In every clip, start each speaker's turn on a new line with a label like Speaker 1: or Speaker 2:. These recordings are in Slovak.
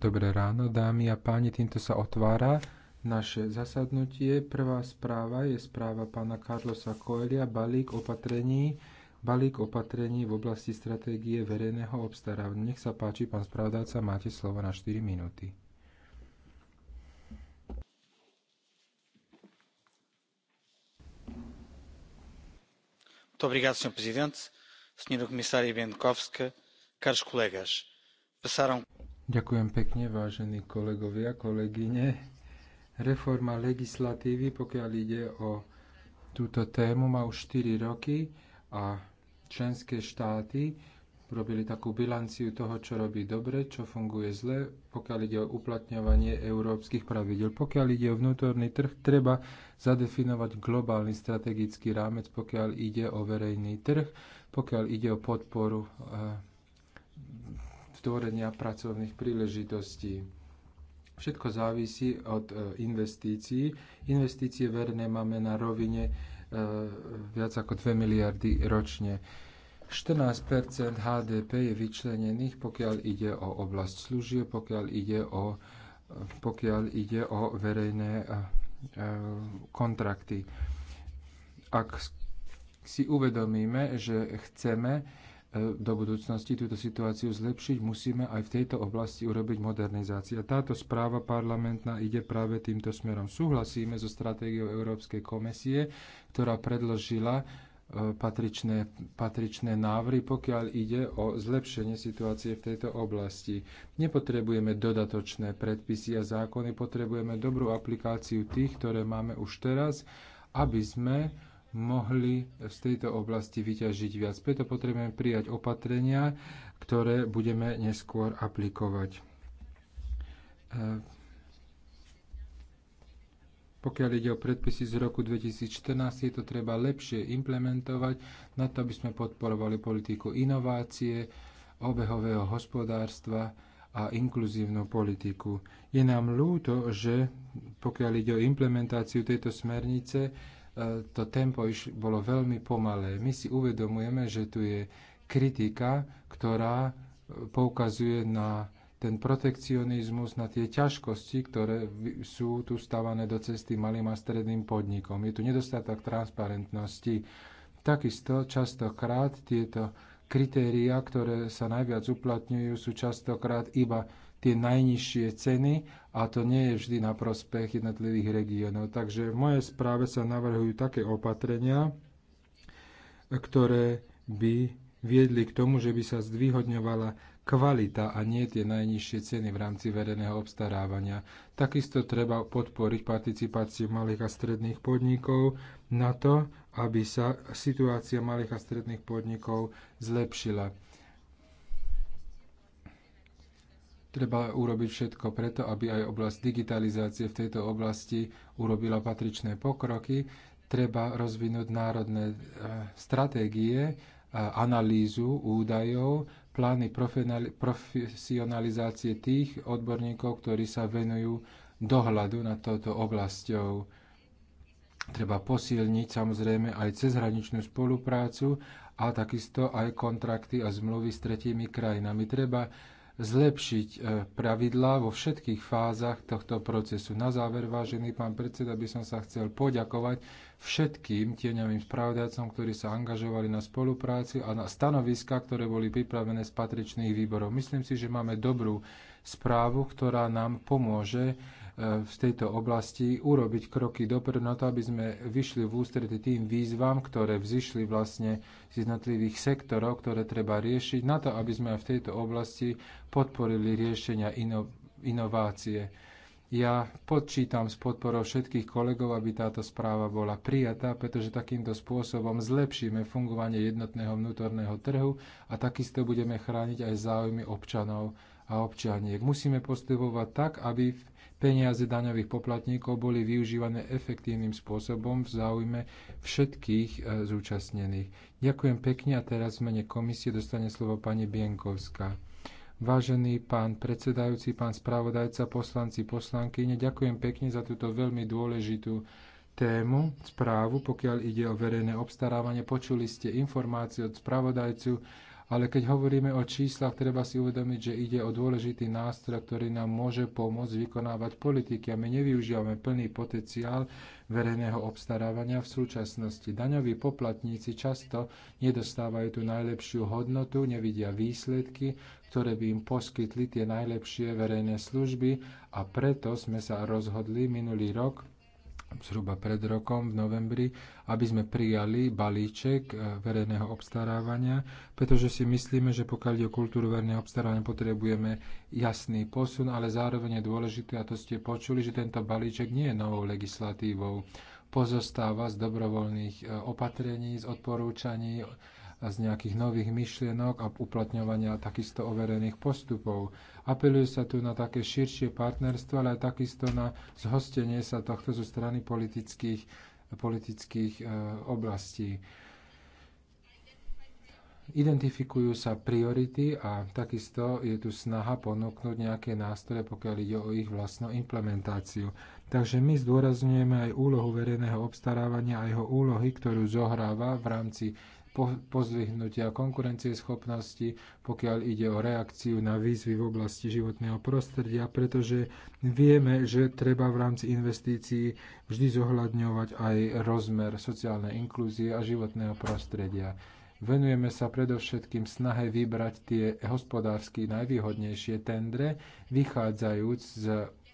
Speaker 1: Dobré ráno, dámy a páni. Týmto sa otvára naše zasadnutie. Prvá správa je správa pána Carlosa Coelia, balík opatrení, balík opatrení v oblasti stratégie verejného obstarávania. Nech sa páči, pán spravodajca, máte slovo na 4 minúty.
Speaker 2: Obrigado, Sr. prezident, Sra. Comissária Vienkovské,
Speaker 1: Ďakujem pekne, vážení kolegovia, kolegyne. Reforma legislatívy, pokiaľ ide o túto tému, má už 4 roky a členské štáty robili takú bilanciu toho, čo robí dobre, čo funguje zle, pokiaľ ide o uplatňovanie európskych pravidel. Pokiaľ ide o vnútorný trh, treba zadefinovať globálny strategický rámec, pokiaľ ide o verejný trh, pokiaľ ide o podporu eh, tvorenia pracovných príležitostí. Všetko závisí od e, investícií. Investície verné máme na rovine e, viac ako 2 miliardy ročne. 14 HDP je vyčlenených, pokiaľ ide o oblasť služieb, pokiaľ ide o, pokiaľ ide o verejné e, kontrakty. Ak si uvedomíme, že chceme E, do budúcnosti túto situáciu zlepšiť, musíme aj v tejto oblasti urobiť modernizáciu. Táto správa parlamentná ide práve týmto smerom. Súhlasíme so stratégiou Európskej komisie, ktorá predložila e, patričné, patričné návry, pokiaľ ide o zlepšenie situácie v tejto oblasti. Nepotrebujeme dodatočné predpisy a zákony, potrebujeme dobrú aplikáciu tých, ktoré máme už teraz, aby sme mohli z tejto oblasti vyťažiť viac. Preto potrebujeme prijať opatrenia, ktoré budeme neskôr aplikovať. E, pokiaľ ide o predpisy z roku 2014, je to treba lepšie implementovať na to, aby sme podporovali politiku inovácie, obehového hospodárstva a inkluzívnu politiku. Je nám ľúto, že pokiaľ ide o implementáciu tejto smernice, E, to tempo iš, bolo veľmi pomalé. My si uvedomujeme, že tu je kritika, ktorá e, poukazuje na ten protekcionizmus, na tie ťažkosti, ktoré sú tu stávané do cesty malým a stredným podnikom. Je tu nedostatok transparentnosti. Takisto častokrát tieto kritériá, ktoré sa najviac uplatňujú, sú častokrát iba tie najnižšie ceny a to nie je vždy na prospech jednotlivých regiónov. Takže v mojej správe sa navrhujú také opatrenia, ktoré by viedli k tomu, že by sa zdvýhodňovala kvalita a nie tie najnižšie ceny v rámci verejného obstarávania. Takisto treba podporiť participáciu malých a stredných podnikov na to, aby sa situácia malých a stredných podnikov zlepšila Treba urobiť všetko preto, aby aj oblasť digitalizácie v tejto oblasti urobila patričné pokroky. Treba rozvinúť národné e, stratégie, analýzu údajov, plány profesionalizácie tých odborníkov, ktorí sa venujú dohľadu nad touto oblasťou. Treba posilniť samozrejme aj cezhraničnú spoluprácu a takisto aj kontrakty a zmluvy s tretími krajinami. Treba zlepšiť e, pravidlá vo všetkých fázach tohto procesu. Na záver, vážený pán predseda, by som sa chcel poďakovať všetkým tieňovým spravodajcom, ktorí sa angažovali na spolupráci a na stanoviska, ktoré boli pripravené z patričných výborov. Myslím si, že máme dobrú správu, ktorá nám pomôže E, v tejto oblasti urobiť kroky dopredu na to, aby sme vyšli v ústrety tým výzvam, ktoré vzýšli vlastne z jednotlivých sektorov, ktoré treba riešiť, na to, aby sme aj v tejto oblasti podporili riešenia ino- inovácie. Ja počítam s podporou všetkých kolegov, aby táto správa bola prijatá, pretože takýmto spôsobom zlepšíme fungovanie jednotného vnútorného trhu a takisto budeme chrániť aj záujmy občanov a občianiek. Musíme postupovať tak, aby peniaze daňových poplatníkov boli využívané efektívnym spôsobom v záujme všetkých e, zúčastnených. Ďakujem pekne a teraz v mene komisie dostane slovo pani Bienkovská. Vážený pán predsedajúci, pán spravodajca, poslanci, poslanky, ďakujem pekne za túto veľmi dôležitú tému, správu, pokiaľ ide o verejné obstarávanie. Počuli ste informácie od spravodajcu, ale keď hovoríme o číslach, treba si uvedomiť, že ide o dôležitý nástroj, ktorý nám môže pomôcť vykonávať politiky a my nevyužívame plný potenciál verejného obstarávania v súčasnosti. Daňoví poplatníci často nedostávajú tú najlepšiu hodnotu, nevidia výsledky, ktoré by im poskytli tie najlepšie verejné služby a preto sme sa rozhodli minulý rok zhruba pred rokom v novembri, aby sme prijali balíček e, verejného obstarávania, pretože si myslíme, že pokiaľ ide o kultúru verejného obstarávania, potrebujeme jasný posun, ale zároveň je dôležité, a to ste počuli, že tento balíček nie je novou legislatívou, pozostáva z dobrovoľných e, opatrení, z odporúčaní, z nejakých nových myšlienok a uplatňovania takisto overených postupov. Apeluje sa tu na také širšie partnerstvo, ale aj takisto na zhostenie sa tohto zo strany politických, politických e, oblastí identifikujú sa priority a takisto je tu snaha ponúknuť nejaké nástroje, pokiaľ ide o ich vlastnú implementáciu. Takže my zdôrazňujeme aj úlohu verejného obstarávania a jeho úlohy, ktorú zohráva v rámci pozdvihnutia konkurencieschopnosti, pokiaľ ide o reakciu na výzvy v oblasti životného prostredia, pretože vieme, že treba v rámci investícií vždy zohľadňovať aj rozmer sociálnej inklúzie a životného prostredia. Venujeme sa predovšetkým snahe vybrať tie hospodársky najvýhodnejšie tendre, vychádzajúc z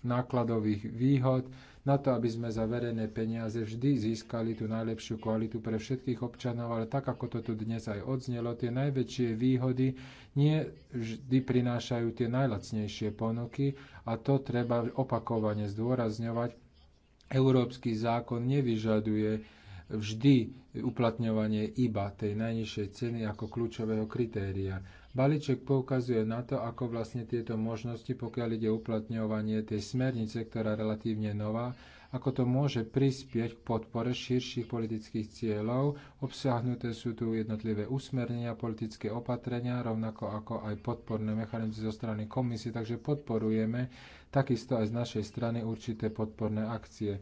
Speaker 1: nákladových výhod, na to, aby sme za verejné peniaze vždy získali tú najlepšiu kvalitu pre všetkých občanov, ale tak, ako to tu dnes aj odznelo, tie najväčšie výhody nie vždy prinášajú tie najlacnejšie ponuky a to treba opakovane zdôrazňovať. Európsky zákon nevyžaduje vždy uplatňovanie iba tej najnižšej ceny ako kľúčového kritéria. Balíček poukazuje na to, ako vlastne tieto možnosti, pokiaľ ide uplatňovanie tej smernice, ktorá je relatívne nová, ako to môže prispieť k podpore širších politických cieľov. Obsiahnuté sú tu jednotlivé usmernenia, politické opatrenia, rovnako ako aj podporné mechanizmy zo strany komisie, takže podporujeme takisto aj z našej strany určité podporné akcie.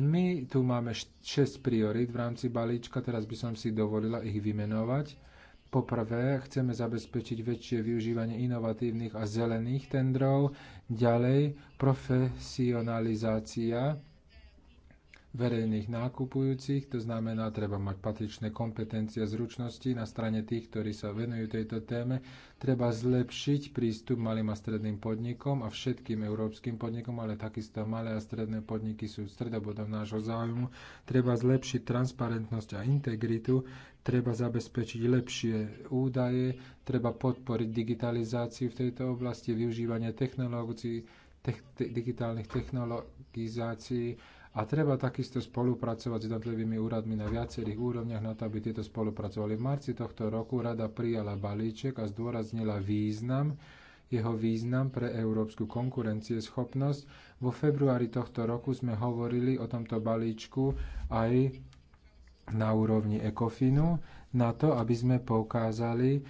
Speaker 1: My tu máme 6 priorít v rámci balíčka, teraz by som si dovolila ich vymenovať. Poprvé, chceme zabezpečiť väčšie využívanie inovatívnych a zelených tendrov, ďalej profesionalizácia verejných nákupujúcich, to znamená, treba mať patričné kompetencie a zručnosti na strane tých, ktorí sa venujú tejto téme. Treba zlepšiť prístup malým a stredným podnikom a všetkým európskym podnikom, ale takisto malé a stredné podniky sú stredobodom nášho záujmu. Treba zlepšiť transparentnosť a integritu, treba zabezpečiť lepšie údaje, treba podporiť digitalizáciu v tejto oblasti, využívanie technológií, te digitálnych technologizácií, a treba takisto spolupracovať s jednotlivými úradmi na viacerých úrovniach na to, aby tieto spolupracovali. V marci tohto roku rada prijala balíček a zdôraznila význam, jeho význam pre európsku konkurencieschopnosť. Vo februári tohto roku sme hovorili o tomto balíčku aj na úrovni ECOFINu, na to, aby sme poukázali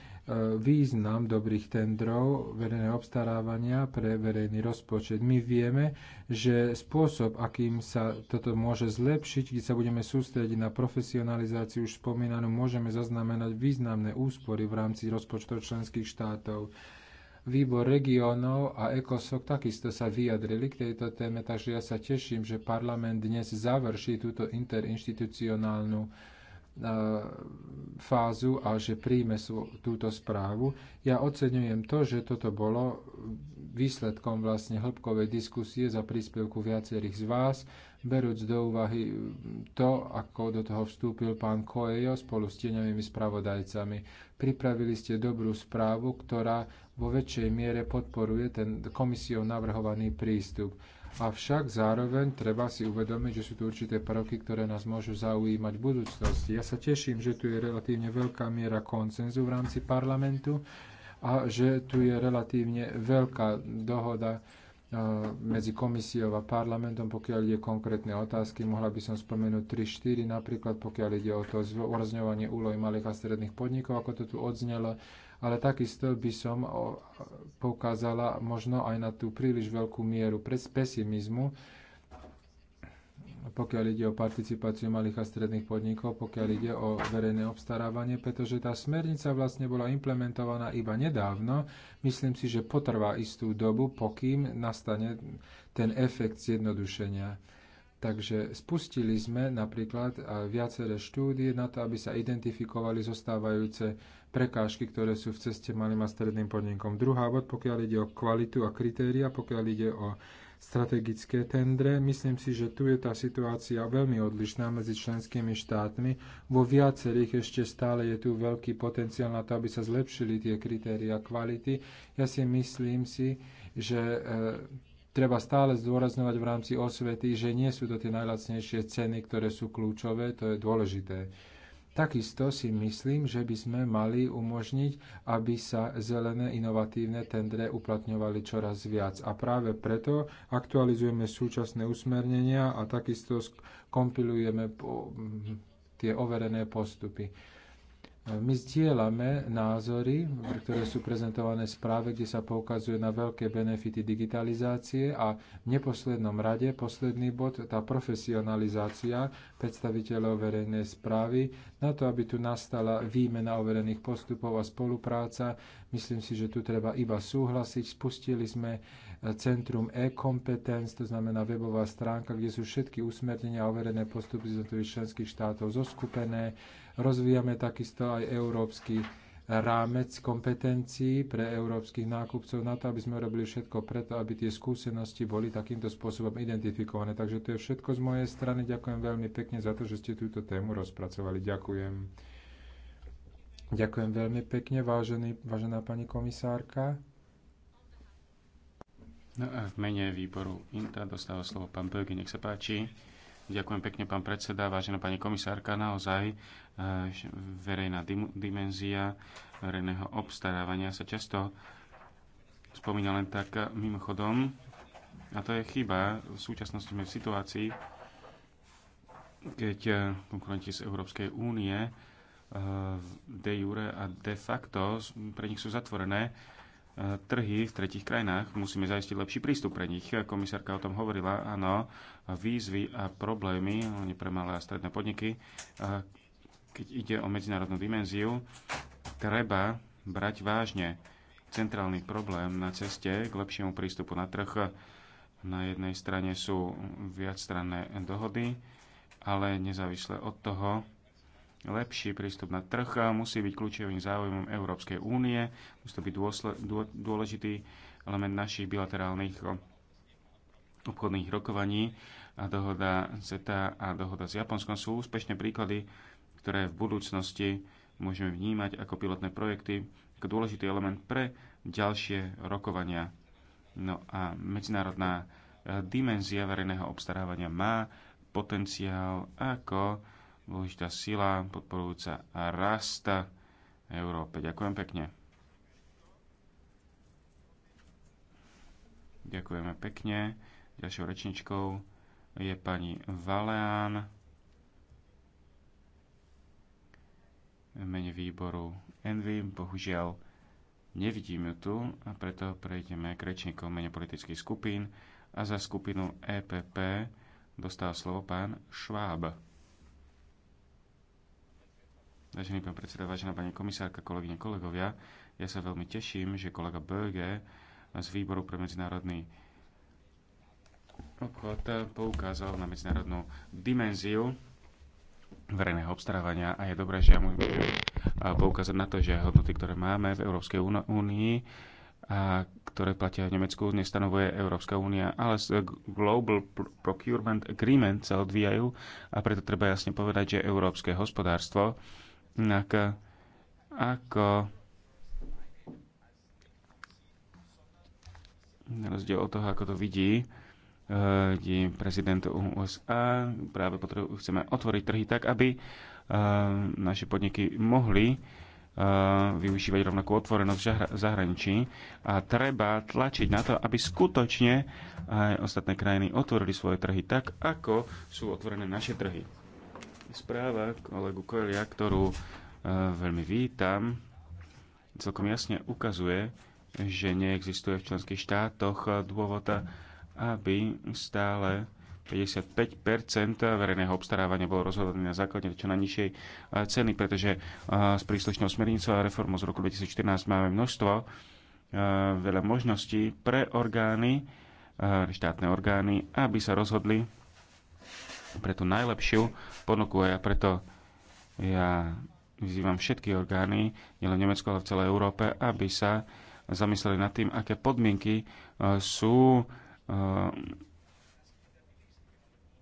Speaker 1: význam dobrých tendrov verejného obstarávania pre verejný rozpočet. My vieme, že spôsob, akým sa toto môže zlepšiť, keď sa budeme sústrediť na profesionalizáciu už spomínanú, môžeme zaznamenať významné úspory v rámci rozpočtov členských štátov. Výbor regiónov a ECOSOC takisto sa vyjadrili k tejto téme, takže ja sa teším, že parlament dnes završí túto interinštitucionálnu fázu a že príjme túto správu. Ja oceňujem to, že toto bolo výsledkom vlastne hĺbkovej diskusie za príspevku viacerých z vás, berúc do úvahy to, ako do toho vstúpil pán Koejo spolu s tieňovými spravodajcami. Pripravili ste dobrú správu, ktorá vo väčšej miere podporuje ten komisiou navrhovaný prístup. Avšak zároveň treba si uvedomiť, že sú tu určité prvky, ktoré nás môžu zaujímať v budúcnosti. Ja sa teším, že tu je relatívne veľká miera koncenzu v rámci parlamentu a že tu je relatívne veľká dohoda e, medzi komisiou a parlamentom, pokiaľ ide konkrétne otázky. Mohla by som spomenúť 3-4, napríklad pokiaľ ide o to zvorazňovanie úlohy malých a stredných podnikov, ako to tu odznelo ale takisto by som poukázala možno aj na tú príliš veľkú mieru pesimizmu, pokiaľ ide o participáciu malých a stredných podnikov, pokiaľ ide o verejné obstarávanie, pretože tá smernica vlastne bola implementovaná iba nedávno. Myslím si, že potrvá istú dobu, pokým nastane ten efekt zjednodušenia. Takže spustili sme napríklad eh, viaceré štúdie na to, aby sa identifikovali zostávajúce prekážky, ktoré sú v ceste malým a stredným podnikom. Druhá bod, pokiaľ ide o kvalitu a kritéria, pokiaľ ide o strategické tendre. Myslím si, že tu je tá situácia veľmi odlišná medzi členskými štátmi. Vo viacerých ešte stále je tu veľký potenciál na to, aby sa zlepšili tie kritéria kvality. Ja si myslím si, že eh, treba stále zdôrazňovať v rámci osvety, že nie sú to tie najlacnejšie ceny, ktoré sú kľúčové, to je dôležité. Takisto si myslím, že by sme mali umožniť, aby sa zelené inovatívne tendre uplatňovali čoraz viac. A práve preto aktualizujeme súčasné usmernenia a takisto skompilujeme tie overené postupy. My zdieľame názory, ktoré sú prezentované v správe, kde sa poukazuje na veľké benefity digitalizácie a v neposlednom rade, posledný bod, tá profesionalizácia predstaviteľov verejnej správy, na to, aby tu nastala výmena overených postupov a spolupráca. Myslím si, že tu treba iba súhlasiť. Spustili sme eh, Centrum e kompetence to znamená webová stránka, kde sú všetky usmernenia a overené postupy z jednotlivých členských štátov zoskupené Rozvíjame takisto aj európsky rámec kompetencií pre európskych nákupcov na to, aby sme robili všetko preto, aby tie skúsenosti boli takýmto spôsobom identifikované. Takže to je všetko z mojej strany. Ďakujem veľmi pekne za to, že ste túto tému rozpracovali. Ďakujem. Ďakujem veľmi pekne, vážený, vážená pani komisárka.
Speaker 3: No a v mene výboru INTA dostáva slovo pán Böge, nech sa páči. Ďakujem pekne, pán predseda, vážená pani komisárka. Naozaj e, verejná dimenzia verejného obstarávania sa často spomína len tak e, mimochodom. A to je chyba. V súčasnosti sme v situácii, keď e, konkurenti z Európskej únie de jure a de facto pre nich sú zatvorené trhy v tretich krajinách. Musíme zaistiť lepší prístup pre nich. Komisárka o tom hovorila, áno, výzvy a problémy, hlavne pre malé a stredné podniky. Keď ide o medzinárodnú dimenziu, treba brať vážne centrálny problém na ceste k lepšiemu prístupu na trh. Na jednej strane sú viacstranné dohody, ale nezávisle od toho, Lepší prístup na trh musí byť kľúčovým záujmom Európskej únie, musí to byť dôležitý element našich bilaterálnych obchodných rokovaní a dohoda CETA a dohoda s Japonskom sú úspešné príklady, ktoré v budúcnosti môžeme vnímať ako pilotné projekty, ako dôležitý element pre ďalšie rokovania. No a medzinárodná e, dimenzia verejného obstarávania má potenciál ako dôležitá sila podporujúca rasta Európe. Ďakujem pekne. Ďakujeme pekne. Ďalšou rečničkou je pani Valeán. mene výboru Envy. Bohužiaľ ju tu a preto prejdeme k rečníkom mene politických skupín a za skupinu EPP dostal slovo pán Šváb. Vážený pán predseda, vážená pani komisárka, kolegyne, kolegovia, ja sa veľmi teším, že kolega Böge z Výboru pre medzinárodný obchod poukázal na medzinárodnú dimenziu verejného obstarávania a je dobré, že ja môžem poukázať na to, že hodnoty, ktoré máme v Európskej únii a ktoré platia v Nemecku, nestanovuje Európska únia, ale Global Procurement Agreement sa odvíjajú a preto treba jasne povedať, že európske hospodárstvo Inak eh, ako na rozdiel od toho, ako to vidí, vidí eh, prezident USA, práve potrebu, chceme otvoriť trhy tak, aby eh, naše podniky mohli využívať rovnakú otvorenosť v zahraničí a treba tlačiť na to, aby skutočne aj ostatné krajiny otvorili svoje trhy tak, ako sú otvorené naše trhy správa kolegu Koelia, ktorú e, veľmi vítam, celkom jasne ukazuje, že neexistuje v členských štátoch dôvod, aby stále 55 verejného obstarávania bolo rozhodnuté na základe čo najnižšej e, ceny, pretože e, s príslušnou smernicou a reformou z roku 2014 máme množstvo veľa možností pre orgány, štátne orgány, aby sa rozhodli pre tú najlepšiu ponuku a ja preto ja vyzývam všetky orgány, nielen Nemecko, ale v celej Európe, aby sa zamysleli nad tým, aké podmienky e, sú e,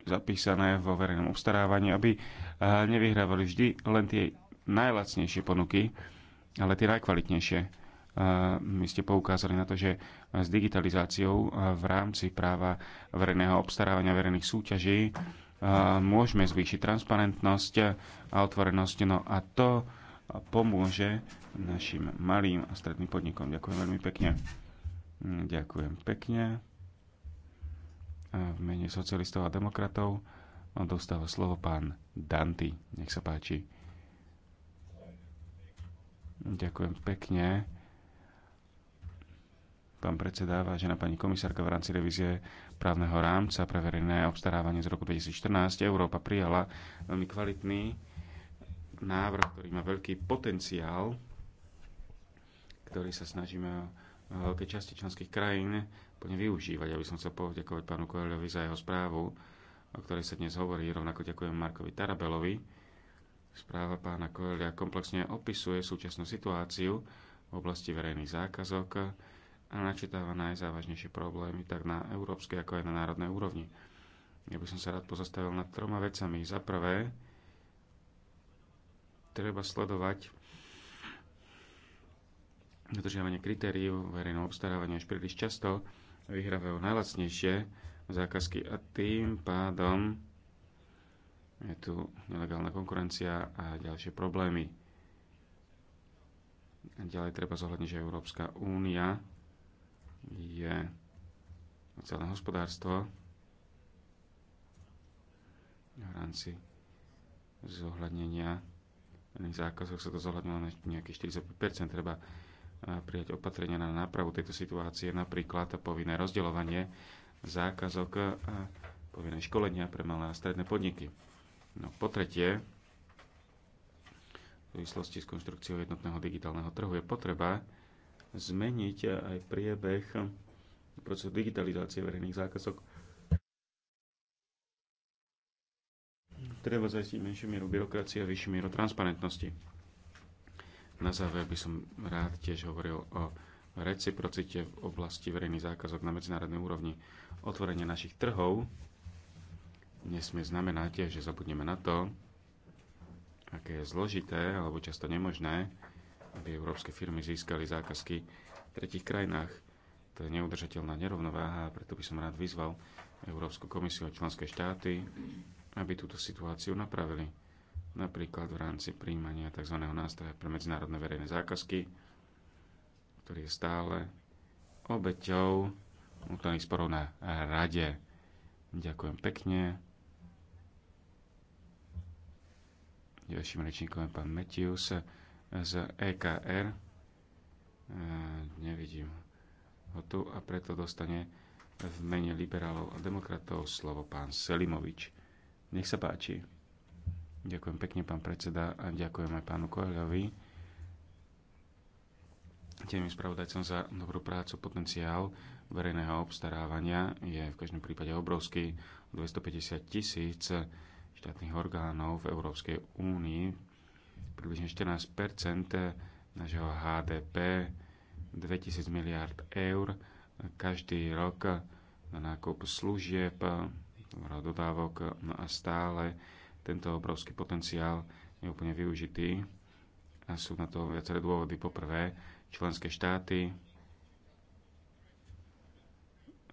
Speaker 3: zapísané vo verejnom obstarávaní, aby e, nevyhrávali vždy len tie najlacnejšie ponuky, ale tie najkvalitnejšie. My ste poukázali na to, že s digitalizáciou v rámci práva verejného obstarávania verejných súťaží môžeme zvýšiť transparentnosť a otvorenosť. No a to pomôže našim malým a stredným podnikom. Ďakujem veľmi pekne. Ďakujem pekne. A v mene socialistov a demokratov dostáva slovo pán Danty. Nech sa páči. Ďakujem pekne. Pán predseda, vážená pani komisárka v rámci revízie právneho rámca pre verejné obstarávanie z roku 2014 Európa prijala veľmi kvalitný návrh, ktorý má veľký potenciál, ktorý sa snažíme o veľkej časti členských krajín plne využívať. Ja by som chcel poďakovať pánu Koelovi za jeho správu, o ktorej sa dnes hovorí. Rovnako ďakujem Markovi Tarabelovi. Správa pána Koelia komplexne opisuje súčasnú situáciu v oblasti verejných zákazok, a načítáva najzávažnejšie problémy tak na európskej, ako aj na národnej úrovni. Ja by som sa rád pozastavil nad troma vecami. Za prvé, treba sledovať dodržiavanie kritérií verejného obstarávania až príliš často vyhrávajú najlacnejšie zákazky a tým pádom je tu nelegálna konkurencia a ďalšie problémy. Ďalej treba zohľadniť, že Európska únia je celé hospodárstvo v rámci zohľadnenia zákazov sa to zohľadnilo na nejakých 45%. Treba eh, prijať opatrenia na nápravu tejto situácie, napríklad povinné rozdeľovanie zákazok a povinné školenia pre malé a stredné podniky. No, po tretie, v súvislosti s konštrukciou jednotného digitálneho trhu je potreba zmeniť aj priebeh procesu digitalizácie verejných zákazok. Treba zajistiť menšiu mieru byrokracie a vyššiu mieru transparentnosti. Na záver by som rád tiež hovoril o reciprocite v oblasti verejných zákazok na medzinárodnej úrovni. Otvorenie našich trhov nesmie znamenať, že zabudneme na to, aké je zložité alebo často nemožné aby európske firmy získali zákazky v tretich krajinách. To je neudržateľná nerovnováha a preto by som rád vyzval Európsku komisiu a členské štáty, aby túto situáciu napravili. Napríklad v rámci príjmania tzv. nástroja pre medzinárodné verejné zákazky, ktorý je stále obeťou vnútorných sporov na rade. Ďakujem pekne. Ďalším rečníkom je pán Matthews z EKR. E, nevidím ho tu a preto dostane v mene liberálov a demokratov slovo pán Selimovič. Nech sa páči. Ďakujem pekne, pán predseda, a ďakujem aj pánu koľovi. Tým spravodajcom za dobrú prácu potenciál verejného obstarávania je v každom prípade obrovský 250 tisíc štátnych orgánov v Európskej únii približne 14 nášho HDP, 2000 miliard eur každý rok na nákup služieb, dodávok no a stále tento obrovský potenciál je úplne využitý a sú na to viaceré dôvody. Poprvé, členské štáty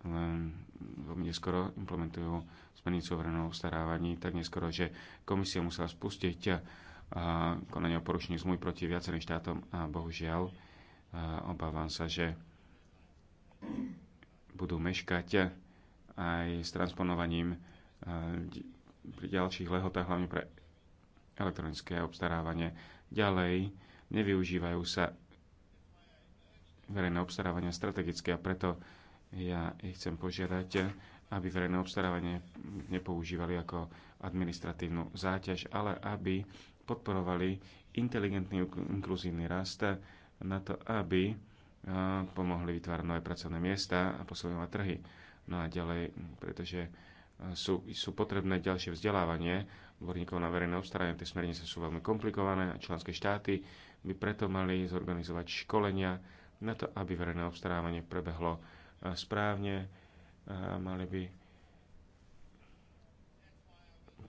Speaker 3: len veľmi neskoro implementujú smernicu o starávaní, tak neskoro, že komisia musela spustiť konanie o porušení zmluv proti viacerým štátom a bohužiaľ obávam sa, že budú meškať aj s transponovaním pri ďalších lehotách, hlavne pre elektronické obstarávanie. Ďalej nevyužívajú sa verejné obstarávania strategické a preto ja ich chcem požiadať, aby verejné obstarávanie nepoužívali ako administratívnu záťaž, ale aby podporovali inteligentný inkluzívny rast na to, aby eh, pomohli vytvárať nové pracovné miesta a posilňovať trhy. No a ďalej, pretože eh, sú, sú potrebné ďalšie vzdelávanie odborníkov na verejné obstaranie. Tie smernice sú veľmi komplikované a členské štáty by preto mali zorganizovať školenia na to, aby verejné obstarávanie prebehlo eh, správne. A mali by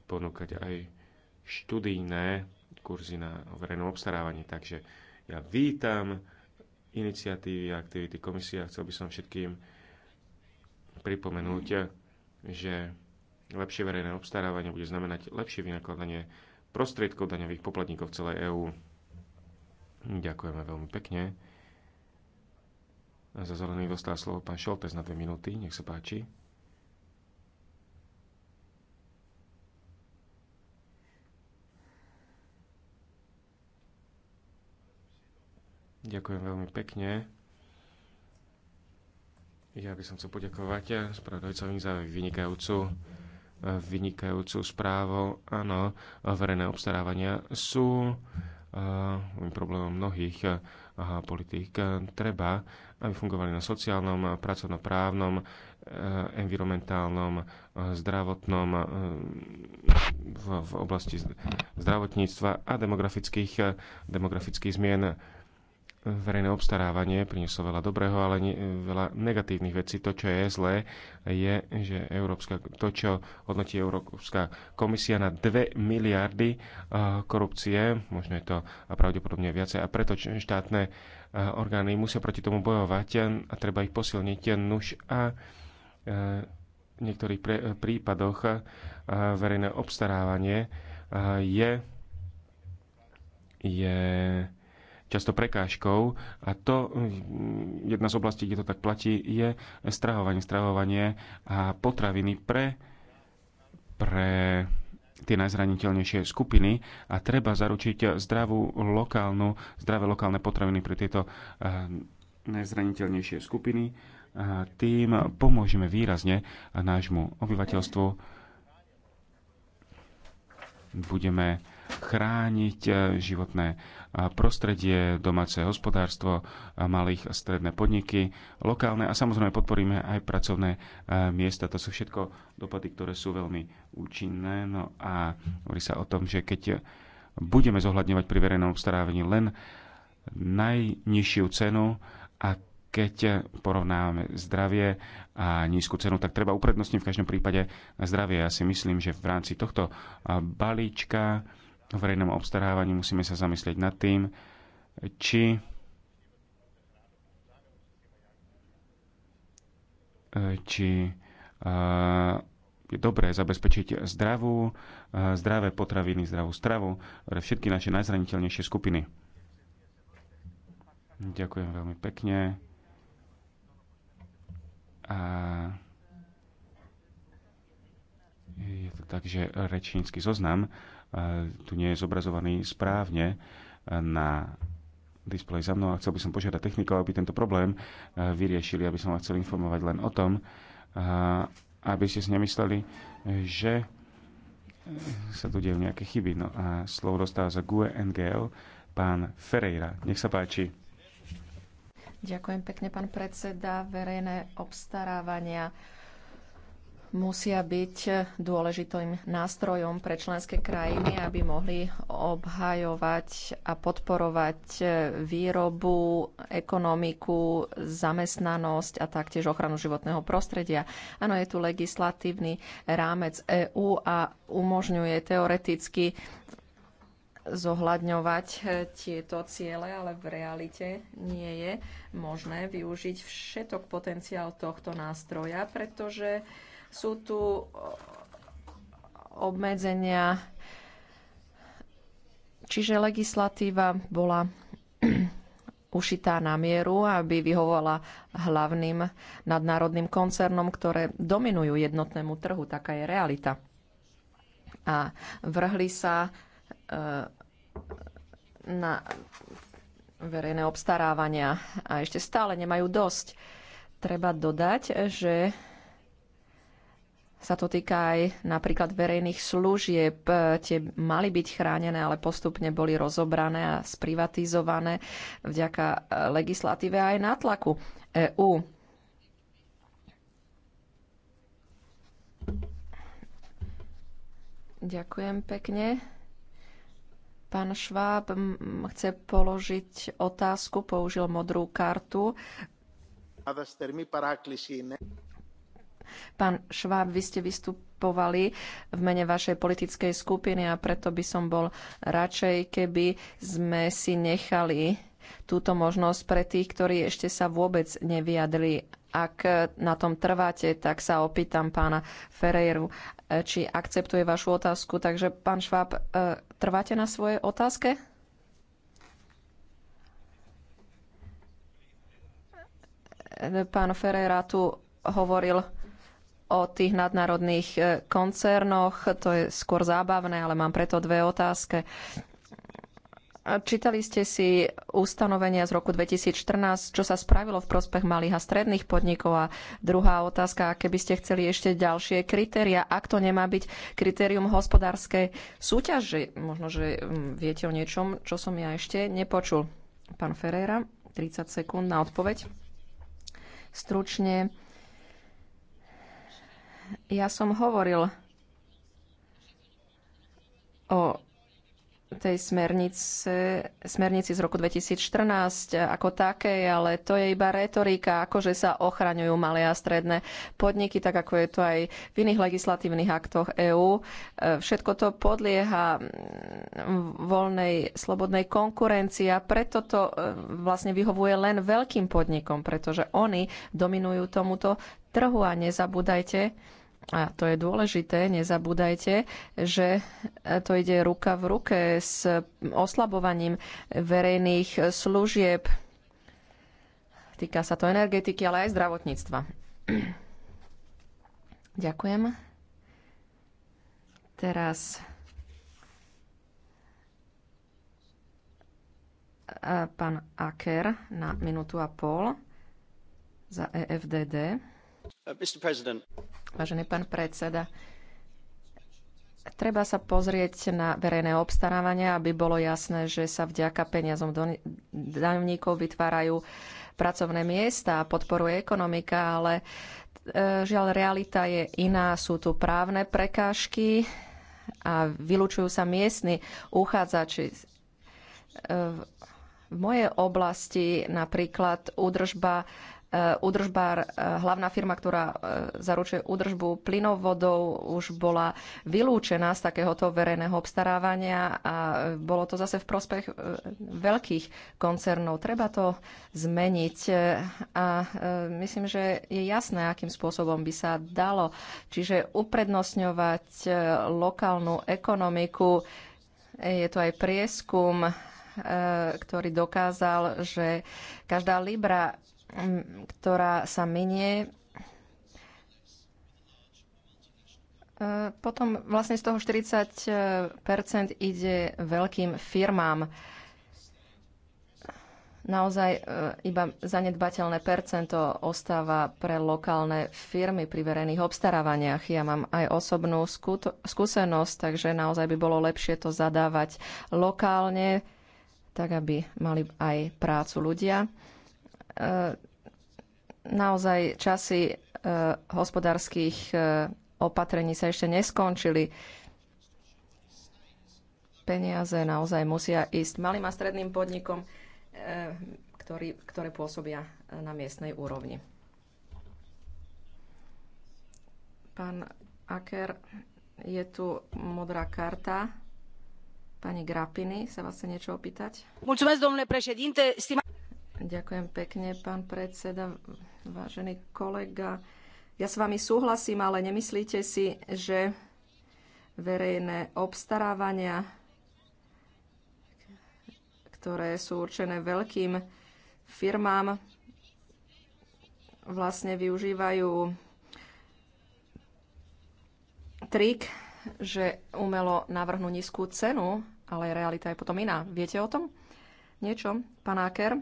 Speaker 3: ponúkať aj študijné kurzy na verejnom obstarávaní. Takže ja vítam iniciatívy a aktivity komisie a chcel by som všetkým pripomenúť, že lepšie verejné obstarávanie bude znamenať lepšie vynakladanie prostriedkov daňových poplatníkov v celej EÚ. Ďakujeme veľmi pekne. Za zelený dostal slovo pán Šoltes na dve minúty. Nech sa páči. Ďakujem veľmi pekne. Ja by som chcel poďakovať spravodajcovi za vynikajúcu vynikajúcu správu. Áno, verejné obstarávania sú uh, problémom mnohých uh, politík. Treba, aby fungovali na sociálnom, pracovnoprávnom, uh, environmentálnom, uh, zdravotnom, uh, v, v oblasti zdravotníctva a demografických, uh, demografických zmien verejné obstarávanie prinieslo veľa dobrého, ale nie, veľa negatívnych vecí. To, čo je zlé, je, že Európska, to, čo hodnotí Európska komisia na 2 miliardy eh, korupcie, možno je to a pravdepodobne viacej, a preto štátne eh, orgány musia proti tomu bojovať a treba ich posilniť. Nuž a eh, v niektorých prípadoch verejné obstarávanie je je často prekážkou a to mm, jedna z oblastí, kde to tak platí, je strahovanie, strahovanie a potraviny pre, pre tie najzraniteľnejšie skupiny a treba zaručiť zdravú lokálnu, zdravé lokálne potraviny pre tieto eh, najzraniteľnejšie skupiny. A tým pomôžeme výrazne nášmu obyvateľstvu. Budeme chrániť eh, životné eh, prostredie, domáce hospodárstvo, eh, malých a stredné podniky, lokálne a samozrejme podporíme aj pracovné miesta. To sú všetko dopady, ktoré sú veľmi účinné. No a hovorí sa o tom, že keď budeme zohľadňovať pri verejnom obstarávaní len najnižšiu cenu a keď porovnávame zdravie a nízku cenu, tak treba uprednostniť v každom prípade zdravie. Ja si myslím, že v rámci tohto balíčka o verejnom obstarávaní musíme sa zamyslieť nad tým, či či e, je dobré zabezpečiť zdravú, e, zdravé potraviny, zdravú stravu pre všetky naše najzraniteľnejšie skupiny. Ďakujem veľmi pekne. A je to tak, že rečnícky zoznam tu nie je zobrazovaný správne e, na displej za mnou a chcel by som požiadať technikov, aby tento problém e, vyriešili, aby som vás chcel informovať len o tom, e, aby ste si nemysleli, že sa tu dejú nejaké chyby. No a slovo dostáva za GUE NGL pán Ferreira. Nech sa páči.
Speaker 4: Ďakujem pekne, pán predseda. Verejné obstarávania musia byť dôležitým nástrojom pre členské krajiny, aby mohli obhajovať a podporovať výrobu, ekonomiku, zamestnanosť a taktiež ochranu životného prostredia. Áno, je tu legislatívny rámec EÚ a umožňuje teoreticky zohľadňovať tieto ciele, ale v realite nie je možné využiť všetok potenciál tohto nástroja, pretože sú tu obmedzenia, čiže legislatíva bola ušitá na mieru, aby vyhovovala hlavným nadnárodným koncernom, ktoré dominujú jednotnému trhu. Taká je realita. A vrhli sa e, na verejné obstarávania a ešte stále nemajú dosť. Treba dodať, že sa to týka aj napríklad verejných služieb. Tie mali byť chránené, ale postupne boli rozobrané a sprivatizované vďaka e, legislatíve aj nátlaku EÚ. Ďakujem pekne. Pán Šváb chce položiť otázku, použil modrú kartu. Pán Šváb, vy ste vystupovali v mene vašej politickej skupiny a preto by som bol radšej, keby sme si nechali túto možnosť pre tých, ktorí ešte sa vôbec nevyjadli. Ak na tom trváte, tak sa opýtam pána Ferreiru, e, či akceptuje vašu otázku. Takže, pán Šváb, e, trváte na svojej otázke? E, pán Ferreira tu hovoril o tých nadnárodných e, koncernoch. To je skôr zábavné, ale mám preto dve otázky. Čítali ste si ustanovenia z roku 2014, čo sa spravilo v prospech malých a stredných podnikov a druhá otázka, aké by ste chceli ešte ďalšie kritéria, ak to nemá byť kritérium hospodárskej súťaže. Možno, že mm, viete o niečom, čo som ja ešte nepočul. Pán Ferreira, 30 sekúnd na odpoveď. Stručne ja som hovoril o tej smernice, smernici z roku 2014 ako takej, ale to je iba retorika, akože sa ochraňujú malé a stredné podniky, tak ako je to aj v iných legislatívnych aktoch EÚ. Všetko to podlieha mm, voľnej, slobodnej konkurencii a preto to e, vlastne vyhovuje len veľkým podnikom, pretože oni dominujú tomuto trhu a nezabúdajte, a to je dôležité, nezabúdajte, že to ide ruka v ruke s oslabovaním verejných služieb. Týka sa to energetiky, ale aj zdravotníctva. Ďakujem. Teraz e, pán Aker na minútu a pol za EFDD.
Speaker 3: Uh,
Speaker 4: Vážený pán predseda, treba sa pozrieť na verejné obstarávanie, aby bolo jasné, že sa vďaka peniazom daňovníkov vytvárajú pracovné miesta a podporuje ekonomika, ale e, žiaľ realita je iná, sú tu právne prekážky a vylúčujú sa miestni uchádzači. E, v mojej oblasti napríklad údržba Udržbár, eh, eh, hlavná firma, ktorá eh, zaručuje údržbu plynovodov, už bola vylúčená z takéhoto verejného obstarávania a bolo to zase v prospech veľkých koncernov. Treba to zmeniť a myslím, že je jasné, akým spôsobom by sa dalo. Čiže uprednostňovať lokálnu ekonomiku. Je to aj prieskum ktorý dokázal, že každá libra ktorá sa menie. E, potom vlastne z toho 40 ide veľkým firmám. Naozaj e, iba zanedbateľné percento ostáva pre lokálne firmy pri verejných obstarávaniach. Ja mám aj osobnú skúsenosť, takže naozaj by bolo lepšie to zadávať lokálne, tak aby mali aj prácu ľudia. E, naozaj časy e, hospodárskych e, opatrení sa ešte neskončili. Peniaze naozaj musia ísť malým a stredným podnikom, ktorý, ktoré pôsobia na miestnej úrovni. Pán Aker, je tu modrá karta. Pani Grapini, sa vás chce niečo opýtať?
Speaker 5: Mulțumesc, domnule președinte. Stima...
Speaker 4: Ďakujem pekne, pán predseda, vážený kolega. Ja s vami súhlasím, ale nemyslíte si, že verejné obstarávania, ktoré sú určené veľkým firmám, vlastne využívajú trik, že umelo navrhnú nízku cenu, ale realita je potom iná. Viete o tom? Niečo, pán Aker?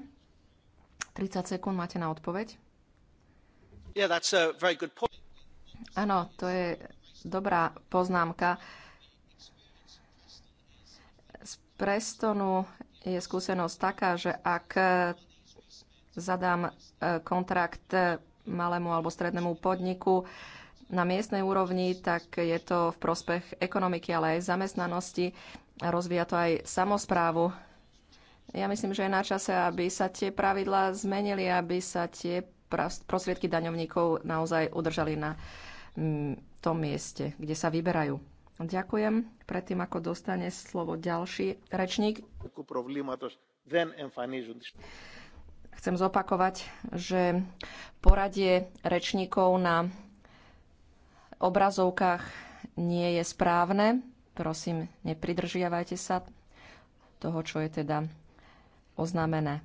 Speaker 4: 30 sekúnd máte na odpoveď. Áno, to je dobrá poznámka. Z Prestonu je skúsenosť taká, že ak zadám e, kontrakt e, malému alebo strednému podniku na miestnej úrovni, tak je to v prospech ekonomiky, ale aj zamestnanosti. Rozvíja to aj samozprávu. Ja myslím, že je na čase, aby sa tie pravidlá zmenili, aby sa tie prostriedky daňovníkov naozaj udržali na mm, tom mieste, kde sa vyberajú. Ďakujem. Predtým, ako dostane slovo ďalší rečník, chcem zopakovať, že poradie rečníkov na obrazovkách nie je správne. Prosím, nepridržiavajte sa toho, čo je teda oznámené.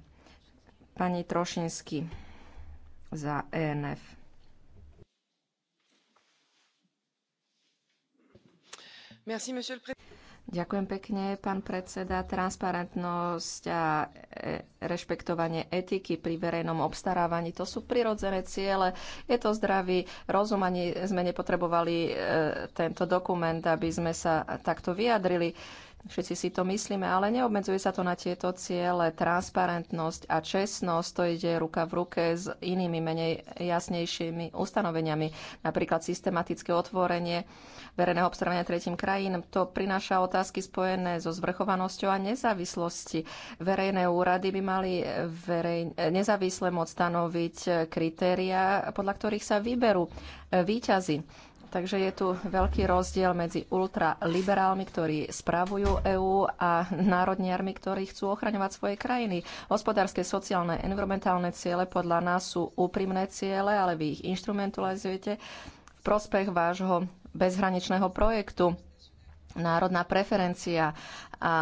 Speaker 4: Pani Trošinsky za ENF.
Speaker 5: Merci, monsieur le président.
Speaker 4: Ďakujem pekne, pán predseda. Transparentnosť a e, rešpektovanie etiky pri verejnom obstarávaní, to sú prirodzené ciele. Je to zdravý rozum, ani sme nepotrebovali e, tento dokument, aby sme sa takto vyjadrili. Všetci si to myslíme, ale neobmedzuje sa to na tieto ciele. Transparentnosť a čestnosť, to ide ruka v ruke s inými menej jasnejšími ustanoveniami. Napríklad systematické otvorenie verejného obstarávania tretím krajín. To prináša otázky spojené so zvrchovanosťou a nezávislosti. Verejné úrady by mali verej... nezávisle môcť stanoviť kritéria, podľa ktorých sa vyberú výťazy Takže je tu veľký rozdiel medzi ultraliberálmi, ktorí spravujú EÚ a národniarmi, ktorí chcú ochraňovať svoje krajiny. Hospodárske, sociálne, environmentálne ciele podľa nás sú úprimné ciele, ale vy ich instrumentalizujete v prospech vášho bezhraničného projektu národná preferencia a, a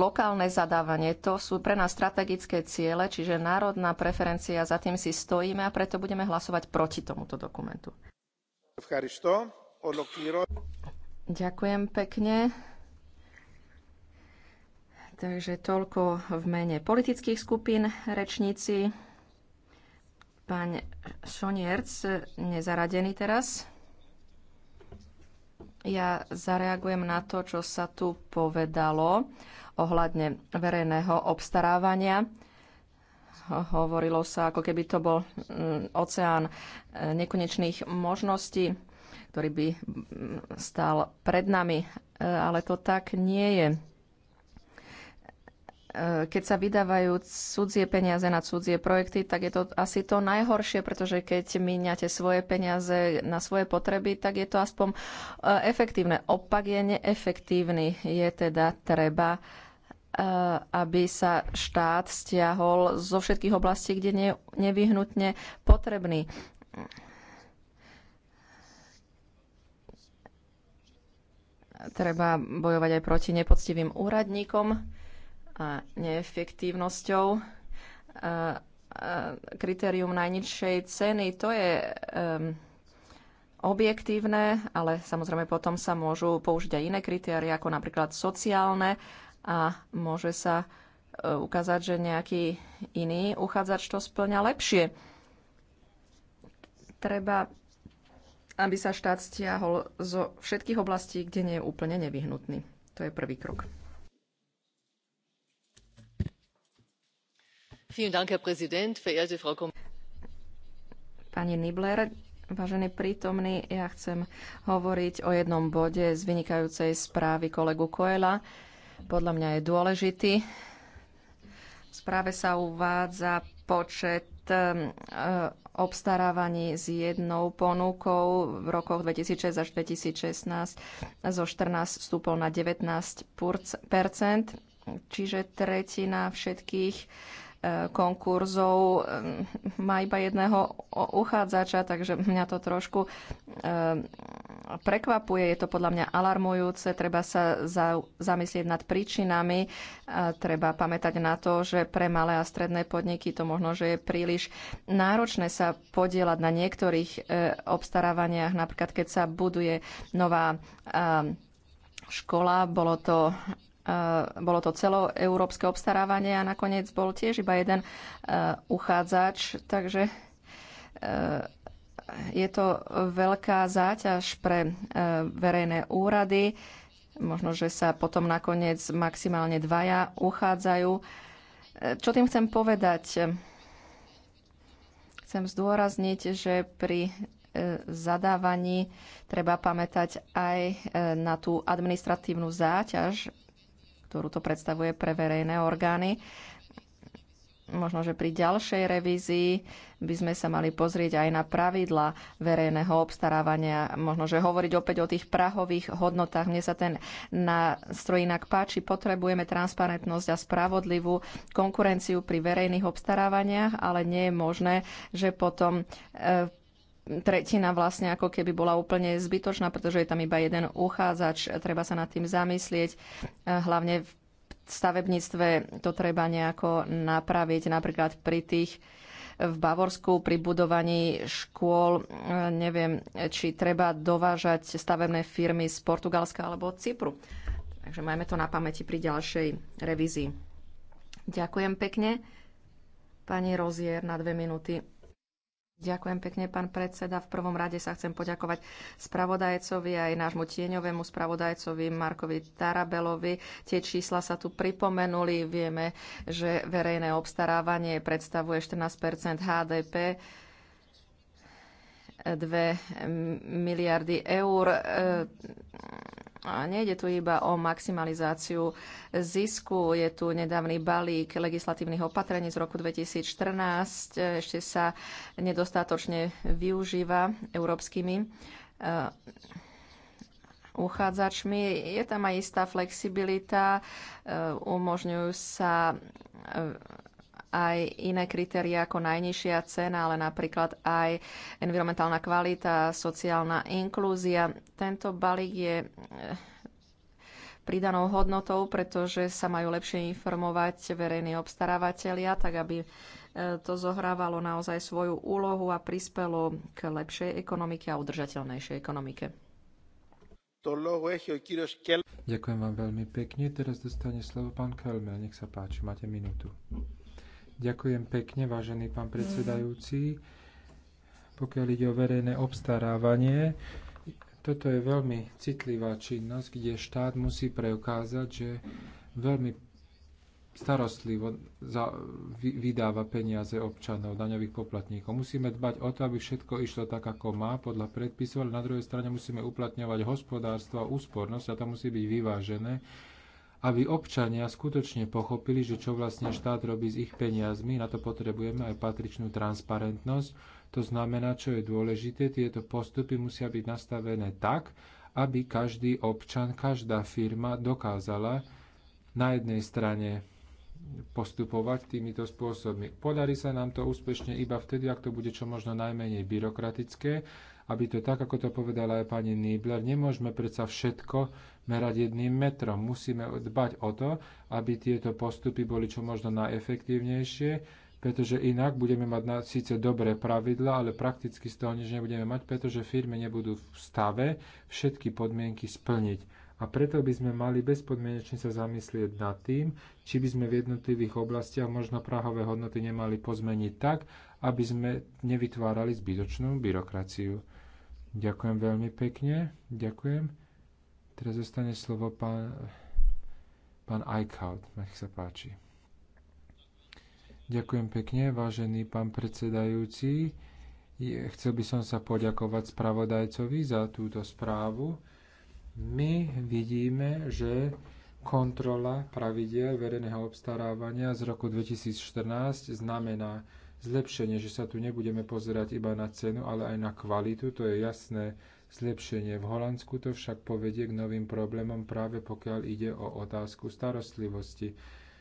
Speaker 4: lokálne zadávanie, to sú pre nás strategické ciele, čiže národná preferencia, za tým si stojíme a preto budeme hlasovať proti tomuto dokumentu. Ďakujem pekne. Takže toľko v mene politických skupín rečníci. Pán Šonierc, nezaradený teraz. Ja zareagujem na to, čo sa tu povedalo ohľadne verejného obstarávania. Hovorilo sa, ako keby to bol mm, oceán e, nekonečných možností, ktorý by mm, stal pred nami, e, ale to tak nie je. E, keď sa vydávajú cudzie peniaze na cudzie projekty, tak je to asi to najhoršie, pretože keď míňate svoje peniaze na svoje potreby, tak je to aspoň efektívne. Opak je neefektívny. Je teda treba Eh, aby sa štát stiahol zo všetkých oblastí, kde nie nevyhnutne potrebný. Treba bojovať aj proti nepoctivým úradníkom a neefektívnosťou. Eh, eh, kritérium najnižšej ceny, to je objektívne, ale samozrejme potom sa môžu použiť aj iné kritéria, ako napríklad sociálne a môže sa e, ukázať, že nejaký iný uchádzač to splňa lepšie. Treba, aby sa štát stiahol zo všetkých oblastí, kde nie je úplne nevyhnutný. To je prvý krok. Pani Nibler, Vážený prítomný, ja chcem hovoriť o jednom bode z vynikajúcej správy kolegu Koela podľa mňa je dôležitý. V správe sa uvádza počet um, eh, obstarávaní s jednou ponukou v rokoch 2006 až 2016 zo 14 stúpol na 19 Čiže tretina všetkých konkurzov má iba jedného uchádzača, takže mňa to trošku prekvapuje. Je to podľa mňa alarmujúce. Treba sa za, zamyslieť nad príčinami. Treba pamätať na to, že pre malé a stredné podniky to možno, že je príliš náročné sa podielať na niektorých e, obstarávaniach. Napríklad, keď sa buduje nová škola, bolo to Eh, bolo to celoeurópske obstarávanie a nakoniec bol tiež iba jeden eh, uchádzač, takže eh, je to veľká záťaž pre verejné úrady. Možno, že sa potom nakoniec maximálne dvaja uchádzajú. Čo tým chcem povedať? Chcem zdôrazniť, že pri zadávaní treba pamätať aj na tú administratívnu záťaž ktorú to predstavuje pre verejné orgány. Možno, že pri ďalšej revízii by sme sa mali pozrieť aj na pravidla verejného obstarávania. Možno, že hovoriť opäť o tých prahových hodnotách. Mne sa ten nástroj inak páči. Potrebujeme transparentnosť a spravodlivú konkurenciu pri verejných obstarávaniach, ale nie je možné, že potom e, tretina vlastne ako keby bola úplne zbytočná, pretože je tam iba jeden uchádzač, treba sa nad tým zamyslieť. Eh, hlavne v stavebníctve to treba nejako napraviť, napríklad pri tých eh, v Bavorsku pri budovaní škôl. Eh, neviem, či treba dovážať stavebné firmy z Portugalska alebo od Cypru. Takže majme to na pamäti pri ďalšej revízii. Ďakujem pekne. Pani Rozier na dve minúty. Ďakujem pekne, pán predseda. V prvom rade sa chcem poďakovať spravodajcovi aj nášmu tieňovému spravodajcovi Markovi Tarabelovi. Tie čísla sa tu pripomenuli. Vieme, že verejné obstarávanie predstavuje 14 HDP. 2 miliardy eur. E a nejde tu iba o maximalizáciu zisku. Je tu nedávny balík legislatívnych opatrení z roku 2014. Ešte sa nedostatočne využíva európskymi eh, uchádzačmi. Je tam aj istá flexibilita. Eh, umožňujú sa eh, aj iné kritéria ako najnižšia cena, ale napríklad aj environmentálna kvalita, sociálna inklúzia. Tento balík je eh, pridanou hodnotou, pretože sa majú lepšie informovať verejní obstarávateľia, tak aby eh, to zohrávalo naozaj svoju úlohu a prispelo k lepšej ekonomike a udržateľnejšej ekonomike.
Speaker 1: Ďakujem vám veľmi pekne. Teraz dostane slovo pán Kelmer. Nech sa páči, máte minútu. Ďakujem pekne, vážený pán predsedajúci. Pokiaľ ide o verejné obstarávanie, toto je veľmi citlivá činnosť, kde štát musí preukázať, že veľmi starostlivo za, vy, vydáva peniaze občanov, daňových poplatníkov. Musíme dbať o to, aby všetko išlo tak, ako má, podľa predpisov, ale na druhej strane musíme uplatňovať hospodárstvo a úspornosť a to musí byť vyvážené aby občania skutočne pochopili, že čo vlastne štát robí s ich peniazmi. Na to potrebujeme aj patričnú transparentnosť. To znamená, čo je dôležité, tieto postupy musia byť nastavené tak, aby každý občan, každá firma dokázala na jednej strane postupovať týmito spôsobmi. Podarí sa nám to úspešne iba vtedy, ak to bude čo možno najmenej byrokratické, aby to tak, ako to povedala aj pani Nýbler, nemôžeme predsa všetko merať jedným metrom. Musíme dbať o to, aby tieto postupy boli čo možno najefektívnejšie, pretože inak budeme mať na, síce dobré pravidla, ale prakticky z toho nič nebudeme mať, pretože firmy nebudú v stave všetky podmienky splniť. A preto by sme mali bezpodmienečne sa zamyslieť nad tým, či by sme v jednotlivých oblastiach možno prahové hodnoty nemali pozmeniť tak, aby sme nevytvárali zbytočnú byrokraciu. Ďakujem veľmi pekne. Ďakujem. Teraz zostane slovo pán, pán Eichhout, nech sa páči. Ďakujem pekne, vážený pán predsedajúci. Chcel by som sa poďakovať spravodajcovi za túto správu. My vidíme, že kontrola pravidel verejného obstarávania z roku 2014 znamená zlepšenie, že sa tu nebudeme pozerať iba na cenu, ale aj na kvalitu, to je jasné zlepšenie. V Holandsku to však povedie k novým problémom práve pokiaľ ide o otázku starostlivosti.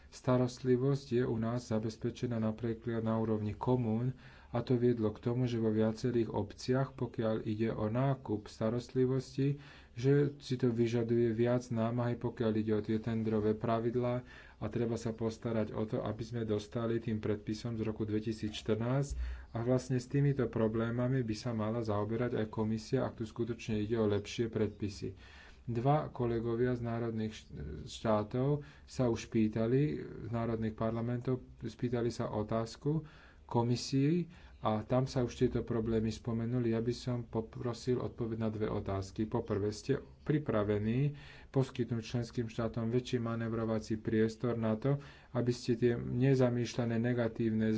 Speaker 1: Starostlivosť je u nás zabezpečená napríklad na úrovni komún a to viedlo k tomu, že vo viacerých obciach, pokiaľ ide o nákup starostlivosti, že si to vyžaduje viac námahy, pokiaľ ide o tie tendrové pravidlá a treba sa postarať o to, aby sme dostali tým predpisom z roku 2014 a vlastne s týmito problémami by sa mala zaoberať aj komisia, ak tu skutočne ide o lepšie predpisy. Dva kolegovia z národných štátov sa už pýtali, z národných parlamentov, spýtali sa otázku komisii a tam sa už tieto problémy spomenuli. Ja by som poprosil odpoveď na dve otázky. Poprvé, ste pripravení poskytnúť členským štátom väčší manevrovací priestor na to, aby ste tie nezamýšľané negatívne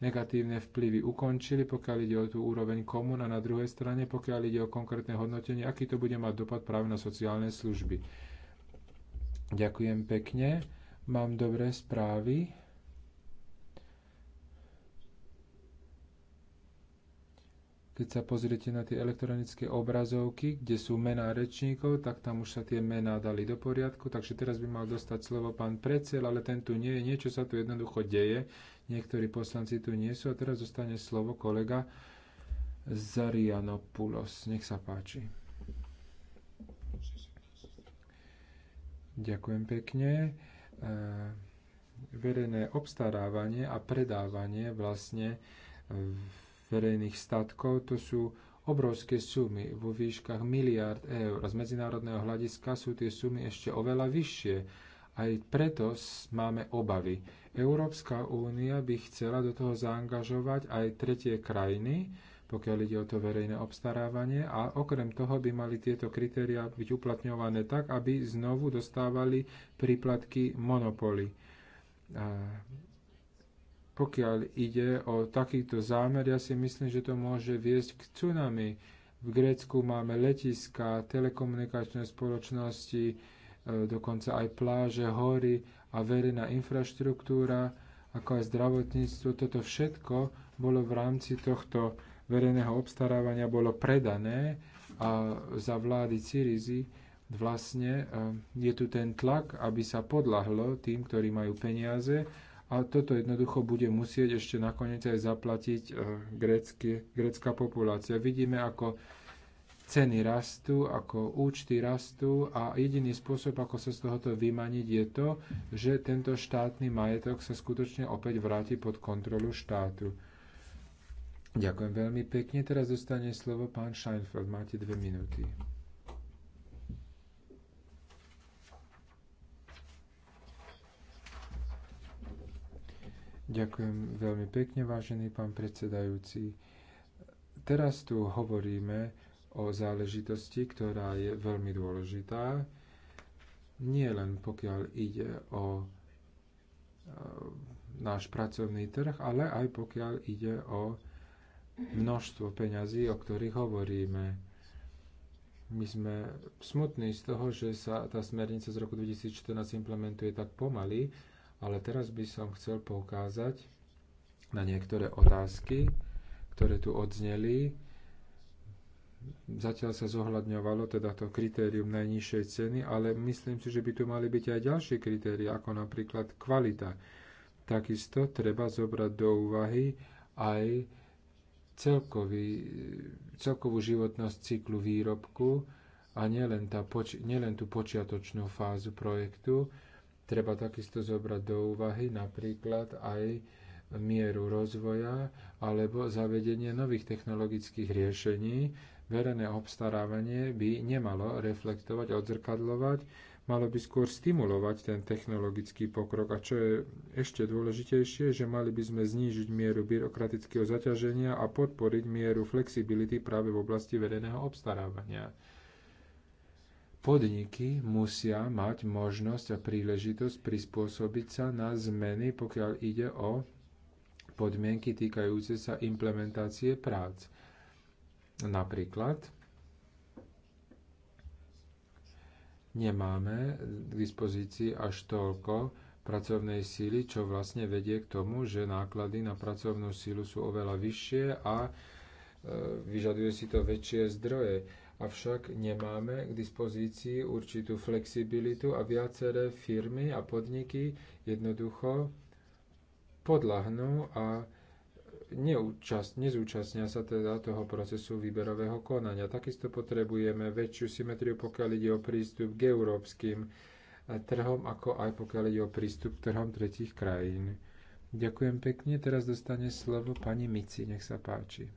Speaker 1: negatívne vplyvy ukončili, pokiaľ ide o tú úroveň komun a na druhej strane, pokiaľ ide o konkrétne hodnotenie, aký to bude mať dopad práve na sociálne služby. Ďakujem pekne. Mám dobré správy. Keď sa pozriete na tie elektronické obrazovky, kde sú mená rečníkov, tak tam už sa tie mená dali do poriadku. Takže teraz by mal dostať slovo pán predsiel, ale ten tu nie je. Niečo sa tu jednoducho deje Niektorí poslanci tu nie sú a teraz zostane slovo kolega Zarianopoulos. Nech sa páči. Ďakujem pekne. E, verejné obstarávanie a predávanie vlastne verejných statkov to sú obrovské sumy vo výškach miliard eur. A z medzinárodného hľadiska sú tie sumy ešte oveľa vyššie. Aj preto máme obavy Európska únia by chcela do toho zaangažovať aj tretie krajiny, pokiaľ ide o to verejné obstarávanie a okrem toho by mali tieto kritériá byť uplatňované tak, aby znovu dostávali príplatky monopoly. Pokiaľ ide o takýto zámer, ja si myslím, že to môže viesť k tsunami. V Grécku máme letiska, telekomunikačné spoločnosti, e, dokonca aj pláže, hory a verejná infraštruktúra, ako aj zdravotníctvo, toto všetko bolo v rámci tohto verejného obstarávania bolo predané a za vlády Cirizy vlastne eh, je tu ten tlak, aby sa podlahlo tým, ktorí majú peniaze a toto jednoducho bude musieť ešte nakoniec aj zaplatiť eh, grécka populácia. Vidíme, ako ceny rastú, ako účty rastú a jediný spôsob, ako sa z tohoto vymaniť, je to, že tento štátny majetok sa skutočne opäť vráti pod kontrolu štátu. Ďakujem veľmi pekne. Teraz dostane slovo pán Scheinfeld. Máte dve minúty. Ďakujem veľmi pekne, vážený pán predsedajúci. Teraz tu hovoríme o záležitosti, ktorá je veľmi dôležitá, nie len pokiaľ ide o e, náš pracovný trh, ale aj pokiaľ ide o množstvo peňazí, o ktorých hovoríme. My sme smutní z toho, že sa tá smernica z roku 2014 implementuje tak pomaly, ale teraz by som chcel poukázať na niektoré otázky, ktoré tu odzneli Zatiaľ sa zohľadňovalo teda to kritérium najnižšej ceny, ale myslím si, že by tu mali byť aj ďalšie kritéria, ako napríklad kvalita. Takisto treba zobrať do úvahy aj celkový, celkovú životnosť cyklu výrobku a nielen, tá poč- nielen tú počiatočnú fázu projektu. Treba takisto zobrať do úvahy napríklad aj mieru rozvoja alebo zavedenie nových technologických riešení, verejné obstarávanie by nemalo reflektovať a odzrkadľovať, malo by skôr stimulovať ten technologický pokrok. A čo je ešte dôležitejšie, že mali by sme znížiť mieru byrokratického zaťaženia a podporiť mieru flexibility práve v oblasti verejného obstarávania. Podniky musia mať možnosť a príležitosť prispôsobiť sa na zmeny, pokiaľ ide o podmienky týkajúce sa implementácie prác. Napríklad nemáme k dispozícii až toľko pracovnej síly, čo vlastne vedie k tomu, že náklady na pracovnú sílu sú oveľa vyššie a e, vyžaduje si to väčšie zdroje. Avšak nemáme k dispozícii určitú flexibilitu a viaceré firmy a podniky jednoducho podľahnú a neúčast, nezúčastnia sa teda toho procesu výberového konania. Takisto potrebujeme väčšiu symetriu, pokiaľ ide o prístup k európskym eh, trhom, ako aj pokiaľ ide o prístup k trhom tretích krajín. Ďakujem pekne. Teraz dostane slovo pani Mici. Nech sa páči.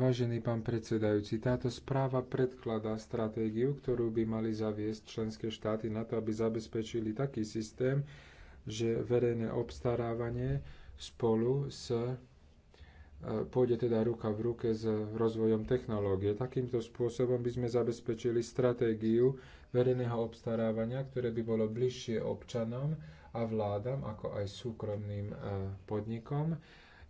Speaker 1: Vážený pán predsedajúci, táto správa predkladá stratégiu, ktorú by mali zaviesť členské štáty na to, aby zabezpečili taký systém, že verejné obstarávanie spolu s e, pôjde teda ruka v ruke s rozvojom technológie. Takýmto spôsobom by sme zabezpečili stratégiu verejného obstarávania, ktoré by bolo bližšie občanom a vládam, ako aj súkromným e, podnikom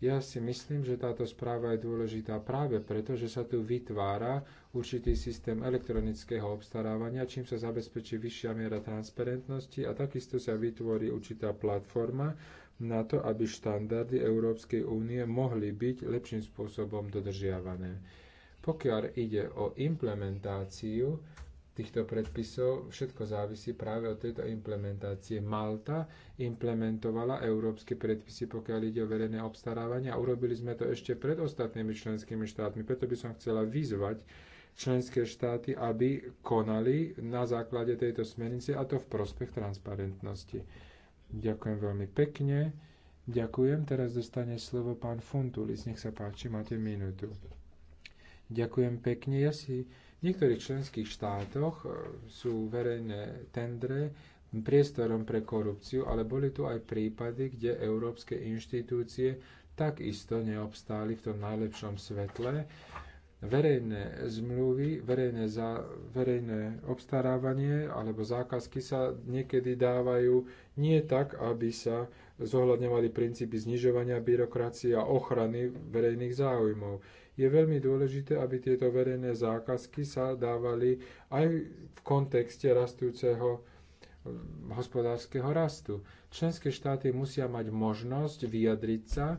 Speaker 1: ja si myslím, že táto správa je dôležitá práve preto, že sa tu vytvára určitý systém elektronického obstarávania, čím sa zabezpečí vyššia miera transparentnosti a takisto sa vytvorí určitá platforma na to, aby štandardy Európskej únie mohli byť lepším spôsobom dodržiavané. Pokiaľ ide o implementáciu, týchto predpisov všetko závisí práve od tejto implementácie. Malta implementovala európske predpisy, pokiaľ ide o verejné obstarávanie a urobili sme to ešte pred ostatnými členskými štátmi. Preto by som chcela vyzvať členské štáty, aby konali na základe tejto smernice a to v prospech transparentnosti. Ďakujem veľmi pekne. Ďakujem. Teraz dostane slovo pán Funtulis. Nech sa páči, máte minútu. Ďakujem pekne. Ja si v niektorých členských štátoch e, sú verejné tendre priestorom pre korupciu, ale boli tu aj prípady, kde európske inštitúcie takisto neobstáli v tom najlepšom svetle. Verejné zmluvy, verejné, za, verejné obstarávanie alebo zákazky sa niekedy dávajú nie tak, aby sa zohľadňovali princípy znižovania byrokracie a ochrany verejných záujmov je veľmi dôležité, aby tieto verejné zákazky sa dávali aj v kontexte rastúceho mm, hospodárskeho rastu. Členské štáty musia mať možnosť vyjadriť sa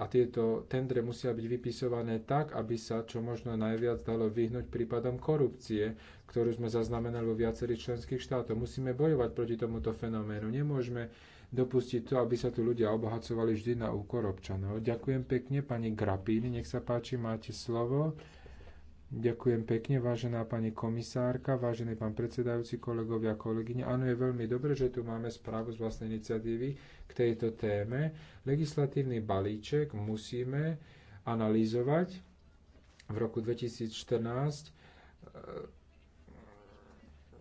Speaker 1: a tieto tendre musia byť vypisované tak, aby sa čo možno najviac dalo vyhnúť prípadom korupcie, ktorú sme zaznamenali vo viacerých členských štátoch. Musíme bojovať proti tomuto fenoménu. Nemôžeme dopustiť to, aby sa tu ľudia obohacovali vždy na úkor občanov. Ďakujem pekne, pani Grapíny, nech sa páči, máte slovo. Ďakujem pekne, vážená pani komisárka, vážený pán predsedajúci, kolegovia, kolegyne. Áno, je veľmi dobre, že tu máme správu z vlastnej iniciatívy k tejto téme. Legislatívny balíček musíme analyzovať. V roku 2014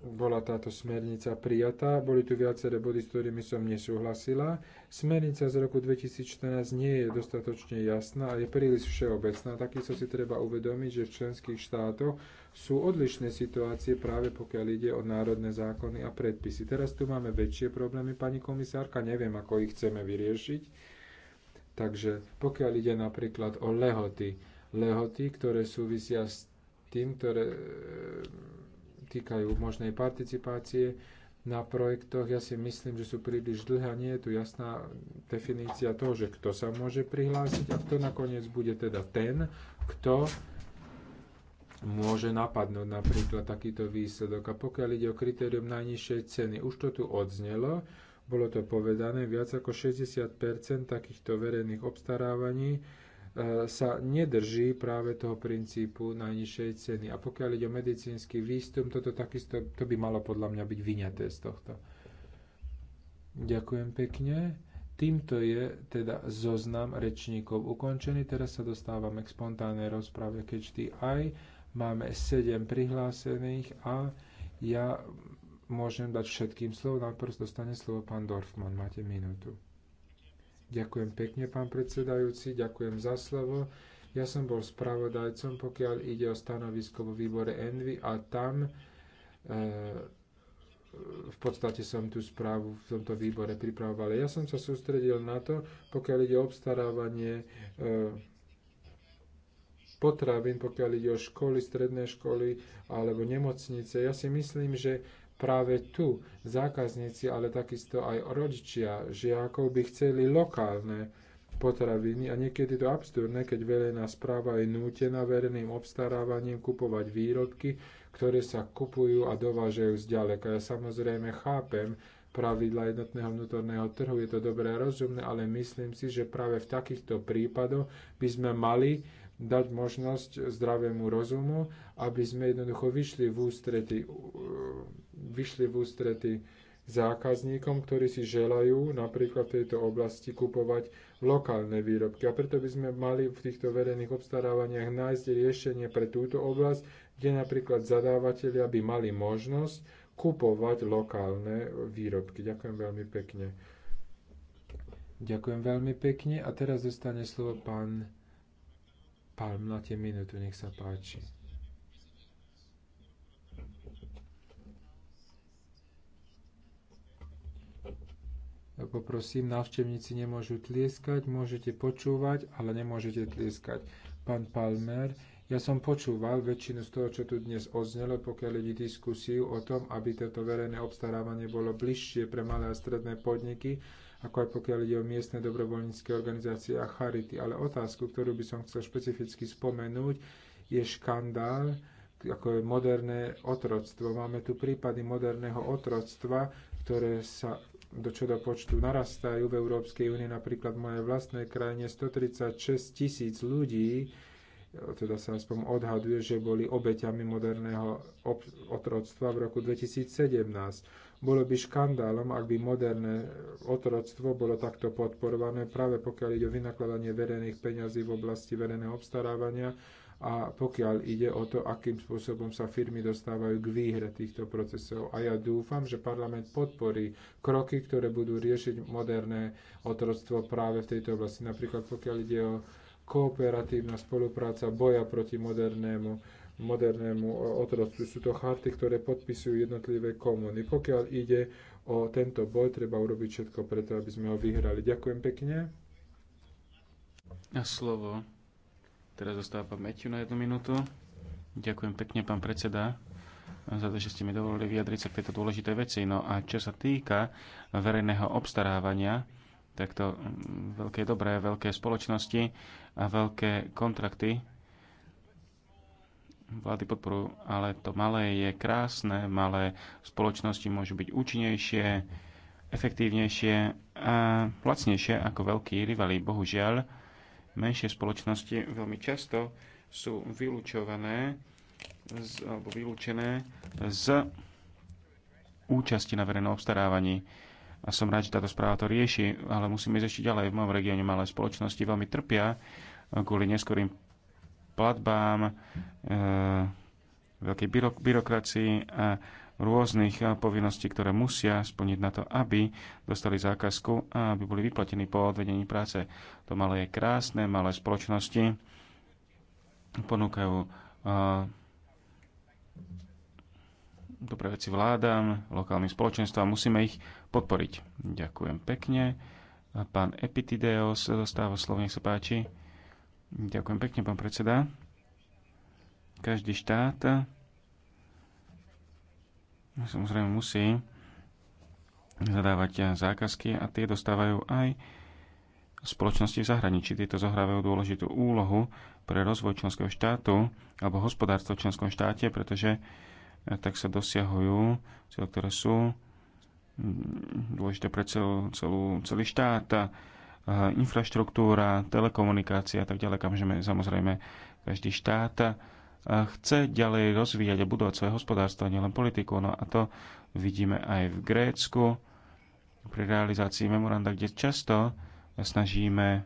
Speaker 1: bola táto smernica prijatá. Boli tu viaceré body, s ktorými som nesúhlasila. Smernica z roku 2014 nie je dostatočne jasná a je príliš všeobecná. Takisto si treba uvedomiť, že v členských štátoch sú odlišné situácie práve pokiaľ ide o národné zákony a predpisy. Teraz tu máme väčšie problémy, pani komisárka, neviem, ako ich chceme vyriešiť. Takže pokiaľ ide napríklad o lehoty, lehoty, ktoré súvisia s tým, ktoré týkajú možnej participácie na projektoch. Ja si myslím, že sú príliš dlhé a nie je tu jasná definícia toho, že kto sa môže prihlásiť a kto nakoniec bude teda ten, kto môže napadnúť napríklad takýto výsledok. A pokiaľ ide o kritérium najnižšej ceny, už to tu odznelo, bolo to povedané, viac ako 60 takýchto verejných obstarávaní E, sa nedrží práve toho princípu najnižšej ceny. A pokiaľ ide o medicínsky výstup, toto takisto, to by malo podľa mňa byť vyňaté z tohto. Ďakujem pekne. Týmto je teda zoznam rečníkov ukončený. Teraz sa dostávame k spontánnej rozprave Catch aj. Máme 7 prihlásených a ja môžem dať všetkým slovo. Najprv dostane slovo pán Dorfman. Máte minútu. Ďakujem pekne, pán predsedajúci, ďakujem za slovo. Ja som bol spravodajcom, pokiaľ ide o stanovisko vo výbore Envy a tam e, v podstate som tú správu v tomto výbore pripravoval. Ja som sa sústredil na to, pokiaľ ide o obstarávanie e, potravín, pokiaľ ide o školy, stredné školy alebo nemocnice. Ja si myslím, že práve tu zákazníci, ale takisto aj rodičia žiakov by chceli lokálne potraviny a niekedy to absurdné, keď verejná správa je nútená verejným obstarávaním kupovať výrobky, ktoré sa kupujú a dovážajú zďaleka. Ja samozrejme chápem pravidla jednotného vnútorného trhu, je to dobré a rozumné, ale myslím si, že práve v takýchto prípadoch by sme mali dať možnosť zdravému rozumu, aby sme jednoducho vyšli v ústrety vyšli v ústrety zákazníkom, ktorí si želajú napríklad v tejto oblasti kupovať lokálne výrobky. A preto by sme mali v týchto verejných obstarávaniach nájsť riešenie pre túto oblasť, kde napríklad zadávateľia by mali možnosť kupovať lokálne výrobky. Ďakujem veľmi pekne. Ďakujem veľmi pekne a teraz dostane slovo pán Palm na tie minútu, nech sa páči. Poprosím, návštevníci nemôžu tlieskať, môžete počúvať, ale nemôžete tlieskať. Pán Palmer, ja som počúval väčšinu z toho, čo tu dnes odznelo, pokiaľ ide diskusiu o tom, aby toto verejné obstarávanie bolo bližšie pre malé a stredné podniky, ako aj pokiaľ ide o miestne dobrovoľnícke organizácie a charity. Ale otázku, ktorú by som chcel špecificky spomenúť, je škandál, ako je moderné otroctvo. Máme tu prípady moderného otroctva, ktoré sa do čo do počtu narastajú v Európskej únii, napríklad v mojej vlastnej krajine 136 tisíc ľudí, teda sa aspoň odhaduje, že boli obeťami moderného otroctva v roku 2017. Bolo by škandálom, ak by moderné otroctvo bolo takto podporované, práve pokiaľ ide o vynakladanie verejných peňazí v oblasti verejného obstarávania, a pokiaľ ide o to, akým spôsobom sa firmy dostávajú k výhre týchto procesov. A ja dúfam, že parlament podporí kroky, ktoré budú riešiť moderné otroctvo práve v tejto oblasti. Napríklad pokiaľ ide o kooperatívna spolupráca boja proti modernému modernému e, otroctvu. Sú to charty, ktoré podpisujú jednotlivé komuny. Pokiaľ ide o tento boj, treba urobiť všetko preto, aby sme ho vyhrali. Ďakujem pekne.
Speaker 3: A slovo Teraz zostáva pán Metiu na jednu minútu. Ďakujem pekne, pán predseda, za to, že ste mi dovolili vyjadriť sa k tejto dôležitej veci. No a čo sa týka verejného obstarávania, tak to mm, veľké dobré, veľké spoločnosti a veľké kontrakty vlády podporujú, ale to malé je krásne, malé spoločnosti môžu byť účinnejšie, efektívnejšie a lacnejšie ako veľkí rivali. Bohužiaľ, menšie spoločnosti veľmi často sú vylúčované z, alebo vylúčené z účasti na verejnom obstarávaní. A som rád, že táto správa to rieši, ale musíme ísť ešte ďalej. V mojom regióne malé spoločnosti veľmi trpia kvôli neskorým platbám, e, veľkej byrokracii a rôznych eh, povinností, ktoré musia splniť na to, aby dostali zákazku a aby boli vyplatení po odvedení práce. To malé je krásne, malé spoločnosti ponúkajú uh, dobré veci vládam, lokálnym spoločenstvom a musíme ich podporiť. Ďakujem pekne. A pán Epitideos dostáva slovo, nech sa páči. Ďakujem pekne, pán predseda. Každý štát samozrejme musí zadávať zákazky a tie dostávajú aj spoločnosti v zahraničí. Tieto zohrávajú dôležitú úlohu pre rozvoj členského štátu alebo hospodárstvo v členskom štáte, pretože eh, tak sa dosiahujú cieľ, ktoré sú mm, dôležité pre celú, celú, celý štát, eh, infraštruktúra, telekomunikácia a tak ďalej, kam samozrejme každý štát chce ďalej rozvíjať a budovať svoje hospodárstvo, nielen politiku. No a to vidíme aj v Grécku pri realizácii memoranda, kde často snažíme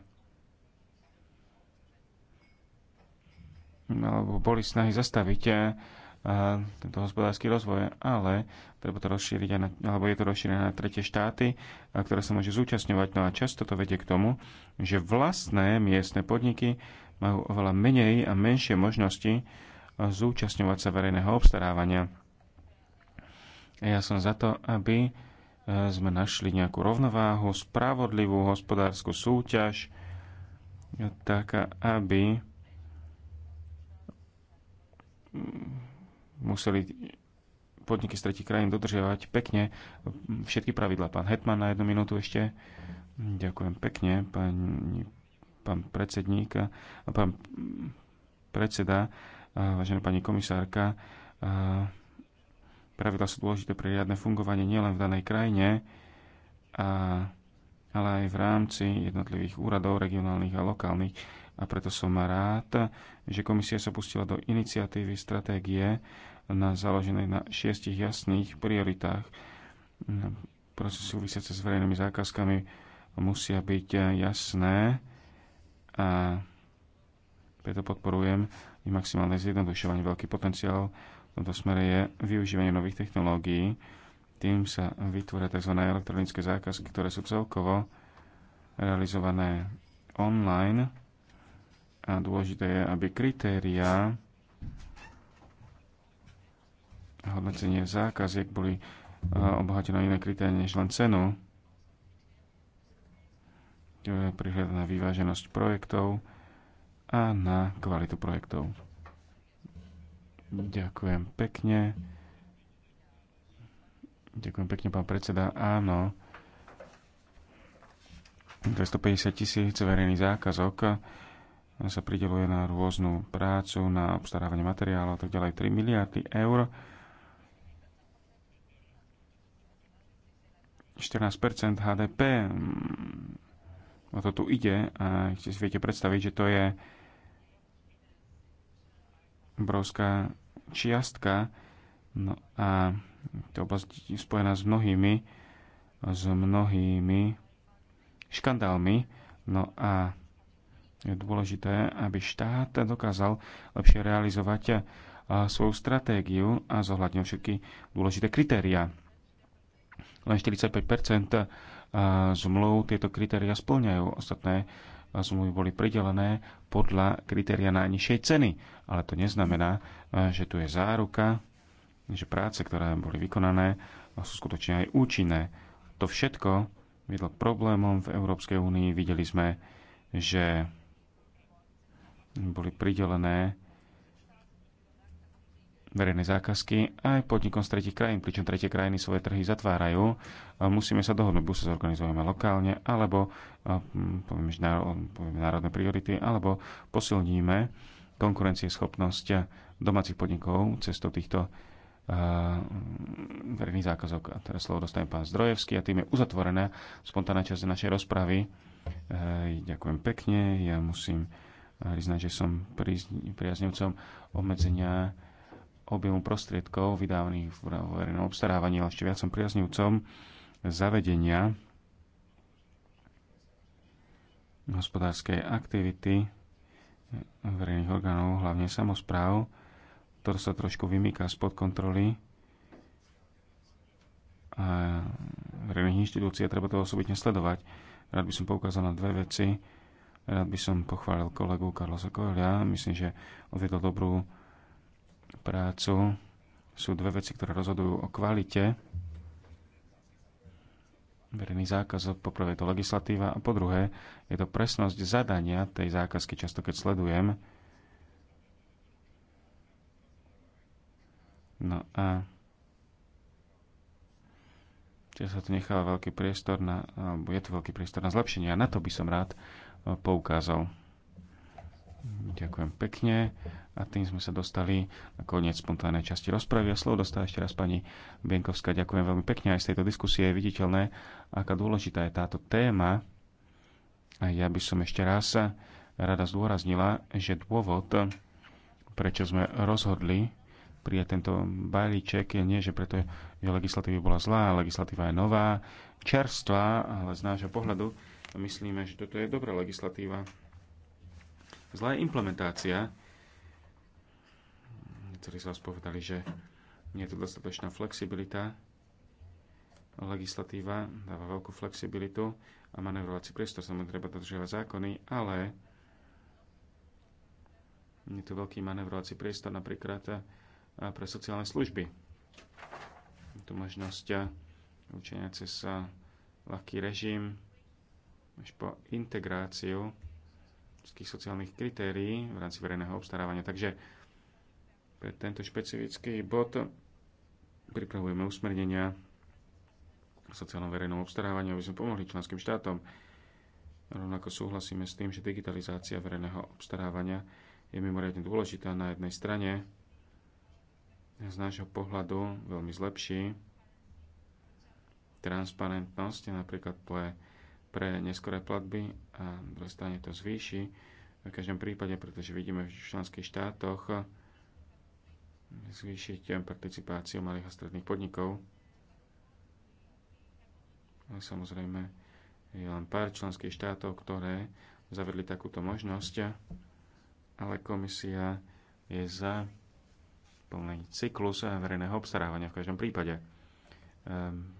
Speaker 3: alebo boli snahy zastaviť a eh, tento hospodársky rozvoj, ale treba to rozšíriť, aj na, alebo je to rozšírené na tretie štáty, eh, ktoré sa môžu zúčastňovať. No a často to vedie k tomu, že vlastné miestne podniky majú oveľa menej a menšie možnosti eh, zúčastňovať sa verejného obstarávania. A ja som za to, aby eh, sme našli nejakú rovnováhu, spravodlivú hospodárskú súťaž, tak aby mm, museli podniky z tretich krajín dodržiavať pekne všetky pravidlá. Pán Hetman na jednu minútu ešte. Ďakujem pekne, pani pán predsedník, pán predseda, vážená pani komisárka, pravidla sú dôležité pre riadne fungovanie nielen v danej krajine, a, ale aj v rámci jednotlivých úradov regionálnych a lokálnych. A preto som rád, že komisia sa pustila do iniciatívy stratégie na založenej na šiestich jasných prioritách. Procesy súvisiace s verejnými zákazkami musia byť jasné a preto podporujem i maximálne zjednodušovanie. Veľký potenciál v tomto smere je využívanie nových technológií. Tým sa vytvoria tzv. elektronické zákazky, ktoré sú celkovo realizované online a dôležité je, aby kritériá hodnotenie zákaziek boli eh, obohatené iné kritéria než len cenu. E, prihľad na vyváženosť projektov a na kvalitu projektov. Ďakujem pekne. Ďakujem pekne, pán predseda. Áno, 250 tisíc verejný zákazok sa prideluje na rôznu prácu, na obstarávanie materiálov a tak ďalej. 3 miliardy eur. 14% HDP o to tu ide a si viete predstaviť, že to je obrovská čiastka no a to oblasť spojená s mnohými s mnohými škandálmi no a je dôležité, aby štát dokázal lepšie realizovať svoju stratégiu a zohľadnil všetky dôležité kritéria. Len 45 zmluv tieto kritéria splňajú. Ostatné zmluvy boli pridelené podľa kritéria najnižšej ceny. Ale to neznamená, e, že tu je záruka, že práce, ktoré boli vykonané, sú skutočne aj účinné. To všetko viedlo k problémom v Európskej únii. Videli sme, že boli pridelené verejné zákazky aj podnikom z tretich krajín, pričom tretie krajiny svoje trhy zatvárajú. Musíme sa dohodnúť, buď sa zorganizujeme lokálne, alebo hm, povieme, že národné priority, alebo posilníme konkurencieschopnosť domácich podnikov cestou týchto verejných zákazok. A teraz slovo dostane pán Zdrojevský a tým je uzatvorená spontánna časť našej rozpravy. Ďakujem pekne. Ja musím priznať, že som priaznivcom obmedzenia objemu prostriedkov vydávaných v verejnom obstarávaní, ale ešte viac som priaznivcom zavedenia hospodárskej aktivity verejných orgánov, hlavne samozpráv, ktoré sa trošku vymýka spod kontroly a verejných inštitúcií a treba to osobitne sledovať. Rád by som poukázal na dve veci. Rád by som pochválil kolegu Karla Koelia. Myslím, že odvedol dobrú prácu sú dve veci, ktoré rozhodujú o kvalite. Verejný zákaz, poprvé prvé je to legislatíva a po druhé je to presnosť zadania tej zákazky, často keď sledujem. No a čiže sa tu necháva veľký priestor na, alebo je tu veľký priestor na zlepšenie a na to by som rád eh, poukázal. Ďakujem pekne. A tým sme sa dostali na koniec spontánnej časti rozpravy. A slovo dostáva ešte raz pani Bienkovská. Ďakujem veľmi pekne. Aj z tejto diskusie je viditeľné, aká dôležitá je táto téma. A ja by som ešte raz rada zdôraznila, že dôvod, prečo sme rozhodli prijať tento balíček, je nie, že preto, že legislatíva bola zlá, legislatíva je nová, čerstvá, ale z nášho pohľadu myslíme, že toto je dobrá legislatíva Zlá je implementácia. Niektorí z vás povedali, že nie je tu dostatočná flexibilita. Legislatíva dáva veľkú flexibilitu a manevrovací priestor samozrejme treba dodržiavať zákony, ale je tu veľký manevrovací priestor napríklad pre sociálne služby. Je tu možnosť eh, učenia cez eh, ľahký režim, až po integráciu všetkých sociálnych kritérií v rámci verejného obstarávania. Takže pre tento špecifický bod pripravujeme usmernenia v sociálnom verejnom obstarávaní, aby sme pomohli členským štátom. Rovnako súhlasíme s tým, že digitalizácia verejného obstarávania je mimoriadne dôležitá na jednej strane. Z nášho pohľadu veľmi zlepší transparentnosť, napríklad po pre neskoré platby a dostane to zvýši. V každom prípade, pretože vidíme v členských štátoch zvýšiť participáciu malých a stredných podnikov. Ale samozrejme, je len pár členských štátov, ktoré zavedli takúto možnosť, ale komisia je za plný cyklus verejného obstarávania v každom prípade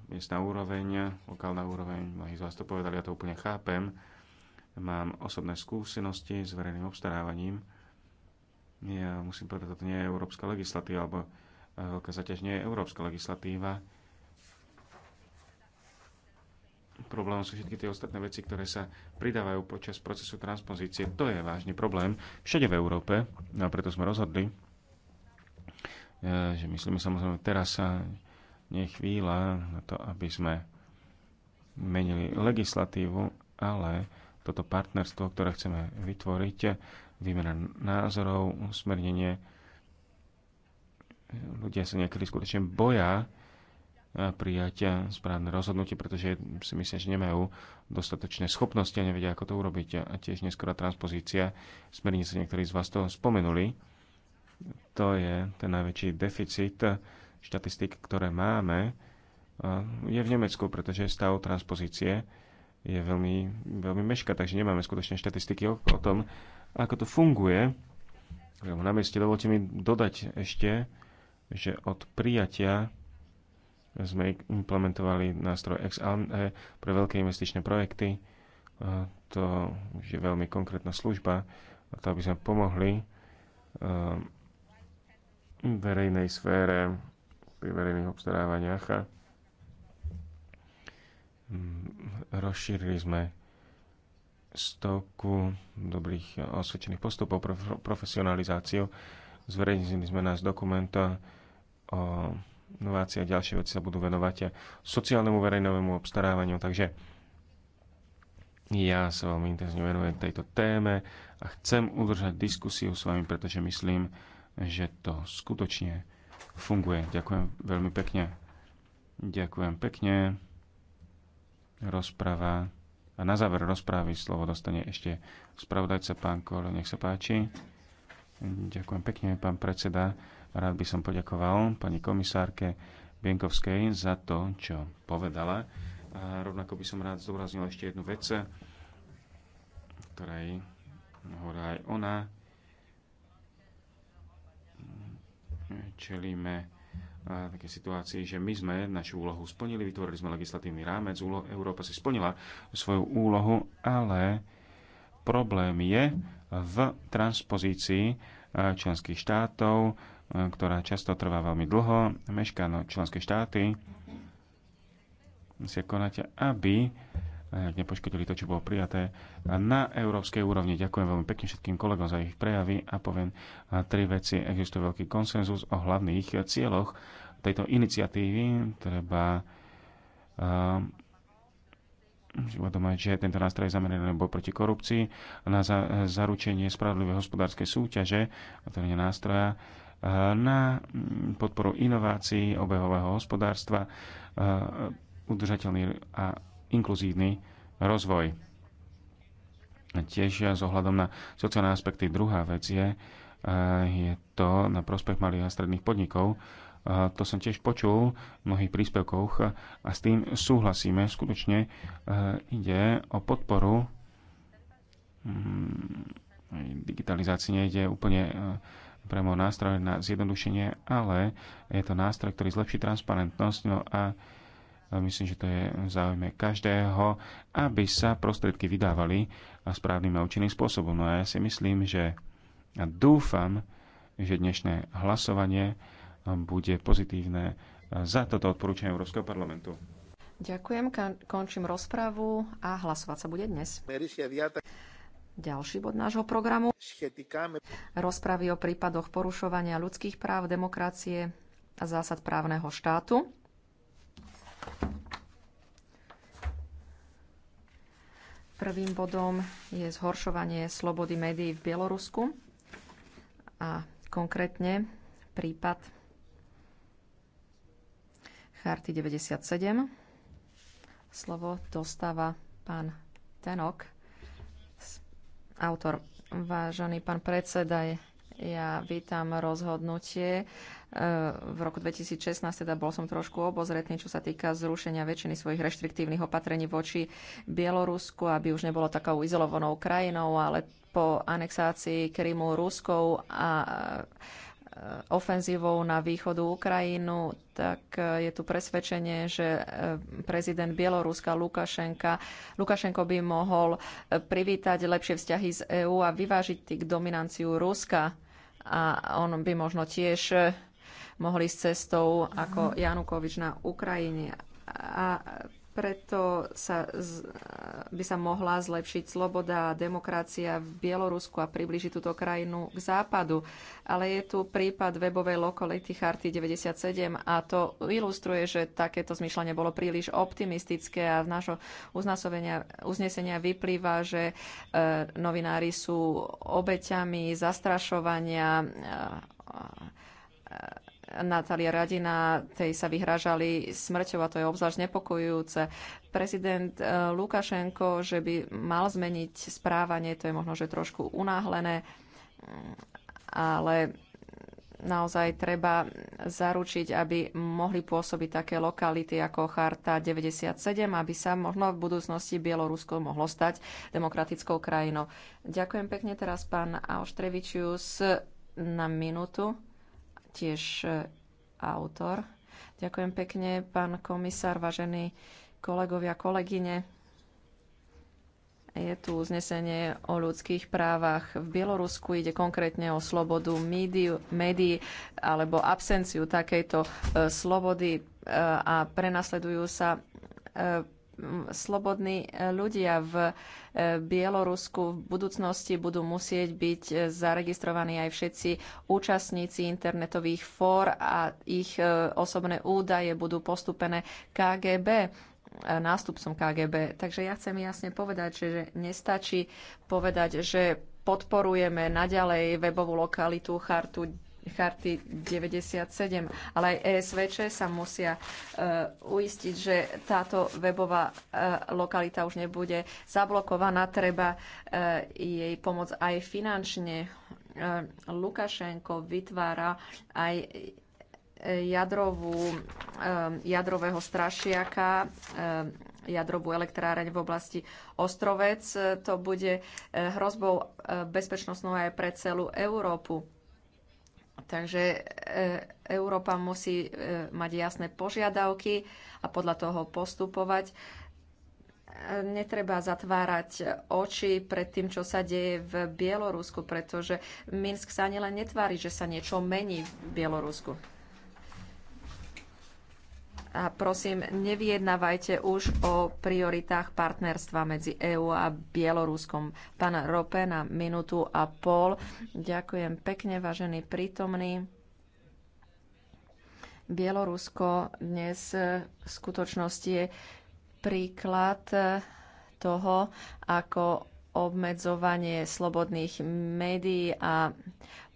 Speaker 3: miestna úroveň, lokálna úroveň, mnohí z vás to povedali, ja to úplne chápem. Mám osobné skúsenosti s verejným obstarávaním. Ja musím povedať, že to nie je európska legislatíva, alebo eh, veľká zaťaž nie je európska legislatíva. Problém sú všetky tie ostatné veci, ktoré sa pridávajú počas procesu transpozície. To je vážny problém všade v Európe, no a preto sme rozhodli, eh, že myslíme samozrejme teraz sa eh, nie je chvíľa na to, aby sme menili legislatívu, ale toto partnerstvo, ktoré chceme vytvoriť, výmena názorov, usmernenie, ľudia sa niekedy skutočne boja eh, prijať eh, správne rozhodnutie, pretože si myslia, že nemajú dostatočné schopnosti a nevedia, ako to urobiť. A tiež neskôr transpozícia, smernice niektorí z vás to spomenuli, to je ten najväčší deficit štatistik, ktoré máme, je v Nemecku, pretože stav transpozície je veľmi, veľmi meška, takže nemáme skutočne štatistiky o, o tom, ako to funguje. Na mieste dovolte mi dodať ešte, že od prijatia sme implementovali nástroj XAME pre veľké investičné projekty. To už je veľmi konkrétna služba, a to aby sme pomohli verejnej sfére pri verejných obstarávaniach a mm, rozšírili sme stovku dobrých osvedčených postupov pro profesionalizáciu. Zverejnili sme nás dokumenta o novácii a ďalšie veci sa budú venovať sociálnemu verejnovému obstarávaniu. Takže ja sa veľmi intenzívne venujem tejto téme a chcem udržať diskusiu s vami, pretože myslím, že to skutočne funguje. Ďakujem veľmi pekne. Ďakujem pekne. Rozprava. A na záver rozprávy slovo dostane ešte spravodajca pán Kolo. Nech sa páči. Ďakujem pekne, pán predseda. Rád by som poďakoval pani komisárke Bienkovskej za to, čo povedala. A rovnako by som rád zdôraznil ešte jednu vec, ktorej hovorila aj ona. čelíme e, také situácii, že my sme našu úlohu splnili, vytvorili sme legislatívny rámec, Európa si splnila svoju úlohu, ale problém je v transpozícii e, členských štátov, e, ktorá často trvá veľmi dlho, meškáno členské štáty musia konať, aby ak nepoškodili to, čo bolo prijaté na európskej úrovni. Ďakujem veľmi pekne všetkým kolegom za ich prejavy a poviem tri veci. Existuje veľký konsenzus o hlavných cieľoch tejto iniciatívy. Treba uvedomať, že tento nástroj je zameraný na boj proti korupcii, na za, zaručenie spravodlivej hospodárskej súťaže, je nástroja, na podporu inovácií, obehového hospodárstva, udržateľný a inkluzívny rozvoj. A tiež s ohľadom na sociálne aspekty druhá vec je, eh, je to na prospech malých a stredných podnikov. To som tiež počul v mnohých príspevkoch a s tým súhlasíme. Skutočne eh, ide o podporu mm, digitalizácii nejde úplne eh, priamo nástroj na zjednodušenie, ale je to nástroj, ktorý zlepší transparentnosť no a Myslím, že to je v záujme každého, aby sa prostriedky vydávali správnym a účinným spôsobom. No a ja si myslím, že a dúfam, že dnešné hlasovanie bude pozitívne za toto odporúčanie Európskeho parlamentu.
Speaker 4: Ďakujem, končím rozpravu a hlasovať sa bude dnes. Ďalší bod nášho programu. Rozpravy o prípadoch porušovania ľudských práv, demokracie a zásad právneho štátu. Prvým bodom je zhoršovanie slobody médií v Bielorusku a konkrétne prípad Charty 97. Slovo dostáva pán Tenok, autor. Vážený pán predseda, ja vítam rozhodnutie v roku 2016 teda bol som trošku obozretný, čo sa týka zrušenia väčšiny svojich reštriktívnych opatrení voči Bielorusku, aby už nebolo takou izolovanou krajinou, ale po anexácii Krymu Ruskou a e, ofenzívou na východu Ukrajinu, tak e, je tu presvedčenie, že e, prezident Bieloruska Lukašenka, Lukašenko by mohol privítať lepšie vzťahy z EÚ a vyvážiť k dominanciu Ruska. A on by možno tiež mohli s cestou ako mhm. Janukovič na Ukrajine. A preto sa, by sa mohla zlepšiť sloboda a demokracia v Bielorusku a približiť túto krajinu k západu. Ale je tu prípad webovej lokality Charty 97 a to ilustruje, že takéto zmyšľanie bolo príliš optimistické a z nášho uznesenia vyplýva, že e, novinári sú obeťami zastrašovania e, e, Natália Radina, tej sa vyhražali smrťou a to je obzvlášť nepokojujúce. Prezident e, Lukašenko, že by mal zmeniť správanie, to je možno, že trošku unáhlené, mm, ale naozaj treba zaručiť, aby mohli pôsobiť také lokality ako Charta 97, aby sa možno v budúcnosti Bielorusko mohlo stať demokratickou krajinou. Ďakujem pekne teraz pán Auštrevičius na minútu tiež e, autor. Ďakujem pekne, pán komisár, vážení kolegovia, kolegyne. Je tu uznesenie o ľudských právach v Bielorusku. Ide konkrétne o slobodu médií, médií alebo absenciu takejto e, slobody e, a prenasledujú sa e, slobodní e, ľudia v e, Bielorusku v budúcnosti budú musieť byť e, zaregistrovaní aj všetci účastníci internetových fór a ich osobné údaje budú postupené KGB nástupcom KGB. Takže ja chcem jasne povedať, že nestačí povedať, že podporujeme naďalej webovú lokalitu, chartu charty 97. Ale aj ESVČ sa musia uh, uistiť, že táto webová uh, lokalita už nebude zablokovaná. Treba uh, jej pomoc aj finančne. Uh, Lukašenko vytvára aj jadrovú, jadrového strašiaka, jadrovú elektráreň v oblasti Ostrovec. To bude hrozbou bezpečnostnou aj pre celú Európu Takže e, Európa musí e, mať jasné požiadavky a podľa toho postupovať. E, netreba zatvárať oči pred tým, čo sa deje v Bielorusku, pretože Minsk sa ani len netvári, že sa niečo mení v Bielorusku. A prosím, nevyjednávajte už o prioritách partnerstva medzi EÚ a Bieloruskom. Pán Rope na minútu a pol. Ďakujem pekne, vážený prítomný. Bielorusko dnes v skutočnosti je príklad toho, ako obmedzovanie slobodných médií a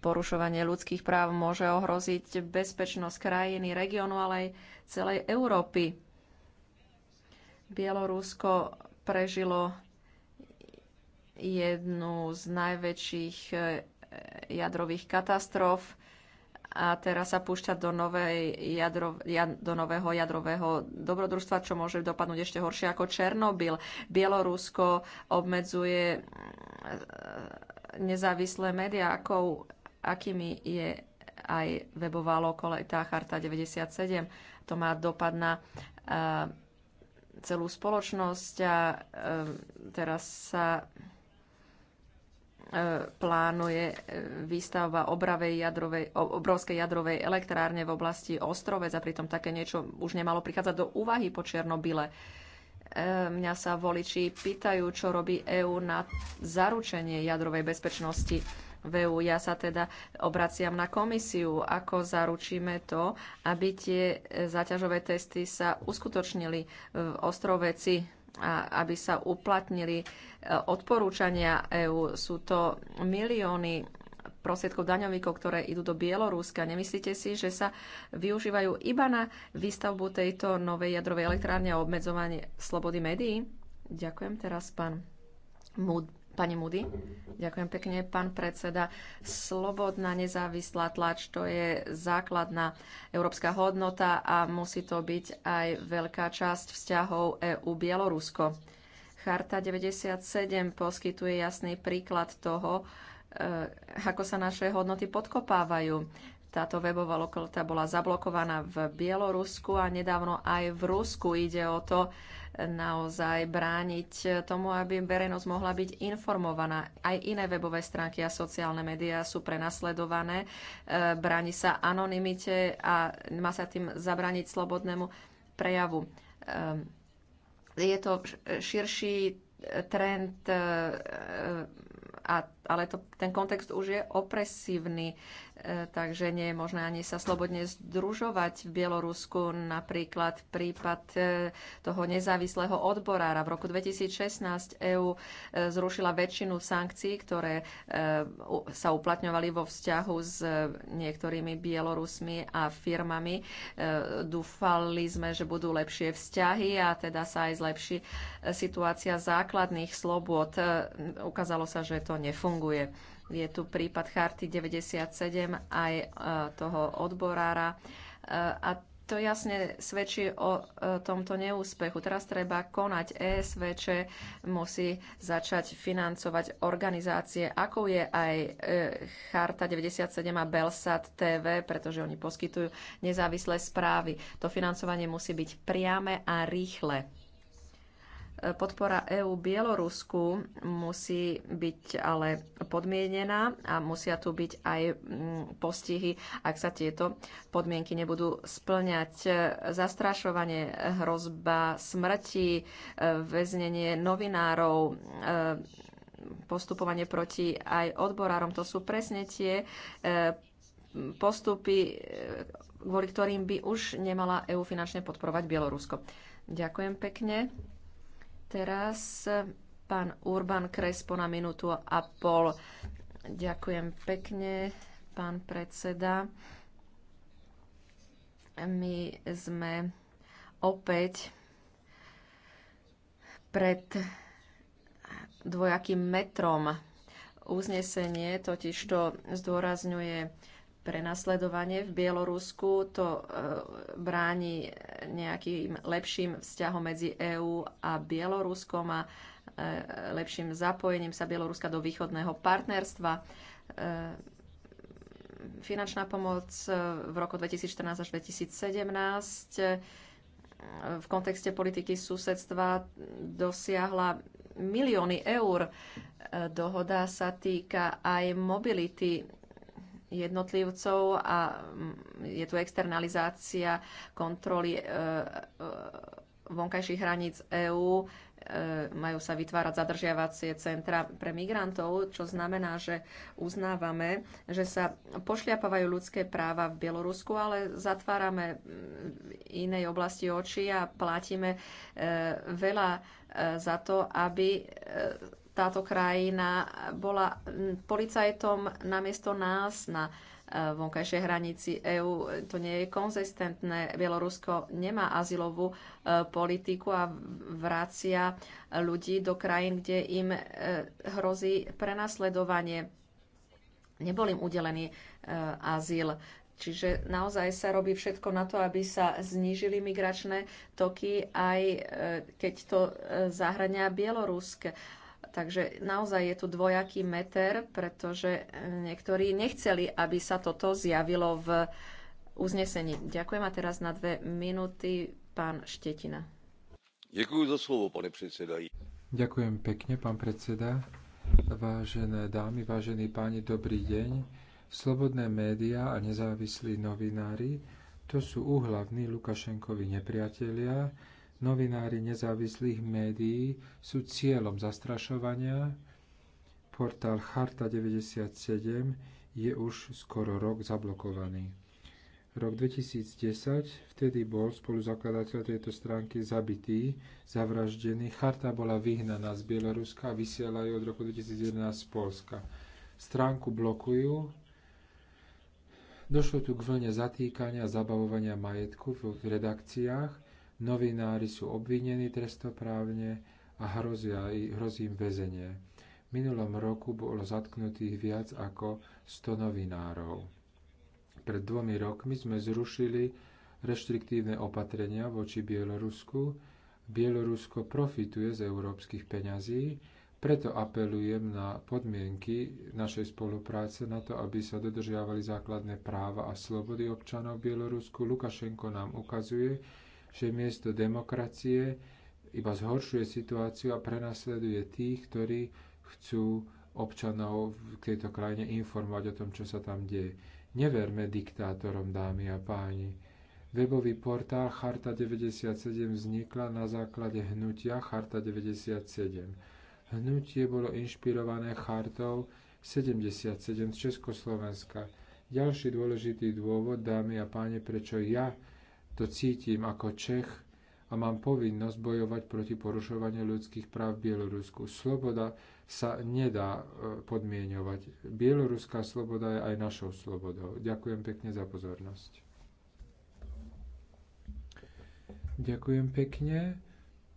Speaker 4: porušovanie ľudských práv môže ohroziť bezpečnosť krajiny, regiónu, ale aj celej Európy. Bielorusko prežilo jednu z najväčších e, jadrových katastrof a teraz sa púšťa do, novej jadro, jad, do nového jadrového dobrodružstva, čo môže dopadnúť ešte horšie ako Černobyl. Bielorusko obmedzuje e, nezávislé médiá, ako, akými je aj webová lokalita Charta 97 to má dopad na eh, celú spoločnosť a eh, teraz sa eh, plánuje výstavba obravej jadrovej, obrovskej jadrovej elektrárne v oblasti Ostrovec a pritom také niečo už nemalo prichádzať do úvahy po Černobyle. Mňa sa voliči pýtajú, čo robí EÚ na zaručenie jadrovej bezpečnosti v e Ja sa teda obraciam na komisiu, ako zaručíme to, aby tie e, záťažové testy sa uskutočnili v ostroveci a aby sa uplatnili e, odporúčania EÚ. Sú to milióny prostriedkov daňovíkov, ktoré idú do Bieloruska. Nemyslíte si, že sa využívajú iba na výstavbu tejto novej jadrovej elektrárne a obmedzovanie slobody médií? Ďakujem teraz pán Pani Mudy, ďakujem pekne, pán predseda. Slobodná, nezávislá tlač, to je základná európska hodnota a musí to byť aj veľká časť vzťahov EU-Bielorusko. Charta 97 poskytuje jasný príklad toho, e, ako sa naše hodnoty podkopávajú. Táto webová lokalita bola zablokovaná v Bielorusku a nedávno aj v Rusku. Ide o to naozaj brániť tomu, aby verejnosť mohla byť informovaná. Aj iné webové stránky a sociálne médiá sú prenasledované. E, bráni sa anonimite a má sa tým zabrániť slobodnému prejavu. E, je to širší trend, e, ale to, ten kontext už je opresívny. E, takže nie je možné ani sa slobodne združovať v Bielorusku. Napríklad prípad e, toho nezávislého odborára. V roku 2016 EÚ e, zrušila väčšinu sankcií, ktoré sa uplatňovali vo vzťahu s niektorými Bielorusmi a firmami. Dúfali sme, že budú lepšie vzťahy a teda sa aj zlepší situácia základných slobod. Ukázalo sa, že to nefunguje. Je tu prípad Charty 97 aj e, toho odborára. E, a to jasne svedčí o e, tomto neúspechu. Teraz treba konať. ESVČ musí začať financovať organizácie, ako je aj Charta 97 a Belsat TV, pretože oni poskytujú nezávislé správy. To financovanie musí byť priame a rýchle. E, podpora EÚ Bielorusku musí byť ale podmienená a musia tu byť aj mm, postihy, ak sa tieto podmienky nebudú splňať. E, zastrašovanie, hrozba smrti, e, väznenie novinárov, postupovanie proti aj odborárom. To sú presne tie postupy, kvôli ktorým by už nemala EÚ finančne podporovať Bielorusko. Ďakujem pekne. Teraz e, pán Urban Krespo na minútu a pol. Ďakujem pekne, pán predseda. My sme opäť pred dvojakým metrom. Uznesenie totiž to zdôrazňuje prenasledovanie v Bielorusku. To e, bráni nejakým lepším vzťahom medzi EÚ a Bieloruskom a e, lepším zapojením sa Bieloruska do východného partnerstva. E, finančná pomoc v roku 2014 až 2017 v kontexte politiky susedstva dosiahla milióny eur. Dohoda sa týka aj mobility jednotlivcov a mm, je tu externalizácia kontroly e, e, vonkajších hraníc EÚ, e, majú sa vytvárať zadržiavacie centra pre migrantov, čo znamená, že uznávame, že sa pošliapavajú ľudské práva v Bielorusku, ale zatvárame mm, inej oblasti oči a platíme veľa za to, aby táto krajina bola policajtom namiesto nás na e, vonkajšej hranici EÚ. To nie je konzistentné. Bielorusko nemá azylovú e, politiku a vracia ľudí do krajín, kde im e, hrozí prenasledovanie. Nebol im udelený azyl. Čiže naozaj sa robí všetko na to, aby sa znížili migračné toky, aj keď to zahrania Bielorusk. Takže naozaj je tu dvojaký meter, pretože eh, niektorí nechceli, aby sa toto zjavilo v uznesení. Ďakujem a teraz na dve minúty pán Štetina.
Speaker 5: Ďakujem za slovo, pane predseda.
Speaker 1: Ďakujem pekne, pán predseda. Vážené dámy, vážení páni, dobrý deň. Slobodné médiá a nezávislí novinári to sú úhlavní Lukašenkovi nepriatelia, Novinári nezávislých médií sú cieľom zastrašovania. Portál Charta 97 je už skoro rok zablokovaný. Rok 2010, vtedy bol spoluzakladateľ tejto stránky zabitý, zavraždený. Charta bola vyhnaná z Bieloruska a ju od roku 2011 z Polska. Stránku blokujú, Došlo tu k vlne zatýkania a zabavovania majetku v redakciách. Novinári sú obvinení trestnoprávne a hrozia, hrozí im väzenie. V minulom roku bolo zatknutých viac ako 100 novinárov. Pred dvomi rokmi sme zrušili reštriktívne opatrenia voči Bielorusku. Bielorusko profituje z európskych peňazí, preto apelujem na podmienky našej spolupráce na to, aby sa dodržiavali základné práva a slobody občanov Bielorusku. Lukašenko nám ukazuje, že miesto demokracie iba zhoršuje situáciu a prenasleduje tých, ktorí chcú občanov v tejto krajine informovať o tom, čo sa tam deje. Neverme diktátorom, dámy a páni. Webový portál Charta 97 vznikla na základe hnutia Charta 97. Hnutie bolo inšpirované chartou 77 z Československa. Ďalší dôležitý dôvod, dámy a páni, prečo ja to cítim ako Čech a mám povinnosť bojovať proti porušovaniu ľudských práv v Bielorusku. Sloboda sa nedá e, podmienovať. Bieloruská sloboda je aj našou slobodou. Ďakujem pekne za pozornosť. Ďakujem pekne.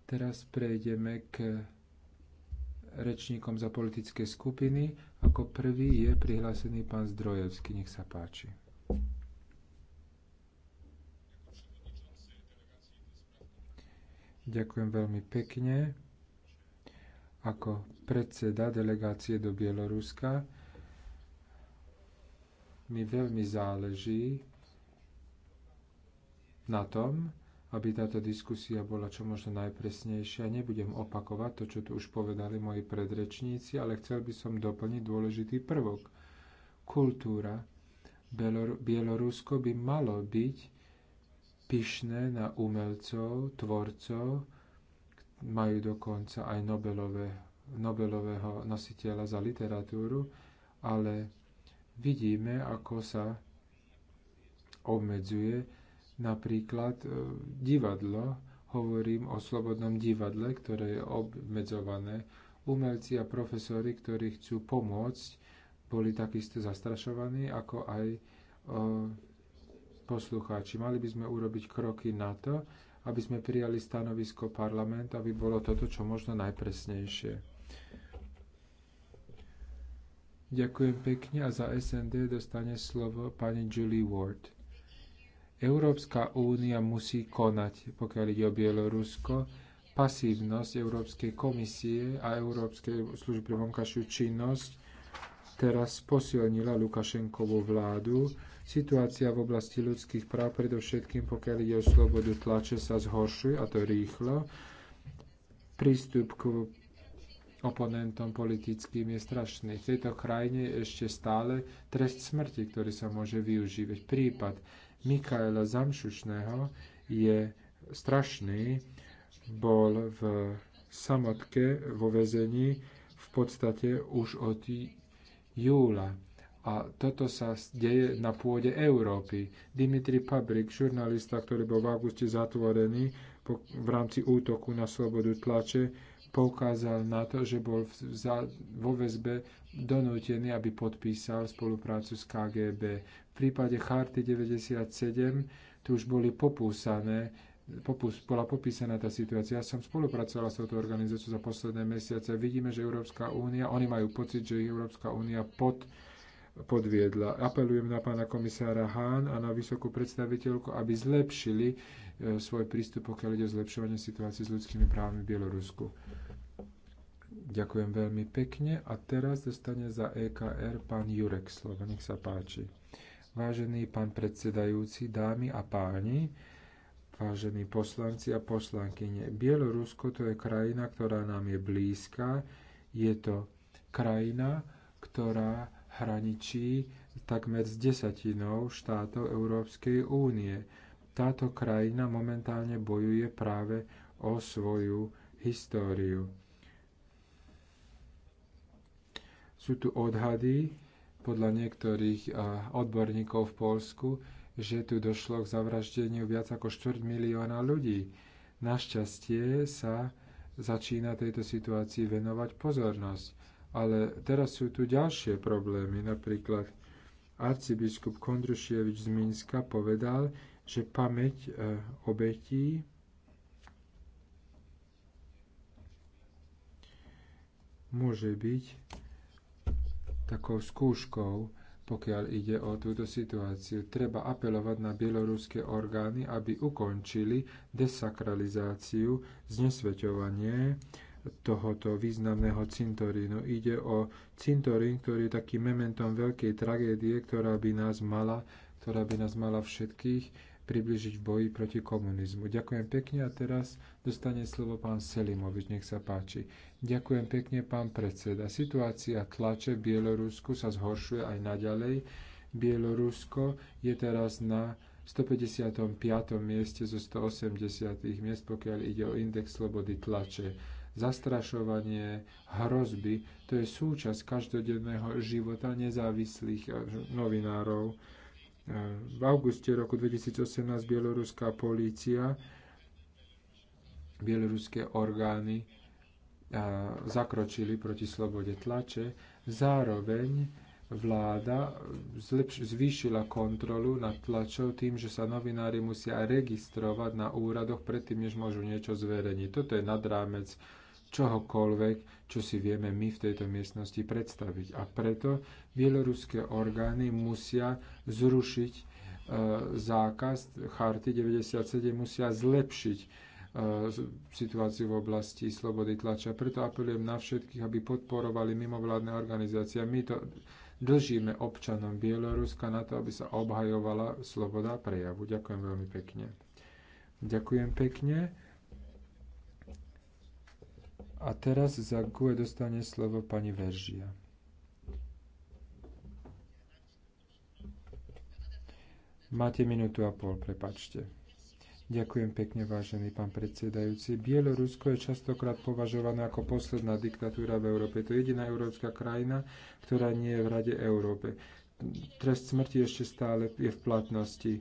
Speaker 1: Teraz prejdeme k rečníkom za politické skupiny. Ako prvý je prihlásený pán Zdrojevský. Nech sa páči. Ďakujem veľmi pekne. Ako predseda delegácie do Bieloruska mi veľmi záleží na tom, aby táto diskusia bola čo možno najpresnejšia. Nebudem opakovať to, čo tu už povedali moji predrečníci, ale chcel by som doplniť dôležitý prvok. Kultúra. Bielorusko by malo byť pyšné na umelcov, tvorcov, majú dokonca aj Nobelové, Nobelového nositeľa za literatúru, ale vidíme, ako sa obmedzuje napríklad e, divadlo. Hovorím o slobodnom divadle, ktoré je obmedzované. Umelci a profesori, ktorí chcú pomôcť, boli takisto zastrašovaní, ako aj e, poslucháči. Mali by sme urobiť kroky na to, aby sme prijali stanovisko parlamentu, aby bolo toto čo možno najpresnejšie. Ďakujem pekne a za SND dostane slovo pani Julie Ward. Európska únia musí konať, pokiaľ ide o Bielorusko. Pasívnosť Európskej komisie a Európskej služby vonkajšiu činnosť teraz posilnila Lukašenkovú vládu. Situácia v oblasti ľudských práv, predovšetkým pokiaľ ide o slobodu tlače, sa zhoršuje, a to rýchlo. Prístup k oponentom politickým je strašný. V tejto krajine je ešte stále trest smrti, ktorý sa môže využívať. Prípad Mikaela Zamšušného je strašný. Bol v samotke vo väzení v podstate už od júla. A toto sa deje na pôde Európy. Dimitri Pabrik, žurnalista, ktorý bol v auguste zatvorený po, v rámci útoku na slobodu tlače, poukázal na to, že bol v, za, vo väzbe donútený, aby podpísal spoluprácu s KGB. V prípade Charty 97 tu už boli popúsané popus, bola popísaná tá situácia. Ja som spolupracovala s touto organizáciou za posledné mesiace. Vidíme, že Európska únia, oni majú pocit, že Európska únia pod podviedla. Apelujem na pána komisára Hahn a na vysokú predstaviteľku, aby zlepšili e, svoj prístup, pokiaľ ide o zlepšovanie situácie s ľudskými právami v Bielorusku. Ďakujem veľmi pekne a teraz dostane za EKR pán Jurek Slovo. Nech sa páči. Vážený pán predsedajúci, dámy a páni, vážení poslanci a poslankyne. Bielorusko to je krajina, ktorá nám je blízka. Je to krajina, ktorá hraničí takmer s desatinou štátov Európskej únie. Táto krajina momentálne bojuje práve o svoju históriu. Sú tu odhady podľa niektorých eh, odborníkov v Polsku, že tu došlo k zavraždeniu viac ako 4 milióna ľudí. Našťastie sa začína tejto situácii venovať pozornosť. Ale teraz sú tu ďalšie problémy. Napríklad arcibiskup Kondrušievič z Minska povedal, že pamäť e, obetí môže byť takou skúškou pokiaľ ide o túto situáciu. Treba apelovať na bieloruské orgány, aby ukončili desakralizáciu, znesveťovanie tohoto významného cintorínu. Ide o cintorín, ktorý je takým mementom veľkej tragédie, ktorá by nás mala, ktorá by nás mala všetkých približiť v boji proti komunizmu. Ďakujem pekne a teraz dostane slovo pán Selimovič, nech sa páči. Ďakujem pekne, pán predseda. Situácia tlače v Bielorusku sa zhoršuje aj naďalej. Bielorusko je teraz na 155. mieste zo 180. miest, pokiaľ ide o index slobody tlače. Zastrašovanie, hrozby, to je súčasť každodenného života nezávislých eh, novinárov v auguste roku 2018 bieloruská polícia, bieloruské orgány zakročili proti slobode tlače. Zároveň vláda zlepš- zvýšila kontrolu nad tlačou tým, že sa novinári musia registrovať na úradoch predtým, než môžu niečo zverejniť. Toto je nad rámec čohokoľvek, čo si vieme my v tejto miestnosti predstaviť. A preto bieloruské orgány musia zrušiť e, zákaz charty 97, musia zlepšiť e, situáciu v oblasti slobody tlača. Preto apelujem na všetkých, aby podporovali mimovládne organizácie. My to dlžíme občanom Bieloruska na to, aby sa obhajovala sloboda prejavu. Ďakujem veľmi pekne. Ďakujem pekne. A teraz za GUE dostane slovo pani Veržia. Máte minútu a pol, prepačte. Ďakujem pekne, vážený pán predsedajúci. Bielorusko je častokrát považované ako posledná diktatúra v Európe. To je jediná európska krajina, ktorá nie je v Rade Európe. Trest smrti ešte stále je v platnosti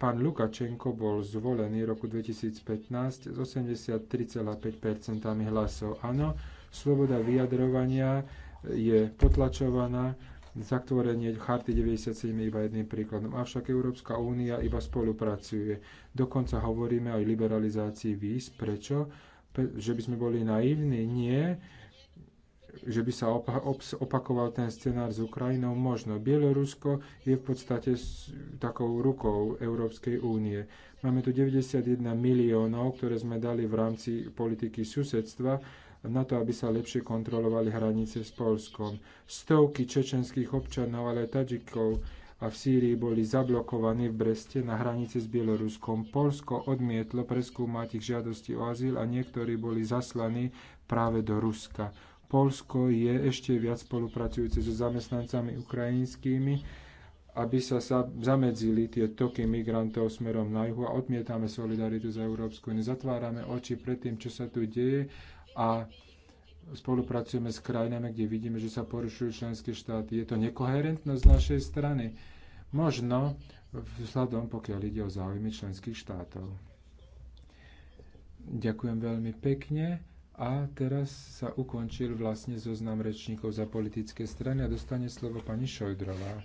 Speaker 1: Pán Lukačenko bol zvolený v roku 2015 s 83,5 hlasov. Áno, sloboda vyjadrovania je potlačovaná, zatvorenie charty 97 je iba jedným príkladom. Avšak Európska únia iba spolupracuje. Dokonca hovoríme aj o liberalizácii víz. Prečo? Pe- že by sme boli naivní? Nie že by sa opakoval ten scenár s Ukrajinou. Možno Bielorusko je v podstate takou rukou Európskej únie. Máme tu 91 miliónov, ktoré sme dali v rámci politiky susedstva na to, aby sa lepšie kontrolovali hranice s Polskom. Stovky čečenských občanov, ale aj Tadžikov a v Sýrii boli zablokovaní v Breste na hranice s Bieloruskom. Polsko odmietlo preskúmať ich žiadosti o azyl a niektorí boli zaslaní práve do Ruska. Polsko je ešte viac spolupracujúce so zamestnancami ukrajinskými, aby sa, sa zamedzili tie toky migrantov smerom na juhu a odmietame solidaritu za Európsku Nezatvárame Zatvárame oči pred tým, čo sa tu deje a spolupracujeme s krajinami, kde vidíme, že sa porušujú členské štáty. Je to nekoherentnosť z našej strany? Možno vzhľadom, pokiaľ ide o záujmy členských štátov. Ďakujem veľmi pekne. A teraz sa ukončil vlastne zoznam rečníkov za politické strany a dostane slovo pani Šojdrová.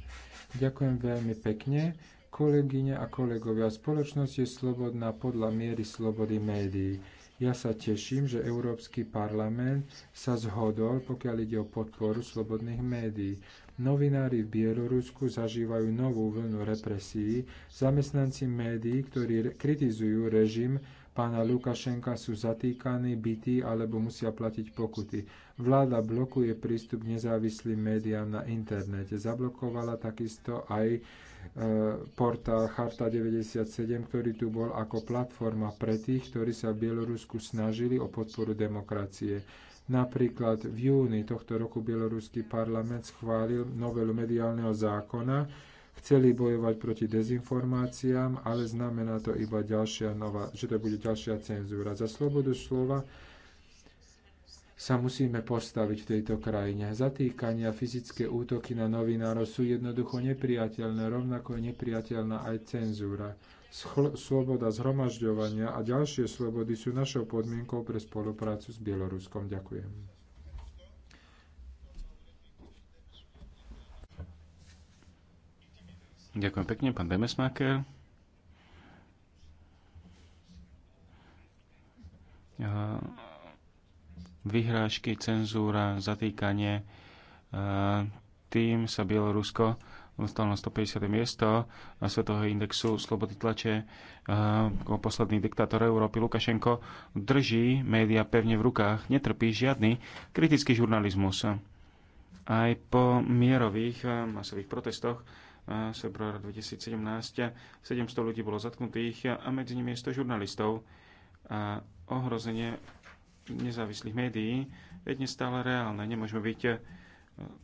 Speaker 1: Ďakujem veľmi pekne. Kolegyne a kolegovia, spoločnosť je slobodná podľa miery slobody médií. Ja sa teším, že Európsky parlament sa zhodol, pokiaľ ide o podporu slobodných médií. Novinári v Bielorusku zažívajú novú vlnu represií. Zamestnanci médií, ktorí kritizujú režim, pána Lukašenka sú zatýkaní, bytí alebo musia platiť pokuty. Vláda blokuje prístup k nezávislým médiám na internete. Zablokovala takisto aj e, portál Charta 97, ktorý tu bol ako platforma pre tých, ktorí sa v Bielorusku snažili o podporu demokracie. Napríklad v júni tohto roku Bieloruský parlament schválil novelu mediálneho zákona, chceli bojovať proti dezinformáciám, ale znamená to iba ďalšia nová, že to bude ďalšia cenzúra. Za slobodu slova sa musíme postaviť v tejto krajine. Zatýkania, fyzické útoky na novinárov sú jednoducho nepriateľné, rovnako je nepriateľná aj cenzúra. Schl- sloboda zhromažďovania a ďalšie slobody sú našou podmienkou pre spoluprácu s Bieloruskom. Ďakujem.
Speaker 3: Ďakujem pekne, pán Demesmaker. Vyhrážky, cenzúra, zatýkanie. E, tým sa Bielorusko dostalo na 150. miesto na Svetového indexu slobody tlače. E, posledný diktátor Európy Lukašenko drží média pevne v rukách, netrpí žiadny kritický žurnalizmus. Aj po mierových e, masových protestoch februára 2017. 700 ľudí bolo zatknutých a medzi nimi je 100 žurnalistov. A ohrozenie nezávislých médií je dnes stále reálne. Nemôžeme byť e,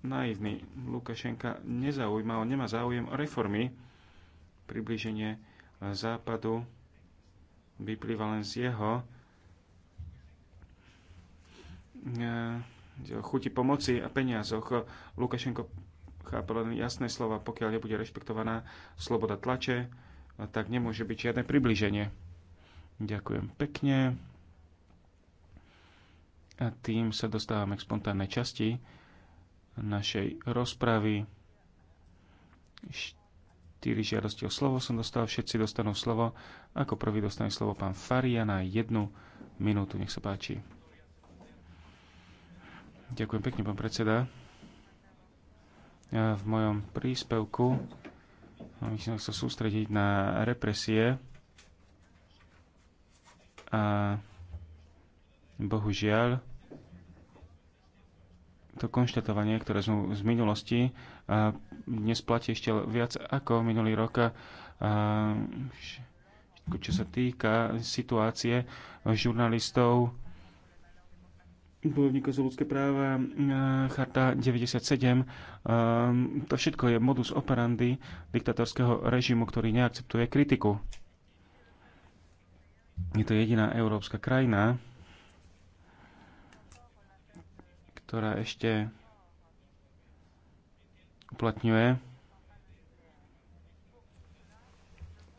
Speaker 3: naivní. Lukašenka nezaujíma, on nemá záujem o reformy. Priblíženie e, západu vyplýva len z jeho e, chuti pomoci a peniazoch. Lukašenko chápe len jasné slova, pokiaľ nebude rešpektovaná sloboda tlače, tak nemôže byť žiadne približenie. Ďakujem pekne. A tým sa dostávame k spontánnej časti našej rozpravy. Štyri žiadosti o slovo som dostal, všetci dostanú slovo. Ako prvý dostane slovo pán Faria na jednu minútu, nech sa páči. Ďakujem pekne, pán predseda. Ja v mojom príspevku by som chcel sústrediť na represie a bohužiaľ to konštatovanie, ktoré sme z minulosti, a dnes platí ešte viac ako minulý rok, a, čo sa týka situácie žurnalistov, bojovníkov za ľudské práva, e, charta 97, e, to všetko je modus operandi diktatorského režimu, ktorý neakceptuje kritiku. Je to jediná európska krajina, ktorá ešte uplatňuje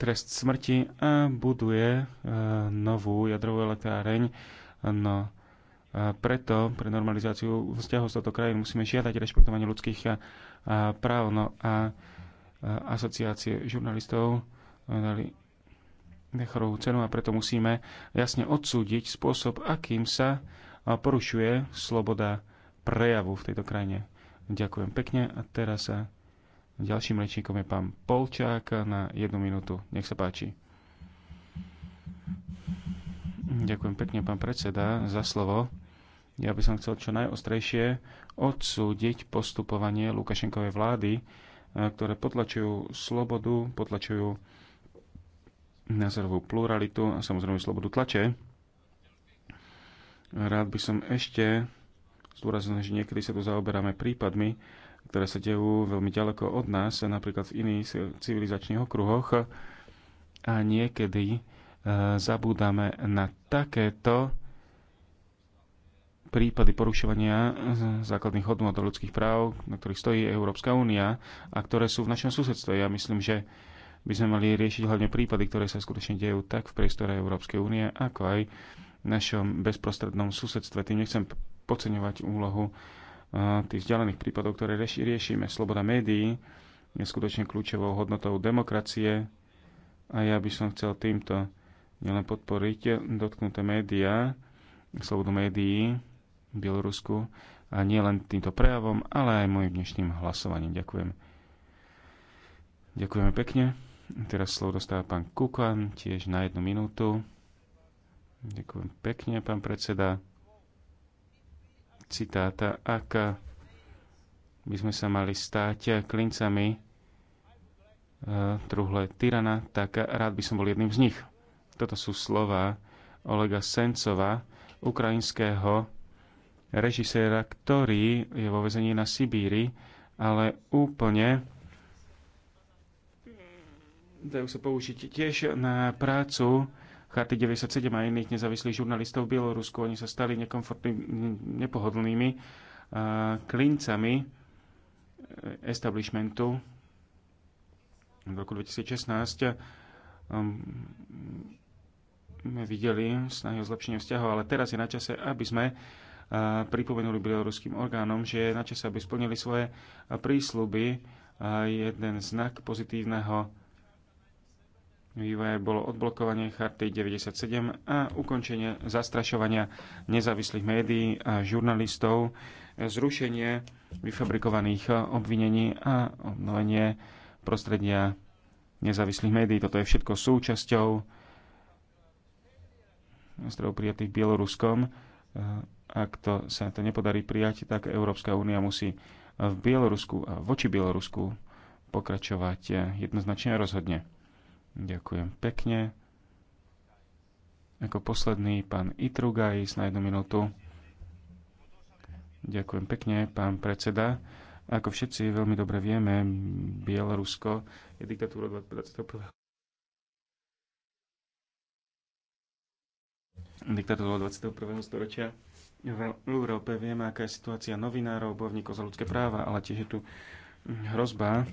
Speaker 3: trest smrti a buduje e, novú jadrovú elektráreň. No, a preto pre normalizáciu vzťahov s touto krajinou musíme žiadať rešpektovanie ľudských práv. No a asociácie žurnalistov eh, dali Nechorovú cenu a preto musíme jasne odsúdiť spôsob, akým sa porušuje sloboda prejavu v tejto krajine. Ďakujem pekne a teraz sa ďalším rečníkom je pán Polčák na jednu minútu. Nech sa páči. Ďakujem pekne, pán predseda, za slovo. Ja by som chcel čo najostrejšie odsúdiť postupovanie Lukašenkovej vlády, e, ktoré potlačujú slobodu, potlačujú názorovú pluralitu a samozrejme slobodu tlače. Rád by som ešte zdôraznil, že niekedy sa tu zaoberáme prípadmi, ktoré sa dejú veľmi ďaleko od nás, napríklad v iných civilizačných okruhoch a niekedy e, zabúdame na takéto prípady porušovania základných hodnot a ľudských práv, na ktorých stojí Európska únia a ktoré sú v našom susedstve. Ja myslím, že by sme mali riešiť hlavne prípady, ktoré sa skutočne dejú tak v priestore Európskej únie, ako aj v našom bezprostrednom susedstve. Tým nechcem podceňovať úlohu eh, tých vzdialených prípadov, ktoré rieši, riešime. Sloboda médií je skutočne kľúčovou hodnotou demokracie a ja by som chcel týmto nielen podporiť dotknuté médiá, slobodu médií, Bielorusku a nie len týmto prejavom, ale aj môjim dnešným hlasovaním. Ďakujem. Ďakujeme pekne. Teraz slovo dostáva pán Kukan, tiež na jednu minútu. Ďakujem pekne, pán predseda. Citáta, ak by sme sa mali stáť klincami e, truhle tyrana, tak rád by som bol jedným z nich. Toto sú slova Olega Sencova, ukrajinského režiséra, ktorý je vo vezení na Sibíri, ale úplne dajú sa použiť tiež na prácu Charty 97 a iných nezávislých žurnalistov v Bielorusku. Oni sa stali nepohodlnými klincami e, establishmentu v roku 2016 e, sme videli snahy o zlepšenie vzťahov, ale teraz je na čase, aby sme pripomenuli bieloruským orgánom, že je na čase, aby splnili svoje a Jeden znak pozitívneho vývoja bolo odblokovanie Charty 97 a ukončenie zastrašovania nezávislých médií a žurnalistov, zrušenie vyfabrikovaných obvinení a obnovenie prostredia nezávislých médií. Toto je všetko súčasťou nástrojov prijatých Bieloruskom Eh, ak to, sa to nepodarí prijať, tak Európska únia musí v Bielorusku a eh, voči Bielorusku pokračovať eh, jednoznačne a rozhodne. Ďakujem pekne. Ako posledný pán Itrugajs na jednu minútu. Ďakujem pekne, pán predseda. Ako všetci veľmi dobre vieme, Bielorusko je diktatúra 21. diktatúrou 21. storočia v Európe. Vieme, aká je situácia novinárov, bojovníkov za ľudské práva, ale tiež je tu hrozba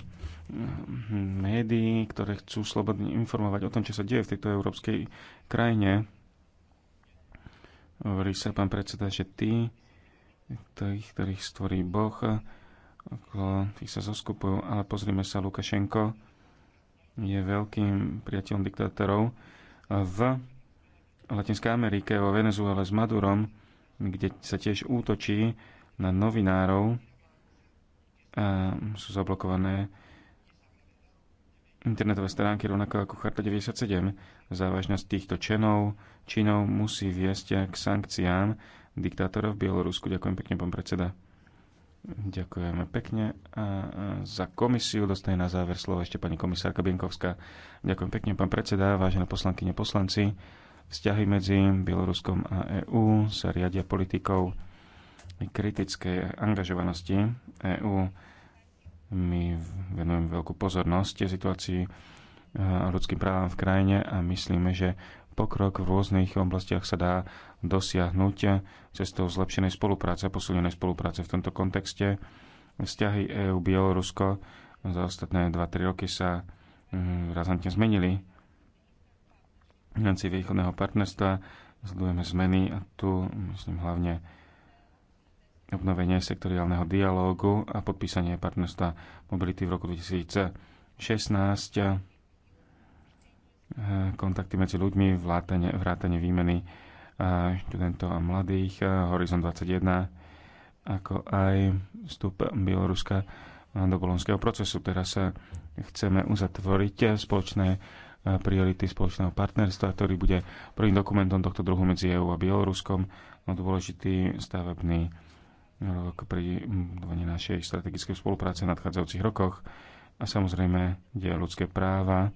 Speaker 3: hm, médií, ktoré chcú slobodne informovať o tom, čo sa deje v tejto európskej krajine. Hovorí sa, pán predseda, že tí, tých, ktorých stvorí Boh, okolo tých sa zoskupujú, ale pozrime sa, Lukašenko je veľkým priateľom diktátorov v Latinskej Amerike, o Venezuele s Madurom, kde sa tiež útočí na novinárov a sú zablokované internetové stránky rovnako ako Charta 97. Závažnosť týchto činov, činov musí viesť k sankciám diktátorov v Bielorusku. Ďakujem pekne, pán predseda. Ďakujeme pekne. A za komisiu dostane na záver slovo ešte pani komisárka Bienkovská. Ďakujem pekne, pán predseda, vážené poslankyne, poslanci. Vzťahy medzi Bieloruskom a EÚ sa riadia politikou kritickej angažovanosti EÚ. My venujeme veľkú pozornosť situácii a e, ľudským právam v krajine a myslíme, že pokrok v rôznych oblastiach sa dá dosiahnuť cestou zlepšenej spolupráce a posilnenej spolupráce. V tomto kontexte vzťahy EÚ-Bielorusko za ostatné 2-3 roky sa mm, razantne zmenili v rámci východného partnerstva sledujeme zmeny a tu myslím hlavne obnovenie sektoriálneho dialógu a podpísanie partnerstva mobility v roku 2016 e, kontakty medzi ľuďmi, vlátanie, vrátanie výmeny e, študentov a mladých, e, Horizon 21, ako aj vstup Bieloruska do bolonského procesu. Teraz chceme uzatvoriť spoločné priority spoločného partnerstva, ktorý bude prvým dokumentom tohto druhu medzi EU a Bieloruskom. No dôležitý stavebný rok pri našej strategickej spolupráce v nadchádzajúcich rokoch a samozrejme kde ľudské práva.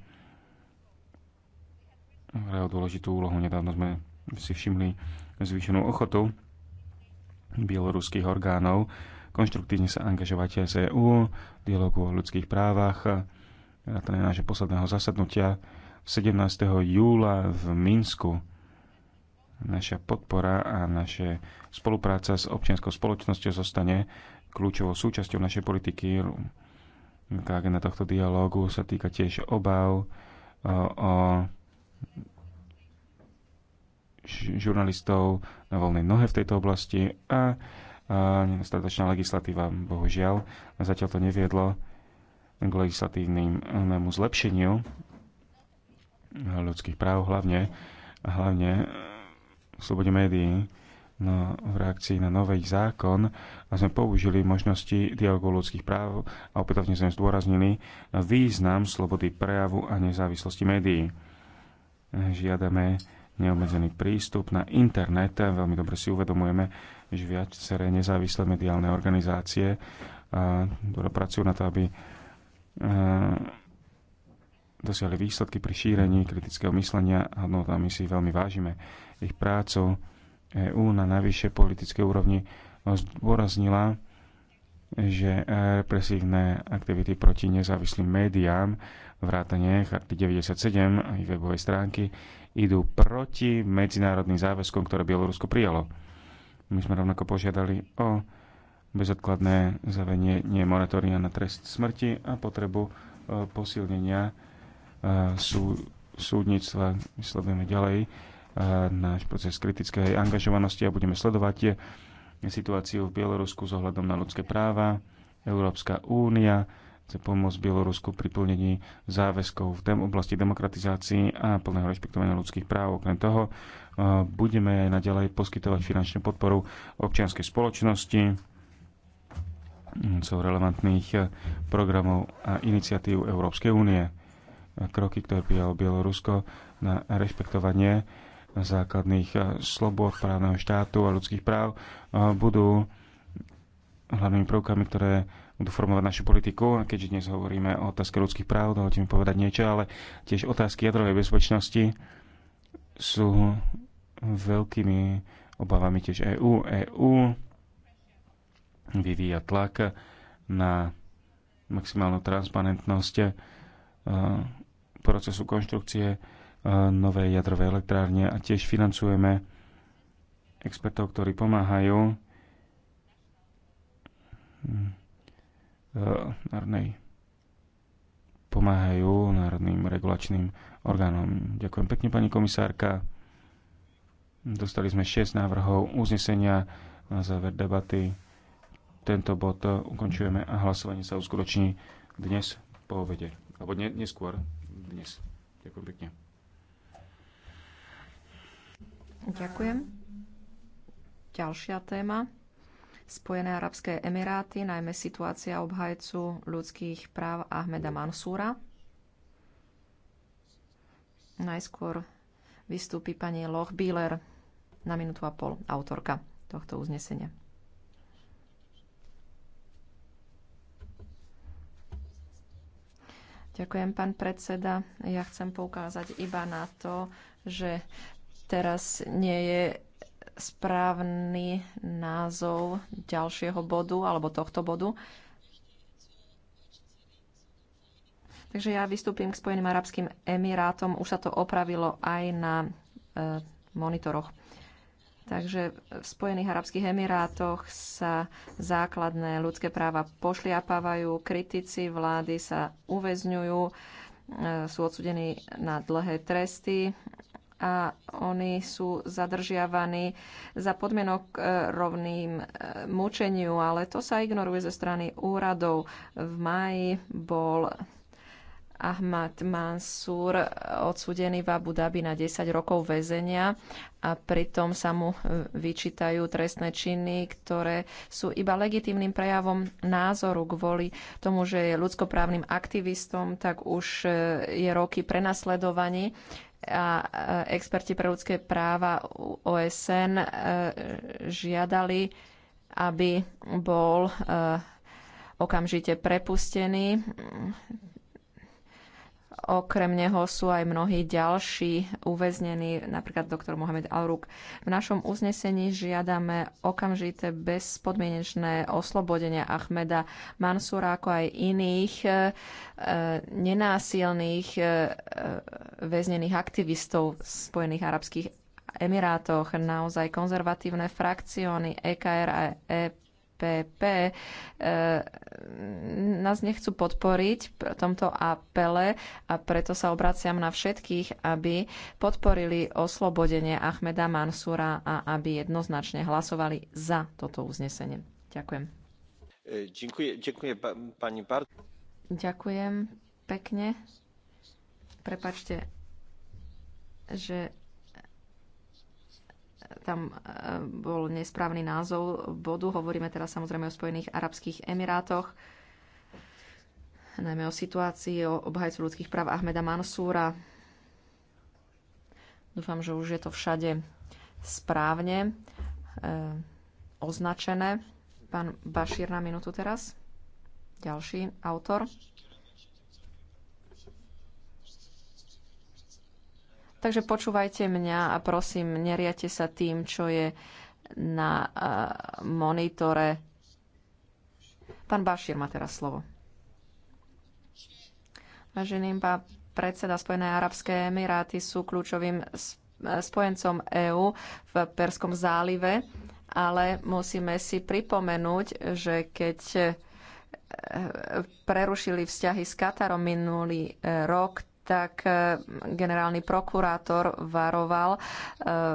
Speaker 3: Hrajú dôležitú úlohu. Nedávno sme si všimli zvýšenú ochotu bieloruských orgánov konštruktívne sa angažovať aj z EÚ, dialogu o ľudských právach, vrátane nášho posledného zasadnutia 17. júla v Minsku. Naša podpora a naše spolupráca s občianskou spoločnosťou zostane kľúčovou súčasťou našej politiky. Agenda tohto dialógu sa týka tiež obav o žurnalistov na voľnej nohe v tejto oblasti a, a nedostatočná legislatíva, bohužiaľ. Zatiaľ to neviedlo k legislatívnemu zlepšeniu ľudských práv, hlavne, hlavne slobode médií. No, v reakcii na nový zákon a sme použili možnosti dialogu ľudských práv a opätovne sme zdôraznili význam slobody prejavu a nezávislosti médií. Žiadame neobmedzený prístup na internet. Veľmi dobre si uvedomujeme, že viaceré nezávislé mediálne organizácie pracujú na to, aby Eh, dosiahli výsledky pri šírení kritického myslenia a my si veľmi vážime. Ich prácu e EÚ na najvyššej politickej úrovni zdôraznila, že represívne aktivity proti nezávislým médiám, vrátane Charty 97 a ich webovej stránky, idú proti medzinárodným záväzkom, ktoré Bielorusko prijalo. My sme rovnako požiadali o bezodkladné zavedenie moratória na trest smrti a potrebu e, posilnenia e, sú, súdnictva. Sledujeme ďalej e, náš proces kritickej angažovanosti a budeme sledovať situáciu v Bielorusku s ohľadom na ľudské práva. Európska únia chce pomôcť Bielorusku pri plnení záväzkov v dem- oblasti demokratizácii a plného rešpektovania ľudských práv. Okrem toho budeme aj naďalej poskytovať finančnú podporu občianskej spoločnosti, sú relevantných eh, programov a iniciatív Európskej únie. Kroky, ktoré prijalo Bielorusko na rešpektovanie základných eh, slobod právneho štátu a ľudských práv, eh, budú hlavnými prvkami, ktoré budú formovať našu politiku. A keďže dnes hovoríme o otázke ľudských práv, dovolte mi povedať niečo, ale tiež otázky jadrovej bezpečnosti sú veľkými obávami tiež EÚ. EÚ vyvíja tlak na maximálnu transparentnosť eh, procesu konštrukcie eh, novej jadrovej elektrárne a tiež financujeme expertov, ktorí pomáhajú eh, národnej pomáhajú národným regulačným orgánom. Ďakujem pekne, pani komisárka. Dostali sme 6 návrhov uznesenia na záver debaty tento bod e, ukončujeme a hlasovanie sa uskutoční dnes po obede. Alebo ne, neskôr dnes. Ďakujem pekne.
Speaker 4: Ďakujem. Ďalšia téma. Spojené arabské emiráty, najmä situácia obhajcu ľudských práv Ahmeda Mansúra. Najskôr vystúpi pani Loch Bieler na minútu a pol, autorka tohto uznesenia. Ďakujem, pán predseda. Ja chcem poukázať iba na to, že teraz nie je správny názov ďalšieho bodu alebo tohto bodu. Takže ja vystúpim k Spojeným arabským emirátom. Už sa to opravilo aj na e, monitoroch. Takže v Spojených arabských emirátoch sa základné ľudské práva pošliapávajú, kritici vlády sa uväzňujú, e, sú odsudení na dlhé tresty a oni sú zadržiavaní za podmienok e, rovným e, mučeniu, ale to sa ignoruje ze strany úradov. V máji bol Ahmad Mansur odsudený v Abu Dhabi na 10 rokov väzenia a pritom sa mu e, vyčítajú trestné činy, ktoré sú iba legitimným prejavom názoru kvôli tomu, že je ľudskoprávnym aktivistom, tak už e, je roky prenasledovaní a e, experti pre ľudské práva OSN žiadali, aby bol okamžite prepustený Okrem neho sú aj mnohí ďalší uväznení, napríklad doktor Mohamed Alruk. V našom uznesení žiadame okamžité bezpodmienečné oslobodenie Ahmeda Mansura, ako aj iných e, nenásilných e, e, väznených aktivistov v Spojených arabských Emirátoch. Naozaj konzervatívne frakcióny, EKR a EP EPP eh, nás nechcú podporiť v tomto apele a preto sa obraciam na všetkých, aby podporili oslobodenie Ahmeda Mansura a aby jednoznačne hlasovali za toto uznesenie. Ďakujem.
Speaker 2: Ďakujem, e, ďakujem pani Bart.
Speaker 4: Ďakujem pekne. Prepačte, že tam e, bol nesprávny názov bodu. Hovoríme teraz samozrejme o Spojených Arabských Emirátoch, najmä o situácii o obhajcu ľudských práv Ahmeda Mansúra. Dúfam, že už je to všade správne e, označené. Pán Bašír na minútu teraz. Ďalší autor. Takže počúvajte mňa a prosím, neriate sa tým, čo je na monitore. Pán Bašír má teraz slovo. Vážený pán predseda Spojené arabské emiráty sú kľúčovým e, spojencom EÚ v Perskom zálive, ale musíme si pripomenúť, že keď e, e, prerušili vzťahy s Katarom minulý rok, tak e, generálny prokurátor varoval e,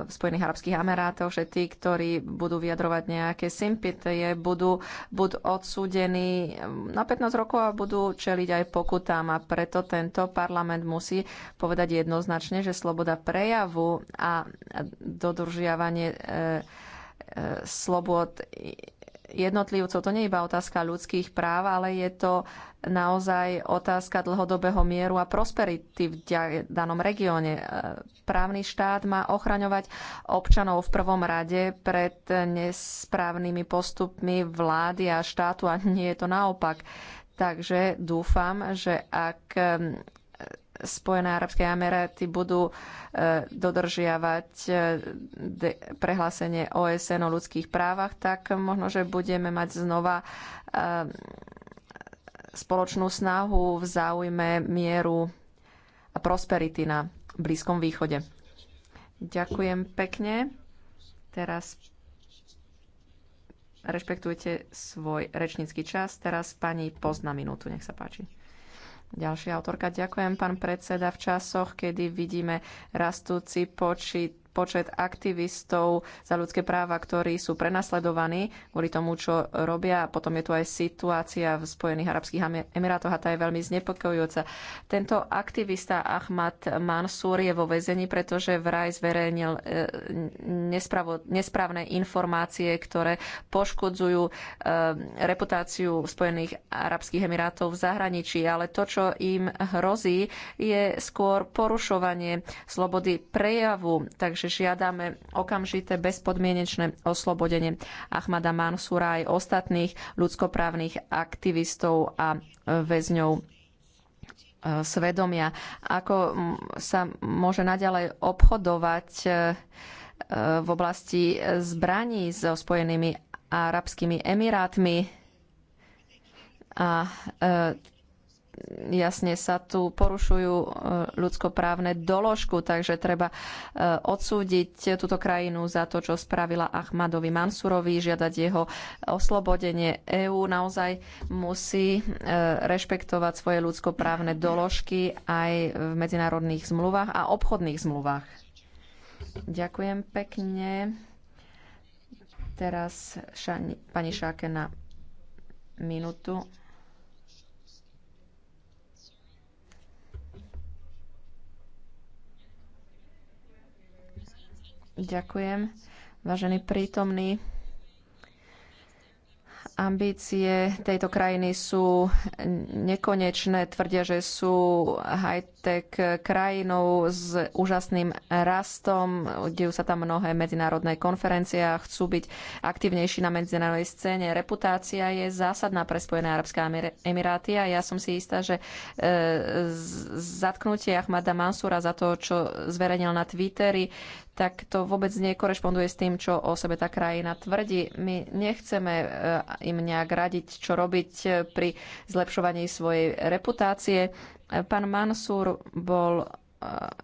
Speaker 4: v Spojených arabských Emirátoch, že tí, ktorí budú vyjadrovať nejaké sympatie, budú buď odsúdení e, na 15 rokov a budú čeliť aj pokutám. A preto tento parlament musí povedať jednoznačne, že sloboda prejavu a dodržiavanie slobod jednotlivcov. To nie je iba otázka ľudských práv, ale je to naozaj otázka dlhodobého mieru a prosperity v danom regióne. E, právny štát má ochraňovať občanov v prvom rade pred nesprávnymi postupmi vlády a štátu a nie je to naopak. Takže dúfam, že ak Spojené arabské Emiráty budú e, dodržiavať e, prehlásenie OSN o ľudských právach, tak možno, že budeme mať znova e, spoločnú snahu v záujme mieru a prosperity na Blízkom východe. Ďakujem pekne. Teraz rešpektujte svoj rečnícky čas. Teraz pani Pozná minútu, nech sa páči. Ďalšia autorka, ďakujem pán predseda. V časoch, kedy vidíme rastúci počet počet aktivistov za ľudské práva, ktorí sú prenasledovaní kvôli tomu, čo robia. Potom je tu aj situácia v Spojených Arabských Emirátoch a tá je veľmi znepokojujúca. Tento aktivista Ahmad Mansur je vo väzení, pretože vraj zverejnil e, nespravo, nesprávne informácie, ktoré poškodzujú e, reputáciu Spojených Arabských Emirátov v zahraničí. Ale to, čo im hrozí, je skôr porušovanie slobody prejavu. Takže žiadame okamžité bezpodmienečné oslobodenie Ahmada Mansura aj ostatných ľudskoprávnych aktivistov a e, väzňov e, svedomia. Ako sa môže naďalej obchodovať e, v oblasti zbraní so Spojenými arabskými emirátmi a jasne sa tu porušujú e, ľudskoprávne doložku, takže treba e, odsúdiť túto krajinu za to, čo spravila Ahmadovi Mansurovi, žiadať jeho oslobodenie. EÚ naozaj musí e, rešpektovať svoje ľudskoprávne doložky aj v medzinárodných zmluvách a obchodných zmluvách. Ďakujem pekne. Teraz šani, pani Šáke na minútu. Ďakujem. vážení prítomní. ambície tejto krajiny sú nekonečné. Tvrdia, že sú high-tech krajinou s úžasným rastom. Dejú sa tam mnohé medzinárodné konferencie a chcú byť aktívnejší na medzinárodnej scéne. Reputácia je zásadná pre Spojené arabské emiráty a ja som si istá, že e, zatknutie Ahmada Mansura za to, čo zverejnil na Twitteri, tak to vôbec nekorešponduje s tým, čo o sebe tá krajina tvrdí. My nechceme eh, im nejak radiť, čo robiť eh, pri zlepšovaní svojej reputácie. Pán Mansur bol eh,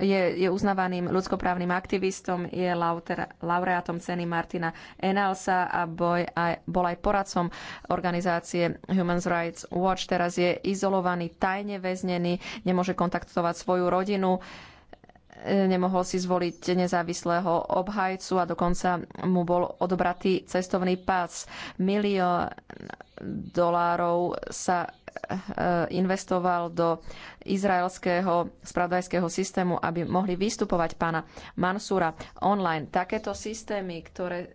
Speaker 4: je, je uznávaným ľudskoprávnym aktivistom, je lauter, laureátom ceny Martina Enalsa a boj aj, bol aj poradcom organizácie Human Rights Watch. Teraz je izolovaný, tajne väznený, nemôže kontaktovať svoju rodinu. Uh, nemohol si zvoliť nezávislého obhajcu a dokonca mu bol odobratý cestovný pás. Milión dolárov sa Eh, investoval do izraelského spravodajského systému, aby mohli vystupovať pána Mansura online. Takéto systémy, ktoré eh,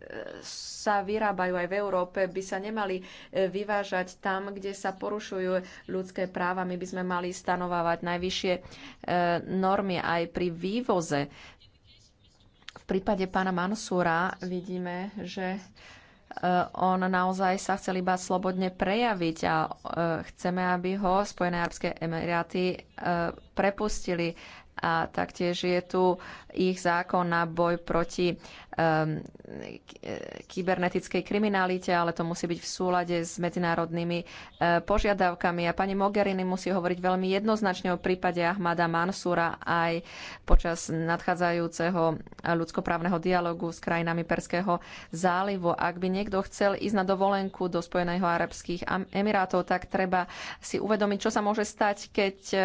Speaker 4: sa vyrábajú aj v Európe, by sa nemali eh, vyvážať tam, kde sa porušujú ľudské práva. My by sme mali stanovávať najvyššie normy aj pri vývoze. V prípade pána Mansura vidíme, že Eh, on naozaj sa chcel iba slobodne prejaviť a eh, chceme, aby ho Spojené arabské emiráty eh, prepustili. A taktiež je tu ich zákon na boj proti um, kybernetickej kriminalite, ale to musí byť v súlade s medzinárodnými uh, požiadavkami. A pani Mogherini musí hovoriť veľmi jednoznačne o prípade Ahmada Mansura aj počas nadchádzajúceho ľudskoprávneho dialogu s krajinami Perského zálivu. Ak by niekto chcel ísť na dovolenku do Spojeného arabských emirátov, tak treba si uvedomiť, čo sa môže stať, keď uh,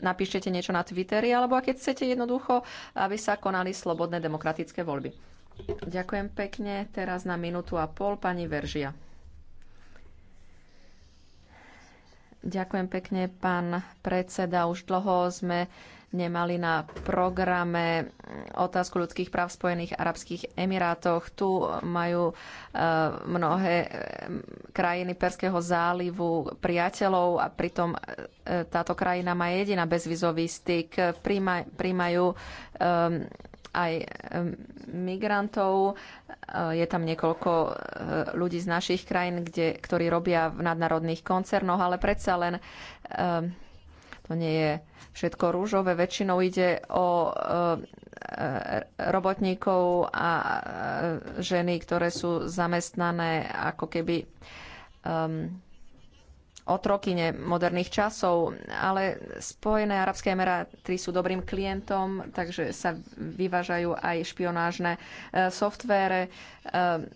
Speaker 4: napíšete niečo na Twitteri, alebo keď chcete jednoducho aby sa konali slobodné demokratické voľby. Ďakujem pekne. Teraz na minútu a pol pani Veržia. Ďakujem pekne, pán predseda. Už dlho sme nemali na programe otázku ľudských práv v Spojených Arabských Emirátoch. Tu majú e, mnohé e, krajiny Perského zálivu priateľov a pritom e, táto krajina má jediná bezvizový styk. Príjmajú ehm, aj ehm, migrantov. Je tam niekoľko ľudí z našich krajín, kde, ktorí robia v nadnárodných koncernoch, ale predsa len ehm, to nie je všetko rúžové. Väčšinou ide o e, e, robotníkov a e, ženy, ktoré sú zamestnané ako keby um, otrokyne moderných časov, ale Spojené arabské emiráty sú dobrým klientom, takže sa vyvážajú aj špionážne softvére. Uh,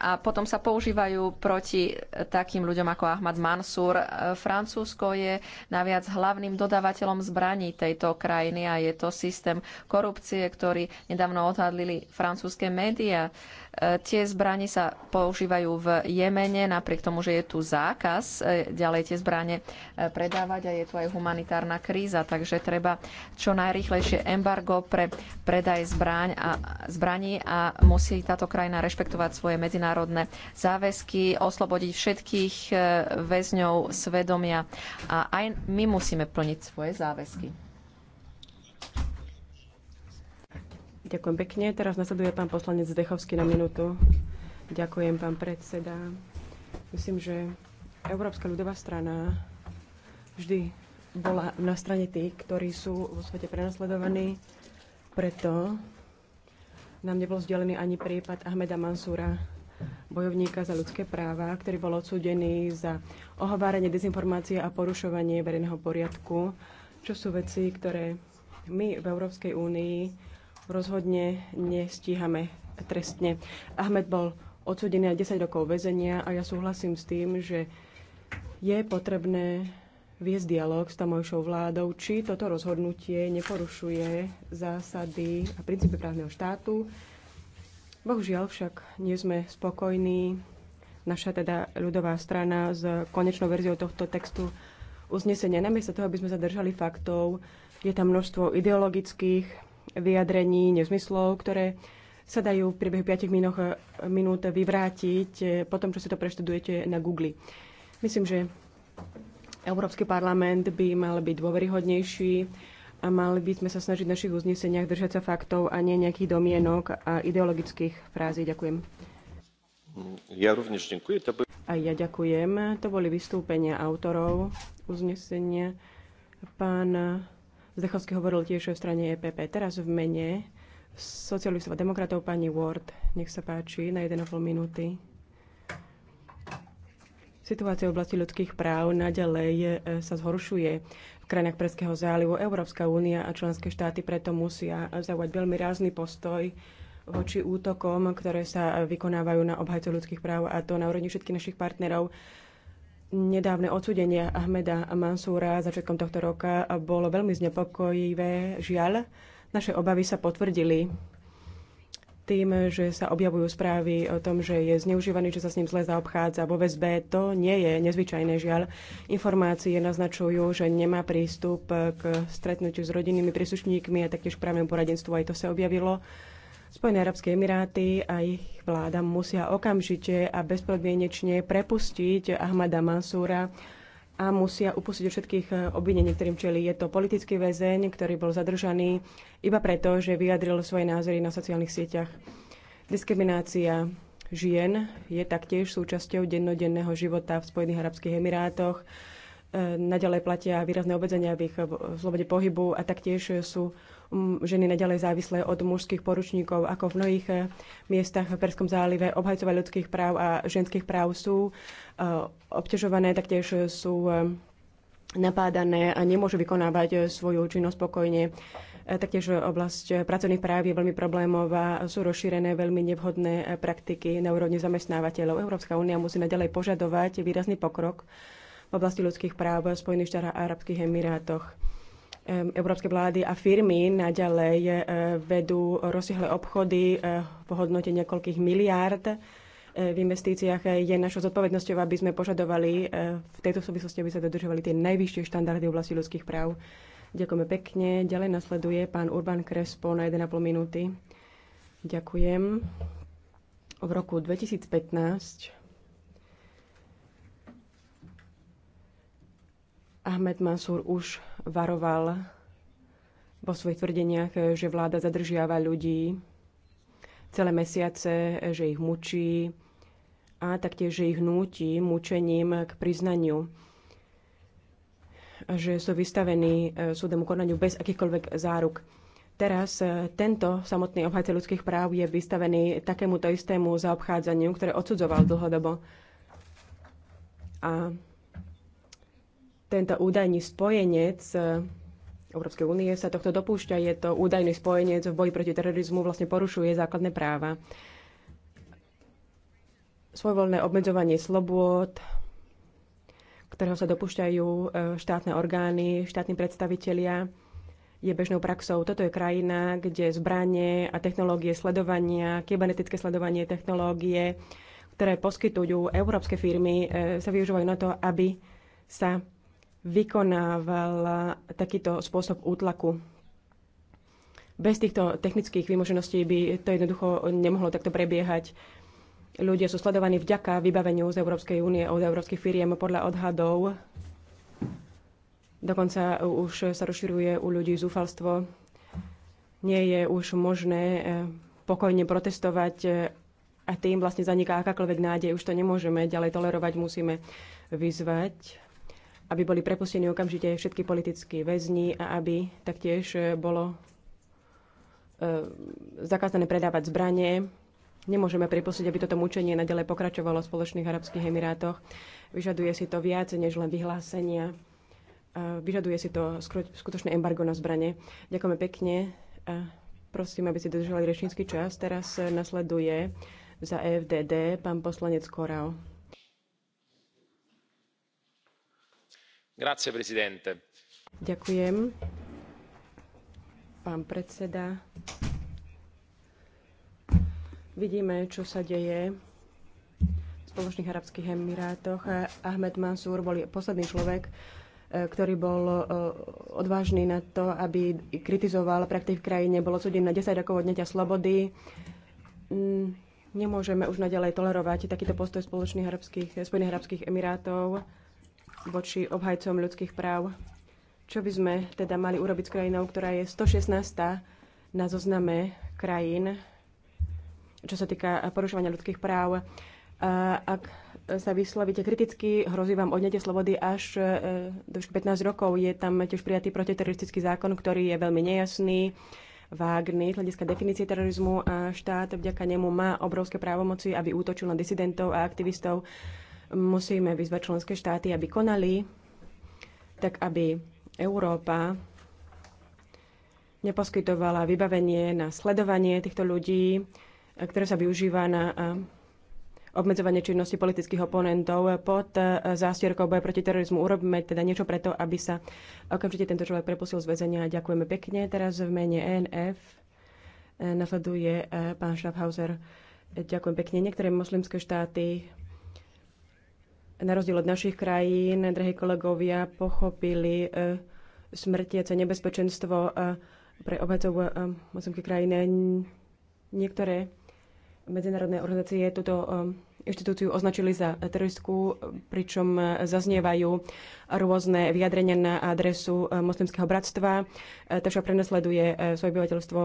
Speaker 4: a potom sa používajú proti takým ľuďom ako Ahmad Mansur. Francúzsko je naviac hlavným dodávateľom zbraní tejto krajiny a je to systém korupcie, ktorý nedávno odhadlili francúzske médiá. E, tie zbranie sa používajú v Jemene, napriek tomu, že je tu zákaz e, ďalej tie zbranie e, predávať a je tu aj humanitárna kríza, takže treba čo najrychlejšie embargo pre predaj zbraň a, zbraní a musí táto krajina rešpektovať svoje medzinárodné záväzky, oslobodiť všetkých väzňov svedomia a aj my musíme plniť svoje záväzky. Ďakujem pekne. Teraz
Speaker 6: nasleduje pán poslanec Zdechovský na minútu. Ďakujem, pán predseda. Myslím, že Európska ľudová strana vždy bola na strane tých, ktorí sú vo svete prenasledovaní. Preto nám nebol vzdelený ani prípad Ahmeda Mansúra, bojovníka za ľudské práva, ktorý bol odsúdený za ohováranie dezinformácie a porušovanie verejného poriadku, čo sú veci, ktoré my v Európskej únii rozhodne nestíhame trestne. Ahmed bol odsudený na 10 rokov väzenia a ja súhlasím s tým, že je potrebné viesť dialog s tamojšou vládou, či toto rozhodnutie neporušuje zásady a princípy právneho štátu. Bohužiaľ však nie sme spokojní. Naša teda ľudová strana s konečnou verziou tohto textu uznesenia. Namiesto toho, aby sme zadržali faktov, je tam množstvo ideologických vyjadrení, nezmyslov, ktoré sa dajú v priebehu 5 minút, minút vyvrátiť po tom, čo si to preštudujete na Google. Myslím, že Európsky parlament by mal byť dôveryhodnejší a mali by sme sa snažiť v našich uzneseniach držať sa faktov a nie nejakých domienok a ideologických frází. Ďakujem.
Speaker 2: Ja rovnež ďakujem.
Speaker 6: A ja ďakujem. To boli vystúpenia autorov uznesenia. Pán Zdechovský hovoril tiež o strane EPP. Teraz v mene socialistov a demokratov pani Ward. Nech sa páči, na 1,5 minúty. Situácia v oblasti ľudských práv naďalej e, sa zhoršuje. V krajinách Preského zálivu Európska únia a členské štáty preto musia zaujať veľmi rázny postoj voči útokom, ktoré sa vykonávajú na obhajcov ľudských práv a to na úrovni všetkých našich partnerov nedávne odsudenie Ahmeda Mansúra začiatkom tohto roka bolo veľmi znepokojivé. Žiaľ, naše obavy sa potvrdili tým, že sa objavujú správy o tom, že je zneužívaný, že sa s ním zle zaobchádza vo VSB. To nie je nezvyčajné žiaľ. Informácie naznačujú, že nemá prístup k stretnutiu s rodinnými príslušníkmi a taktiež právnemu poradenstvu. Aj to sa objavilo. Spojené arabské emiráty a ich vláda musia okamžite a bezpodmienečne prepustiť Ahmada Mansúra a musia upustiť všetkých eh, obvinení, ktorým čeli. Je to politický väzeň, ktorý bol zadržaný iba preto, že vyjadril svoje názory na sociálnych sieťach. Diskriminácia žien je taktiež súčasťou dennodenného života v Spojených arabských emirátoch. Eh, naďalej platia výrazné obmedzenia v ich eh, slobode pohybu a taktiež sú ženy naďalej závislé od mužských poručníkov, ako v mnohých e, miestach v Perskom zálive. Obhajcovia ľudských práv a ženských práv sú e, obťažované, taktiež sú e, napádané a nemôžu vykonávať svoju činnosť spokojne. Taktiež oblasť pracovných práv je veľmi problémová, sú rozšírené veľmi nevhodné praktiky na úrovni zamestnávateľov. Európska únia musí naďalej požadovať výrazný pokrok v oblasti ľudských práv v Spojených štátoch a Arabských Emirátoch. Európske vlády a firmy naďalej eh, vedú rozsiahle obchody eh, v hodnote niekoľkých miliárd eh, v investíciách. Je našou zodpovednosťou, aby sme požadovali v tejto súvislosti, aby sa dodržovali tie najvyššie štandardy v oblasti ľudských práv. Ďakujeme pekne. Ďalej nasleduje pán Urban Krespo na 1,5 minúty. Ďakujem. V roku 2015 Ahmed Mansur už varoval vo svojich tvrdeniach, že vláda zadržiava ľudí celé mesiace, že ich mučí a taktiež, že ich núti mučením k priznaniu že sú vystavení e, súdnemu konaniu bez akýchkoľvek záruk. Teraz e, tento samotný obhajca ľudských práv je vystavený takémuto istému zaobchádzaniu, ktoré odsudzoval dlhodobo. A tento údajný spojenec e, Európskej únie sa tohto dopúšťa. Je to údajný spojenec v boji proti terorizmu, vlastne porušuje základné práva. Svojvoľné obmedzovanie slobôd, ktorého sa dopúšťajú e, štátne orgány, štátni predstavitelia, je bežnou praxou. Toto je krajina, kde zbranie a technológie sledovania, kybernetické sledovanie technológie, ktoré poskytujú európske firmy, e, sa využívajú na to, aby sa vykonával eh, takýto spôsob útlaku. Bez týchto technických vymožeností by to jednoducho nemohlo takto prebiehať. Ľudia sú sledovaní vďaka vybaveniu z Európskej únie od európskych firiem podľa odhadov. Dokonca už sa rozširuje u ľudí zúfalstvo. Nie je už možné eh, pokojne protestovať eh, a tým vlastne zaniká akákoľvek nádej. Už to nemôžeme ďalej tolerovať, musíme vyzvať aby boli prepustení okamžite všetky politickí väzni a aby taktiež e, bolo e, zakázané predávať zbranie. Nemôžeme pripustiť, aby toto mučenie nadalej pokračovalo v Spoločných arabských emirátoch. Vyžaduje si to viac než len vyhlásenia. E, vyžaduje si to skutočné embargo na zbranie. Ďakujeme pekne. Prosím, aby ste dodržali rečnícky čas. Teraz nasleduje za FDD pán poslanec Korau.
Speaker 2: Ďakujem.
Speaker 6: Pán predseda. Vidíme, čo sa deje v Spoločných arabských emirátoch. Ahmed Mansur bol posledný človek, e, ktorý bol e, odvážny na to, aby kritizoval praktiky v krajine, bol odsúdený na desať rokov odňatia slobody. Mm, nemôžeme už naďalej tolerovať takýto postoj Spoločných arabských, Spojených arabských emirátov voči obhajcom ľudských práv. Čo by sme teda mali urobiť s krajinou, ktorá je 116. na zozname krajín, čo sa týka porušovania ľudských práv. Ak sa vyslovíte kriticky, hrozí vám odnete slobody až e, do 15 rokov. Je tam tiež prijatý protiteroristický zákon, ktorý je veľmi nejasný, vágný z hľadiska definície terorizmu a štát vďaka nemu má obrovské právomoci, aby útočil na disidentov a aktivistov Musíme vyzvať členské štáty, aby konali, tak aby Európa neposkytovala vybavenie na sledovanie týchto ľudí, ktoré sa využíva na obmedzovanie činnosti politických oponentov pod zástierkou boja proti terorizmu. Urobíme teda niečo preto, aby sa okamžite tento človek prepustil z väzenia. Ďakujeme pekne. Teraz v mene ENF nasleduje eh, pán Schaffhauser. Ďakujem pekne. Niektoré moslimské štáty na rozdiel od našich krajín, drahí kolegovia, pochopili e, smrtiace nebezpečenstvo e, pre uh, moslimské krajiny. Niektoré medzinárodné organizácie túto inštitúciu označili za teroristku, pričom zaznievajú rôzne vyjadrenia na adresu moslimského bratstva. však prenasleduje svoje obyvateľstvo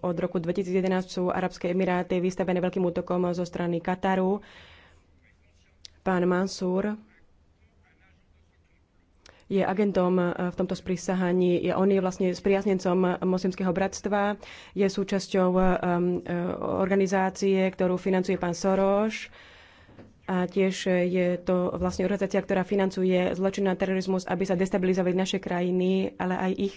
Speaker 6: od roku 2011 sú Arabské Emiráty vystavené veľkým útokom zo strany Kataru Pán Mansúr je agentom eh, v tomto sprísahaní. on je vlastne spriaznencom moslimského bratstva, je súčasťou eh, eh, organizácie, ktorú financuje pán Soros. A tiež je to vlastne organizácia, ktorá financuje zločin na terorizmus, aby sa destabilizovali naše krajiny, ale aj ich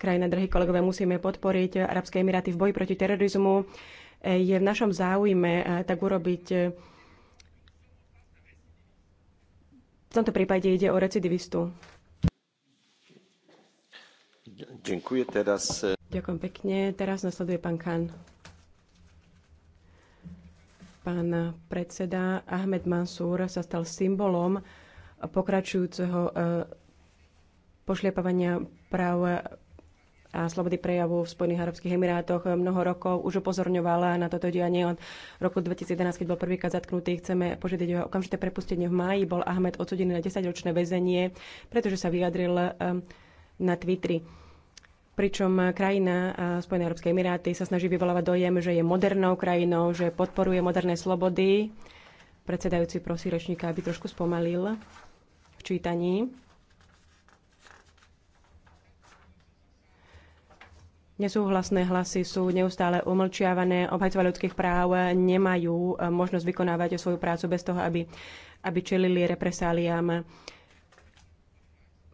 Speaker 6: krajina, drahí kolegové, musíme podporiť Arabské Emiráty v boji proti terorizmu. Je v našom záujme tak urobiť V tomto prípade ide o recidivistu.
Speaker 2: Ďakujem teraz. E,
Speaker 6: Ďakujem pekne. Teraz nasleduje pán Khan. Pán predseda Ahmed Mansúr sa stal symbolom pokračujúceho e, pošliapavania práv a slobody prejavu v Spojených arabských emirátoch mnoho rokov už upozorňovala na toto dianie od roku 2011, keď bol prvýkrát zatknutý. Chceme požiadať o okamžité prepustenie. V máji bol Ahmed odsudený na 10-ročné väzenie, pretože sa vyjadril ehm, na Twitteri pričom krajina Spojené Európske Emiráty sa snaží vyvolávať dojem, že je modernou krajinou, že podporuje moderné slobody. Predsedajúci prosí rečníka, aby trošku spomalil v čítaní. Nesúhlasné hlasy sú neustále umlčiavané, obhajcovia ľudských práv nemajú eh, možnosť vykonávať svoju prácu bez toho, aby, aby čelili represáliám.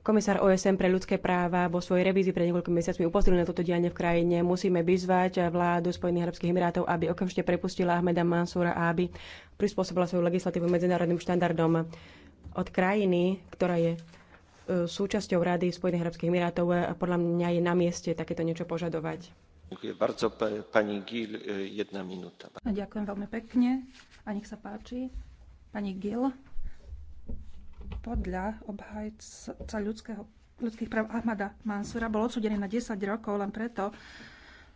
Speaker 6: Komisár OSN pre ľudské práva vo svojej revízii pred niekoľkými mesiacmi upozornil na toto dianie v krajine. Musíme vyzvať vládu Spojených arabských emirátov, aby okamžite prepustila Ahmeda Mansúra a aby prispôsobila svoju legislatívu medzinárodným štandardom od krajiny, ktorá je súčasťou Rady Spojených arabských emirátov e, podľa mňa je na mieste takéto niečo požadovať.
Speaker 2: Bardzo, pani Gil, e, jedna minúta.
Speaker 5: Ďakujem veľmi pekne a nech sa páči. Pani Gil, podľa obhajca ľudského, ľudských práv Ahmada Mansura bol odsudený na 10 rokov len preto,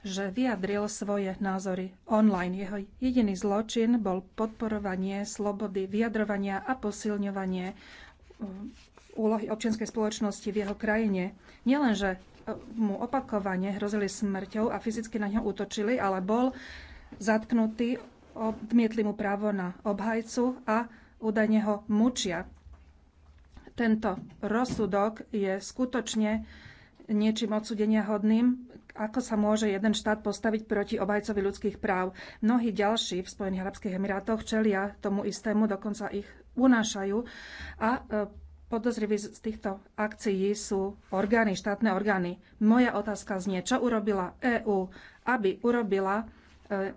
Speaker 5: že vyjadril svoje názory online. Jeho jediný zločin bol podporovanie slobody vyjadrovania a posilňovanie úlohy občianskej spoločnosti v jeho krajine. Nielenže e, mu opakovane hrozili smrťou a fyzicky na ňo útočili, ale bol zatknutý, odmietli mu právo na obhajcu a údajne ho mučia. Tento rozsudok je skutočne niečím odsudenia hodným, ako sa môže jeden štát postaviť proti obhajcovi ľudských práv. Mnohí ďalší v Spojených Arabských Emirátoch čelia tomu istému, dokonca ich unášajú a e, podozriví z týchto akcií sú orgány, štátne orgány. Moja otázka znie, čo urobila EÚ, aby urobila, e,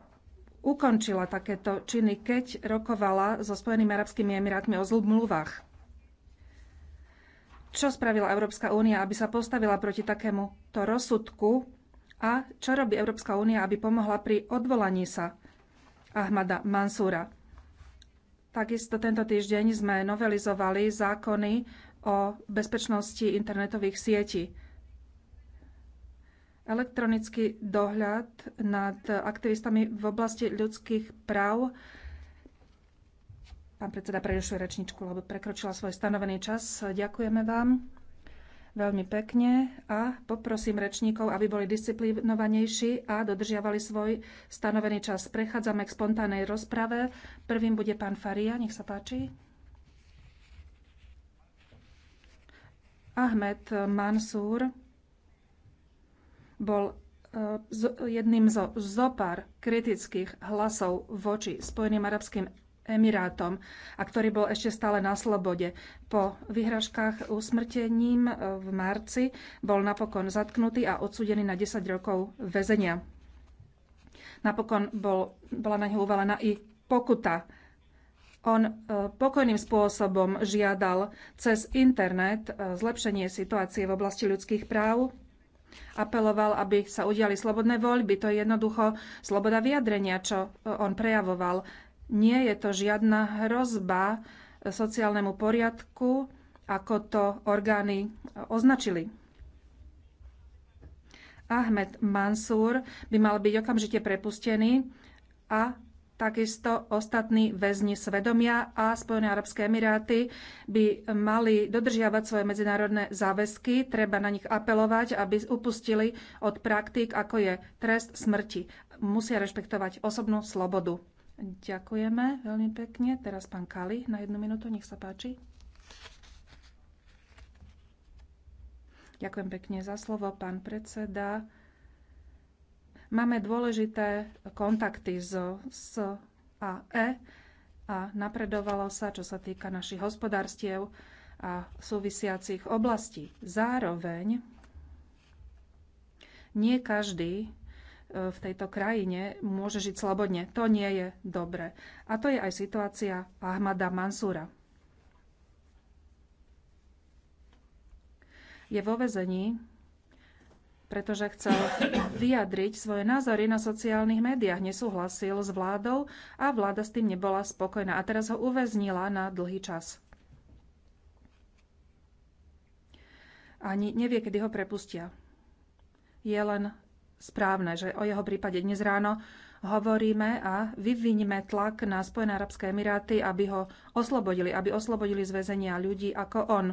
Speaker 5: ukončila takéto činy, keď rokovala so Spojenými arabskými emirátmi o zmluvách. Čo spravila Európska únia, aby sa postavila proti takému to rozsudku a čo robí Európska únia, aby pomohla pri odvolaní sa Ahmada Mansúra? Takisto tento týždeň sme novelizovali zákony o bezpečnosti internetových sietí. Elektronický dohľad nad aktivistami v oblasti ľudských práv Pán predseda prerušuje rečničku, lebo prekročila svoj stanovený čas. Ďakujeme vám veľmi pekne a poprosím rečníkov, aby boli disciplinovanejší a dodržiavali svoj stanovený čas. Prechádzame k spontánnej rozprave. Prvým bude pán Faria, nech sa páči. Ahmed Mansúr bol e, jedným zo zopár kritických hlasov voči Spojeným arabským Emirátom a ktorý bol ešte stále na slobode. Po vyhražkách usmrtením eh, v marci bol napokon zatknutý a odsudený na 10 rokov väzenia. Napokon bol, bola na ňu uvalená i pokuta. On eh, pokojným spôsobom žiadal cez internet eh, zlepšenie situácie v oblasti ľudských práv, apeloval, aby sa udiali slobodné voľby. To je jednoducho sloboda vyjadrenia, čo on prejavoval. Nie je to žiadna hrozba sociálnemu poriadku, ako to orgány označili. Ahmed Mansur by mal byť okamžite prepustený a takisto ostatní väzni svedomia a Spojené arabské emiráty by mali dodržiavať svoje medzinárodné záväzky. Treba na nich apelovať, aby upustili od praktík, ako je trest smrti. Musia rešpektovať osobnú slobodu. Ďakujeme veľmi pekne. Teraz pán Kali na jednu minútu, nech sa páči. Ďakujem pekne za slovo, pán predseda. Máme dôležité kontakty s SAE a napredovalo sa, čo sa týka našich hospodárstiev a súvisiacich oblastí. Zároveň nie každý E, v tejto krajine môže žiť slobodne. To nie je dobre. A to je aj situácia Ahmada Mansúra. Je vo vezení, pretože chcel vyjadriť svoje názory na sociálnych médiách. Nesúhlasil s vládou a vláda s tým nebola spokojná. A teraz ho uväznila na dlhý čas. Ani nevie, kedy ho prepustia. Je len správne, že o jeho prípade dnes ráno hovoríme a vyvinime tlak na Spojené arabské emiráty, aby ho oslobodili, aby oslobodili z väzenia ľudí ako on.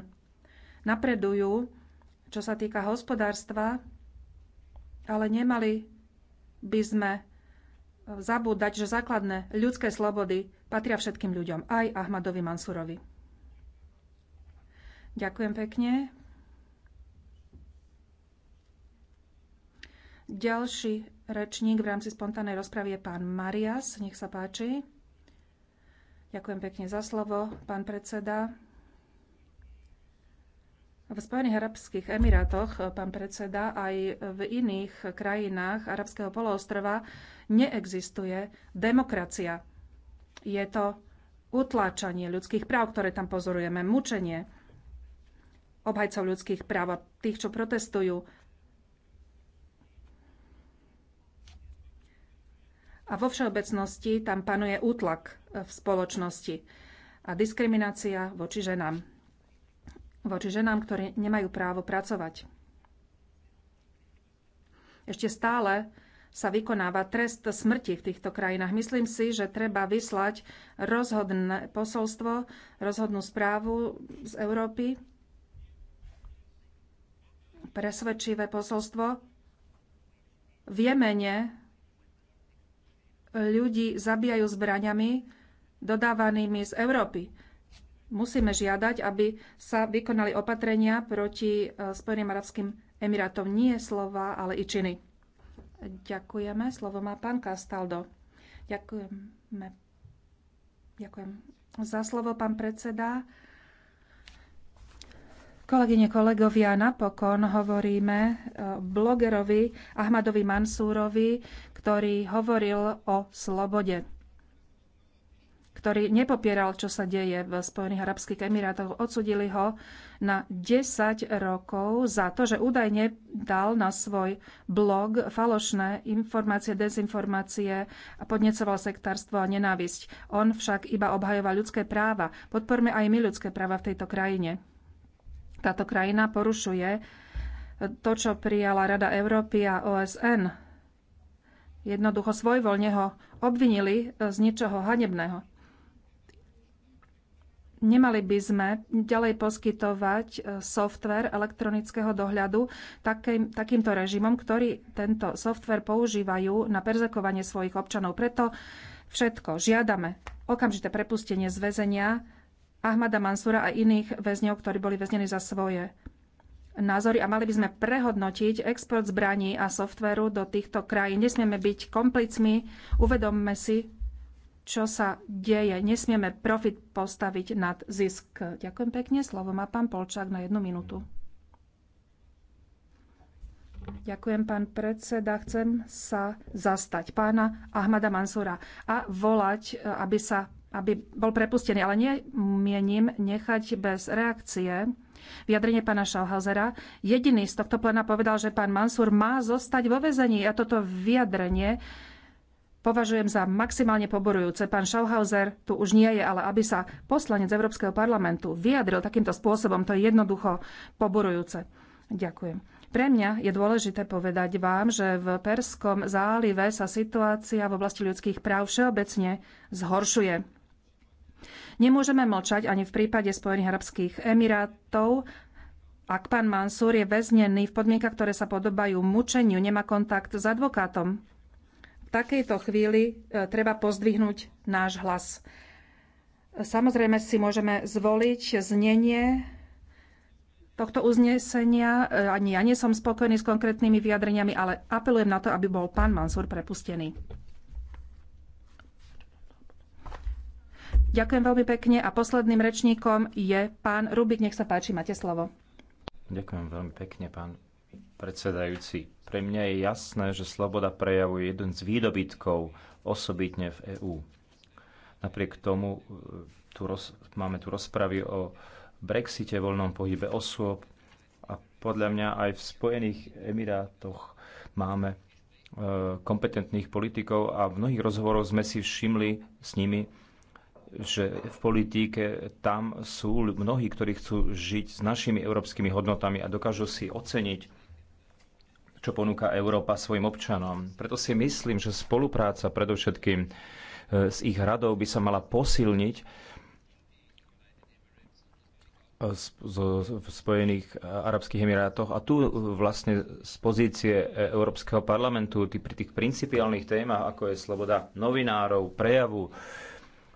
Speaker 5: Napredujú, čo sa týka hospodárstva, ale nemali by sme zabúdať, že základné ľudské slobody patria všetkým ľuďom, aj Ahmadovi Mansurovi. Ďakujem pekne. Ďalší rečník v rámci spontánnej rozpravy je pán Marias. Nech sa páči. Ďakujem pekne za slovo, pán predseda. V Spojených arabských emirátoch, pán predseda, aj v iných krajinách arabského poloostrova neexistuje demokracia. Je to utláčanie ľudských práv, ktoré tam pozorujeme, mučenie obhajcov ľudských práv a tých, čo protestujú, a vo všeobecnosti tam panuje útlak e, v spoločnosti a diskriminácia voči ženám. Voči ženám, ktorí nemajú právo pracovať. Ešte stále sa vykonáva trest smrti v týchto krajinách. Myslím si, že treba vyslať rozhodné posolstvo, rozhodnú správu z Európy, presvedčivé posolstvo. V Jemene ľudí zabíjajú zbraňami dodávanými z Európy. Musíme žiadať, aby sa vykonali opatrenia proti e, Spojeným arabským Emirátom. Nie slova, ale i činy. Ďakujeme. Slovo má pán Castaldo. Ďakujeme. Ďakujem za slovo, pán predseda. Kolegyne, kolegovia, napokon hovoríme e, blogerovi Ahmadovi Mansúrovi, ktorý hovoril o slobode ktorý nepopieral, čo sa deje v Spojených Arabských Emirátoch. Odsudili ho na 10 rokov za to, že údajne dal na svoj blog falošné informácie, dezinformácie a podnecoval sektárstvo a nenávisť. On však iba obhajoval ľudské práva. Podporme aj my ľudské práva v tejto krajine. Táto krajina porušuje to, čo prijala Rada Európy a OSN. Jednoducho svojvoľne ho obvinili z ničoho hanebného. Nemali by sme ďalej poskytovať e, software elektronického dohľadu takým, takýmto režimom, ktorí tento software používajú na perzekovanie svojich občanov. Preto všetko žiadame okamžité prepustenie z väzenia Ahmada Mansura a iných väzňov, ktorí boli väznení za svoje názory a mali by sme prehodnotiť export zbraní a softvéru do týchto krajín. Nesmieme byť komplicmi, uvedomme si, čo sa deje. Nesmieme profit postaviť nad zisk. Ďakujem pekne. Slovo má pán Polčák na jednu minútu. Ďakujem, pán predseda. Chcem sa zastať pána Ahmada Mansura a volať, aby sa aby bol prepustený. Ale nemienim nechať bez reakcie vyjadrenie pána Schauhausera. Jediný z tohto plena povedal, že pán Mansur má zostať vo vezení. A toto vyjadrenie považujem za maximálne poborujúce. Pán Schauhauser tu už nie je, ale aby sa poslanec Európskeho parlamentu vyjadril takýmto spôsobom, to je jednoducho poborujúce. Ďakujem. Pre mňa je dôležité povedať vám, že v Perskom zálive sa situácia v oblasti ľudských práv všeobecne zhoršuje. Nemôžeme mlčať ani v prípade Spojených arabských emirátov, ak pán Mansur je väznený v podmienkach, ktoré sa podobajú mučeniu, nemá kontakt s advokátom. V takejto chvíli e, treba pozdvihnúť náš hlas. Samozrejme si môžeme zvoliť znenie tohto uznesenia. E, ani ja nie som spokojný s konkrétnymi vyjadreniami, ale apelujem na to, aby bol pán Mansur prepustený. Ďakujem veľmi pekne a posledným rečníkom je pán Rubik. Nech sa páči, máte slovo.
Speaker 2: Ďakujem veľmi pekne, pán predsedajúci. Pre mňa je jasné, že sloboda prejavu je jeden z výdobytkov osobitne v EÚ. Napriek tomu e, tu roz, máme tu rozpravy o Brexite, voľnom pohybe osôb a podľa mňa aj v Spojených Emirátoch máme e, kompetentných politikov a v mnohých rozhovoroch sme si všimli s nimi, že v politike tam sú mnohí, ktorí chcú žiť s našimi európskymi hodnotami a dokážu si oceniť, čo ponúka Európa svojim občanom. Preto si myslím, že spolupráca predovšetkým e, s ich radou by sa mala posilniť e, v Spojených Arabských Emirátoch. A tu vlastne z pozície e, Európskeho parlamentu pri tých principiálnych témach, ako je sloboda novinárov, prejavu,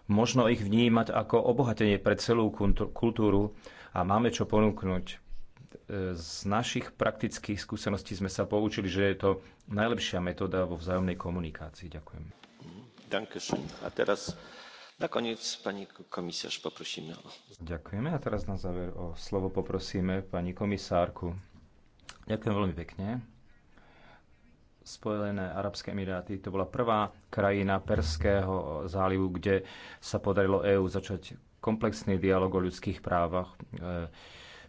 Speaker 2: Možno ich vnímať ako obohatenie pre celú kultúru a máme čo ponúknuť. E, z našich praktických skúseností sme sa poučili, že je to najlepšia metóda vo vzájomnej komunikácii. Ďakujem. A teraz nakoniec pani komisáž poprosíme Ďakujeme a teraz na záver o slovo poprosíme pani komisárku. Ďakujem veľmi pekne. Spojené Arabské Emiráty. To bola prvá krajina Perského zálivu, kde sa podarilo EÚ začať komplexný dialog o ľudských právach. E,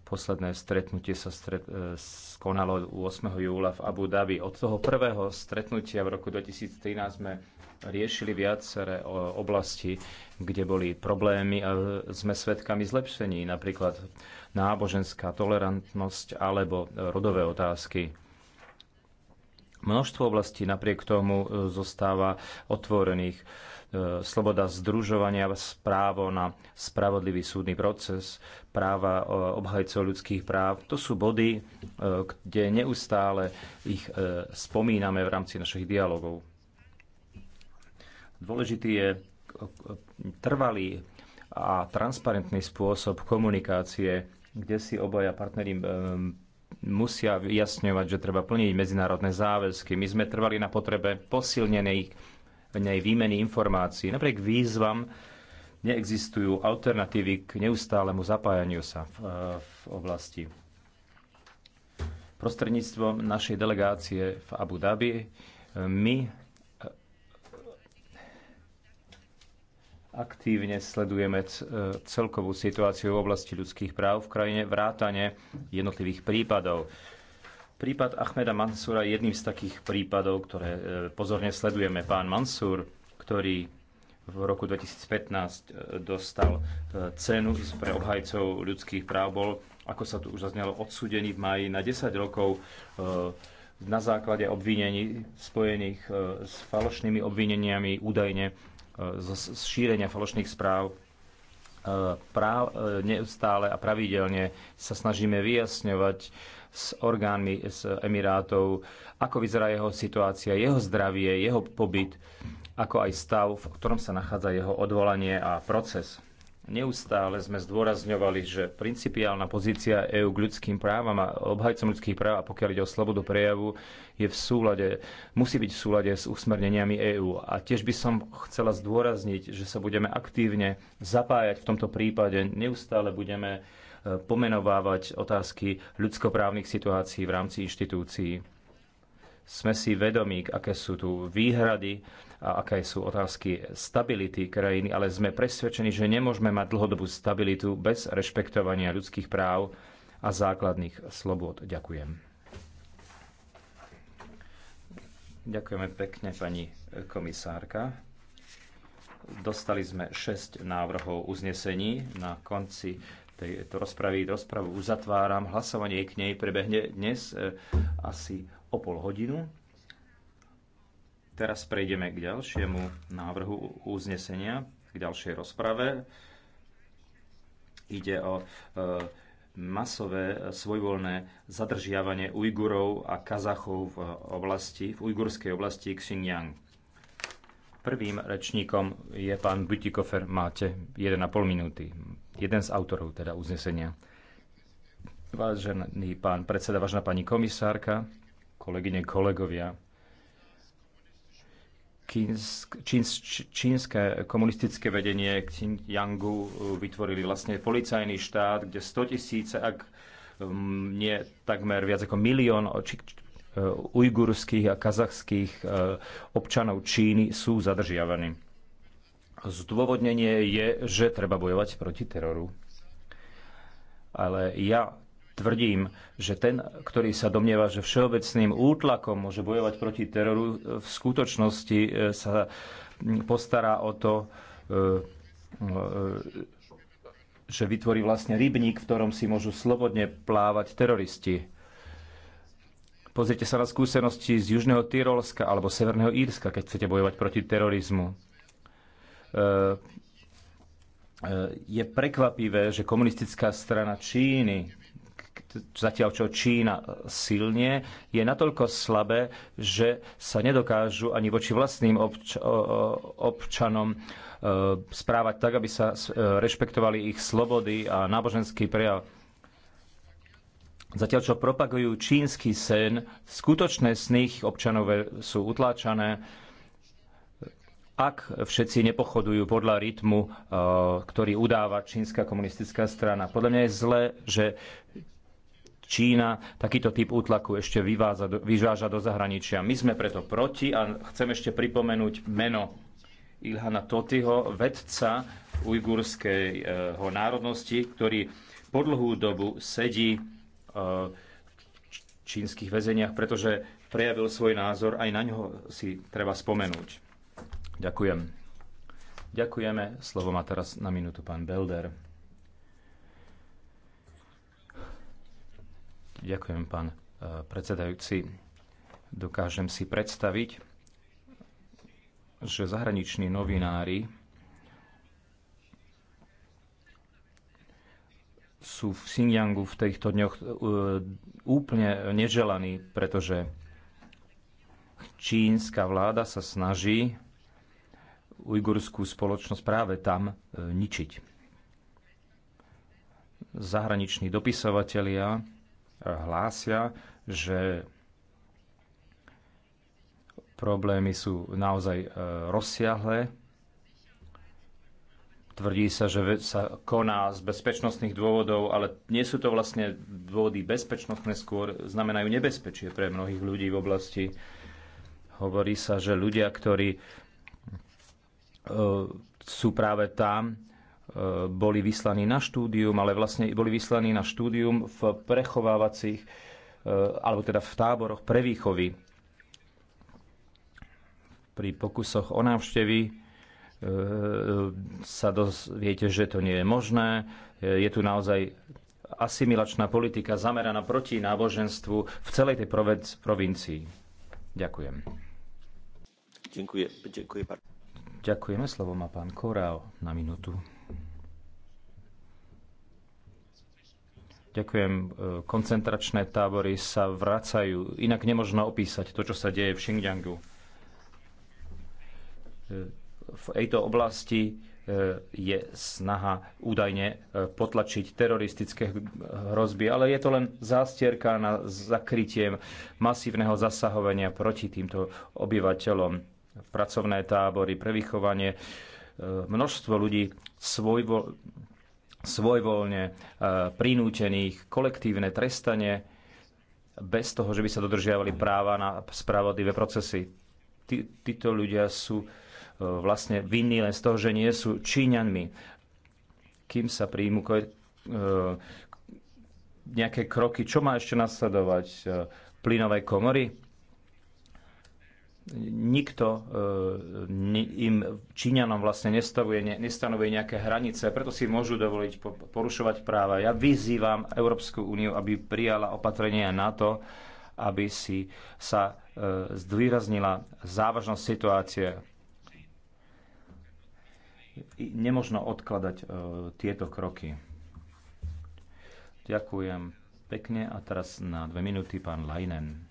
Speaker 2: posledné stretnutie sa stret, e, skonalo 8. júla v Abu Dhabi. Od toho prvého stretnutia v roku 2013 sme riešili viaceré oblasti, kde boli problémy a sme svedkami zlepšení, napríklad náboženská tolerantnosť alebo rodové otázky Množstvo oblastí napriek tomu e, zostáva otvorených. E, Sloboda združovania, právo na spravodlivý súdny proces, práva e, obhajcov ľudských práv. To sú body, kde neustále ich spomíname v rámci našich dialogov. Dôležitý je trvalý a transparentný spôsob komunikácie, kde si obaja partneri musia vyjasňovať, že treba plniť medzinárodné záväzky. My sme trvali na potrebe posilnenej nej výmeny informácií. Napriek výzvam neexistujú alternatívy k neustálemu zapájaniu sa v, v oblasti. Prostredníctvom našej delegácie v Abu Dhabi my Aktívne sledujeme e, celkovú situáciu v oblasti ľudských práv v krajine, vrátane jednotlivých prípadov. Prípad Ahmeda Mansúra je jedným z takých prípadov, ktoré e, pozorne sledujeme. Pán Mansúr, ktorý v roku 2015 e, dostal cenu pre obhajcov ľudských práv, bol, ako sa tu už zaznelo, odsudený v maji na 10 rokov na základe obvinení spojených s falošnými obvineniami údajne z šírenia falošných správ e, e, neustále a pravidelne sa snažíme vyjasňovať s orgánmi z Emirátov, ako vyzerá jeho situácia, jeho zdravie, jeho pobyt, ako aj stav, v ktorom sa nachádza jeho odvolanie a proces. Neustále sme zdôrazňovali, že principiálna pozícia EÚ k ľudským právam a obhajcom ľudských práv, a pokiaľ ide o slobodu prejavu, je v súlade, musí byť v súlade s usmerneniami EÚ. A tiež by som chcela zdôrazniť, že sa budeme aktívne zapájať v tomto prípade. Neustále budeme e, pomenovávať otázky ľudskoprávnych situácií v rámci inštitúcií sme si vedomí, aké sú tu výhrady a aké sú otázky stability krajiny, ale sme presvedčení, že nemôžeme mať dlhodobú stabilitu bez rešpektovania ľudských práv a základných slobod. Ďakujem. Ďakujeme pekne, pani komisárka. Dostali sme 6 návrhov uznesení. Na konci tejto rozpravy. Rozpravu uzatváram. Hlasovanie k nej prebehne dnes e, asi o pol hodinu. Teraz prejdeme k ďalšiemu návrhu uznesenia, k ďalšej rozprave. Ide o e, masové e, svojvoľné zadržiavanie Ujgurov a Kazachov v oblasti, v ujgurskej oblasti Xinjiang. Prvým rečníkom je pán Butikofer. Máte 1,5 minúty. Jeden z autorov teda uznesenia. Vážený pán predseda, vážená pani komisárka, kolegyne, kolegovia, čínske komunistické vedenie Xinjiangu e, vytvorili vlastne policajný štát, kde 100 tisíce, ak nie takmer viac ako milión Eh, ujgurských a kazachských eh, občanov Číny sú zadržiavaní. Zdôvodnenie je, že treba bojovať proti teroru. Ale ja tvrdím, že ten, ktorý sa domnieva, že všeobecným útlakom môže bojovať proti teroru, v skutočnosti eh, sa postará o to, že vytvorí vlastne rybník, v ktorom si môžu slobodne plávať teroristi Pozrite sa na skúsenosti z Južného Tyrolska alebo Severného Írska, keď chcete bojovať proti terorizmu. E, e, je prekvapivé, že komunistická strana Číny, zatiaľ čo Čína silne, je natoľko slabé, že sa nedokážu ani voči vlastným obč- občanom e, správať tak, aby sa rešpektovali ich slobody a náboženský prejav Zatiaľ, čo propagujú čínsky sen, skutočné sny občanov sú utláčané, ak všetci nepochodujú podľa rytmu, eh, ktorý udáva čínska komunistická strana. Podľa mňa je zle, že Čína takýto typ útlaku ešte vyváza, vyváža do zahraničia. My sme preto proti a chcem ešte pripomenúť meno Ilhana Totyho, vedca ujgurskej eh, národnosti, ktorý po dlhú dobu sedí Eh, čínskych väzeniach, pretože prejavil svoj názor, aj na ňoho si treba spomenúť. Ďakujem. Ďakujeme. Slovo má teraz na minútu pán Belder. Ďakujem, pán eh, predsedajúci. Dokážem si predstaviť, že zahraniční novinári sú v Xinjiangu v týchto dňoch e, úplne neželaní, pretože čínska vláda sa snaží ujgurskú spoločnosť práve tam e, ničiť. Zahraniční dopisovatelia hlásia, že problémy sú naozaj e, rozsiahle Tvrdí sa, že sa koná z bezpečnostných dôvodov, ale nie sú to vlastne dôvody bezpečnostné, skôr znamenajú nebezpečie pre mnohých ľudí v oblasti. Hovorí sa, že ľudia, ktorí e, sú práve tam, e, boli vyslaní na štúdium, ale vlastne boli vyslaní na štúdium v prechovávacích, e, alebo teda v táboroch pre výchovy. Pri pokusoch o návštevy E, e, sa dozviete, že to nie je možné. E, je tu naozaj asimilačná politika zameraná proti náboženstvu v celej tej provincii. Ďakujem. Ďakujem. Ďakujem. Ďakujeme. Slovo má pán Korál na minútu. Ďakujem. Koncentračné tábory sa vracajú. Inak nemožno opísať to, čo sa deje v Xinjiangu v tejto oblasti e, je snaha údajne e, potlačiť teroristické hrozby, ale je to len zástierka na zakrytie masívneho zasahovania proti týmto obyvateľom. Pracovné tábory, prevychovanie, e, množstvo ľudí svojvo, svojvoľne prinútených, kolektívne trestanie bez toho, že by sa dodržiavali práva na spravodlivé procesy. Tí, títo ľudia sú E, vlastne vinní len z toho, že nie sú Číňanmi. Kým sa príjmu e, nejaké kroky, čo má ešte nasledovať? E, plynové komory? Nikto im, Číňanom vlastne nestavuje, nestanovuje nejaké hranice, preto si môžu dovoliť porušovať práva. Ja vyzývam Európsku úniu, aby prijala opatrenia na to, aby si sa zdvýraznila závažnosť situácie nemožno odkladať e, tieto kroky. Ďakujem pekne a teraz na dve minúty pán Lajnen.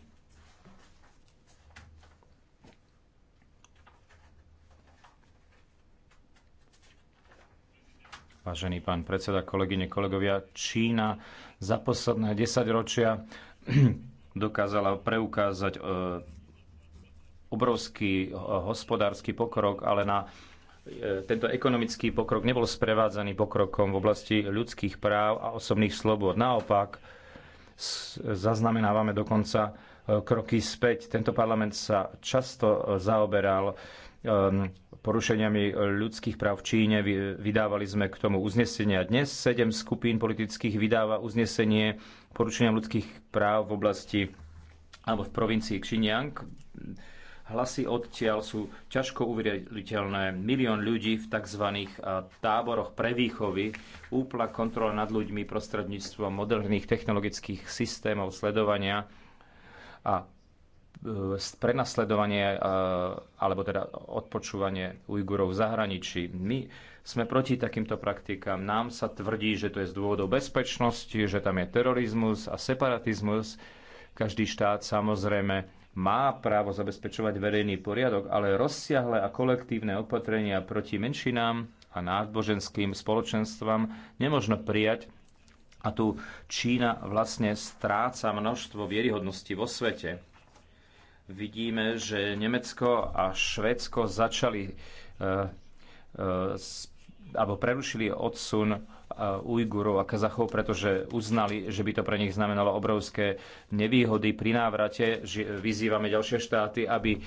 Speaker 2: Vážený pán predseda, kolegyne, kolegovia, Čína za posledné 10 ročia dokázala preukázať e, obrovský e, hospodársky pokrok, ale na E, tento ekonomický pokrok nebol sprevádzaný pokrokom v oblasti ľudských práv a osobných slobod. Naopak, zaznamenávame dokonca e, kroky späť. Tento parlament sa často e, zaoberal porušeniami ľudských práv v Číne. Vydávali sme k tomu uznesenia. Dnes sedem skupín politických vydáva uznesenie porušeniam ľudských práv v oblasti alebo v provincii Xinjiang Hlasy odtiaľ sú ťažko uveriteľné. Milión ľudí v tzv. táboroch pre výchovy, úpla kontrola nad ľuďmi prostredníctvom moderných technologických systémov sledovania a e, prenasledovanie alebo teda odpočúvanie Ujgurov v zahraničí. My sme proti takýmto praktikám. Nám sa tvrdí, že to je z dôvodov bezpečnosti, že tam je terorizmus a separatizmus. Každý štát samozrejme má právo zabezpečovať verejný poriadok, ale rozsiahle a kolektívne opatrenia proti menšinám a náboženským spoločenstvám nemožno prijať a tu Čína vlastne stráca množstvo vieryhodnosti vo svete. Vidíme, že Nemecko a Švédsko začali eh, eh, alebo prerušili odsun E, Ujgurov a Kazachov, pretože uznali, že by to pre nich znamenalo obrovské nevýhody pri návrate. Vyzývame ďalšie štáty, aby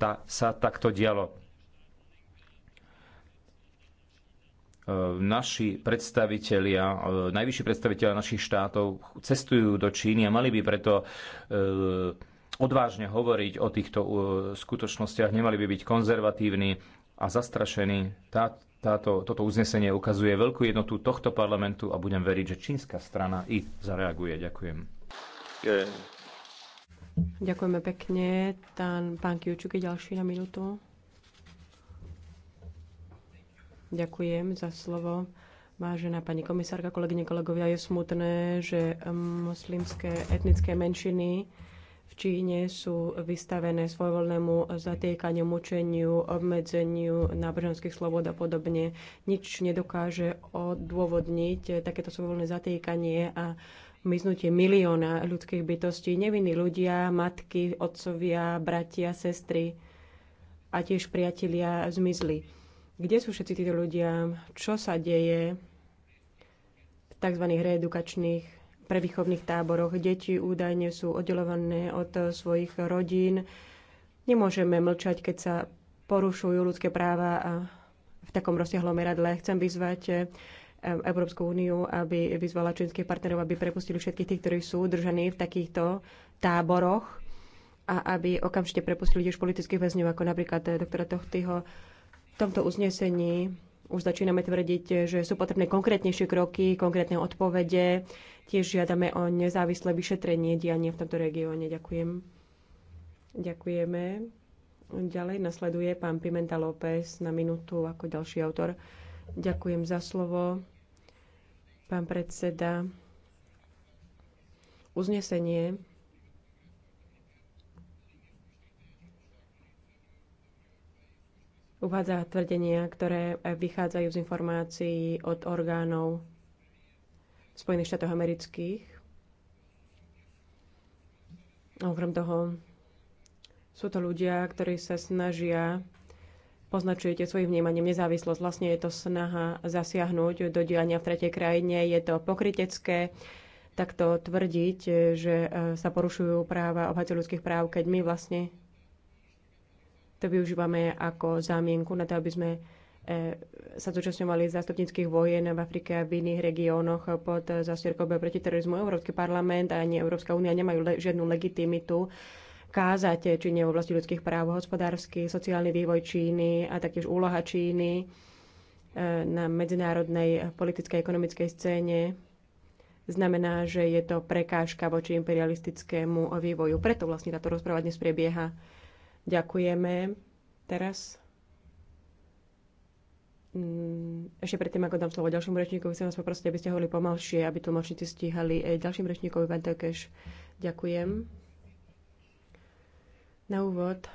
Speaker 2: ta, sa takto dialo. E, naši predstavitelia, e, najvyšší predstavitelia našich štátov cestujú do Číny a mali by preto odvážne hovoriť o týchto skutočnostiach, nemali by byť konzervatívni a zastrašení. Tá, táto, toto uznesenie ukazuje veľkú jednotu tohto parlamentu a budem veriť, že čínska strana i zareaguje. Ďakujem.
Speaker 6: Ďakujeme pekne. Tán, pán Kiučuk je ďalší na minútu. Ďakujem za slovo. Vážená pani komisárka, kolegyne, kolegovia, je smutné, že moslimské etnické menšiny Číne sú vystavené svojvoľnému zatýkaniu, mučeniu, obmedzeniu náboženských slobod a podobne. Nič nedokáže odôvodniť takéto svojvoľné zatýkanie a myznutie milióna ľudských bytostí. Nevinní ľudia, matky, otcovia, bratia, sestry a tiež priatelia zmizli. Kde sú všetci títo ľudia? Čo sa deje v tzv. reedukačných pre výchovných táboroch. Deti údajne sú oddelované od svojich rodín. Nemôžeme mlčať, keď sa porušujú ľudské práva a v takom rozsiahlom meradle. Chcem vyzvať eh, Európsku úniu, aby vyzvala čínskych partnerov, aby prepustili všetkých tých, ktorí sú držaní v takýchto táboroch a aby okamžite prepustili tiež politických väzňov, ako napríklad doktora Tohtyho. V tomto uznesení už začíname tvrdiť, že sú potrebné konkrétnejšie kroky, konkrétne odpovede. Tiež žiadame o nezávislé vyšetrenie diania v tomto regióne. Ďakujem. Ďakujeme. Ďalej nasleduje pán Pimenta López na minútu ako ďalší autor. Ďakujem za slovo. Pán predseda, uznesenie uvádza tvrdenia, ktoré vychádzajú z informácií od orgánov v Spojených štátoch amerických. A okrem toho sú to ľudia, ktorí sa snažia označujete svojim vnímaním nezávislosť. Vlastne je to snaha zasiahnuť do diania v tretej krajine, je to pokrytecké takto tvrdiť, že e, sa porušujú práva obhajcov ľudských práv, keď my vlastne to využívame ako zámienku na to, aby sme e, sa zúčastňovali zástupníckých vojen v Afrike a v iných regiónoch pod zásierkou boja proti terorizmu. Európsky parlament a ani Európska únia nemajú le- žiadnu legitimitu kázať Číne v oblasti ľudských práv, hospodársky, sociálny vývoj Číny a taktiež úloha Číny e, na medzinárodnej politickej a ekonomickej scéne znamená, že je to prekážka voči imperialistickému vývoju. Preto vlastne táto rozpráva dnes prebieha. Ďakujeme. Teraz mm, ešte predtým, ako dám slovo ďalšiemu rečníkovi, chcem vás poprosiť, aby ste hovorili pomalšie, aby tlmočníci stíhali. E, ďalším rečníkovi, Pán Tekeš, ďakujem. Na úvod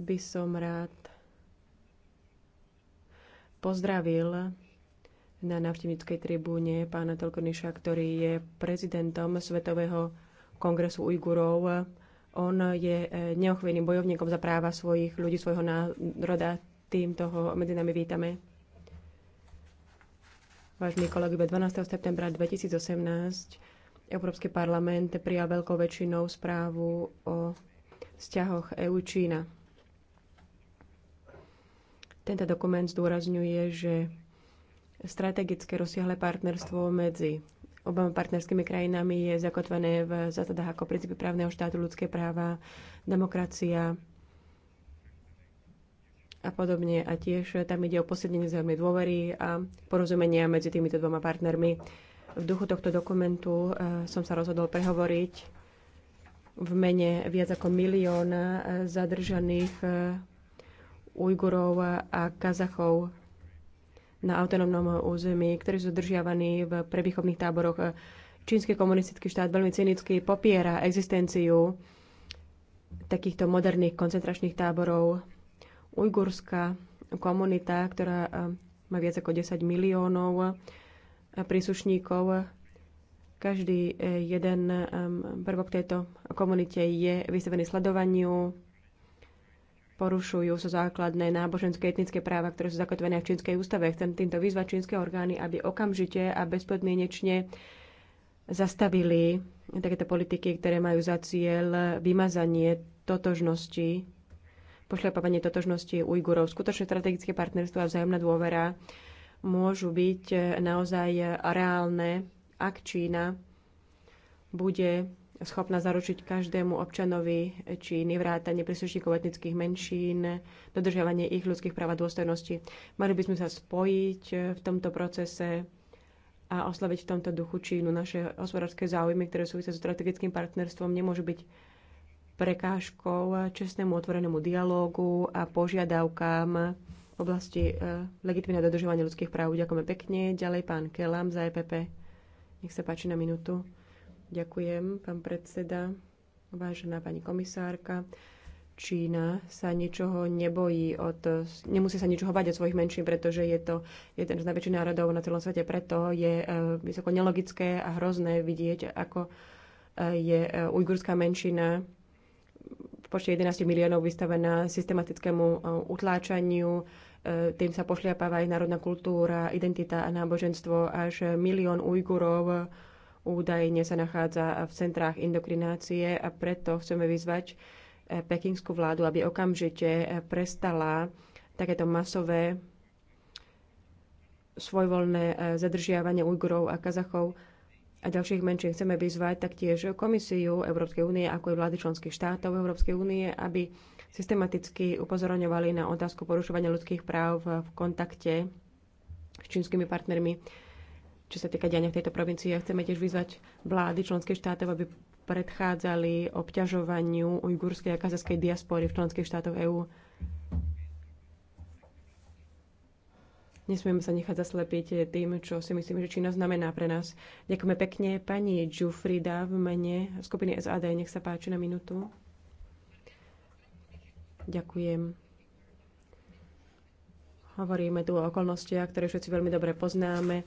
Speaker 6: by som rád pozdravil na návštevníckej tribúne pána Telkoniša, ktorý je prezidentom Svetového kongresu Ujgurov on je e, neochvejným bojovníkom za práva svojich ľudí, svojho národa. Tým toho medzi nami vítame. Vážení kolegy, 12. septembra 2018 Európsky parlament prijal veľkou väčšinou správu o vzťahoch EU-Čína. Tento dokument zdôrazňuje, že strategické rozsiahle partnerstvo medzi oboma partnerskými krajinami je zakotvené v zásadách ako princípy právneho štátu, ľudské práva, demokracia a podobne. A tiež tam ide o posilnenie vzájomnej dôvery a porozumenia medzi týmito dvoma partnermi. V duchu tohto dokumentu eh, som sa rozhodol prehovoriť v mene viac ako milióna eh, zadržaných eh, Ujgurov a Kazachov na autonómnom území, ktorí sú zdržiavaní v prevýchovných táboroch. Čínsky komunistický štát veľmi cynicky popiera existenciu takýchto moderných koncentračných táborov. Ujgurská komunita, ktorá eh, má viac ako 10 miliónov eh, príslušníkov, každý eh, jeden prvok tejto komunite je vystavený sledovaniu, porušujú sa základné náboženské etnické práva, ktoré sú zakotvené v čínskej ústave. Chcem týmto vyzvať čínske orgány, aby okamžite a bezpodmienečne zastavili takéto politiky, ktoré majú za cieľ vymazanie totožnosti, pošľapávanie totožnosti Ujgurov. Skutočné strategické partnerstvo a vzájomná dôvera môžu byť naozaj reálne, ak Čína bude schopná zaručiť každému občanovi Číny vrátanie príslušníkov etnických menšín, dodržiavanie ich ľudských práv a dôstojnosti. Mali by sme sa spojiť v tomto procese a oslaviť v tomto duchu Čínu. Naše hospodárske záujmy, ktoré súvisia s strategickým partnerstvom, nemôžu byť prekážkou čestnému otvorenému dialógu a požiadavkám v oblasti e, legitimného dodržovania ľudských práv. Ďakujeme pekne. Ďalej pán Kelam za EPP. Nech sa páči na minútu. Ďakujem, pán predseda, vážená pani komisárka. Čína sa ničoho nebojí od, nemusí sa ničoho bať od svojich menšín, pretože je to jeden z najväčších národov na celom svete. Preto je e, vysoko nelogické a hrozné vidieť, ako e, je e, ujgurská menšina v počte 11 miliónov vystavená systematickému utláčaniu, tým sa pošliapáva aj národná kultúra, identita a náboženstvo. Až milión Ujgurov údajne sa nachádza v centrách indokrinácie a preto chceme vyzvať eh, pekingskú vládu, aby okamžite eh, prestala takéto masové svojvoľné eh, zadržiavanie Ujgurov a Kazachov a ďalších menšín. Chceme vyzvať taktiež Komisiu Európskej únie, ako aj vlády členských štátov Európskej únie, aby systematicky upozorňovali na otázku porušovania ľudských práv v kontakte s čínskymi partnermi čo sa týka diania v tejto provincii. A chceme tiež vyzvať vlády členských štátov, aby predchádzali obťažovaniu ujgurskej a kazaskej diaspory v členských štátoch EÚ. Nesmieme sa nechať zaslepiť tým, čo si myslím, že Čína znamená pre nás. Ďakujeme pekne pani Giuffrida v mene skupiny SAD. Nech sa páči na minútu. Ďakujem. Hovoríme tu o okolnostiach, ktoré všetci veľmi dobre poznáme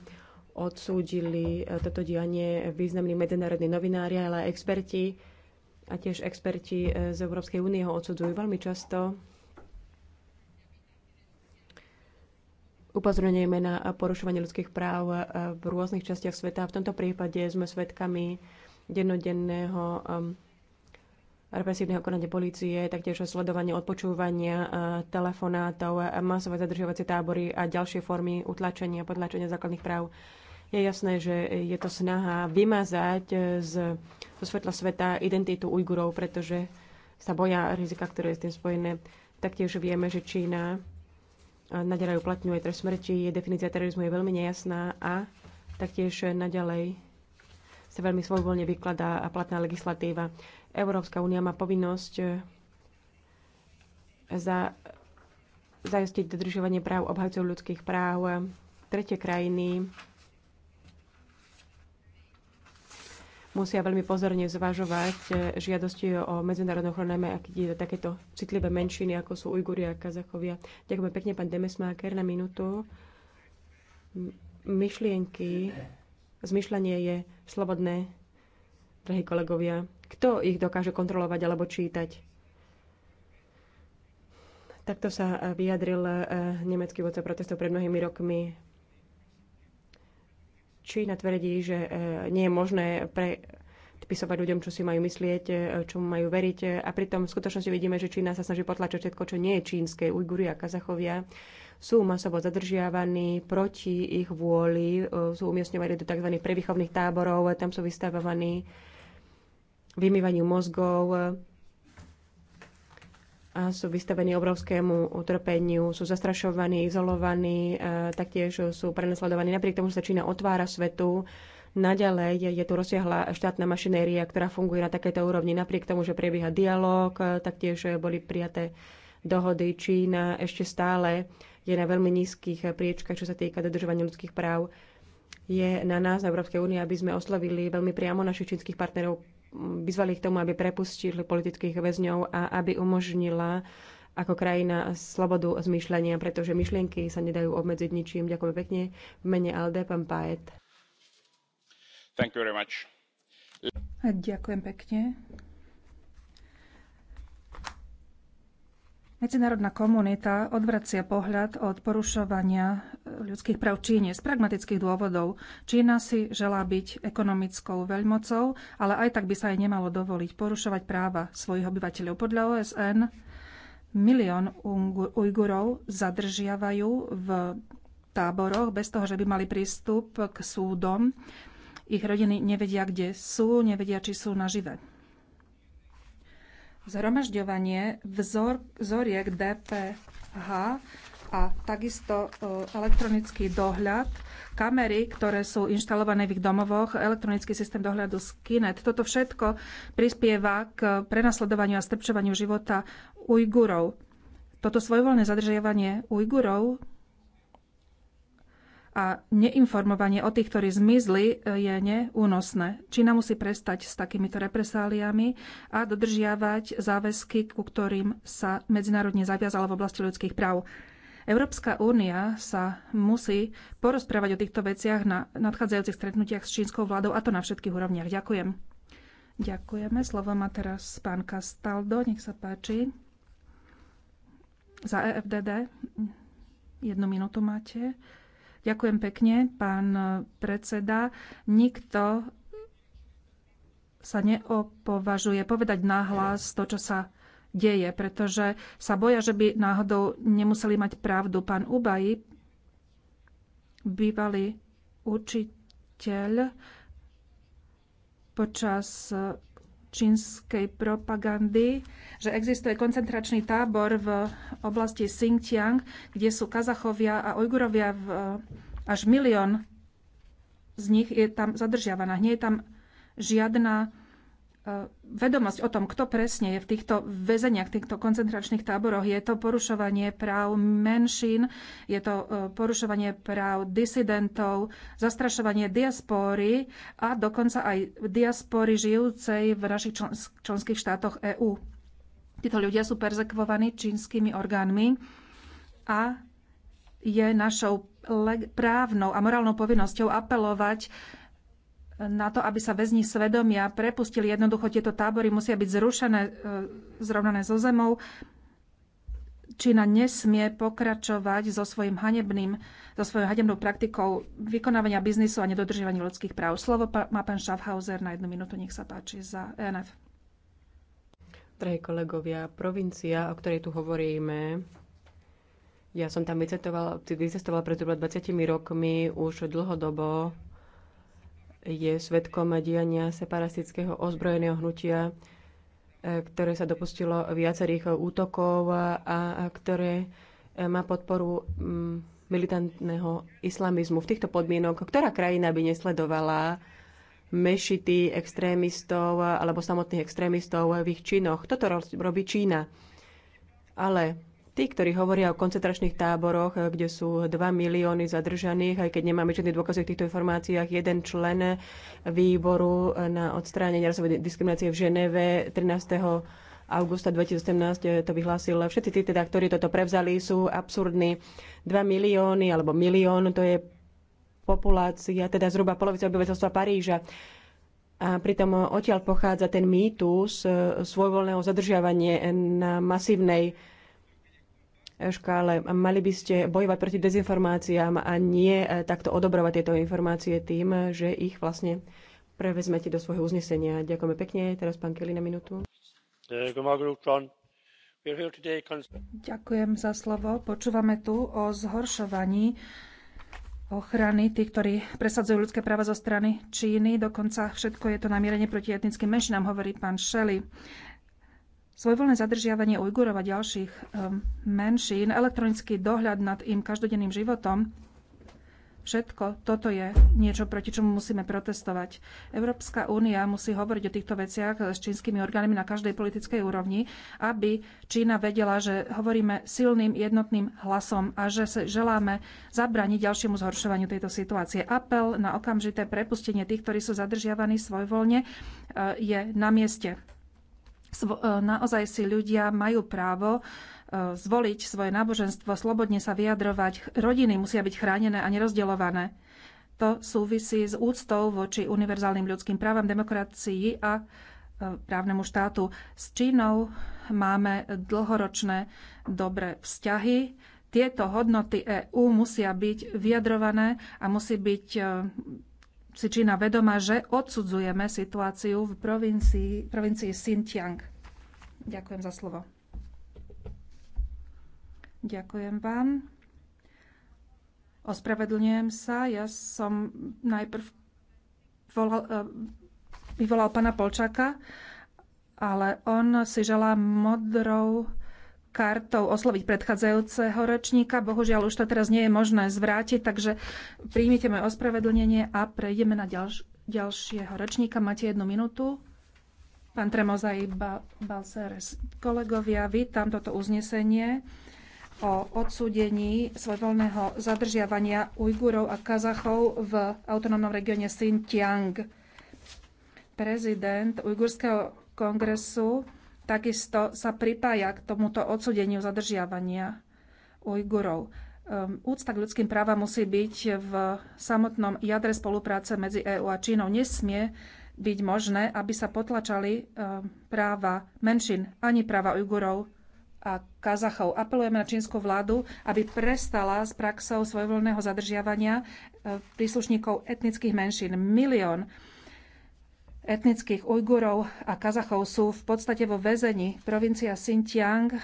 Speaker 6: odsúdili eh, toto dianie významní medzinárodní novinári, ale aj experti a tiež experti eh, z Európskej únie ho odsudzujú veľmi často. Upozorňujeme na porušovanie ľudských práv eh, v rôznych častiach sveta. V tomto prípade sme svedkami dennodenného represívneho konania policie, taktiež sledovanie odpočúvania telefonátov, masové zadržiavacie tábory a ďalšie formy utlačenia, a podlačenia základných práv. Je jasné, že je to snaha vymazať e, z, zo svetla sveta identitu Ujgurov, pretože sa boja rizika, ktoré je s tým spojené. Taktiež vieme, že Čína e, naďalej uplatňuje trest smrti, je definícia terorizmu je veľmi nejasná a taktiež naďalej sa veľmi svojvoľne vykladá platná legislatíva. Európska únia má povinnosť e, za, zajistiť dodržovanie práv obhajcov ľudských práv tretie krajiny musia veľmi pozorne zvažovať e, žiadosti o medzinárodnú ochranu, najmä ak ide takéto citlivé menšiny, ako sú Ujguri a Kazachovia. Ďakujem pekne, pán Demesmáker, na minútu. Myšlienky, zmyšľanie je slobodné, drahí kolegovia. Kto ich dokáže kontrolovať alebo čítať? Takto sa vyjadril e, nemecký vodca protestov pred mnohými rokmi. Čína tvrdí, že e, nie je možné pre predpisovať ľuďom, čo si majú myslieť, e, čo majú veriť. A pritom v skutočnosti vidíme, že Čína sa snaží potlačiť všetko, čo nie je čínske. Ujguri a Kazachovia sú masovo zadržiavaní proti ich vôli, e, sú umiestňovaní do tzv. prevýchovných táborov, tam sú vystavovaní vymývaniu mozgov, a sú vystavení obrovskému utrpeniu, sú zastrašovaní, izolovaní, e, taktiež sú prenasledovaní. Napriek tomu, že sa Čína otvára svetu, naďalej je, je tu rozsiahla štátna mašinéria, ktorá funguje na takejto úrovni. Napriek tomu, že prebieha dialog, e, taktiež boli prijaté dohody. Čína ešte stále je na veľmi nízkych priečkach, čo sa týka dodržovania ľudských práv. Je na nás, na Európskej únie, aby sme oslovili veľmi priamo našich čínskych partnerov vyzvali k tomu, aby prepustili politických väzňov a aby umožnila ako krajina slobodu zmýšľania, pretože myšlienky sa nedajú obmedziť ničím. Ďakujem pekne. V mene Alde, pán Paet.
Speaker 5: Ďakujem pekne. Medzinárodná komunita odvracia pohľad od porušovania e, ľudských práv Číne z pragmatických dôvodov. Čína si želá byť ekonomickou veľmocou, ale aj tak by sa jej nemalo dovoliť porušovať práva svojich obyvateľov. Podľa OSN milión Ujgurov zadržiavajú v táboroch bez toho, že by mali prístup k súdom. Ich rodiny nevedia, kde sú, nevedia, či sú nažive zhromažďovanie vzor, vzoriek DPH a takisto e, elektronický dohľad, kamery, ktoré sú inštalované v ich domovoch, elektronický systém dohľadu Skinet. Toto všetko prispieva k prenasledovaniu a strpčovaniu života Ujgurov. Toto svojvoľné zadržiavanie Ujgurov a neinformovanie o tých, ktorí zmizli, je neúnosné. Čína musí prestať s takýmito represáliami a dodržiavať záväzky, ku ktorým sa medzinárodne zaviazala v oblasti ľudských práv. Európska únia sa musí porozprávať o týchto veciach na nadchádzajúcich stretnutiach s čínskou vládou a to na všetkých úrovniach. Ďakujem. Ďakujeme. Slovo má teraz pán Castaldo. Nech sa páči. Za EFDD. Jednu minútu máte. Ďakujem pekne, pán predseda. Nikto sa neopovažuje povedať nahlas to, čo sa deje, pretože sa boja, že by náhodou nemuseli mať pravdu. Pán Ubaji, bývalý učiteľ, počas čínskej propagandy, že existuje koncentračný tábor v oblasti Xinjiang, kde sú Kazachovia a Ujgurovia v, až milión z nich je tam zadržiavaná. Nie je tam žiadna E, vedomosť o tom, kto presne je v týchto väzeniach, týchto koncentračných táboroch. Je to porušovanie práv menšín, je to e, porušovanie práv disidentov, zastrašovanie diaspóry a dokonca aj diaspóry žijúcej v našich členských štátoch EÚ. Títo ľudia sú perzekvovaní čínskymi orgánmi a je našou právnou a morálnou povinnosťou apelovať na to, aby sa väzni svedomia prepustili. Jednoducho tieto tábory musia byť zrušené, e, zrovnané so zemou. Čína nesmie pokračovať so, svojím hanebným, so svojou hanebnou praktikou vykonávania biznisu a nedodržiavania ľudských práv. Slovo má pán Schaffhauser na jednu minútu, nech sa páči, za ENF.
Speaker 6: Drahí kolegovia, provincia, o ktorej tu hovoríme, ja som tam vycestovala, vycestovala pred 20 rokmi už dlhodobo je svetkom diania separatistického ozbrojeného hnutia, e, ktoré sa dopustilo viacerých útokov a ktoré e, má podporu mm, militantného islamizmu. V týchto podmienok, ktorá krajina by nesledovala mešity extrémistov alebo samotných extrémistov v ich činoch? Toto robí Čína. Ale Tí, ktorí hovoria o koncentračných táboroch, eh, kde sú 2 milióny zadržaných, aj keď nemáme žiadny dôkaz v týchto informáciách, jeden člen výboru eh, na odstránenie rasovej diskriminácie v Ženeve 13 augusta 2018 eh, to vyhlásil. Všetci tí, teda, ktorí toto prevzali, sú absurdní. 2 milióny alebo milión, to je populácia, teda zhruba polovica obyvateľstva Paríža. A pritom odtiaľ pochádza ten mýtus svojvoľného zadržiavania na masívnej škále. Mali by ste bojovať proti dezinformáciám a nie eh, takto odobrovať tieto informácie tým, že ich vlastne prevezmete
Speaker 5: do svojho uznesenia. Ďakujeme pekne. Teraz pán Kelly na minútu. Ďakujem za slovo. Počúvame tu o zhoršovaní ochrany tých, ktorí presadzujú ľudské práva zo strany Číny. Dokonca všetko je to namierenie proti etnickým menšinám, hovorí pán Shelley. Svojvoľné zadržiavanie Ujgurov a ďalších ehm, menšín, elektronický dohľad nad im každodenným životom, všetko toto je niečo, proti čomu musíme protestovať. Európska únia musí hovoriť o týchto veciach eh, s čínskymi orgánmi na každej politickej úrovni, aby Čína vedela, že hovoríme silným jednotným hlasom a že sa želáme zabrániť ďalšiemu zhoršovaniu tejto situácie. Apel na okamžité prepustenie tých, ktorí sú zadržiavaní svojvoľne, eh, je na mieste. E, naozaj si ľudia majú právo e, zvoliť svoje náboženstvo, slobodne sa vyjadrovať. Rodiny musia byť chránené a nerozdeľované. To súvisí s úctou voči univerzálnym ľudským právam, demokracii a e, právnemu štátu. S Čínou máme dlhoročné dobré vzťahy. Tieto hodnoty EÚ musia byť vyjadrované a musí byť si Čína vedoma, že odsudzujeme situáciu v provincii, provincii Xinjiang. Ďakujem za slovo. Ďakujem vám. Ospravedlňujem sa. Ja som najprv volal, eh, vyvolal pana Polčaka, ale on si želá modrou kartou osloviť predchádzajúceho ročníka. Bohužiaľ, už to teraz nie je možné zvrátiť, takže príjmite moje ospravedlnenie a prejdeme na ďalš- ďalšieho ročníka. Máte jednu minútu. Pán Tremozaj ba- Balseres, kolegovia, vítam toto uznesenie o odsúdení svojvoľného zadržiavania Ujgurov a Kazachov v autonómnom regióne Xinjiang. Prezident Ujgurského kongresu takisto sa pripája k tomuto odsudeniu zadržiavania Ujgurov. Ehm, úcta k ľudským právam musí byť v samotnom jadre spolupráce medzi EÚ a Čínou. Nesmie byť možné, aby sa potlačali ehm, práva menšin, ani práva Ujgurov a Kazachov. Apelujeme na čínsku vládu, aby prestala s praxou svojvoľného zadržiavania ehm, príslušníkov etnických menšín. Milión etnických Ujgurov a Kazachov sú v podstate vo väzení. Provincia Xinjiang e,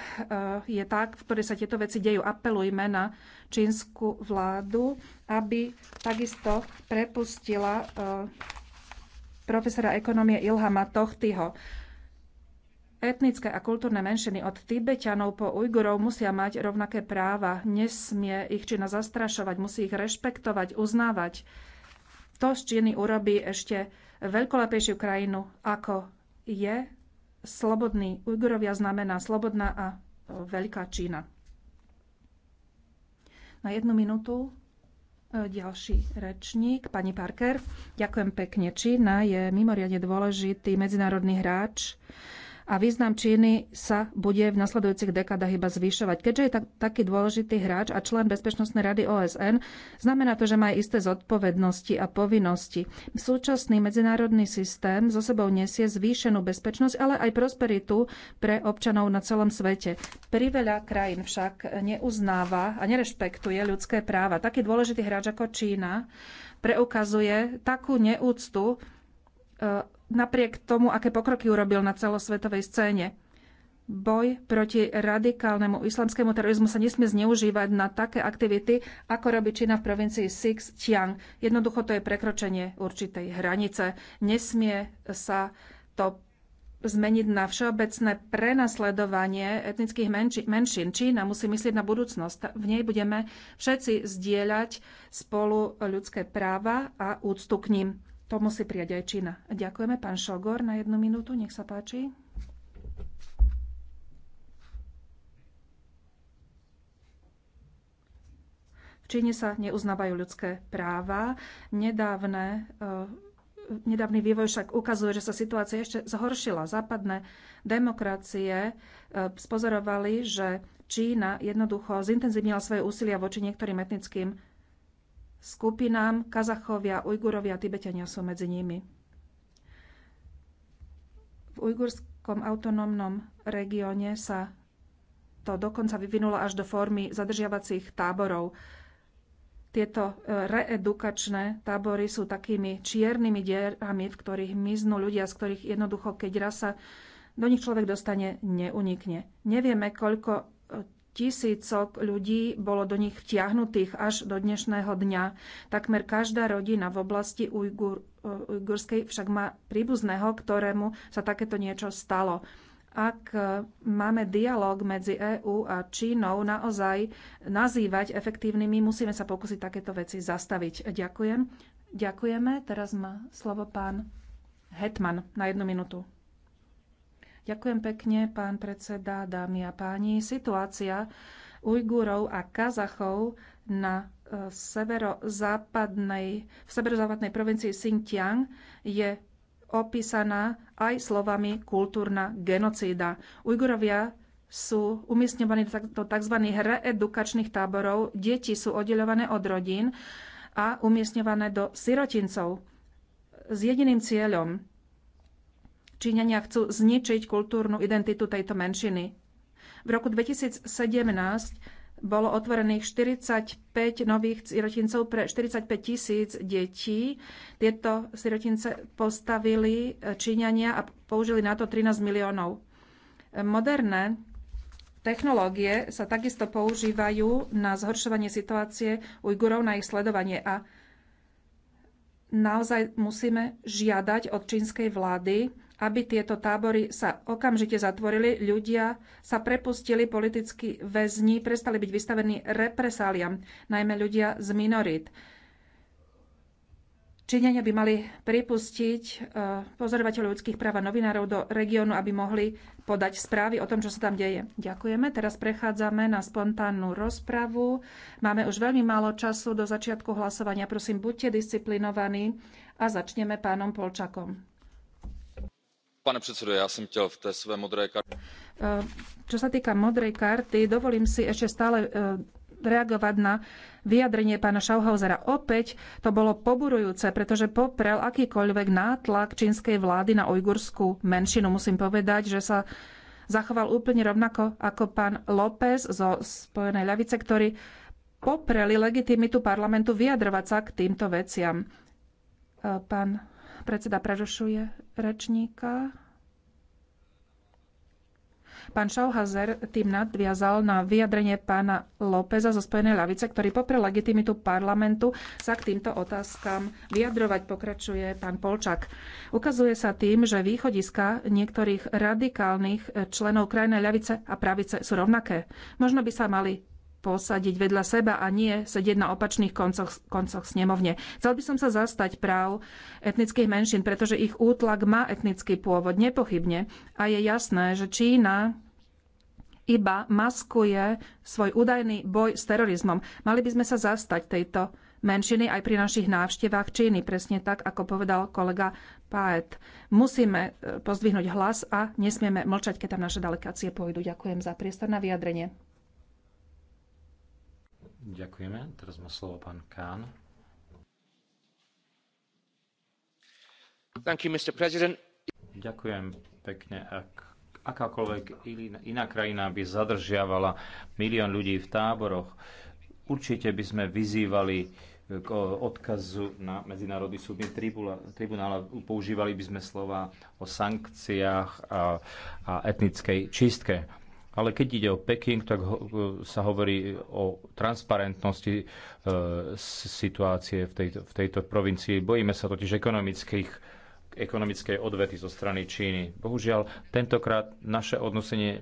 Speaker 5: je tak, v ktorej sa tieto veci dejú. Apelujme na čínsku vládu, aby takisto prepustila e, profesora ekonomie Ilhama Tohtyho. Etnické a kultúrne menšiny od Tibetanov po Ujgurov musia mať rovnaké práva. Nesmie ich Čína zastrašovať, musí ich rešpektovať, uznávať. To z Číny urobí ešte veľkolepejšiu krajinu, ako je slobodný Ujgurovia znamená slobodná a veľká Čína. Na jednu minútu e, ďalší rečník, pani Parker. Ďakujem pekne. Čína je mimoriadne dôležitý medzinárodný hráč a význam Číny sa bude v nasledujúcich dekádach iba zvyšovať. Keďže je tak, taký dôležitý hráč a člen Bezpečnostnej rady OSN, znamená to, že má isté zodpovednosti a povinnosti. Súčasný medzinárodný systém zo sebou nesie zvýšenú bezpečnosť, ale aj prosperitu pre občanov na celom svete. Priveľa krajín však neuznáva a nerešpektuje ľudské práva. Taký dôležitý hráč ako Čína preukazuje takú neúctu e, napriek tomu, aké pokroky urobil na celosvetovej scéne. Boj proti radikálnemu islamskému terorizmu sa nesmie zneužívať na také aktivity, ako robí Čína v provincii Xinjiang. Jednoducho to je prekročenie určitej hranice. Nesmie sa to zmeniť na všeobecné prenasledovanie etnických menši- menšín. Čína musí myslieť na budúcnosť. V nej budeme všetci zdieľať spolu ľudské práva a úctu k ním. To musí prijať aj Čína. Ďakujeme. Pán Šogor, na jednu minútu, nech sa páči. V Číne sa neuznávajú ľudské práva. Nedávne eh, nedávny vývoj však ukazuje, že sa situácia ešte zhoršila. Západné demokracie eh, spozorovali, že Čína jednoducho zintenzívnila svoje úsilia voči niektorým etnickým skupinám. Kazachovia, Ujgurovia, Tibetania sú medzi nimi. V ujgurskom autonómnom regióne sa to dokonca vyvinulo až do formy zadržiavacích táborov. Tieto e, reedukačné tábory sú takými čiernymi dierami, v ktorých miznú ľudia, z ktorých jednoducho, keď raz sa do nich človek dostane, neunikne. Nevieme, koľko e, tisícok ľudí bolo do nich vtiahnutých až do dnešného dňa. Takmer každá rodina v oblasti Ujgur, eh, Ujgurskej však má príbuzného, ktorému sa takéto niečo stalo. Ak eh, máme dialog medzi EÚ a Čínou naozaj nazývať efektívnymi, musíme sa pokúsiť takéto veci zastaviť. Ďakujem. Ďakujeme. Teraz má slovo pán Hetman na jednu minútu. Ďakujem pekne, pán predseda, dámy a páni. Situácia Ujgurov a Kazachov na e, severozápadnej, v severozápadnej provincii Xinjiang je opísaná aj slovami kultúrna genocída. Ujgurovia sú umiestňovaní do tzv. reedukačných táborov, deti sú oddeľované od rodín a umiestňované do sirotincov s jediným cieľom Číňania chcú zničiť kultúrnu identitu tejto menšiny. V roku 2017 bolo otvorených 45 nových sirotincov pre 45 tisíc detí. Tieto sirotince postavili eh, Číňania a použili na to 13 miliónov. Moderné technológie sa takisto používajú na zhoršovanie situácie Ujgurov, na ich sledovanie. A naozaj musíme žiadať od čínskej vlády, aby tieto tábory sa okamžite zatvorili, ľudia sa prepustili, politicky väzni prestali byť vystavení represáliam, najmä ľudia z minorít. Číňania by mali pripustiť eh, pozorovateľov ľudských práv a novinárov do regiónu, aby mohli podať správy o tom, čo sa tam deje. Ďakujeme. Teraz prechádzame na spontánnu rozpravu. Máme už veľmi málo času do začiatku hlasovania. Prosím, buďte disciplinovaní a začneme pánom Polčakom.
Speaker 1: Pane predsedo, ja som ťa v té svojej modré karte...
Speaker 5: Eh, čo sa týka modrej karty, dovolím si ešte stále eh, reagovať na vyjadrenie pána Schauhausera. Opäť to bolo poburujúce, pretože poprel akýkoľvek nátlak čínskej vlády na ujgurskú menšinu. Musím povedať, že sa zachoval úplne rovnako ako pán López zo Spojenej ľavice, ktorý popreli legitimitu parlamentu vyjadrovať sa k týmto veciam. Eh, pán Predseda prerušuje rečníka. Pán Schauhazer tým nadviazal na vyjadrenie pána Lópeza zo Spojenej ľavice, ktorý popre legitimitu parlamentu sa k týmto otázkam vyjadrovať, pokračuje pán Polčak. Ukazuje sa tým, že východiska niektorých radikálnych členov krajnej ľavice a pravice sú rovnaké. Možno by sa mali posadiť vedľa seba a nie sedieť na opačných koncoch, koncoch snemovne. Chcel by som sa zastať práv etnických menšín, pretože ich útlak má etnický pôvod, nepochybne. A je jasné, že Čína iba maskuje svoj údajný boj s terorizmom. Mali by sme sa zastať tejto menšiny aj pri našich návštevách Číny, presne tak, ako povedal kolega Paet. Musíme e, pozdvihnúť hlas a nesmieme mlčať, keď tam naše delegácie pôjdu. Ďakujem za priestor na vyjadrenie.
Speaker 2: Ďakujeme. Teraz má slovo pán Kán. Thank you, Mr. President. Ďakujem pekne. Ak akákoľvek iná krajina by zadržiavala milión ľudí v táboroch, určite by sme vyzývali eh, k odkazu na Medzinárodný súdny tribunál a používali by sme slova o sankciách a, a etnickej čistke. Ale keď ide o Peking, tak ho, e, sa hovorí o transparentnosti e, situácie v tejto, v tejto provincii. Bojíme sa totiž ekonomických ekonomickej odvety zo strany Číny. Bohužiaľ, tentokrát naše odnosenie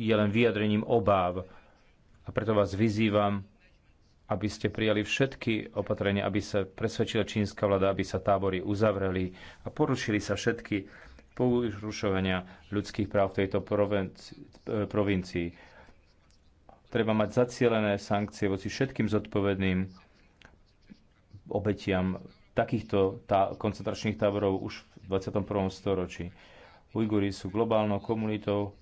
Speaker 2: je len vyjadrením obáv. A preto vás vyzývam, aby ste prijali všetky opatrenia, aby sa presvedčila čínska vláda, aby sa tábory uzavreli a porušili sa všetky porušovania ľudských práv v tejto e, provincii. Treba mať zacielené sankcie voči všetkým zodpovedným obetiam takýchto tá, koncentračných táborov už v 21. storočí. Ujguri sú globálnou komunitou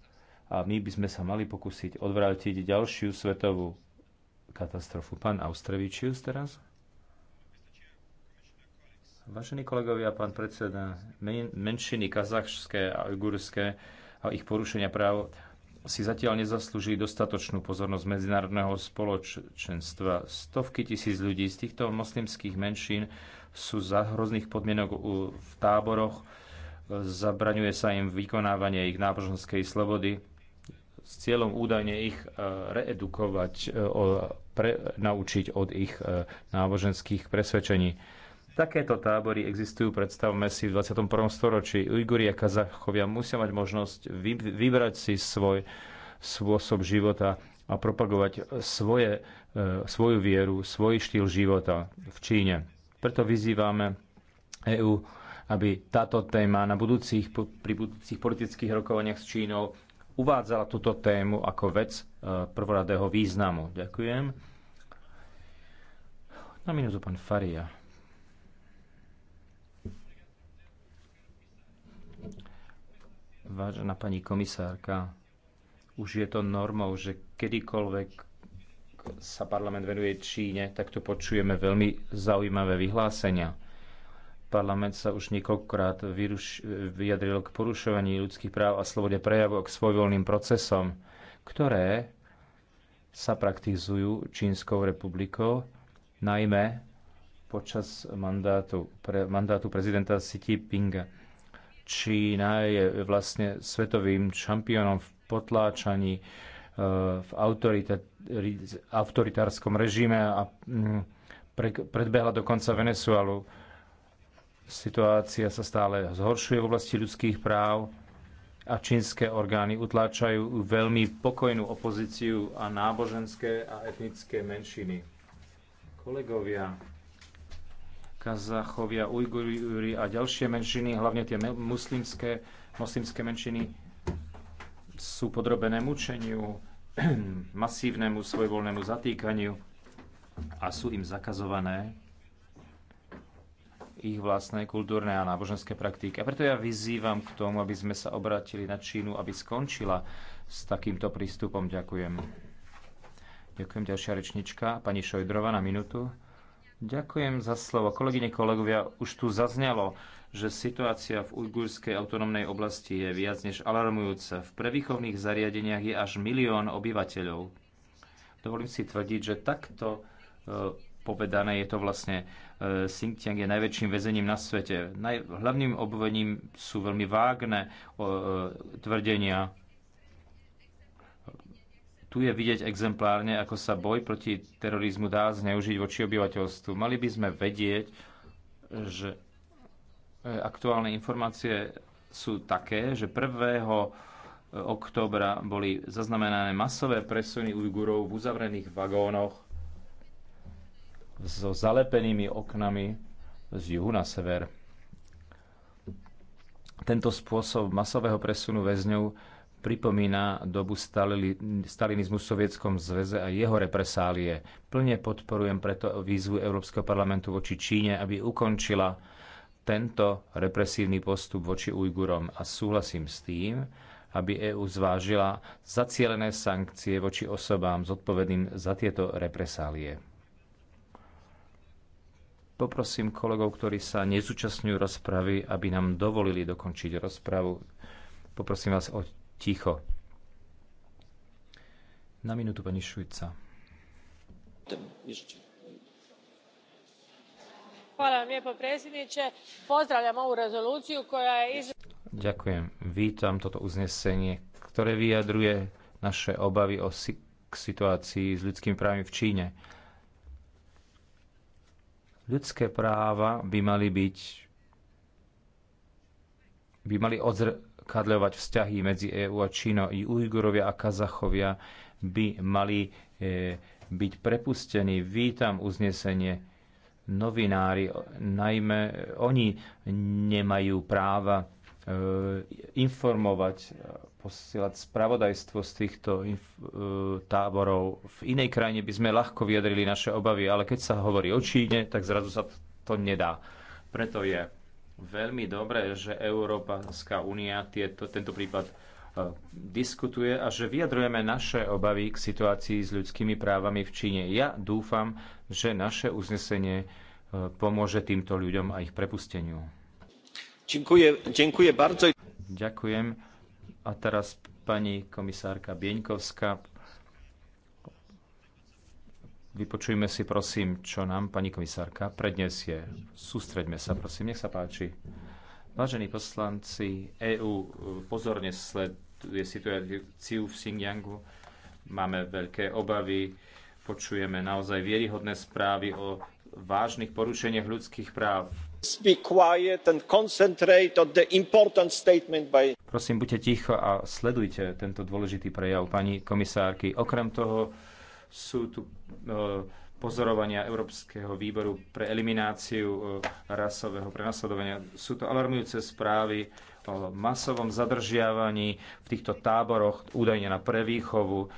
Speaker 2: a my by sme sa mali pokúsiť odvrátiť ďalšiu svetovú katastrofu. Pán Austrevičius teraz. Vážení kolegovia, pán predseda, menšiny kazachské a ujgurské a ich porušenia práv si zatiaľ nezaslúži dostatočnú pozornosť medzinárodného spoločenstva. Stovky tisíc ľudí z týchto moslimských menšín sú za hrozných podmienok v táboroch, zabraňuje sa im vykonávanie ich náboženskej slobody s cieľom údajne ich e, reedukovať, e, pre, naučiť od ich e, náboženských presvedčení Takéto tábory existujú, predstavme si, v 21. storočí. Ujguri a Kazachovia musia mať možnosť vybrať si svoj spôsob života a propagovať svoje, e, svoju vieru, svoj štýl života v Číne. Preto vyzývame EÚ, aby táto téma na budúcich, pri budúcich politických rokovaniach s Čínou uvádzala túto tému ako vec e, prvoradého významu. Ďakujem. Na minútu pán Faria. Vážená pani komisárka, už je to normou, že kedykoľvek sa parlament venuje Číne, tak tu počujeme veľmi zaujímavé vyhlásenia. Parlament sa už niekoľkokrát vyjadril k porušovaní ľudských práv a slobode prejavu a k svojvoľným procesom, ktoré sa praktizujú Čínskou republikou, najmä počas mandátu, pre, mandátu prezidenta Xi Jinpinga. Čína je vlastne svetovým šampiónom v potláčaní e, v autoritárskom režime a mm, predbehla dokonca Venezuelu. Situácia sa stále zhoršuje v oblasti ľudských práv a čínske orgány utláčajú veľmi pokojnú opozíciu a náboženské a etnické menšiny. Kolegovia, Kazachovia, Ujguri a ďalšie menšiny, hlavne tie muslimské, muslimské menšiny, sú podrobené mučeniu, masívnemu svojvoľnému zatýkaniu a sú im zakazované ich vlastné kultúrne a náboženské praktiky. A preto ja vyzývam k tomu, aby sme sa obratili na Čínu, aby skončila s takýmto prístupom. Ďakujem. Ďakujem. Ďalšia rečnička, pani Šojdrova na minútu. Ďakujem za slovo. Kolegyne, kolegovia, už tu zaznelo, že situácia v ujgurskej autonómnej oblasti je viac než alarmujúca. V prevýchovných zariadeniach je až milión obyvateľov. Dovolím si tvrdiť, že takto e, povedané je to vlastne e, Xinjiang je najväčším väzením na svete. Naj, hlavným obvením sú veľmi vágne e, tvrdenia tu je vidieť exemplárne, ako sa boj proti terorizmu dá zneužiť voči obyvateľstvu. Mali by sme vedieť, že e, aktuálne informácie sú také, že 1. E, októbra boli zaznamenané masové presuny Ujgurov v uzavrených vagónoch so zalepenými oknami z juhu na sever. Tento spôsob masového presunu väzňov pripomína dobu stalinizmu v Sovietskom zväze a jeho represálie. Plne podporujem preto výzvu Európskeho parlamentu voči Číne, aby ukončila tento represívny postup voči Ujgurom a súhlasím s tým, aby EÚ zvážila zacielené sankcie voči osobám zodpovedným za tieto represálie. Poprosím kolegov, ktorí sa nezúčastňujú rozpravy, aby nám dovolili dokončiť rozpravu. Poprosím vás o ticho. Na minútu pani Šujca.
Speaker 6: Hvala vam lijepo predsjedniče. Pozdravljam ovu
Speaker 7: rezoluciju koja je iz...
Speaker 2: Ďakujem. Vítam toto uznesenie, ktoré vyjadruje naše obavy o si- k situácii s ľudskými právami v Číne. Ľudské práva by mali byť by mali odzr- kadľovať vzťahy medzi EÚ a Čínou. I Ujgurovia a Kazachovia by mali e, byť prepustení. Vítam uznesenie novinári, najmä oni nemajú práva e, informovať, posielať spravodajstvo z týchto e, táborov. V inej krajine by sme ľahko vyjadrili naše obavy, ale keď sa hovorí o Číne, tak zrazu sa to nedá. Preto je veľmi dobré, že Európska únia tieto, tento prípad e, diskutuje a že vyjadrujeme naše obavy k situácii s ľudskými právami v Číne. Ja dúfam, že naše uznesenie e, pomôže týmto ľuďom a ich prepusteniu. Ďakujem, ďakujem bardzo. Ďakujem. A teraz pani komisárka Bieňkovská, Vypočujme si prosím, čo nám pani komisárka predniesie. Sústreďme sa prosím, nech sa páči. Vážení poslanci, EÚ eh, pozorne sleduje situáciu v Xinjiangu. Máme veľké obavy, počujeme naozaj vieryhodné správy o vážnych porušeniach ľudských práv. By... Prosím, buďte ticho a sledujte tento dôležitý prejav pani komisárky. Okrem toho, sú tu e, pozorovania Európskeho výboru pre elimináciu e, rasového prenasledovania. Sú to alarmujúce správy o masovom zadržiavaní v týchto táboroch, údajne na prevýchovu e,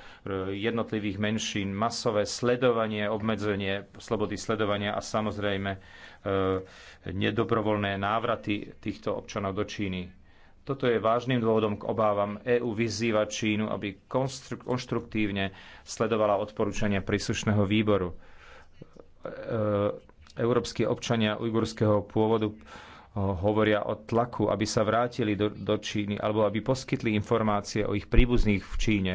Speaker 2: jednotlivých menšín, masové sledovanie, obmedzenie slobody sledovania a samozrejme nedobrovoľné návraty týchto občanov do Číny. Toto je vážnym dôvodom k obávam. EÚ vyzýva Čínu, aby konštruktívne sledovala odporúčania príslušného výboru. E, e, európsky občania ujgurského pôvodu e, hovoria o tlaku, aby sa vrátili do, do Číny alebo aby poskytli informácie o ich príbuzných v Číne.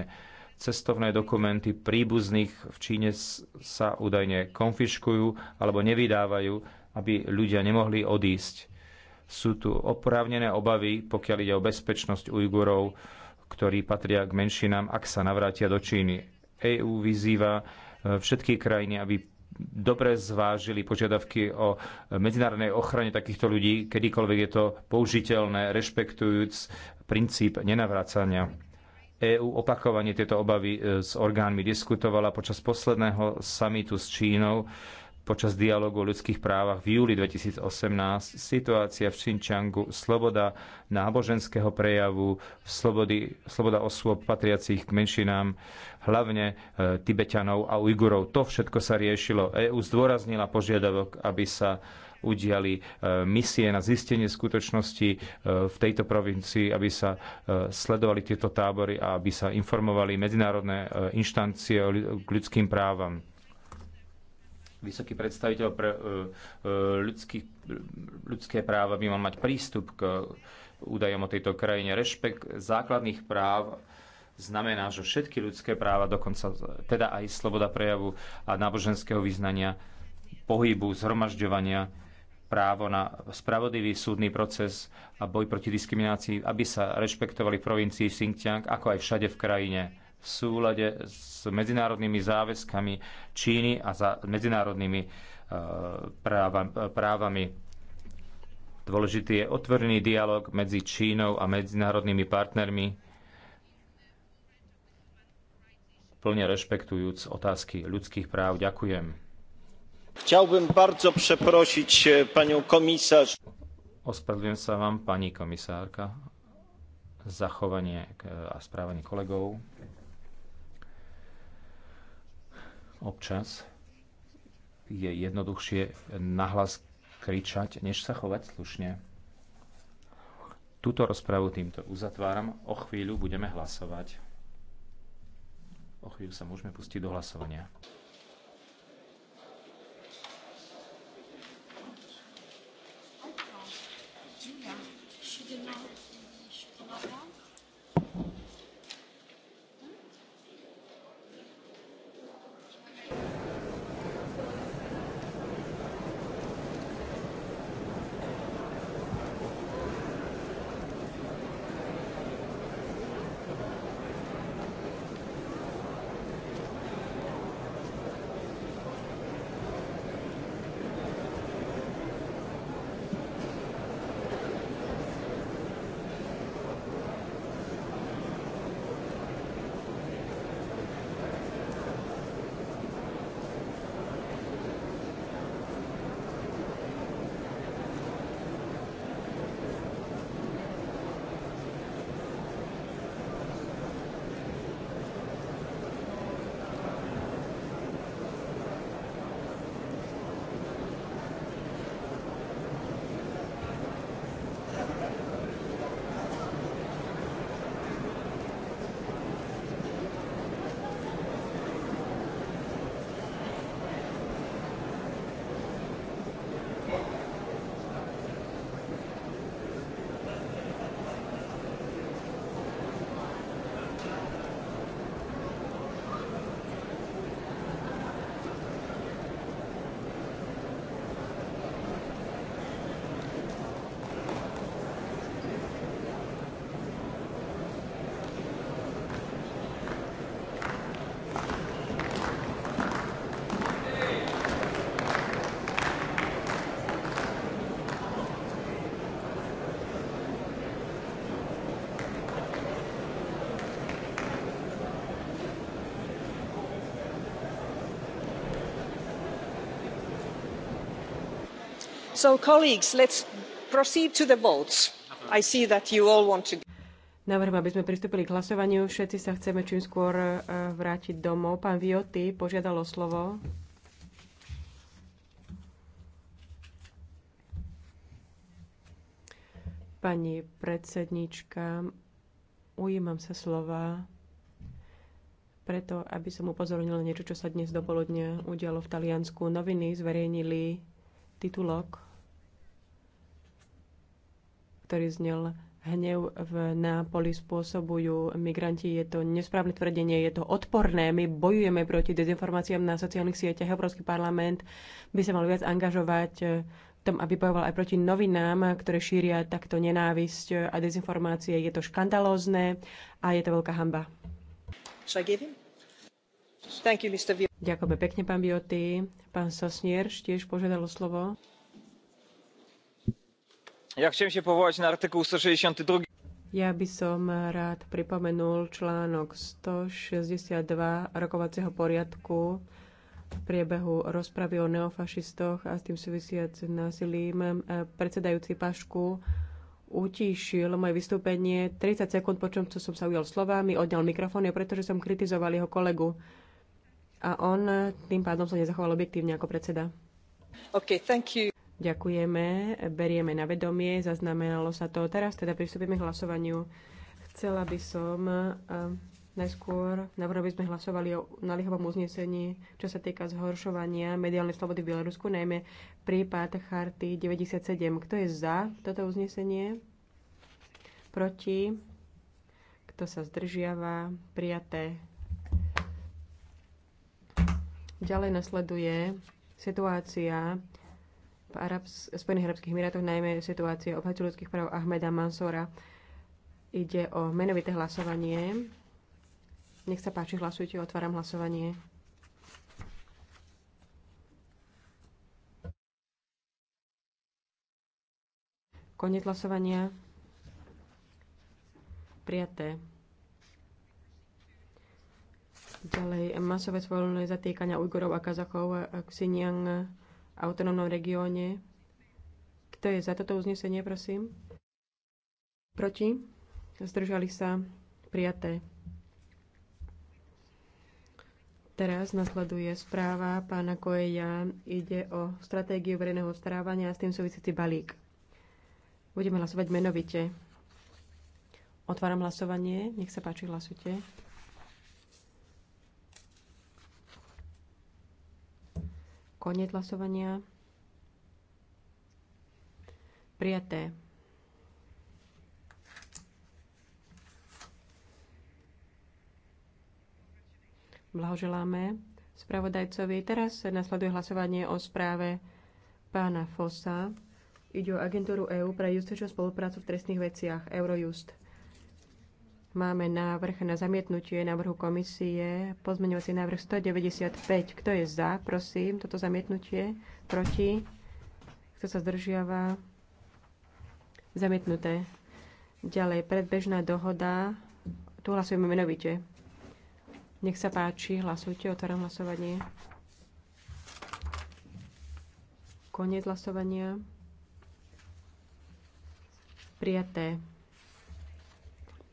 Speaker 2: Cestovné dokumenty príbuzných v Číne sa údajne konfiškujú alebo nevydávajú, aby ľudia nemohli odísť sú tu oprávnené obavy, pokiaľ ide o bezpečnosť Ujgurov, ktorí patria k menšinám, ak sa navrátia do Číny. EÚ vyzýva e, všetky krajiny, aby dobre zvážili požiadavky o medzinárodnej ochrane takýchto ľudí, kedykoľvek je to použiteľné, rešpektujúc princíp nenavrácania. EÚ opakovane tieto obavy e, s orgánmi diskutovala počas posledného samitu s Čínou počas dialogu o ľudských právach v júli 2018, situácia v Xinjiangu, sloboda náboženského prejavu, slobody, sloboda osôb patriacich k menšinám, hlavne e, Tibetanov a Ujgurov. To všetko sa riešilo. EÚ zdôraznila požiadavok, aby sa udiali e, misie na zistenie skutočnosti e, v tejto provincii, aby sa e, sledovali tieto tábory a aby sa informovali medzinárodné inštancie k ľudským právam vysoký predstaviteľ pre e, e, ľudský, ľudské práva by mal mať prístup k údajom o tejto krajine. Rešpekt základných práv znamená, že všetky ľudské práva, dokonca teda aj sloboda prejavu a náboženského vyznania, pohybu, zhromažďovania, právo na spravodlivý súdny proces a boj proti diskriminácii, aby sa rešpektovali v provincii Xinjiang, ako aj všade v krajine v súlade s medzinárodnými záväzkami Číny a za medzinárodnými e, práva, právami. Dôležitý je otvorený dialog medzi Čínou a medzinárodnými partnermi, plne rešpektujúc otázky ľudských práv. Ďakujem. Chciałbym bardzo przeprosić e, panią komisarz. Ospravedlňujem sa vám, pani komisárka, za chovanie a správanie kolegov. Občas je jednoduchšie nahlas kričať, než sa chovať slušne. Túto rozpravu týmto uzatváram. O chvíľu budeme hlasovať. O chvíľu sa môžeme pustiť do hlasovania.
Speaker 5: colleagues, let's proceed to the votes. I see that you all want to...
Speaker 6: Navrhujem, aby sme pristúpili k hlasovaniu. Všetci sa chceme čím skôr e, vrátiť domov. Pán Vioty požiadal o slovo. Pani predsednička, ujímam sa slova preto, aby som upozornila niečo, čo sa dnes dopoludne udialo v Taliansku. Noviny zverejnili titulok ktorý znel hnev v Nápoli spôsobujú migranti. Je to nesprávne tvrdenie, je to odporné. My bojujeme proti dezinformáciám na sociálnych sieťach. Európsky parlament by sa mal viac angažovať v tom, aby bojoval aj proti novinám, ktoré šíria takto nenávisť a dezinformácie. Je to škandalózne a je to veľká hamba. Ďakujeme pekne, pán Bioty. Pán Sosnierš tiež požiadalo slovo.
Speaker 2: Ja chcem sa povolať na artikul 162.
Speaker 6: Ja by som rád pripomenul článok 162 rokovacieho poriadku v priebehu rozpravy o neofašistoch a s tým súvisiac násilím. Predsedajúci Pašku utíšil moje vystúpenie 30 sekúnd, po čom som sa ujal slovami, odňal mikrofón, pretože som kritizoval jeho kolegu. A on tým pádom sa nezachoval objektívne ako predseda. Okay, thank you. Ďakujeme, berieme na vedomie, zaznamenalo sa to. Teraz teda pristúpime k hlasovaniu. Chcela by som e, najskôr, navrhol by sme hlasovali o nalihovom uznesení, čo sa týka zhoršovania mediálnej slobody v Bielorusku, najmä prípad Charty 97. Kto je za toto uznesenie? Proti? Kto sa zdržiava? Prijaté. Ďalej nasleduje situácia v Arabs, Spojených arabských emirátoch, najmä situácie obhajcu ľudských práv Ahmeda Mansora. Ide o menovité hlasovanie. Nech sa páči, hlasujte, otváram hlasovanie. Koniec hlasovania. Prijaté. Ďalej, masové svoľné zatýkania Ujgurov a Kazachov. a Xinjiang autonómnom regióne. Kto je za toto uznesenie, prosím? Proti? Zdržali sa prijaté. Teraz nasleduje správa pána Koeja. Ide o stratégiu verejného starávania a s tým súvisíci balík. Budeme hlasovať menovite. Otváram hlasovanie. Nech sa páči, hlasujte. Koniec hlasovania. Prijaté. Blahoželáme spravodajcovi. Teraz nasleduje hlasovanie o správe pána Fosa. Ide o agentúru EÚ pre justičnú spoluprácu v trestných veciach Eurojust. Máme návrh na zamietnutie návrhu komisie, pozmeňovací návrh 195. Kto je za, prosím, toto zamietnutie? Proti? Kto sa zdržiava? Zamietnuté. Ďalej, predbežná dohoda. Tu hlasujeme menovite. Nech sa páči, hlasujte, otváram hlasovanie. Koniec hlasovania. Prijaté.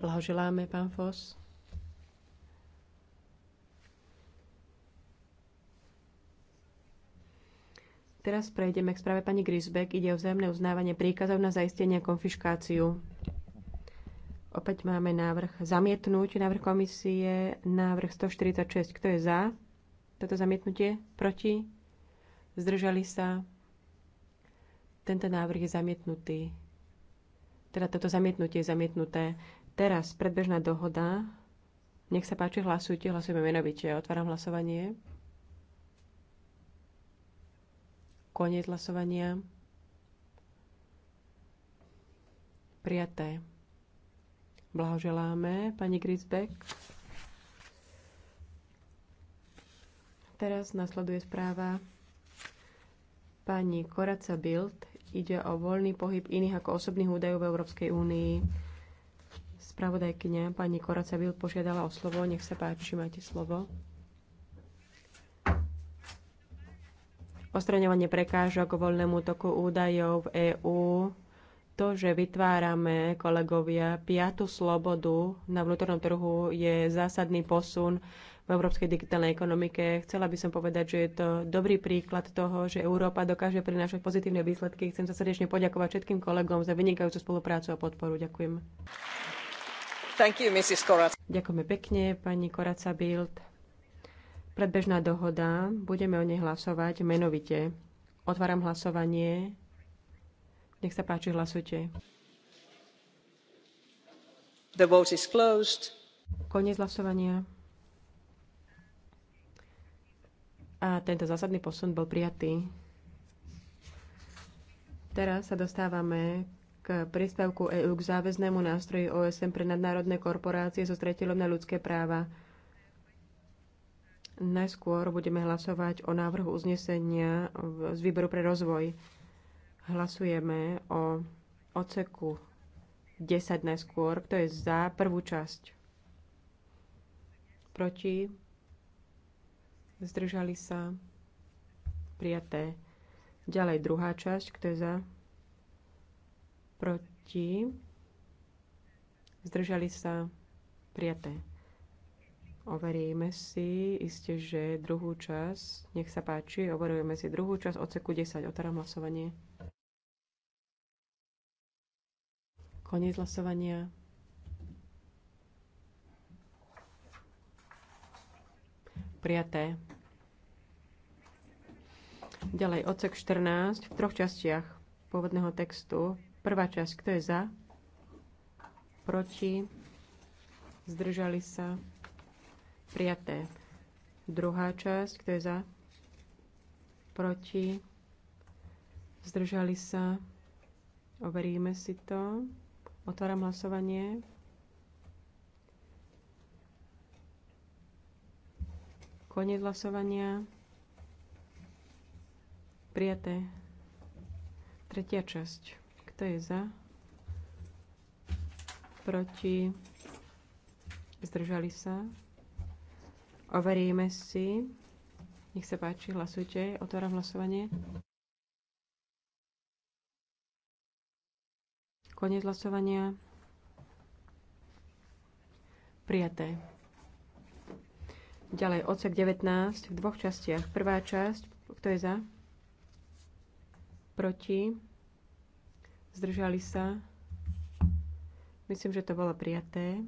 Speaker 6: Blahoželáme, pán Fos. Teraz prejdeme k správe pani Grisbeck. Ide o vzájomné uznávanie príkazov na zaistenie a konfiškáciu. Opäť máme návrh zamietnúť, návrh komisie, návrh 146. Kto je za toto zamietnutie? Proti? Zdržali sa? Tento návrh je zamietnutý. Teda toto zamietnutie je zamietnuté. Teraz predbežná dohoda. Nech sa páči, hlasujte. Hlasujeme menovite. Otváram hlasovanie. Koniec hlasovania. Prijaté. Blahoželáme, pani Grisbeck. Teraz nasleduje správa pani Koraca Bild. Ide o voľný pohyb iných ako osobných údajov v Európskej únii. Spravodajkyňa pani Koraca Vil požiadala o slovo. Nech sa páči, máte slovo. Ostraňovanie prekážok voľnému toku údajov v EÚ to, že vytvárame, kolegovia, piatu slobodu na vnútornom trhu je zásadný posun v európskej digitálnej ekonomike. Chcela by som povedať, že je to dobrý príklad toho, že Európa dokáže prinášať pozitívne výsledky. Chcem sa srdečne poďakovať všetkým kolegom za vynikajúcu spoluprácu a podporu. Ďakujem. You, Ďakujeme pekne, pani Koraca Bild. Predbežná dohoda, budeme o nej hlasovať menovite. Otváram hlasovanie. Nech sa páči, hlasujte.
Speaker 5: The vote is closed.
Speaker 6: Koniec hlasovania. A tento zásadný posun bol prijatý. Teraz sa dostávame k EÚ e k záväznému nástroji OSN pre nadnárodné korporácie so stretilom na ľudské práva. Najskôr budeme hlasovať o návrhu uznesenia z výboru pre rozvoj. Hlasujeme o oceku 10 najskôr. Kto je za prvú časť? Proti? Zdržali sa? Prijaté. Ďalej druhá časť. Kto je za? proti, zdržali sa prijaté. Overíme si iste, že druhú čas, nech sa páči, overujeme si druhú časť odseku 10, otáram hlasovanie. Koniec hlasovania. Prijaté. Ďalej, odsek 14 v troch častiach pôvodného textu Prvá časť, kto je za? Proti? Zdržali sa? Prijaté. Druhá časť, kto je za? Proti? Zdržali sa? Overíme si to. Otváram hlasovanie. Koniec hlasovania. Prijaté. Tretia časť. Kto je za? Proti? Zdržali sa? Overíme si. Nech sa páči, hlasujte. Otváram hlasovanie. Koniec hlasovania. Prijaté. Ďalej, odsek 19 v dvoch častiach. Prvá časť, kto je za? Proti? Zdržali sa. Myslím, že to bolo prijaté.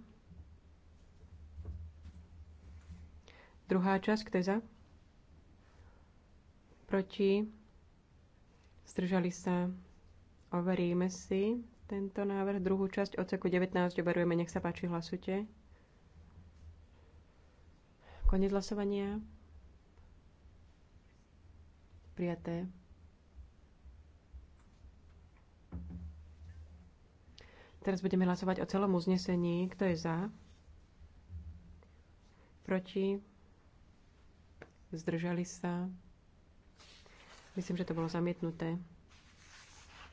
Speaker 6: Druhá časť, kto je za? Proti? Zdržali sa. Overíme si tento návrh. Druhú časť odseku 19 oberujeme, Nech sa páči, hlasujte. Konec hlasovania. Prijaté. Teraz budeme hlasovať o celom uznesení. Kto je za? Proti? Zdržali sa? Myslím, že to bolo zamietnuté.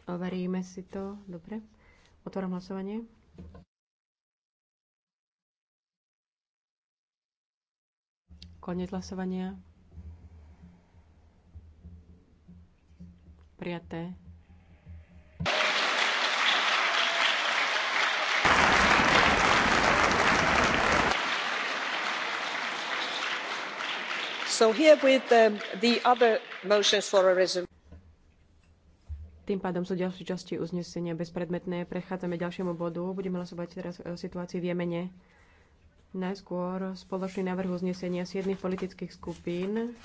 Speaker 6: Overíme si to. Dobre. Otváram hlasovanie. Koniec hlasovania. Prijaté. Um, Tým pádom sú ďalšie časti uznesenia bezpredmetné. Prechádzame ďalšiemu bodu. Budeme hlasovať teraz o situácii v Jemene. Najskôr spoločný návrh uznesenia siedmých politických skupín.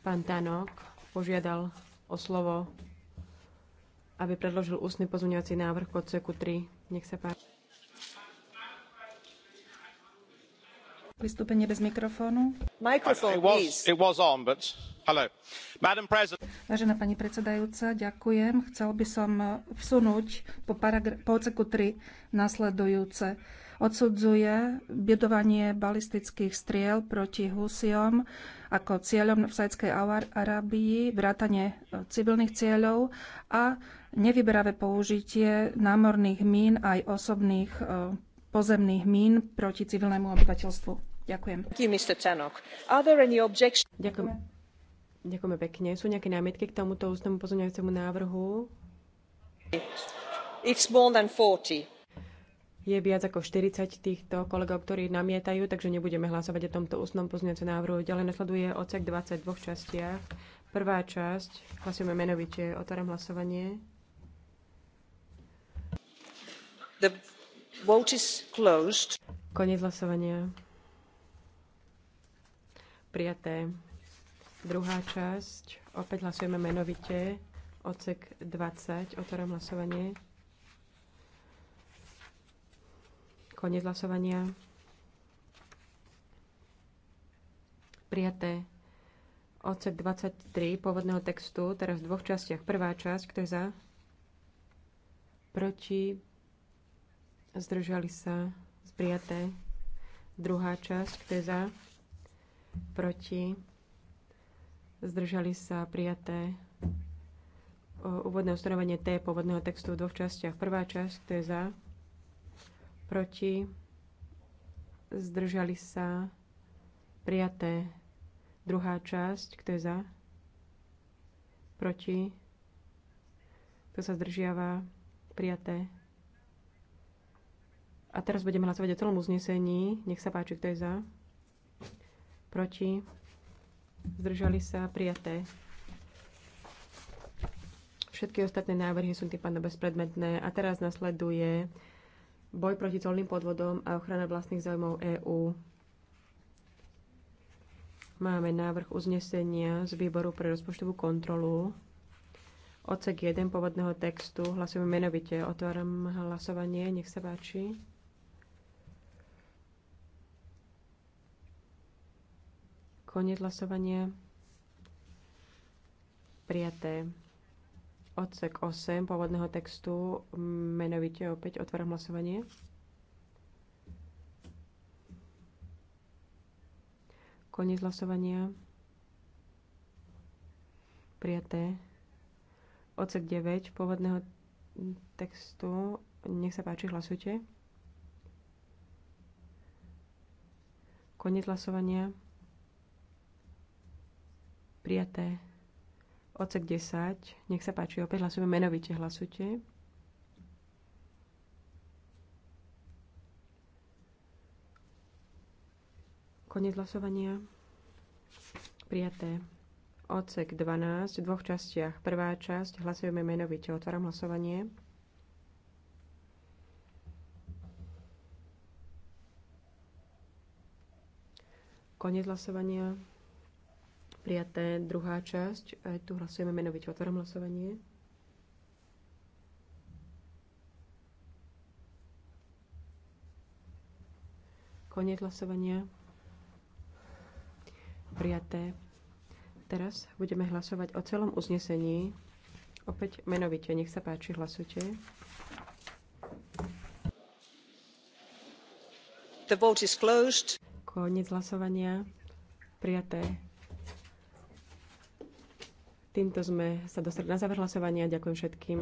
Speaker 6: Pán Tanok požiadal o slovo, aby predložil ústny pozmeňovací návrh k
Speaker 5: odseku 3. Nech sa páči. Vystúpenie bez mikrofónu. Vážená pani predsedajúca, ďakujem. Chcel by som eh, vsunúť po, paragra- po 3 nasledujúce. Odsudzuje budovanie balistických striel proti Húsiom ako cieľom v Sajdskej Arábii, vrátanie eh, civilných cieľov a nevyberavé použitie námorných mín aj osobných eh, pozemných mín proti civilnému obyvateľstvu. Ďakujem.
Speaker 6: Ďakujeme pekne. Sú nejaké námietky k tomuto ústnemu pozorňujúcemu návrhu?
Speaker 5: It's more than 40.
Speaker 6: Je viac ako 40 týchto kolegov, ktorí namietajú, takže nebudeme hlasovať o tomto ústnom pozorňujúcom návrhu. Ďalej nasleduje odsek 20 častiach. Prvá časť, hlasujeme menovite, otváram hlasovanie.
Speaker 5: The vote is closed.
Speaker 6: Konec hlasovania. Prijaté. Druhá časť. Opäť hlasujeme menovite. Ocek 20. Otváram hlasovanie. Koniec hlasovania. Prijaté. Ocek 23 pôvodného textu, teraz v dvoch častiach. Prvá časť, kto je za? Proti? Zdržali sa? Prijaté. Druhá časť, kto je za? proti, zdržali sa prijaté úvodné ustanovenie T pôvodného textu v dvoch častiach. Prvá časť, kto je za, proti, zdržali sa prijaté. Druhá časť, kto je za, proti, kto sa zdržiava, prijaté. A teraz budeme hlasovať o celom uznesení. Nech sa páči, kto je za proti, zdržali sa, prijaté. Všetky ostatné návrhy sú tým pádom bezpredmetné a teraz nasleduje boj proti colným podvodom a ochrana vlastných záujmov EÚ. Máme návrh uznesenia z výboru pre rozpočtovú kontrolu. Odsek 1 pôvodného textu. Hlasujeme menovite. Otváram hlasovanie. Nech sa páči. Koniec hlasovania. Prijaté. Odsek 8 pôvodného textu, menovite opäť otváram hlasovanie. Koniec hlasovania. Prijaté. Odsek 9 pôvodného textu, nech sa páči, hlasujte. Koniec hlasovania prijaté. Odsek 10. Nech sa páči, opäť hlasujeme menovite. Hlasujte. Konec hlasovania. Prijaté. Odsek 12 v dvoch častiach. Prvá časť hlasujeme menovite. Otváram hlasovanie. Konec hlasovania. Prijaté druhá časť. Aj tu hlasujeme menovite. Otváram hlasovanie. Koniec hlasovania. Prijaté. Teraz budeme hlasovať o celom uznesení. Opäť menovite. Nech sa páči, hlasujte.
Speaker 5: The vote is closed.
Speaker 6: Koniec hlasovania. Prijaté Týmto sme sa dostali na záver hlasovania. Ďakujem všetkým.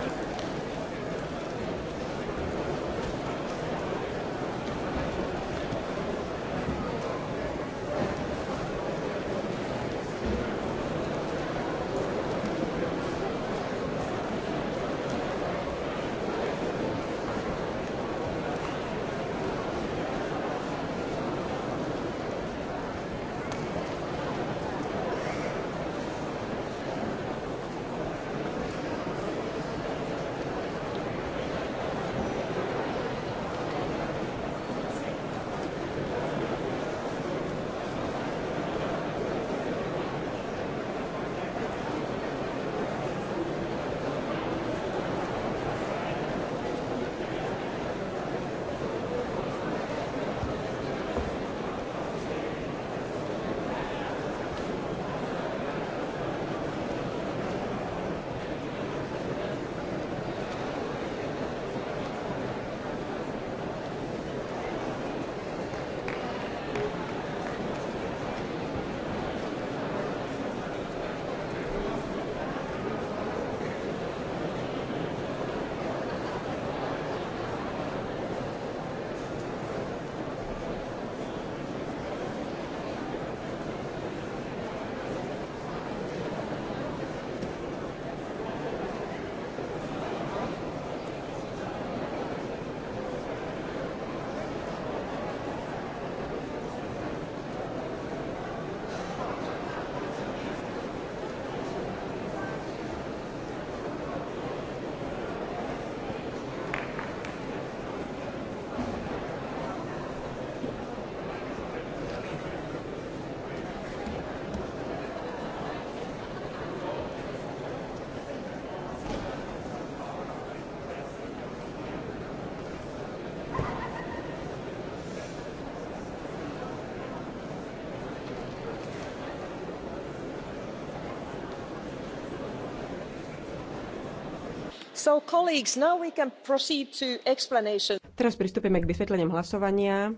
Speaker 6: Teraz pristúpime k vysvetleniam hlasovania.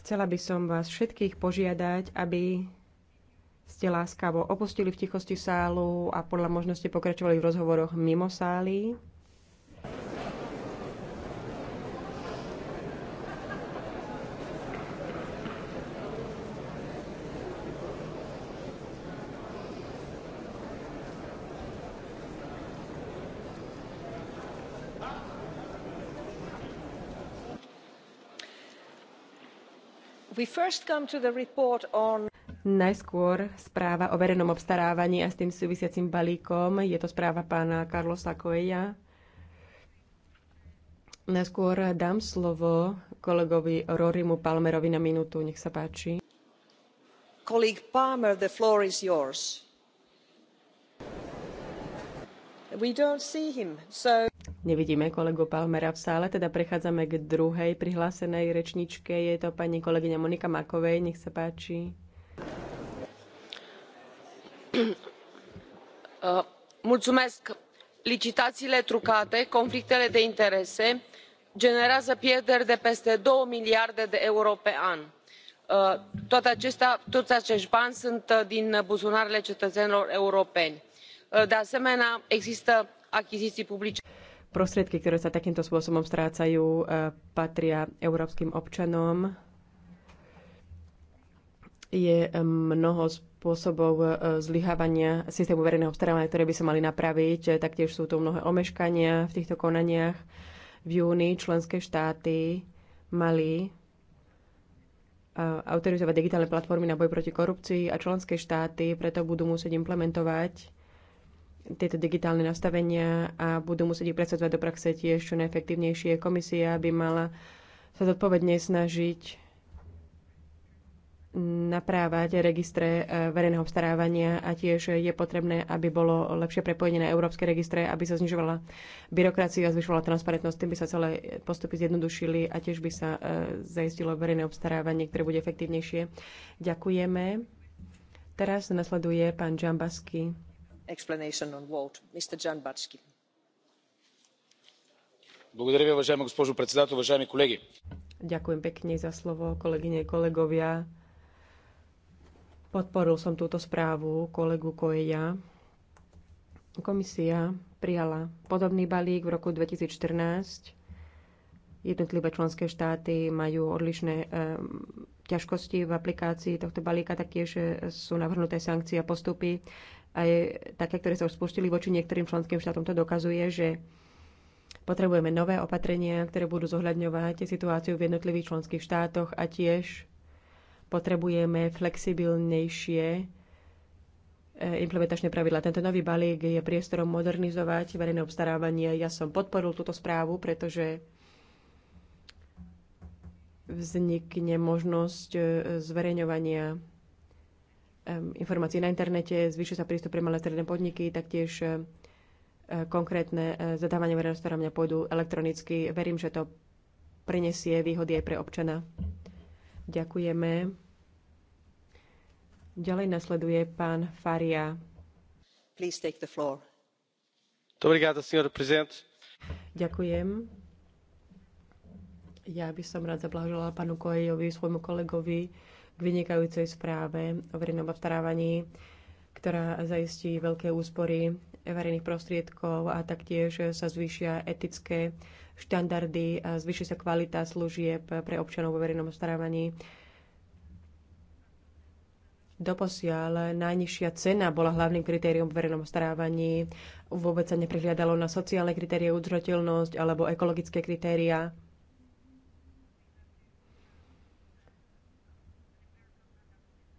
Speaker 6: Chcela by som vás všetkých požiadať, aby ste láskavo opustili v tichosti sálu a podľa možnosti pokračovali v rozhovoroch mimo sály. Najskôr správa o verejnom obstarávaní a s tým súvisiacím balíkom. Je to správa pána Carlosa Coelha. Najskôr dám slovo kolegovi Rorimu Palmerovi na minútu. Nech sa páči.
Speaker 5: Colleague Palmer, the floor is yours.
Speaker 4: We don't see him, so...
Speaker 6: Nevidíme kolegu Palmera v sále, teda prechádzame k druhej prihlásenej rečničke. Je to pani kolegyňa Monika Makovej, nech sa páči.
Speaker 4: Uh, mulțumesc. Licitațiile trucate, conflictele de interese generează pierderi de peste 2 miliarde de euro pe an. Uh, toate acestea, toți acești bani sunt uh, din buzunarele cetățenilor europeni. De asemenea, există achiziții publice.
Speaker 6: Prostriedky, ktoré sa takýmto spôsobom strácajú, e, patria európskym občanom. Je e, mnoho spôsobov e, zlyhávania systému verejného obstarávania, ktoré by sa mali napraviť. Taktiež sú tu mnohé omeškania v týchto konaniach. V júni členské štáty mali autorizovať digitálne platformy na boj proti korupcii a členské štáty preto budú musieť implementovať tieto digitálne nastavenia a budú musieť ich presadzovať do praxe tiež čo najefektívnejšie. Komisia by mala sa zodpovedne snažiť naprávať registre eh, verejného obstarávania a tiež je potrebné, aby bolo lepšie prepojenie na európske registre, aby sa znižovala byrokracia a zvyšovala transparentnosť. Tým by sa celé postupy zjednodušili a tiež by sa eh, zaistilo verejné obstarávanie, ktoré bude efektívnejšie. Ďakujeme. Teraz nasleduje pán Džambasky
Speaker 2: госпожо председател уважаеми колеги
Speaker 6: ďakujem pekne za slovo kolegovia podporil som túto správu kolegu coelha komisia prijala podobný balík v roku 2014 jednotlivé členské štáty majú odlišné ehm, ťažkosti v aplikácii tohto balíka, taktiež sú navrhnuté sankcie a postupy aj také, ktoré sa už spustili voči niektorým členským štátom. To dokazuje, že potrebujeme nové opatrenia, ktoré budú zohľadňovať situáciu v jednotlivých členských štátoch a tiež potrebujeme flexibilnejšie e, implementačné pravidla. Tento nový balík je priestorom modernizovať verejné obstarávanie. Ja som podporil túto správu, pretože vznikne možnosť e, zverejňovania informácií na internete, zvyšuje sa prístup pre malé stredné podniky, taktiež konkrétne e, zadávania verejného starania pôjdu elektronicky. Verím, že to prinesie výhody aj pre občana. Ďakujeme. Ďalej nasleduje pán Faria.
Speaker 4: Please take the floor. Obrigado, senhor presidente.
Speaker 6: Ďakujem. Ja by som rád zablahoželala pánu Kojejovi, svojmu kolegovi, k vynikajúcej správe o verejnom obstarávaní, ktorá zaistí veľké úspory verejných prostriedkov a taktiež sa zvýšia etické štandardy a zvýši sa kvalita služieb pre občanov vo verejnom starávaní. Doposiaľ najnižšia cena bola hlavným kritériom v verejnom starávaní. Vôbec sa neprihliadalo na sociálne kritérie, udržateľnosť alebo ekologické kritéria.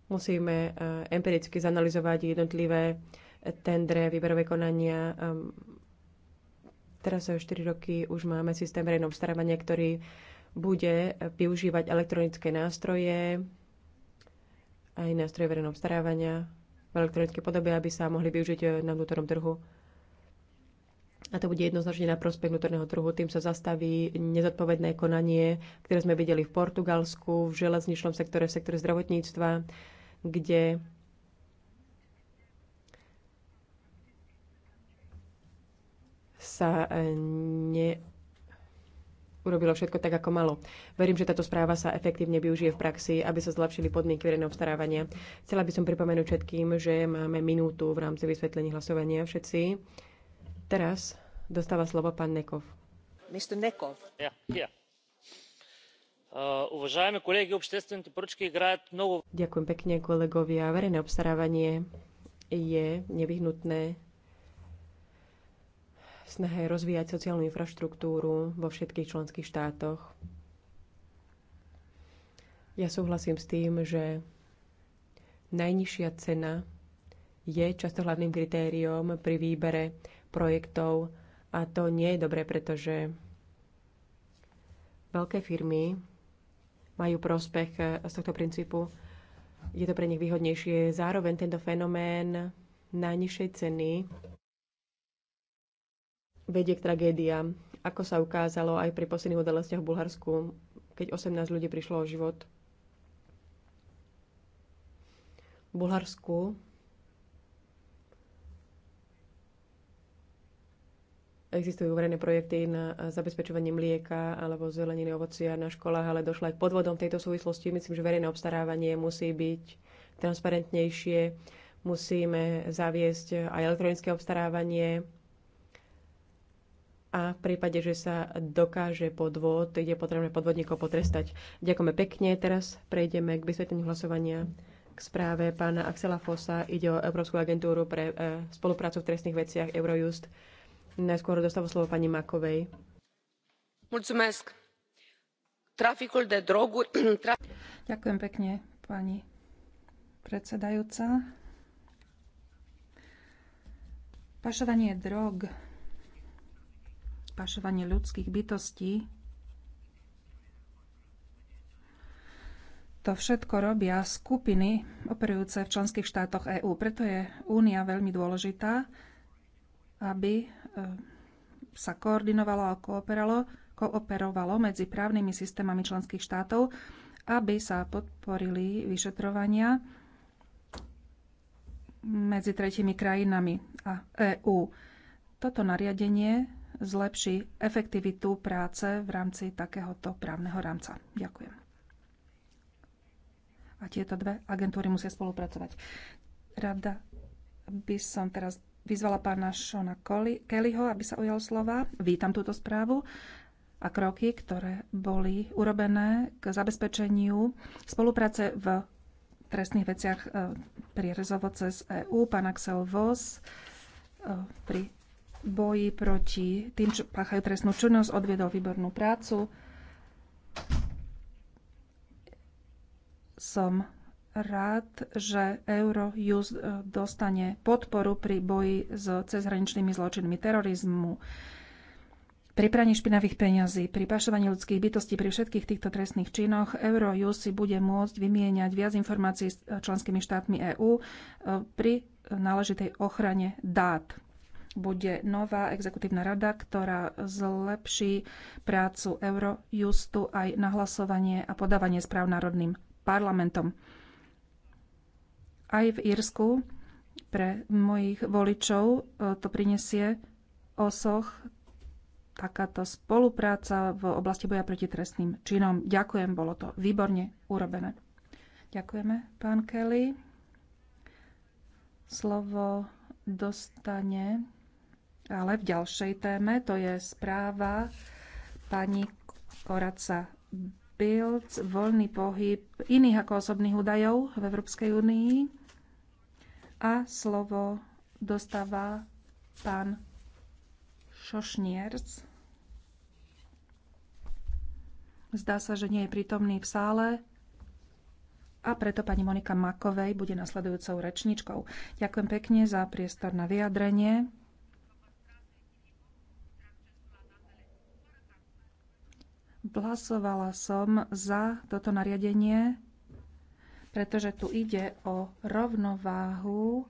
Speaker 6: Musíme e, empiricky zanalizovať jednotlivé tendre, výberové konania. Ehm, teraz 4 roky už máme systém verejného obstarávania, ktorý bude e, využívať elektronické nástroje, aj nástroje verejného obstarávania v elektronickej podobe, aby sa mohli využiť e, na vnútornom trhu. A to bude jednoznačne na prospech vnútorného trhu. Tým sa zastaví nezodpovedné konanie, ktoré sme videli v Portugalsku, v železničnom sektore, v sektore zdravotníctva kde sa e, ne urobilo všetko tak, ako malo. Verím, že táto správa sa efektívne využije v praxi, aby sa zlepšili podmienky verejného obstarávania. Chcela by som pripomenúť všetkým, že máme minútu v rámci vysvetlení hlasovania všetci. Teraz dostáva slovo pán Nekov.
Speaker 2: Mr. Nekov. Yeah, yeah. Ďakujem
Speaker 6: pekne kolegovia. Verejné obstarávanie je nevyhnutné v snahe rozvíjať sociálnu infraštruktúru vo všetkých členských štátoch. Ja súhlasím s tým, že najnižšia cena je často hlavným kritériom pri výbere projektov a to nie je dobré, pretože veľké firmy majú prospech e, z tohto princípu. Je to pre nich výhodnejšie. Zároveň tento fenomén najnižšej ceny vedie k tragédiám, ako sa ukázalo aj pri posledných udalostiach v Bulharsku, keď 18 ľudí prišlo o život. V Bulharsku Existujú verejné projekty na zabezpečovanie mlieka alebo zeleniny ovocia na školách, ale došlo aj k podvodom v tejto súvislosti. Myslím, že verejné obstarávanie musí byť transparentnejšie. Musíme zaviesť aj elektronické obstarávanie. A v prípade, že sa dokáže podvod, je potrebné podvodníkov potrestať. Ďakujeme pekne. Teraz prejdeme k vysvetleniu hlasovania k správe pána Axela Fosa. Ide o Európsku agentúru pre e, spoluprácu v trestných veciach Eurojust. Najskôr dostávam slovo pani Makovej.
Speaker 5: Mulțumesc. Traficul de droguri... Ďakujem pekne, pani predsedajúca. Pašovanie drog, pašovanie ľudských bytostí, To všetko robia skupiny operujúce v členských štátoch EÚ. Preto je únia veľmi dôležitá aby e, sa koordinovalo a kooperalo, kooperovalo medzi právnymi systémami členských štátov, aby sa podporili vyšetrovania medzi tretimi krajinami a EÚ. Toto nariadenie zlepší efektivitu práce v rámci takéhoto právneho rámca. Ďakujem. A tieto dve agentúry musia spolupracovať. Rada by som teraz vyzvala pána Šona Kellyho, aby sa ujal slova. Vítam túto správu a kroky, ktoré boli urobené k zabezpečeniu spolupráce v trestných veciach e, rezovo cez EU. Pán Axel Vos e, pri boji proti tým, čo páchajú trestnú činnosť, odviedol výbornú prácu. Som rád, že Eurojust e, dostane podporu pri boji s cezhraničnými zločinmi terorizmu, pri praní špinavých peňazí, pri pašovaní ľudských bytostí, pri všetkých týchto trestných činoch Eurojust si bude môcť vymieňať viac informácií s e, členskými štátmi EÚ e, pri náležitej ochrane dát. Bude nová exekutívna rada, ktorá zlepší prácu Eurojustu aj nahlasovanie a podávanie správ národným parlamentom. Aj v Írsku pre mojich voličov e, to prinesie osoch takáto spolupráca v oblasti boja proti trestným činom. Ďakujem, bolo to výborne urobené. Ďakujeme, pán Kelly. Slovo dostane, ale v ďalšej téme, to je správa pani Koraca Bild, voľný pohyb iných ako osobných údajov v Európskej únii. A slovo dostáva pán Šošnierc. Zdá sa, že nie je prítomný v sále a preto pani Monika Makovej bude nasledujúcou rečničkou. Ďakujem pekne za priestor na vyjadrenie. Hlasovala som za toto nariadenie pretože tu ide o rovnováhu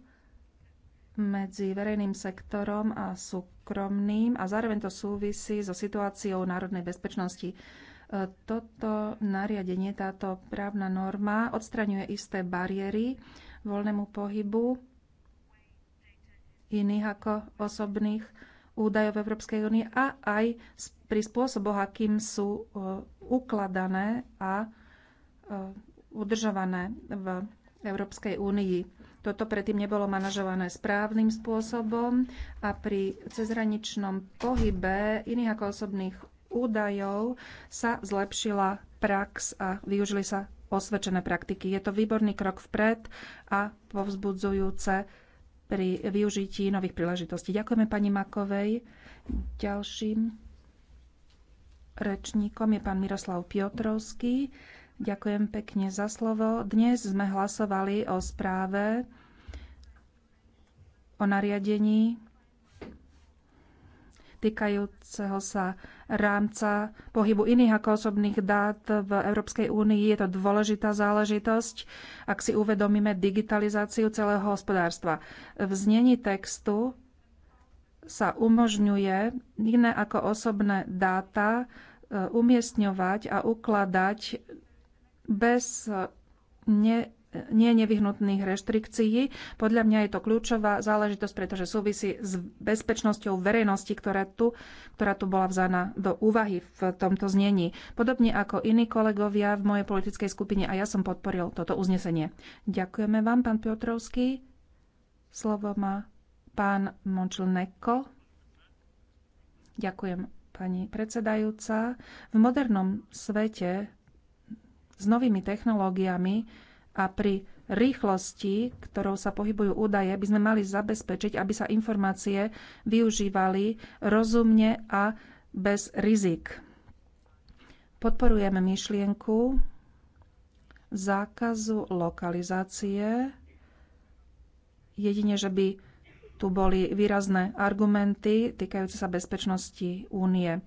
Speaker 5: medzi verejným sektorom a súkromným a zároveň to súvisí so situáciou národnej bezpečnosti. E, toto nariadenie, táto právna norma odstraňuje isté bariéry voľnému pohybu iných ako osobných údajov v Európskej únie a aj pri spôsoboch, akým sú e, ukladané a e, udržované v Európskej únii. Toto predtým nebolo manažované správnym spôsobom a pri cezhraničnom pohybe iných ako osobných údajov sa zlepšila prax a využili sa osvedčené praktiky. Je to výborný krok vpred a povzbudzujúce pri využití nových príležitostí. Ďakujeme pani Makovej. Ďalším rečníkom je pán Miroslav Piotrovský Ďakujem pekne za slovo. Dnes sme hlasovali o správe o nariadení týkajúceho sa rámca pohybu iných ako osobných dát v Európskej únii. Je to dôležitá záležitosť, ak si uvedomíme digitalizáciu celého hospodárstva. V znení textu sa umožňuje iné ako osobné dáta e, umiestňovať a ukladať bez ne, nie nevyhnutných reštrikcií. Podľa mňa je to kľúčová záležitosť, pretože súvisí s bezpečnosťou verejnosti, ktorá tu, ktorá tu bola vzaná do úvahy v tomto znení. Podobne ako iní kolegovia v mojej politickej skupine a ja som podporil toto uznesenie. Ďakujeme vám, pán Piotrovský. Slovo má pán Mončlneko. Ďakujem, pani predsedajúca. V modernom svete s novými technológiami a pri rýchlosti, ktorou sa pohybujú údaje, by sme mali zabezpečiť, aby sa informácie využívali rozumne a bez rizik. Podporujeme myšlienku zákazu lokalizácie, jedine, že by tu boli výrazné argumenty týkajúce sa bezpečnosti únie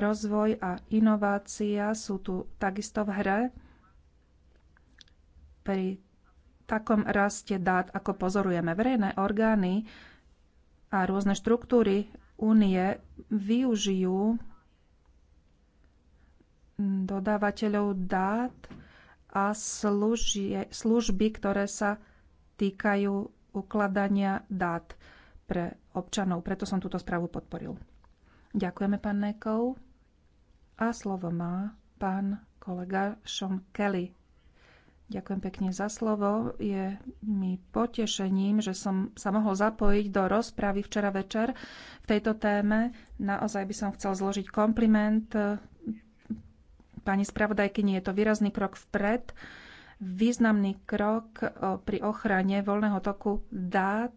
Speaker 5: rozvoj a inovácia sú tu takisto v hre pri takom raste dát, ako pozorujeme. Verejné orgány a rôzne štruktúry únie využijú dodávateľov dát a služie, služby, ktoré sa týkajú ukladania dát pre občanov. Preto som túto správu podporil. Ďakujeme, pán Nekov. A slovo má pán kolega Sean Kelly. Ďakujem pekne za slovo. Je mi potešením, že som sa mohol zapojiť do rozpravy včera večer v tejto téme. Naozaj by som chcel zložiť kompliment pani spravodajkyni. Je to výrazný krok vpred, významný krok pri ochrane voľného toku dát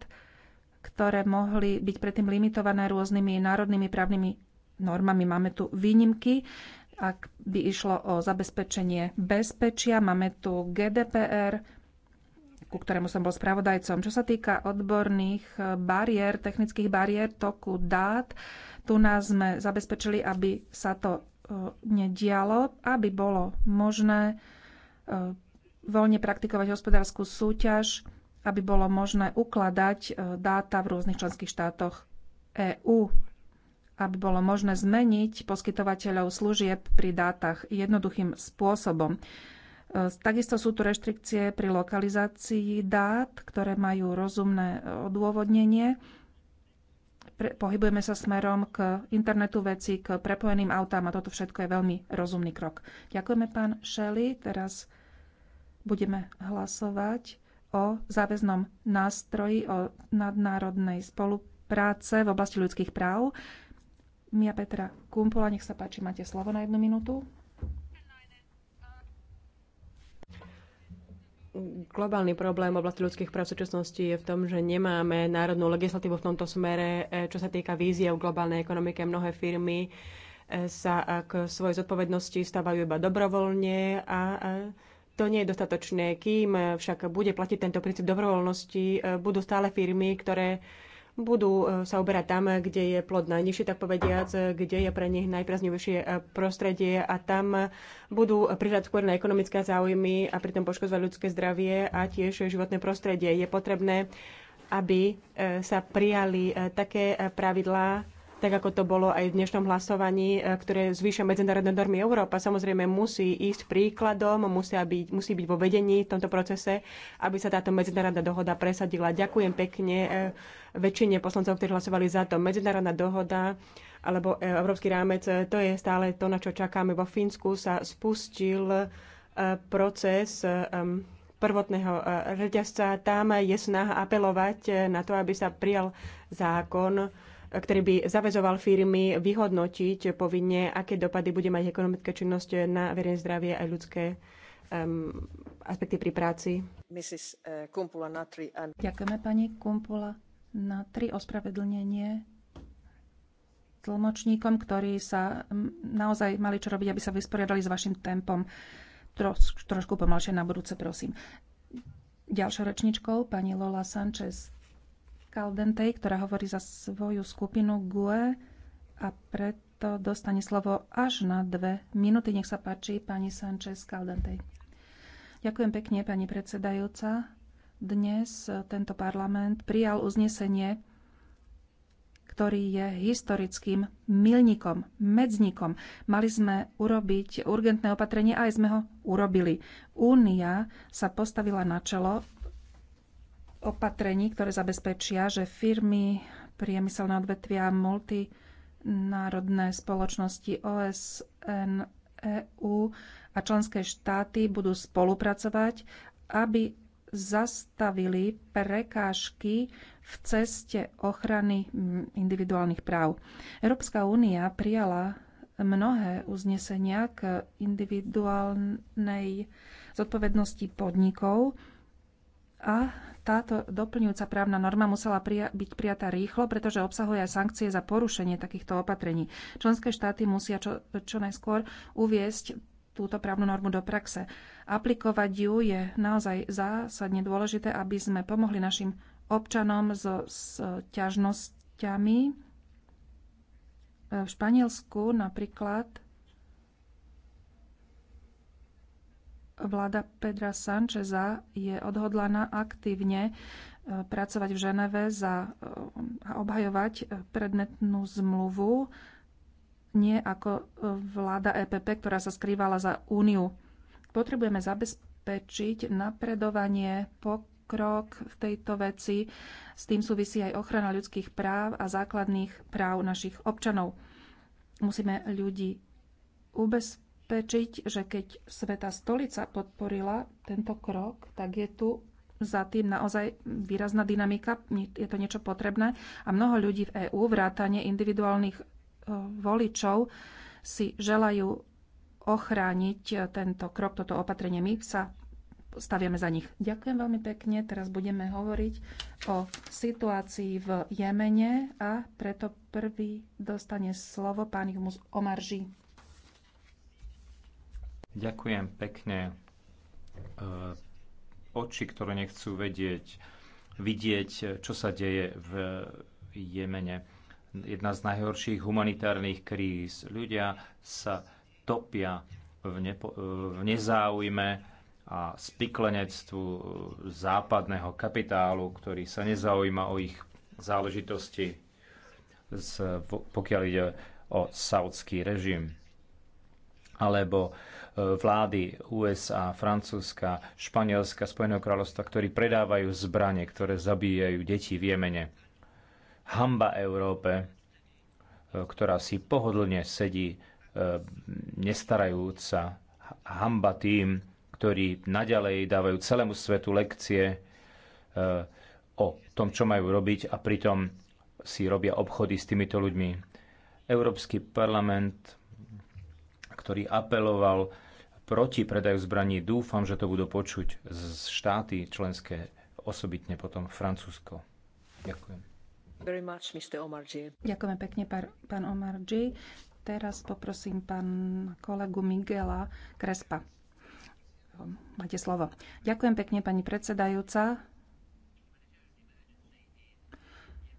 Speaker 5: ktoré mohli byť predtým limitované rôznymi národnými právnymi normami. Máme tu výnimky, ak by išlo o zabezpečenie bezpečia. Máme tu GDPR, ku ktorému som bol spravodajcom. Čo sa týka odborných bariér, technických bariér toku dát, tu nás sme zabezpečili, aby sa to e, nedialo, aby bolo možné e, voľne praktikovať hospodárskú súťaž aby bolo možné ukladať e, dáta v rôznych členských štátoch EÚ, aby bolo možné zmeniť poskytovateľov služieb pri dátach jednoduchým spôsobom. E, takisto sú tu reštrikcie pri lokalizácii dát, ktoré majú rozumné e, odôvodnenie. Pohybujeme sa smerom k internetu veci, k prepojeným autám a toto všetko je veľmi rozumný krok. Ďakujeme, pán Šeli. Teraz budeme hlasovať o záväznom nástroji o nadnárodnej spolupráce v oblasti ľudských práv. Mia Petra Kumpula, nech sa páči, máte slovo na jednu minútu.
Speaker 6: globálny problém v oblasti ľudských práv v súčasnosti je v tom, že nemáme národnú legislatívu v tomto smere, e, čo sa týka v globálnej ekonomike. Mnohé firmy e, sa e, k svojej zodpovednosti stávajú iba dobrovoľne a to nie je dostatočné. Kým eh, však bude platiť tento princíp dobrovoľnosti, eh, budú stále firmy, ktoré budú eh, sa uberať tam, kde je plod najnižšie, tak povediac, kde je pre nich najprázdnejšie prostredie a tam budú prihľad skôr na ekonomické záujmy a pritom poškodzovať ľudské zdravie a tiež životné prostredie. Je potrebné, aby sa prijali také pravidlá, tak ako to bolo aj v dnešnom hlasovaní, e, ktoré zvýšia medzinárodné normy Európa. Samozrejme musí ísť príkladom, musia byť, musí byť vo vedení v tomto procese, aby sa táto medzinárodná dohoda presadila. Ďakujem pekne e, väčšine poslancov, ktorí hlasovali za to. Medzinárodná dohoda alebo e, Európsky rámec, to je stále to, na čo čakáme. Vo Fínsku sa spustil proces prvotného reťazca. Tam je snaha apelovať na to, aby sa prijal zákon, ktorý by zavezoval firmy vyhodnotiť povinne, aké dopady bude mať ekonomická činnosť na verejné
Speaker 5: zdravie aj ľudské um, aspekty pri práci.
Speaker 6: Mrs. Uh, Kumpula
Speaker 5: Natri. And... Ďakujeme pani Kumpula Natri. Ospravedlnenie tlmočníkom, ktorí sa naozaj mali čo robiť, aby sa vysporiadali s vašim tempom. Troš, trošku pomalšie na budúce, prosím. Ďalšou rečničkou pani Lola Sanchez Kaldentej, ktorá hovorí za svoju skupinu GUE a preto dostane slovo až na dve minúty. Nech sa páči, pani Sanchez Caldentej. Ďakujem pekne, pani predsedajúca. Dnes tento parlament prijal uznesenie, ktorý je historickým milníkom, medznikom. Mali sme urobiť urgentné opatrenie a aj sme ho urobili. Únia sa postavila na čelo opatrení, ktoré zabezpečia, že firmy, priemyselné odvetvia, multinárodné spoločnosti OSN, EU a členské štáty budú spolupracovať, aby zastavili prekážky v ceste ochrany individuálnych práv. Európska únia prijala mnohé uznesenia k individuálnej zodpovednosti podnikov, a táto doplňujúca právna norma musela prija- byť prijatá rýchlo, pretože obsahuje aj sankcie za porušenie takýchto opatrení. Členské štáty musia čo, čo najskôr uviesť túto právnu normu do praxe. Aplikovať ju je naozaj zásadne dôležité, aby sme pomohli našim občanom so, s ťažnosťami. V Španielsku napríklad Vláda Pedra Sancheza je odhodlaná aktívne e, pracovať v Ženeve za, e, a obhajovať e, predmetnú zmluvu, nie ako vláda EPP, ktorá sa skrývala za úniu. Potrebujeme zabezpečiť napredovanie, pokrok v tejto veci. S tým súvisí aj ochrana ľudských práv a základných práv našich občanov. Musíme ľudí ubezpečiť ubezpečiť, že keď Sveta Stolica podporila tento krok, tak je tu za tým naozaj výrazná dynamika, je to niečo potrebné a mnoho ľudí v EÚ, vrátane individuálnych e, voličov, si želajú ochrániť e, tento krok, toto opatrenie. My sa staviame za nich. Ďakujem veľmi pekne. Teraz budeme hovoriť o situácii v Jemene a preto prvý dostane slovo pán Ihmus Omarži.
Speaker 2: Ďakujem pekne. E, oči, ktoré nechcú vedieť, vidieť, čo sa deje v Jemene. Jedna z najhorších humanitárnych kríz. Ľudia sa topia v, nepo, e, v nezáujme a spiklenectvu západného kapitálu, ktorý sa nezaujíma o ich záležitosti, pokiaľ ide o saudský režim. Alebo vlády USA, Francúzska, Španielska, Spojeného kráľovstva, ktorí predávajú zbranie, ktoré zabíjajú deti v Jemene. Hamba Európe, e, ktorá si pohodlne sedí, e, nestarajúca. sa. Hamba tým, ktorí naďalej dávajú celému svetu lekcie e, o tom, čo majú robiť a pritom si robia obchody s týmito ľuďmi. Európsky parlament, ktorý apeloval proti predajú zbraní. Dúfam, že to budú počuť z štáty členské, osobitne potom Francúzsko. Ďakujem.
Speaker 5: Much, Ďakujem pekne, pán Omar G. Teraz poprosím pán kolegu Miguela Krespa. Máte slovo. Ďakujem pekne, pani predsedajúca.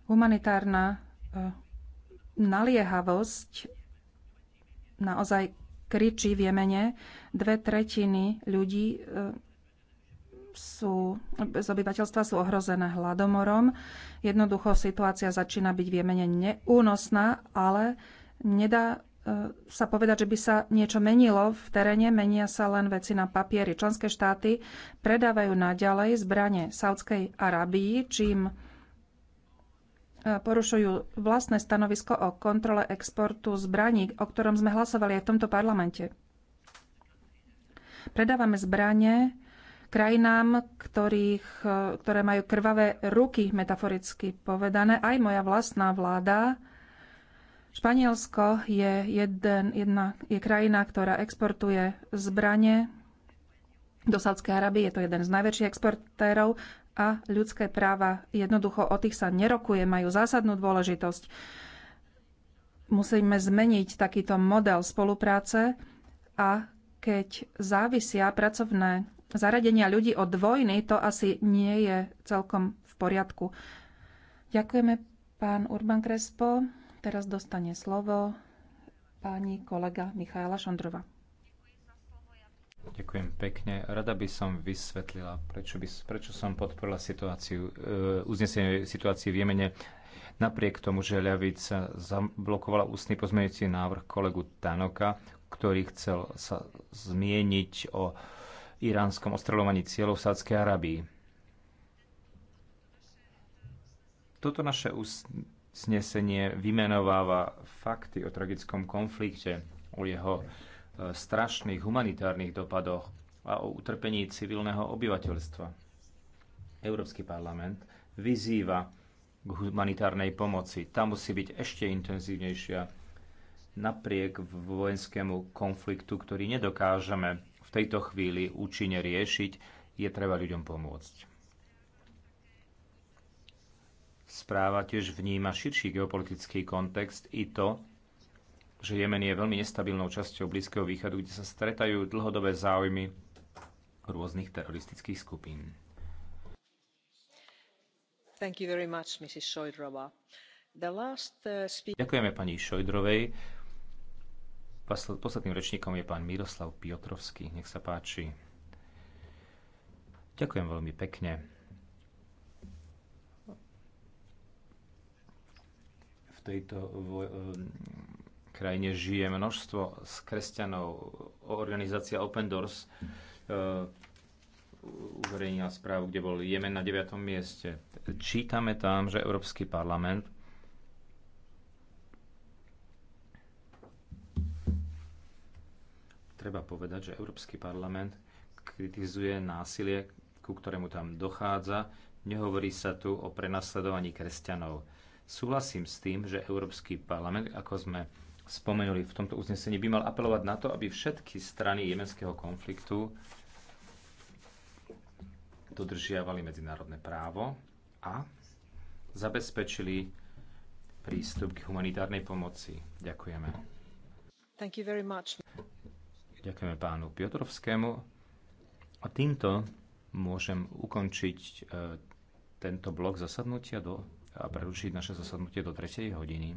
Speaker 5: Humanitárna eh, naliehavosť naozaj kričí v Jemene. Dve tretiny ľudí e, sú, z obyvateľstva sú ohrozené hladomorom. Jednoducho situácia začína byť v Jemene neúnosná, ale nedá e, sa povedať, že by sa niečo menilo v teréne, menia sa len veci na papieri. Členské štáty predávajú naďalej zbranie Saudskej Arabii, čím porušujú vlastné stanovisko o kontrole exportu zbraní, o ktorom sme hlasovali aj v tomto parlamente. Predávame zbranie krajinám, ktorých, ktoré majú krvavé ruky, metaforicky povedané. Aj moja vlastná vláda Španielsko je, jeden, jedna, je krajina, ktorá exportuje zbranie do Sádskej Arabie. Je to jeden z najväčších exportérov a ľudské práva jednoducho o tých sa nerokuje, majú zásadnú dôležitosť. Musíme zmeniť takýto model spolupráce a keď závisia pracovné zaradenia ľudí od vojny, to asi nie je celkom v poriadku. Ďakujeme pán Urban Krespo. Teraz dostane slovo pani kolega Michaela Šondrova.
Speaker 2: Ďakujem pekne. Rada by som vysvetlila, prečo, by, prečo som podporila situáciu, uh, uznesenie situácii v Jemene. Napriek tomu, že ľavica zablokovala ústny pozmeňujúci návrh kolegu Tanoka, ktorý chcel sa zmieniť o iránskom ostreľovaní cieľov Sádskej Arabii. Toto naše usnesenie vymenováva fakty o tragickom konflikte, o jeho strašných humanitárnych dopadoch a o utrpení civilného obyvateľstva. Európsky parlament vyzýva k humanitárnej pomoci. Tá musí byť ešte intenzívnejšia napriek vojenskému konfliktu, ktorý nedokážeme v tejto chvíli účinne riešiť, je treba ľuďom pomôcť. Správa tiež vníma širší geopolitický kontext i to, že Jemen je veľmi nestabilnou časťou Blízkeho východu, kde sa stretajú dlhodobé záujmy rôznych teroristických skupín.
Speaker 4: Much, last, uh, Ďakujeme
Speaker 2: pani Šojdrovej. Posledným rečníkom je pán Miroslav Piotrovský. Nech sa páči. Ďakujem veľmi pekne. V tejto krajine žije množstvo z kresťanov. Organizácia Open Doors e, uverejnila správu, kde bol Jemen na 9. mieste. Čítame tam, že Európsky parlament treba povedať, že Európsky parlament kritizuje násilie, ku ktorému tam dochádza. Nehovorí sa tu o prenasledovaní kresťanov. Súhlasím s tým, že Európsky parlament, ako sme spomenuli v tomto uznesení, by mal apelovať na to, aby všetky strany jemenského konfliktu dodržiavali medzinárodné právo a zabezpečili prístup k humanitárnej pomoci. Ďakujeme.
Speaker 5: Thank you very much.
Speaker 2: Ďakujeme pánu Piotrovskému. A týmto môžem ukončiť e, tento blok zasadnutia do, a prerušiť naše zasadnutie do 3. hodiny.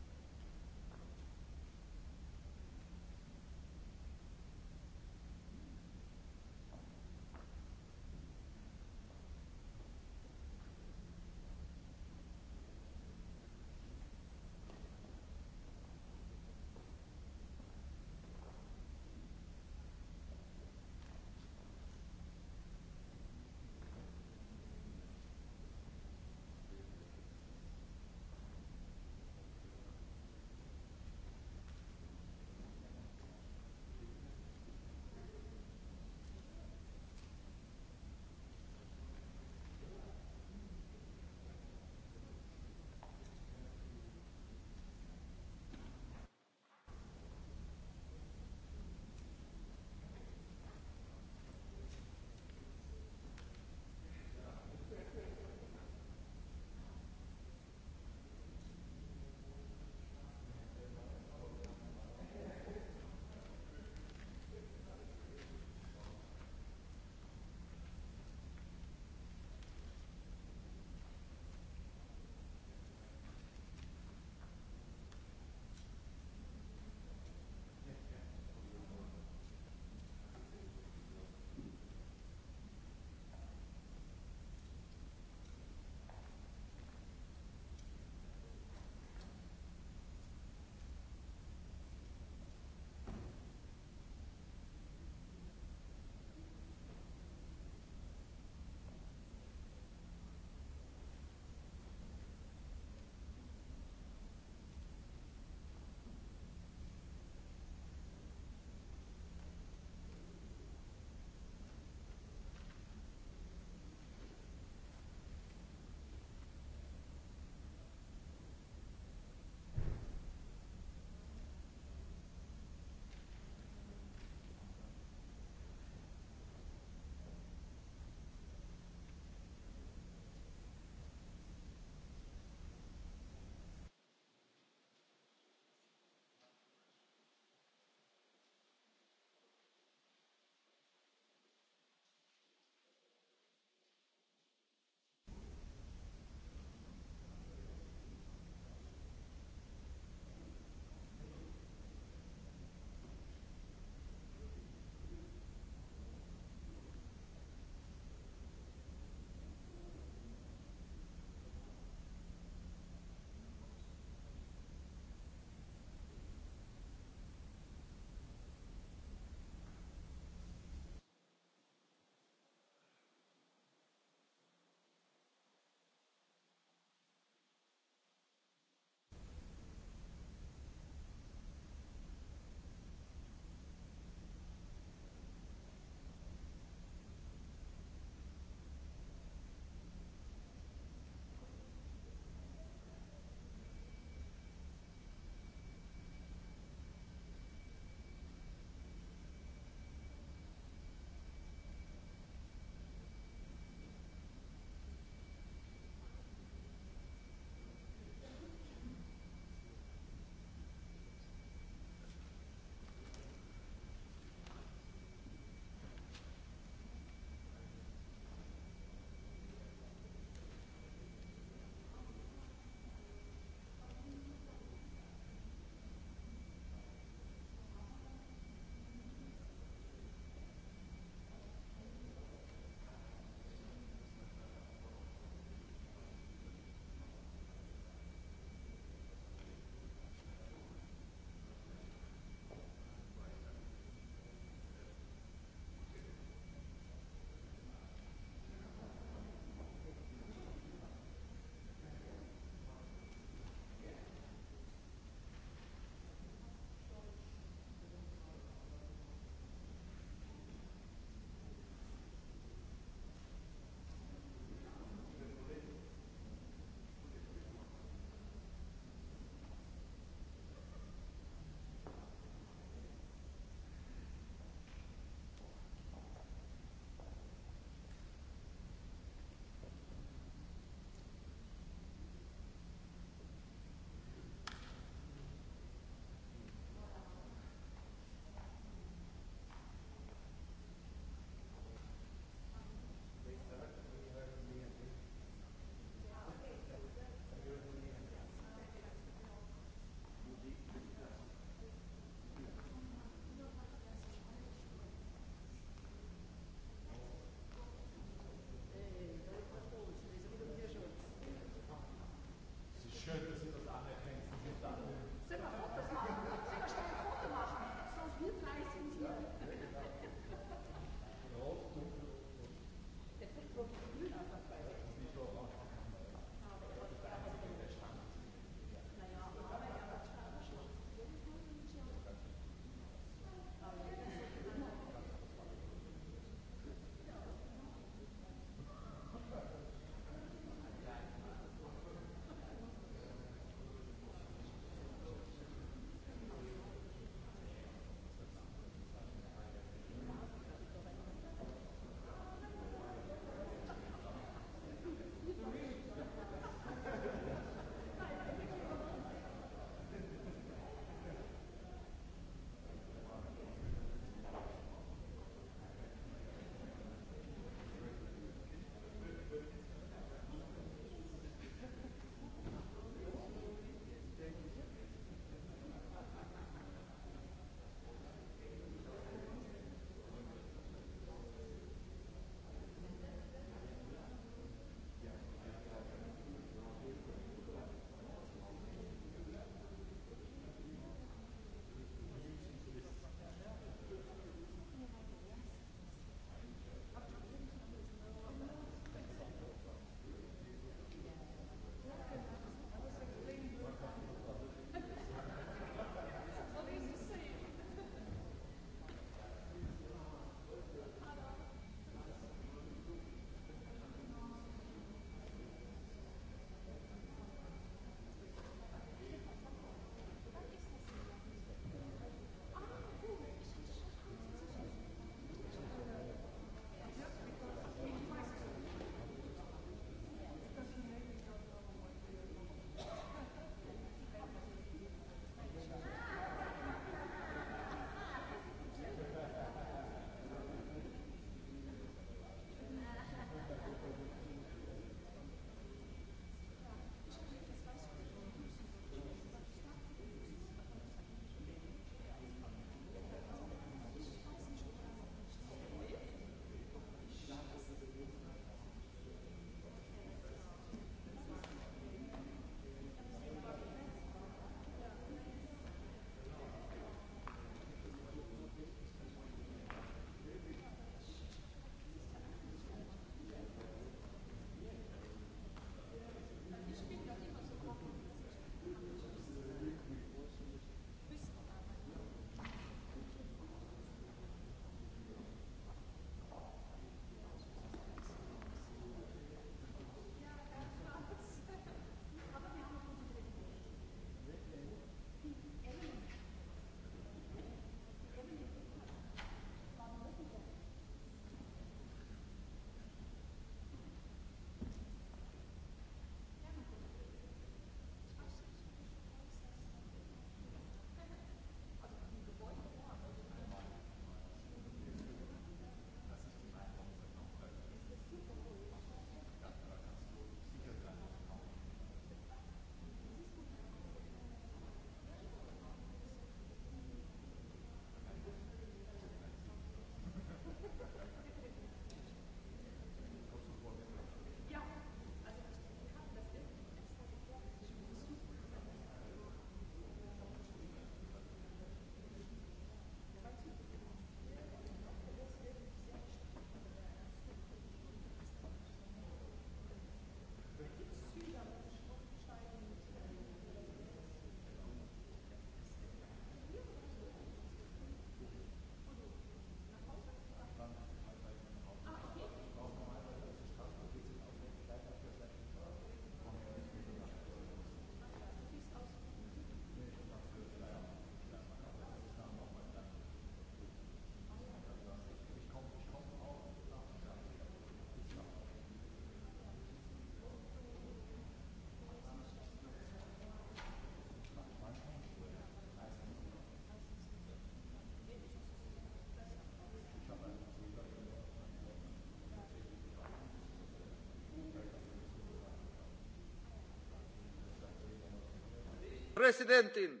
Speaker 7: präsidentin!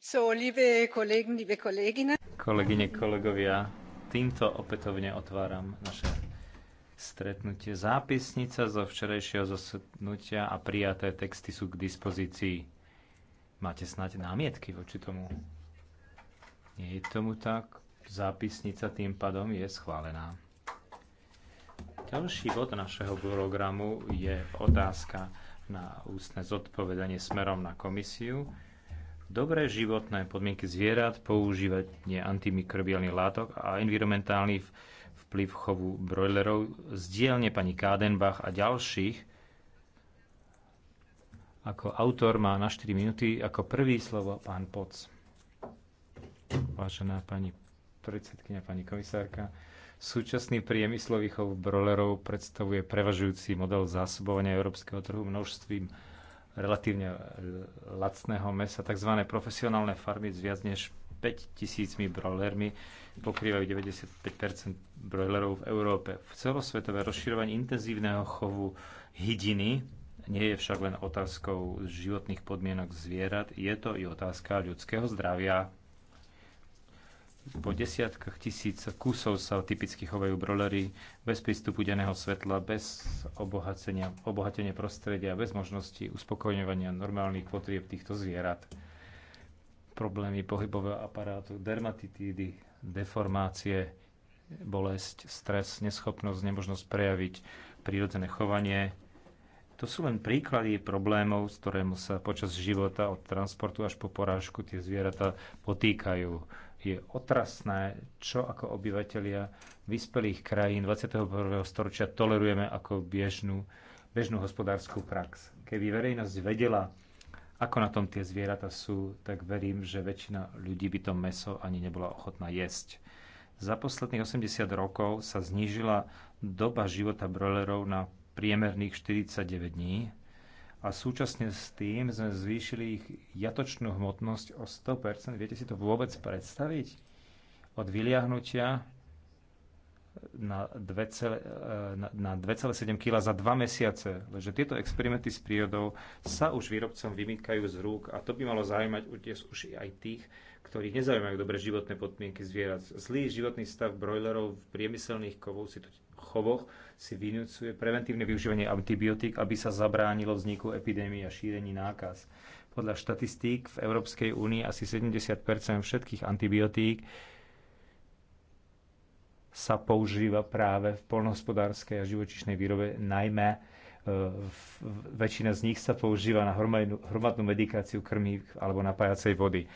Speaker 8: So, liebe Kollegen, liebe Kolleginnen.
Speaker 2: Kolegyne, kolegovia, týmto opätovne otváram naše stretnutie. Zápisnica zo včerajšieho zasadnutia a prijaté texty sú k dispozícii. Máte snáď námietky voči tomu? Nie je tomu tak. Zápisnica tým pádom je schválená. Ďalší bod našeho programu je otázka na ústne zodpovedanie smerom na komisiu. Dobré životné podmienky zvierat, používanie antimikrobiálnych látok a environmentálny vplyv chovu brojlerov z dielne pani Kádenbach a ďalších. Ako autor má na 4 minúty ako prvý slovo pán Poc. Vážená pani predsedkynia, pani komisárka, Súčasný priemyslový chov brolerov predstavuje prevažujúci model zásobovania európskeho trhu množstvím relatívne e, lacného mesa. Tzv. profesionálne farmy s viac než 5000 broilermi pokrývajú 95 broilerov v Európe. V celosvetové rozširovanie intenzívneho chovu hydiny nie je však len otázkou životných podmienok zvierat, je to i otázka ľudského zdravia. Po desiatkách tisíc kusov sa typicky chovajú brolery bez prístupu denného svetla, bez obohacenia, obohatenia prostredia, bez možnosti uspokojňovania normálnych potrieb týchto zvierat. Problémy pohybového aparátu, dermatitídy, deformácie, bolesť, stres, neschopnosť, nemožnosť prejaviť prírodzené chovanie. To sú len príklady problémov, s ktorým sa počas života od transportu až po porážku tie zvieratá potýkajú je otrasné, čo ako obyvateľia vyspelých krajín 21. storočia tolerujeme ako bežnú, bežnú hospodárskú prax. Keby verejnosť vedela, ako na tom tie zvieratá sú, tak verím, že väčšina ľudí by to meso ani nebola ochotná jesť. Za posledných 80 rokov sa znížila doba života brojlerov na priemerných 49 dní, a súčasne s tým sme zvýšili ich jatočnú hmotnosť o 100%. Viete si to vôbec predstaviť? Od vyliahnutia na 2,7 eh, kg za 2 mesiace. Leže tieto experimenty s prírodou sa už výrobcom vymýkajú z rúk a to by malo zaujímať už aj tých, ktorých nezaujímajú dobre životné podmienky zvierat. Zlý životný stav brojlerov v priemyselných kovov si to chovoch si vynúcuje preventívne využívanie antibiotík, aby sa zabránilo vzniku epidémie a šírení nákaz. Podľa štatistík v Európskej únii asi 70 všetkých antibiotík sa používa práve v polnohospodárskej a živočišnej výrobe, najmä e, väčšina z nich sa používa na hromadnú medikáciu krmí alebo napájacej vody.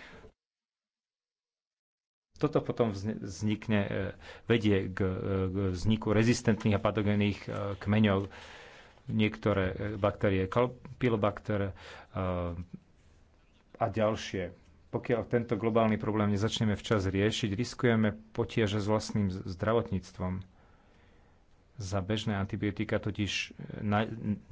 Speaker 2: Toto potom vznikne, e, vedie e, k, vzniku rezistentných a patogénnych e, kmeňov. Niektoré baktérie, kalpilobakter a ďalšie. Pokiaľ tento globálny problém nezačneme včas riešiť, riskujeme potiaže s vlastným zdravotníctvom. Za bežné antibiotika totiž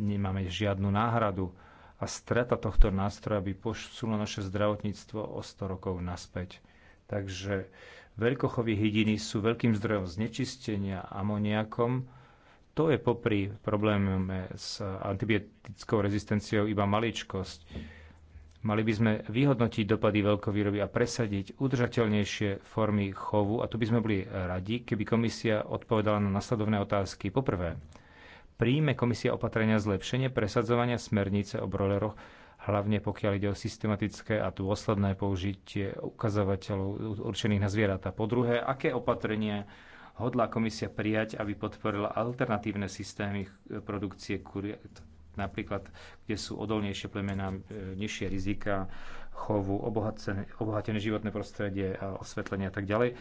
Speaker 2: nemáme žiadnu náhradu a strata tohto nástroja by posunula naše zdravotníctvo o 100 rokov naspäť Takže veľkochovy hydiny sú veľkým zdrojom znečistenia amoniakom. To je popri probléme s antibiotickou rezistenciou iba maličkosť. Mali by sme vyhodnotiť dopady veľkovýroby a presadiť udržateľnejšie formy chovu a tu by sme boli radi, keby komisia odpovedala na nasledovné otázky. Poprvé, príjme komisia opatrenia zlepšenie presadzovania smernice o broleroch hlavne pokiaľ ide o systematické a dôsledné použitie ukazovateľov určených na zvieratá. Po druhé, aké opatrenia hodlá komisia prijať, aby podporila alternatívne systémy produkcie kuriat, napríklad, kde sú odolnejšie plemená, e, nižšie rizika chovu, obohatené, obohatené životné prostredie a osvetlenie a tak ďalej.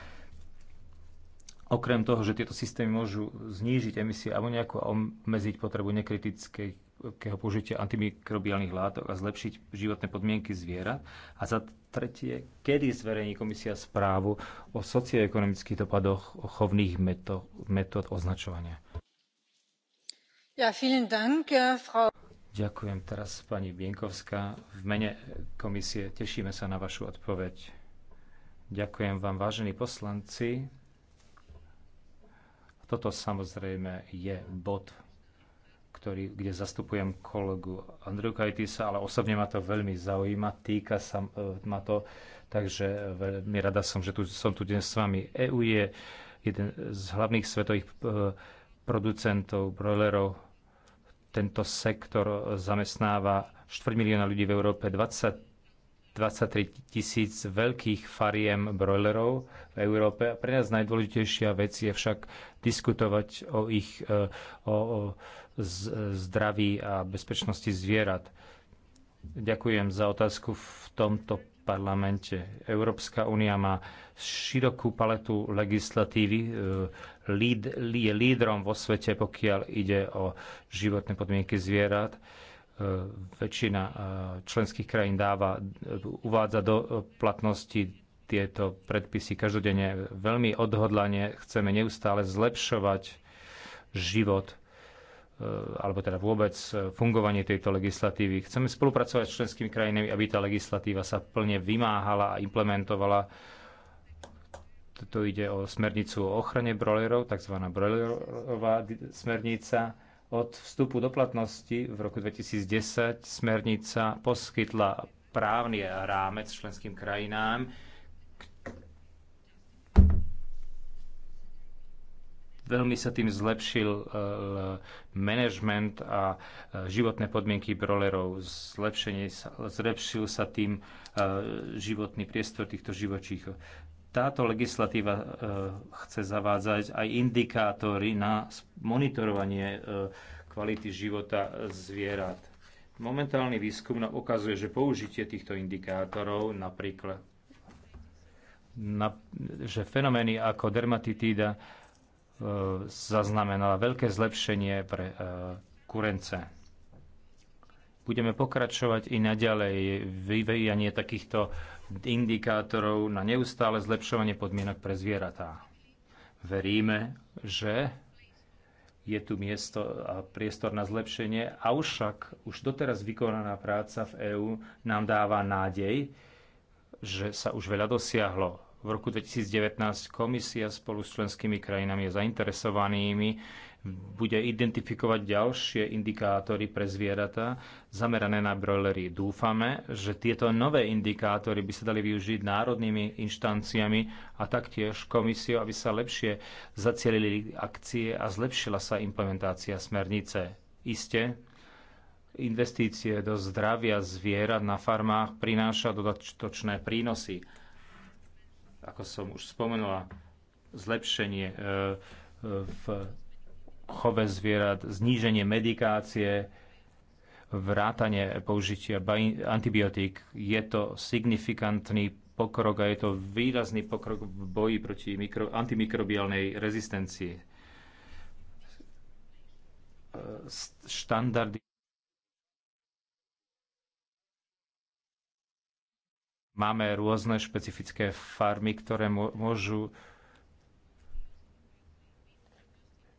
Speaker 2: Okrem toho, že tieto systémy môžu znížiť emisie amoniaku a obmedziť potrebu nekritickej veľkého použitia antimikrobiálnych látok a zlepšiť životné podmienky zvierat. A za tretie, kedy zverejní komisia správu o socioekonomických dopadoch chovných metód, označovania?
Speaker 5: Ja, vielen Dank, Frau...
Speaker 2: Ďakujem teraz pani Bienkovská. V mene komisie tešíme sa na vašu odpoveď. Ďakujem vám, vážení poslanci. Toto samozrejme je bod ktorý, kde zastupujem kolegu Andrew Kajtisa, ale osobne ma to veľmi zaujíma, týka sa e, ma to, takže e, veľmi rada som, že tu, som tu dnes s vami. EU je jeden z hlavných svetových e, producentov brojlerov. Tento sektor zamestnáva 4 milióna ľudí v Európe, 20 23 tisíc veľkých fariem brojlerov v Európe. Pre nás najdôležitejšia vec je však diskutovať o ich o, o zdraví a bezpečnosti zvierat. Ďakujem za otázku v tomto parlamente. Európska únia má širokú paletu legislatívy, e, je lídrom vo svete, pokiaľ ide o životné podmienky zvierat. E, väčšina e, členských krajín dáva, uvádza do platnosti tieto predpisy každodenne. Veľmi odhodlane chceme neustále zlepšovať život E, alebo teda vôbec e, fungovanie tejto legislatívy. Chceme spolupracovať s členskými krajinami, aby tá legislatíva sa plne vymáhala a implementovala. Tu ide o smernicu o ochrane brojlerov, tzv. brojlerová smernica. Od vstupu do platnosti v roku 2010 smernica poskytla právny rámec členským krajinám, Veľmi sa tým zlepšil eh, management a eh, životné podmienky brolerov. Zlepšenie, zlepšil sa tým eh, životný priestor týchto živočích. Táto legislatíva chce zavádzať aj indikátory na monitorovanie kvality života zvierat. Momentálny výskum nám ukazuje, že použitie týchto indikátorov, napríklad na, že fenomény ako dermatitída, zaznamenala veľké zlepšenie pre e, kurence. Budeme pokračovať i naďalej vyvíjanie takýchto indikátorov na neustále zlepšovanie podmienok pre zvieratá. Veríme, že je tu miesto a priestor na zlepšenie, avšak už doteraz vykonaná práca v EÚ nám dáva nádej, že sa už veľa dosiahlo v roku 2019 komisia spolu s členskými krajinami a zainteresovanými bude identifikovať ďalšie indikátory pre zvieratá zamerané na brojlery. Dúfame, že tieto nové indikátory by sa dali využiť národnými inštanciami a taktiež komisiou, aby sa lepšie zacielili akcie a zlepšila sa implementácia smernice. Isté, investície do zdravia zvierat na farmách prináša dodatočné prínosy ako som už spomenula, zlepšenie e, e, v chove zvierat, zníženie medikácie, vrátanie použitia antibiotík. Je to signifikantný pokrok a je to výrazný pokrok v boji proti mikro, antimikrobiálnej rezistencii. E, štandardy Máme rôzne špecifické farmy, ktoré môžu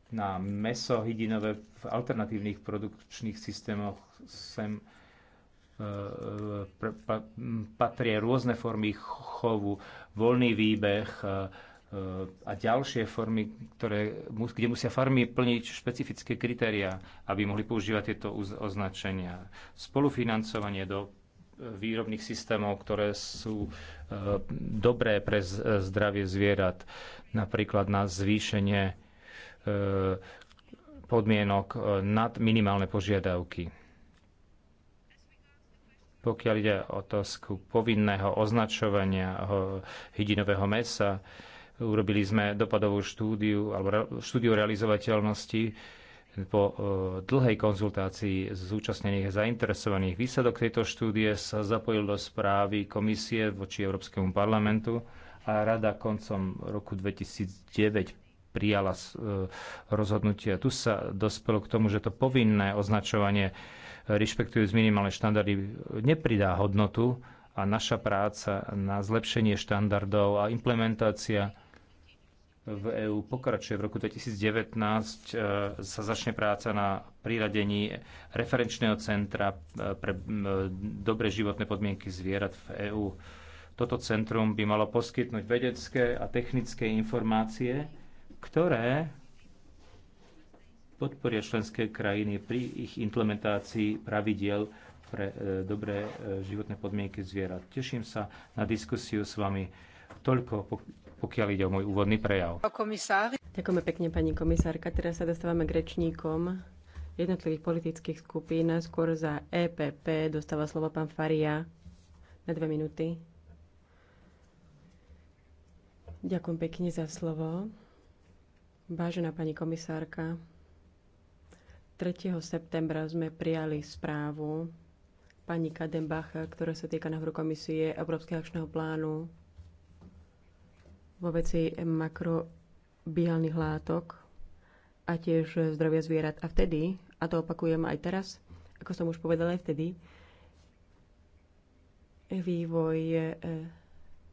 Speaker 2: na meso hydinové v alternatívnych produkčných systémoch sem e, e, patria rôzne formy chovu, voľný výbeh e, a ďalšie formy, ktoré, kde musia farmy plniť špecifické kritériá, aby mohli používať tieto označenia. Spolufinancovanie do výrobných systémov, ktoré sú e, dobré pre zdravie zvierat, napríklad na zvýšenie e, podmienok e, nad minimálne požiadavky. Pokiaľ ide o otázku povinného označovania hydinového mesa, urobili sme dopadovú štúdiu alebo štúdiu realizovateľnosti, po e, dlhej konzultácii zúčastnených a zainteresovaných. Výsledok tejto štúdie sa zapojil do správy komisie voči Európskemu parlamentu a rada koncom roku 2009 prijala e, rozhodnutie. Tu sa dospelo k tomu, že to povinné označovanie rešpektujúc minimálne štandardy nepridá hodnotu a naša práca na zlepšenie štandardov a implementácia v EÚ pokračuje. V roku 2019 e, sa začne práca na priradení referenčného centra e, pre e, dobre životné podmienky zvierat v EÚ. Toto centrum by malo poskytnúť vedecké a technické informácie, ktoré podporia členské krajiny pri ich implementácii pravidiel pre dobré životné podmienky zvierat. Teším sa na diskusiu s vami. Toľko pokiaľ ide o môj úvodný prejav.
Speaker 6: Ďakujeme pekne, pani komisárka. Teraz sa dostávame k rečníkom jednotlivých politických skupín. Skôr za EPP dostáva slovo pán Faria na dve minúty. Ďakujem pekne za slovo. Vážená pani komisárka, 3. septembra sme prijali správu pani Kadenbach, ktorá sa týka návrhu komisie Európskeho akčného plánu vo veci makrobiálnych látok a tiež zdravia zvierat. A vtedy, a to opakujem aj teraz, ako som už povedala aj vtedy, vývoj e,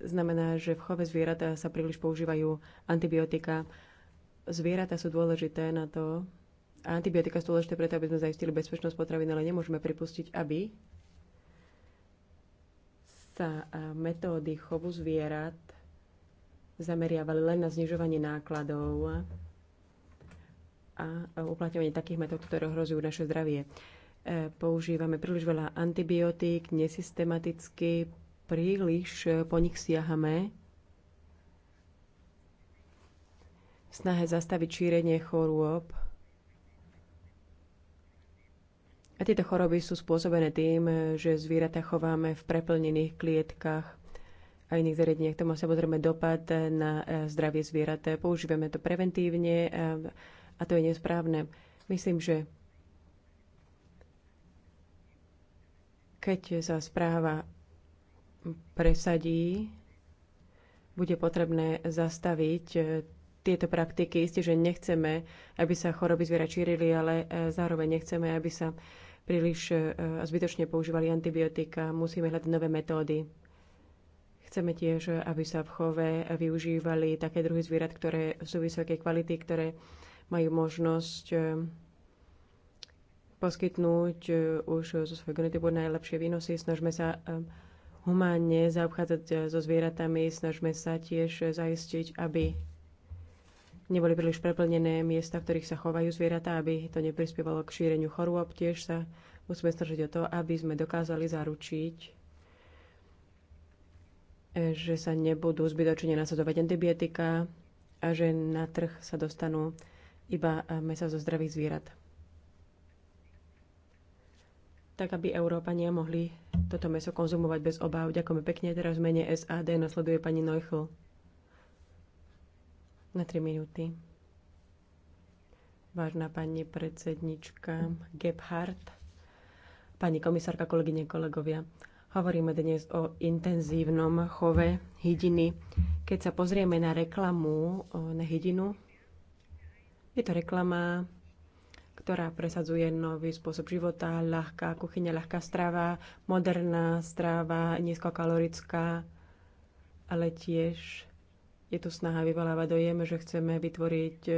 Speaker 6: znamená, že v chove zvieratá sa príliš používajú antibiotika. Zvieratá sú dôležité na to, a antibiotika sú dôležité preto, aby sme zaistili bezpečnosť potravín, ale nemôžeme pripustiť, aby sa e, metódy chovu zvierat zameriavali len na znižovanie nákladov a uplatňovanie takých metód, ktoré ohrozujú naše zdravie. E, používame príliš veľa antibiotík, nesystematicky, príliš e, po nich siahame. Snahe zastaviť šírenie chorôb. A tieto choroby sú spôsobené tým, e, že zvieratá chováme v preplnených klietkach a iných zariadeniach. To má samozrejme dopad na e, zdravie zvierat. Používame to preventívne e, a to je nesprávne. Myslím, že keď sa správa presadí, bude potrebné zastaviť e, tieto praktiky. Isté, že nechceme, aby sa choroby zviera šírili, ale zároveň nechceme, aby sa príliš zbytočne používali antibiotika. Musíme hľadať nové metódy. Chceme tiež, aby sa v chove využívali také druhy zvierat, ktoré sú vysokej kvality, ktoré majú možnosť eh, poskytnúť eh, už zo svojho genetiku najlepšie výnosy. Snažme sa eh, humánne zaobchádzať so zvieratami, snažme sa tiež zaistiť, aby neboli príliš preplnené miesta, v ktorých sa chovajú zvieratá, aby to neprispievalo k šíreniu chorôb. Tiež sa musíme snažiť o to, aby sme dokázali zaručiť že sa nebudú zbytočne nasledovať antibiotika a že na trh sa dostanú iba mesa zo zdravých zvierat. Tak, aby Európania mohli toto meso konzumovať bez obáv. Ďakujeme pekne. Teraz v mene SAD nasleduje pani Neuchl. Na 3 minúty. Vážna pani predsednička Gebhardt, pani komisárka, kolegyne, kolegovia. Hovoríme dnes o intenzívnom chove hydiny. Keď sa pozrieme na reklamu na hydinu, je to reklama, ktorá presadzuje nový spôsob života, ľahká kuchyňa, ľahká strava, moderná strava, nízkokalorická, ale tiež je tu snaha vyvolávať dojem, že chceme vytvoriť e,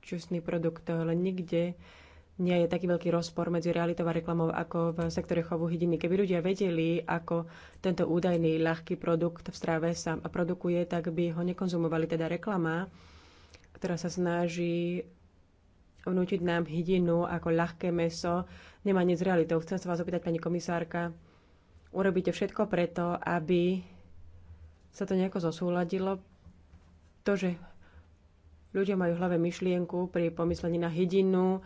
Speaker 6: čustný produkt, ale nikde nie je taký veľký rozpor medzi realitou a reklamou ako v sektore chovu hydiny. Keby ľudia vedeli, ako tento údajný ľahký produkt v strave sa produkuje, tak by ho nekonzumovali. Teda reklama, ktorá sa snaží vnútiť nám hydinu ako ľahké meso, nemá nič s realitou. Chcem sa vás opýtať, pani komisárka, urobíte všetko preto, aby sa to nejako zosúladilo. To, že ľudia majú v hlave myšlienku pri pomyslení na hydinu,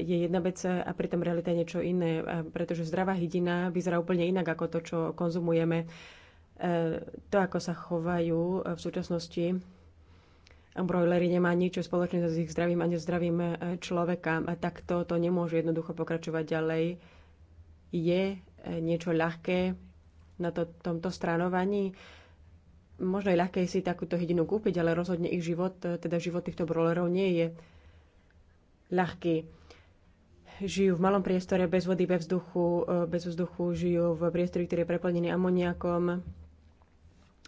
Speaker 6: je jedna vec a pritom realita je niečo iné, pretože zdravá hydina vyzerá úplne inak ako to, čo konzumujeme. E, to, ako sa chovajú v súčasnosti brojlery, nemá nič spoločné s ich zdravím a nezdravým e, človeka. A takto to nemôže jednoducho pokračovať ďalej. Je e, niečo ľahké na to, tomto stranovaní? Možno je ľahké si takúto hydinu kúpiť, ale rozhodne ich život, teda život týchto brojlerov nie je ľahký. Žijú v malom priestore, bez vody, bez vzduchu, e, bez vzduchu žijú v priestore, ktorý je preplnený amoniakom.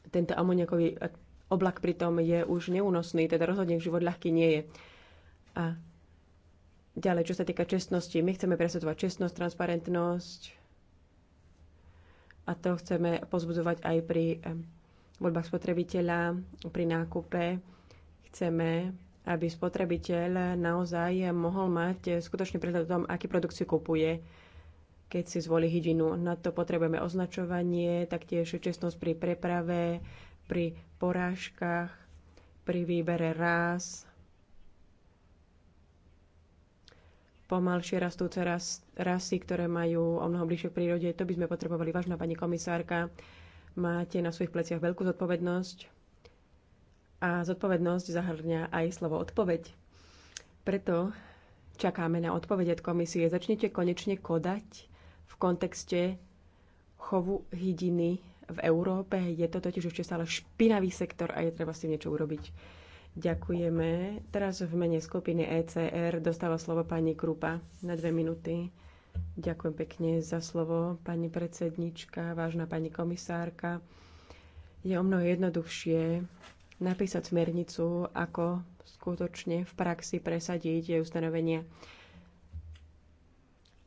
Speaker 6: Tento amoniakový e, oblak pritom je už neúnosný, teda rozhodne život ľahký nie je. A ďalej, čo sa týka čestnosti, my chceme presadzovať čestnosť, transparentnosť a to chceme pozbudzovať aj pri e, voľbách spotrebiteľa, pri nákupe. Chceme aby spotrebiteľ naozaj mohol mať skutočný prehľad o tom, aký produkt si kupuje, keď si zvolí hydinu. Na to potrebujeme označovanie, taktiež čestnosť pri preprave, pri porážkach, pri výbere rás, pomalšie rastúce ras, rasy, ktoré majú o mnoho bližšie k prírode. To by sme potrebovali. Vážna pani komisárka, máte na svojich pleciach veľkú zodpovednosť a zodpovednosť zahrňa aj slovo odpoveď. Preto čakáme na odpoveď od komisie. Začnite konečne kodať v kontexte chovu hydiny v Európe. Je to totiž ešte stále špinavý sektor a je treba s tým niečo urobiť. Ďakujeme. Teraz v mene skupiny ECR dostáva slovo pani Krupa na dve minúty. Ďakujem pekne za slovo, pani predsednička, vážna pani komisárka. Je o mnoho jednoduchšie napísať smernicu, ako skutočne v praxi presadiť jej ustanovenia.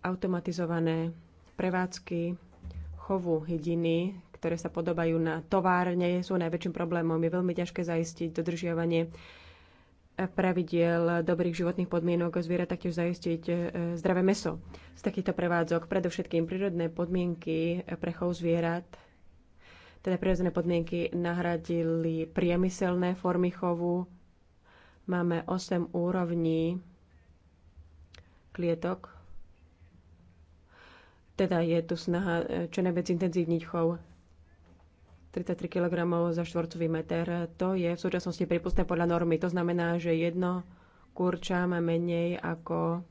Speaker 6: Automatizované prevádzky chovu hydiny, ktoré sa podobajú na továrne, sú najväčším problémom. Je veľmi ťažké zaistiť dodržiavanie pravidiel dobrých životných podmienok zvierat, taktiež zaistiť e, zdravé meso. Z takýchto prevádzok predovšetkým prírodné podmienky pre chov zvierat teda prirodzené podmienky nahradili priemyselné formy chovu. Máme 8 úrovní klietok. Teda je tu snaha e, čo najviac intenzívniť chov 33 kg za štvorcový meter. To je v súčasnosti prípustné podľa normy. To znamená, že jedno kurča má menej ako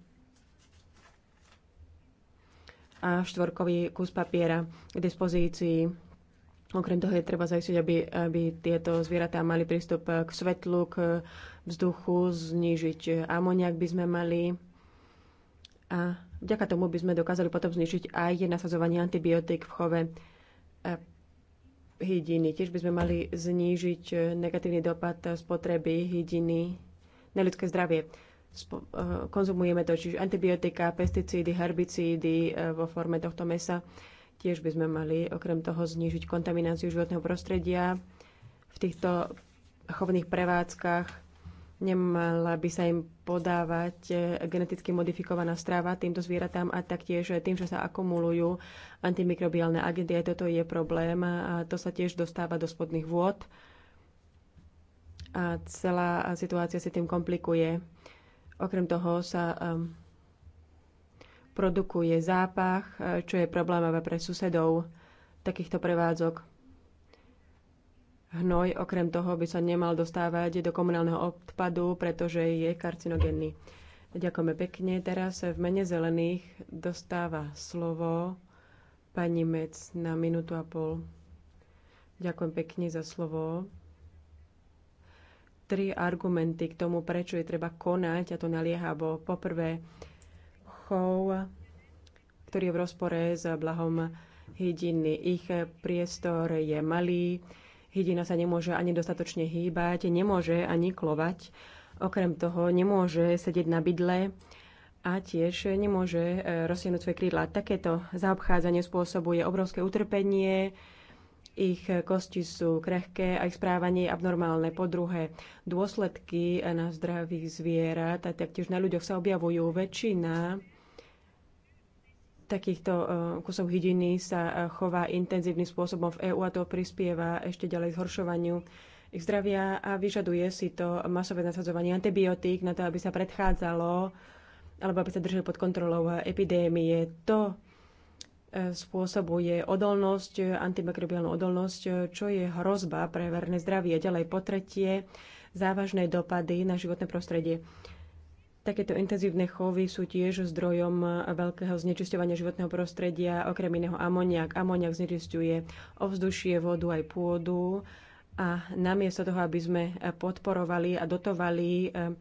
Speaker 6: a štvorkový kus papiera k dispozícii Okrem toho je treba zajistiť, aby, aby tieto zvieratá mali prístup k svetlu, k vzduchu, znížiť amoniak by sme mali. A vďaka tomu by sme dokázali potom znižiť aj nasadzovanie antibiotík v chove hydiny. Tiež by sme mali znížiť negatívny dopad spotreby hydiny na ľudské zdravie. E, konzumujeme to, čiže antibiotika, pesticídy, herbicídy e, vo forme tohto mesa Tiež by sme mali okrem toho znížiť kontamináciu životného prostredia v týchto chovných prevádzkach. Nemala by sa im podávať e, geneticky modifikovaná strava týmto zvieratám a taktiež tým, že sa akumulujú antimikrobiálne agenty. Aj toto je problém a to sa tiež dostáva do spodných vôd a celá situácia si tým komplikuje. Okrem toho sa um, produkuje zápach, e, čo je problémové pre susedov takýchto prevádzok. Hnoj okrem toho by sa nemal dostávať do komunálneho odpadu, pretože je karcinogenný. Ďakujeme pekne. Teraz v mene zelených dostáva slovo pani Mec na minútu a pol. Ďakujem pekne za slovo. Tri argumenty k tomu, prečo je treba konať, a to naliehavo. Poprvé, duchov, ktorý je v rozpore s blahom hydiny. Ich priestor je malý, hydina sa nemôže ani dostatočne hýbať, nemôže ani klovať. Okrem toho nemôže sedieť na bydle a tiež nemôže e, rozsiahnuť svoje krídla. Takéto zaobchádzanie spôsobuje obrovské utrpenie, ich kosti sú krehké a ich správanie je abnormálne. Po druhé, dôsledky na zdravých zvierat a taktiež na ľuďoch sa objavujú. Väčšina takýchto e, kusov hydiny sa e, chová intenzívnym spôsobom v EÚ a to prispieva ešte ďalej zhoršovaniu ich zdravia a vyžaduje si to masové nasadzovanie antibiotík na to, aby sa predchádzalo alebo aby sa držali pod kontrolou epidémie. To e, spôsobuje odolnosť, antimikrobiálnu odolnosť, čo je hrozba pre verné zdravie. Ďalej po tretie, závažné dopady na životné prostredie. Takéto intenzívne chovy sú tiež zdrojom veľkého znečisťovania životného prostredia, okrem iného amoniak. Amoniak znečisťuje ovzdušie, vodu aj pôdu a namiesto toho, aby sme podporovali a dotovali eh,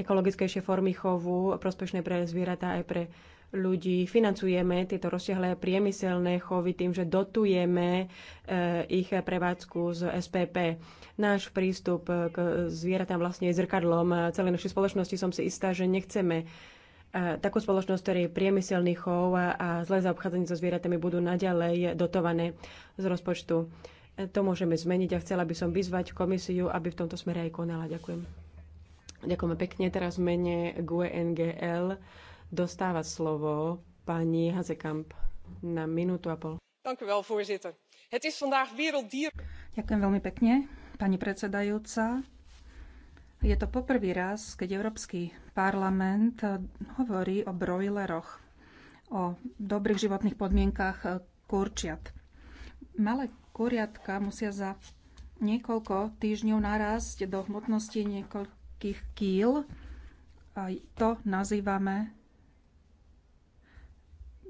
Speaker 6: ekologickejšie formy chovu, prospešné pre zvieratá aj pre ľudí, financujeme tieto rozsiahlé priemyselné chovy tým, že dotujeme eh, ich prevádzku z SPP. Náš prístup k zvieratám vlastne je zrkadlom celej našej spoločnosti. Som si istá, že nechceme eh, takú spoločnosť, ktorej priemyselný chov a zlé zaobchádzanie so zvieratami budú naďalej dotované z rozpočtu. Eh, to môžeme zmeniť a chcela by som vyzvať komisiu, aby v tomto smere aj konala. Ďakujem. Ďakujeme pekne. Teraz mene GUE NGL dostáva slovo pani Hazekamp na minútu a pol.
Speaker 5: Ďakujem veľmi pekne, pani predsedajúca. Je to poprvý raz, keď Európsky parlament hovorí o brojleroch, o dobrých životných podmienkach e, kurčiat. Malé kuriatka musia za niekoľko týždňov narásť do hmotnosti niekoľkých kýl. A to nazývame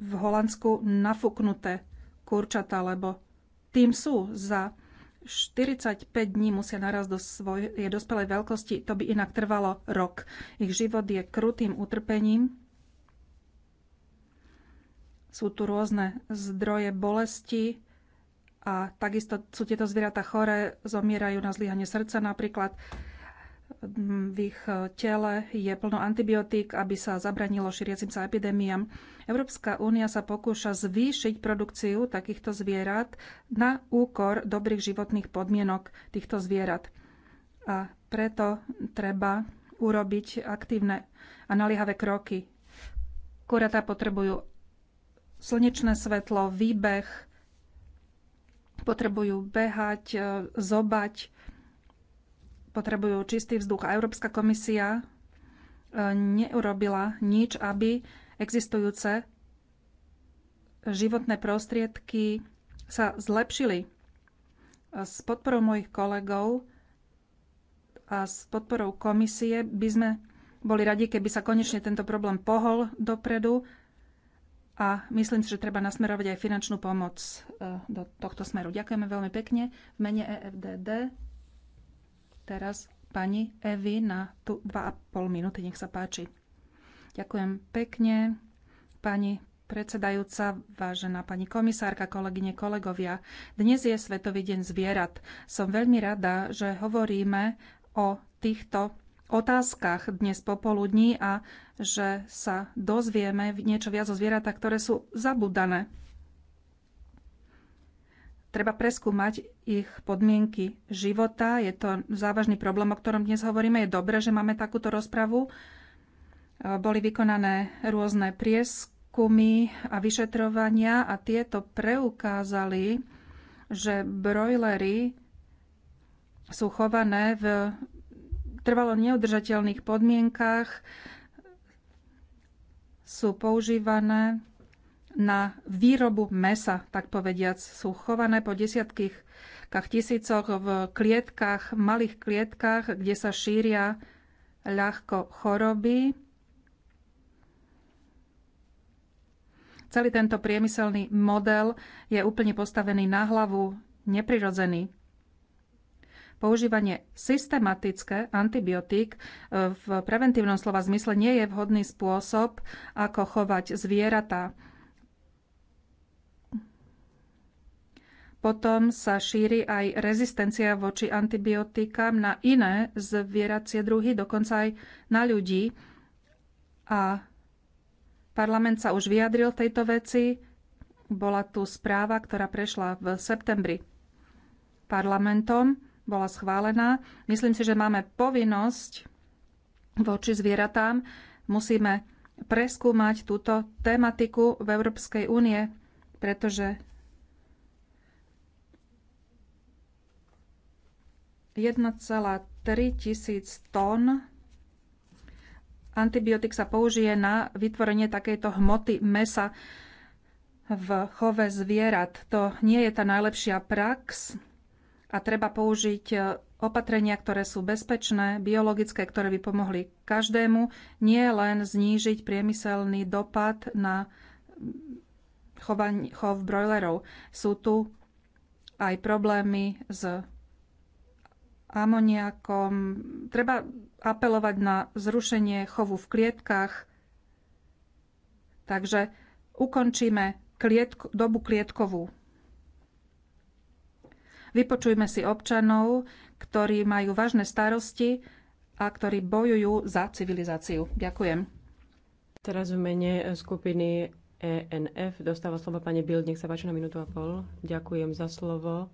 Speaker 5: v Holandsku nafuknuté kurčata, lebo tým sú za 45 dní musia naraz do svojej dospelej veľkosti, to by inak trvalo rok. Ich život je krutým utrpením. Sú tu rôzne zdroje bolesti a takisto sú tieto zvieratá choré, zomierajú na zlyhanie srdca napríklad v ich tele je plno antibiotík, aby sa zabranilo šíriacim sa epidémiám. Európska únia sa pokúša zvýšiť produkciu takýchto zvierat na úkor dobrých životných podmienok týchto zvierat. A preto treba urobiť aktívne a naliehavé kroky. Kuratá potrebujú slnečné svetlo, výbeh, potrebujú behať, e, zobať, potrebujú čistý vzduch. A Európska komisia e, neurobila nič, aby existujúce životné prostriedky sa zlepšili. E, s podporou mojich kolegov a s podporou komisie by sme boli radi, keby sa konečne tento problém pohol dopredu a myslím si, že treba nasmerovať aj finančnú pomoc e, do tohto smeru. Ďakujeme veľmi pekne v mene EFDD teraz pani Evi na tu 2,5 minúty. Nech sa páči. Ďakujem pekne, pani predsedajúca, vážená pani komisárka, kolegyne, kolegovia. Dnes je Svetový deň zvierat. Som veľmi rada, že hovoríme o týchto otázkach dnes popoludní a že sa dozvieme niečo viac o zvieratách, ktoré sú zabudané. Treba preskúmať ich podmienky života. Je to závažný problém, o ktorom dnes hovoríme. Je dobré, že máme takúto rozpravu. E, boli vykonané rôzne prieskumy a vyšetrovania a tieto preukázali, že brojlery sú chované v trvalo neudržateľných podmienkách, sú používané na výrobu mesa, tak povediac. Sú chované po desiatkých tisícoch v klietkach, malých klietkach, kde sa šíria ľahko choroby. Celý tento priemyselný model je úplne postavený na hlavu, neprirodzený. Používanie systematické antibiotík e, v preventívnom slova zmysle nie je vhodný spôsob, ako chovať zvieratá. Potom sa šíri aj rezistencia voči antibiotikám na iné zvieracie druhy, dokonca aj na ľudí. A parlament sa už vyjadril v tejto veci. Bola tu správa, ktorá prešla v septembri parlamentom, bola schválená. Myslím si, že máme povinnosť voči zvieratám. Musíme preskúmať túto tematiku v Európskej únie, pretože 1,3 tisíc tón antibiotik sa použije na vytvorenie takejto hmoty mesa v chove zvierat. To nie je tá najlepšia prax a treba použiť e, opatrenia, ktoré sú bezpečné, biologické, ktoré by pomohli každému, nie len znížiť priemyselný dopad na chov brojlerov. Sú tu aj problémy s amoniakom. Treba apelovať na zrušenie chovu v klietkách. Takže ukončíme klietko, dobu klietkovú. Vypočujme si občanov, ktorí majú vážne starosti a ktorí bojujú za civilizáciu. Ďakujem. Teraz v mene skupiny
Speaker 6: ENF dostáva slovo pani Bild. Nech sa páči na minútu a pol. Ďakujem za slovo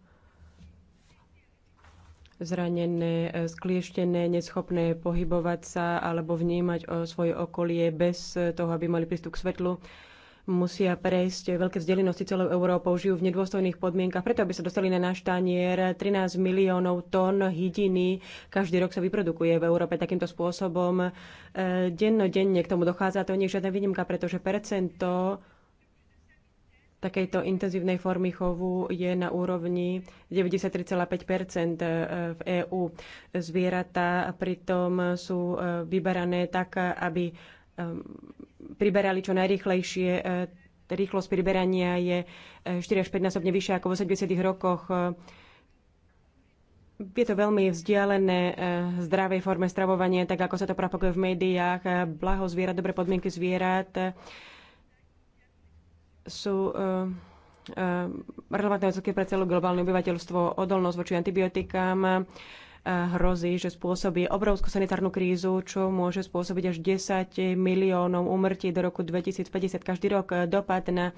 Speaker 6: zranené, e, sklieštené, neschopné pohybovať sa alebo vnímať o e, svoje okolie bez e, toho, aby mali prístup k svetlu, musia prejsť veľké vzdialenosti celou Európou, žijú v nedôstojných podmienkach, preto aby sa dostali na náš tanier. 13 miliónov tón hydiny každý rok sa vyprodukuje v Európe takýmto spôsobom. Dennodenne k tomu dochádza, to nie je žiadna výnimka, pretože percento takejto intenzívnej formy chovu je na úrovni 93,5 e, v EÚ. Zvieratá pritom sú e, vyberané tak, aby e, priberali čo najrychlejšie. Rýchlosť priberania je 4 až 5 násobne vyššia ako v 80 rokoch. Je to veľmi vzdialené zdravej forme stravovania, tak ako sa to propaguje v médiách. Blaho zvierat, dobré podmienky zvierat sú eh, eh, relevantné odsledky pre celú globálne obyvateľstvo, odolnosť voči antibiotikám, eh, hrozí, že spôsobí obrovskú sanitárnu krízu, čo môže spôsobiť až 10 miliónov úmrtí do roku 2050. Každý rok dopad na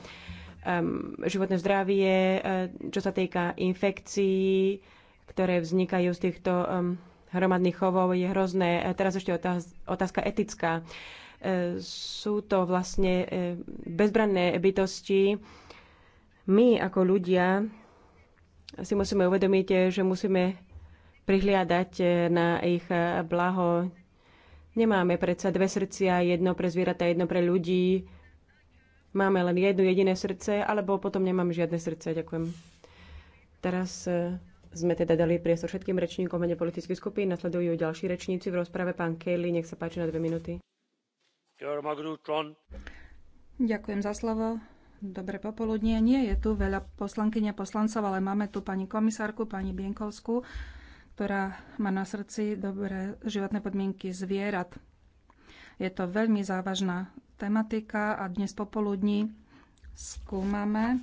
Speaker 6: životné zdravie, čo sa týka infekcií, ktoré vznikajú z týchto hromadných chovov, je hrozné. Teraz ešte otázka etická. Sú to vlastne e, bezbranné bytosti. My ako ľudia si musíme uvedomiť, e, že musíme prihliadať e, na ich blaho. Nemáme predsa dve srdcia, jedno pre zvieratá, jedno pre ľudí. Máme len jedno jediné srdce, alebo potom nemám žiadne srdce. Ďakujem. Teraz sme teda dali priestor všetkým rečníkom mene politických skupín. Nasledujú ďalší rečníci v rozprave.
Speaker 5: Pán Kelly, nech sa páči na dve minúty. Ďakujem za slovo. Dobre popoludnie. Nie je tu veľa poslankyň a poslancov, ale máme tu pani komisárku, pani Bienkovskú, ktorá má na srdci dobré životné podmienky zvierat. Je to veľmi závažná tematika a dnes popoludní skúmame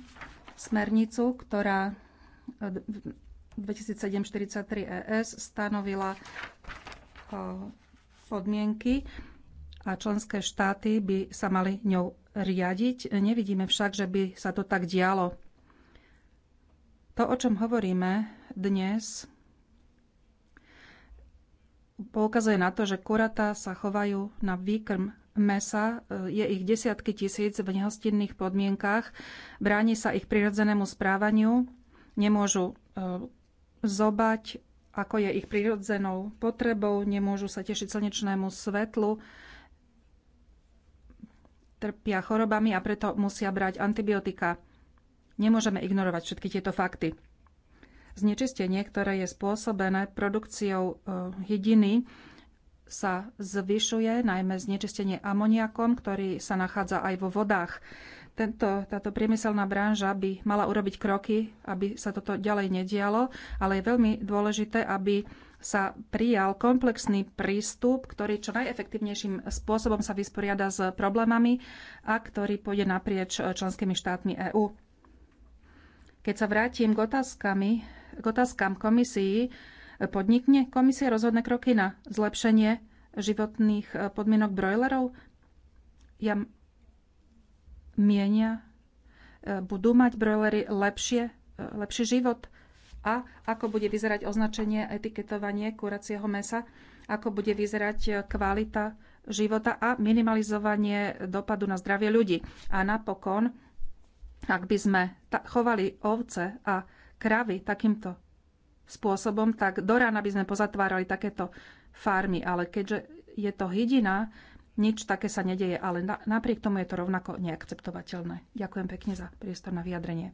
Speaker 5: smernicu, ktorá 2743 ES stanovila eh, podmienky a členské štáty by sa mali ňou riadiť. Nevidíme však, že by sa to tak dialo. To, o čom hovoríme dnes, poukazuje na to, že kuratá sa chovajú na výkrm mesa, je ich desiatky tisíc v nehostinných podmienkách, bráni sa ich prirodzenému správaniu, nemôžu e, zobať, ako je ich prirodzenou potrebou, nemôžu sa tešiť slnečnému svetlu, trpia chorobami a preto musia brať antibiotika. Nemôžeme ignorovať všetky tieto fakty. Znečistenie, ktoré je spôsobené produkciou e, hydiny, sa zvyšuje, najmä znečistenie amoniakom, ktorý sa nachádza aj vo vodách. Tento, táto priemyselná branža by mala urobiť kroky, aby sa toto ďalej nedialo, ale je veľmi dôležité, aby sa prijal komplexný prístup, ktorý čo najefektívnejším spôsobom sa vysporiada s problémami a ktorý pôjde naprieč e, členskými štátmi EÚ. Keď sa vrátim k, otázkami, k otázkam komisii, e, podnikne komisia rozhodné kroky na zlepšenie životných e, podmienok brojlerov? Ja mienia budú mať brojlery lepšie, lepší život? a ako bude vyzerať označenie, etiketovanie kuracieho mesa, ako bude vyzerať e, kvalita života a minimalizovanie dopadu na zdravie ľudí. A napokon, ak by sme chovali ovce a kravy takýmto spôsobom, tak do rána by sme pozatvárali takéto farmy. Ale keďže je to hydina, nič také sa nedeje, ale napriek tomu je to rovnako neakceptovateľné. Ďakujem pekne za priestor na vyjadrenie.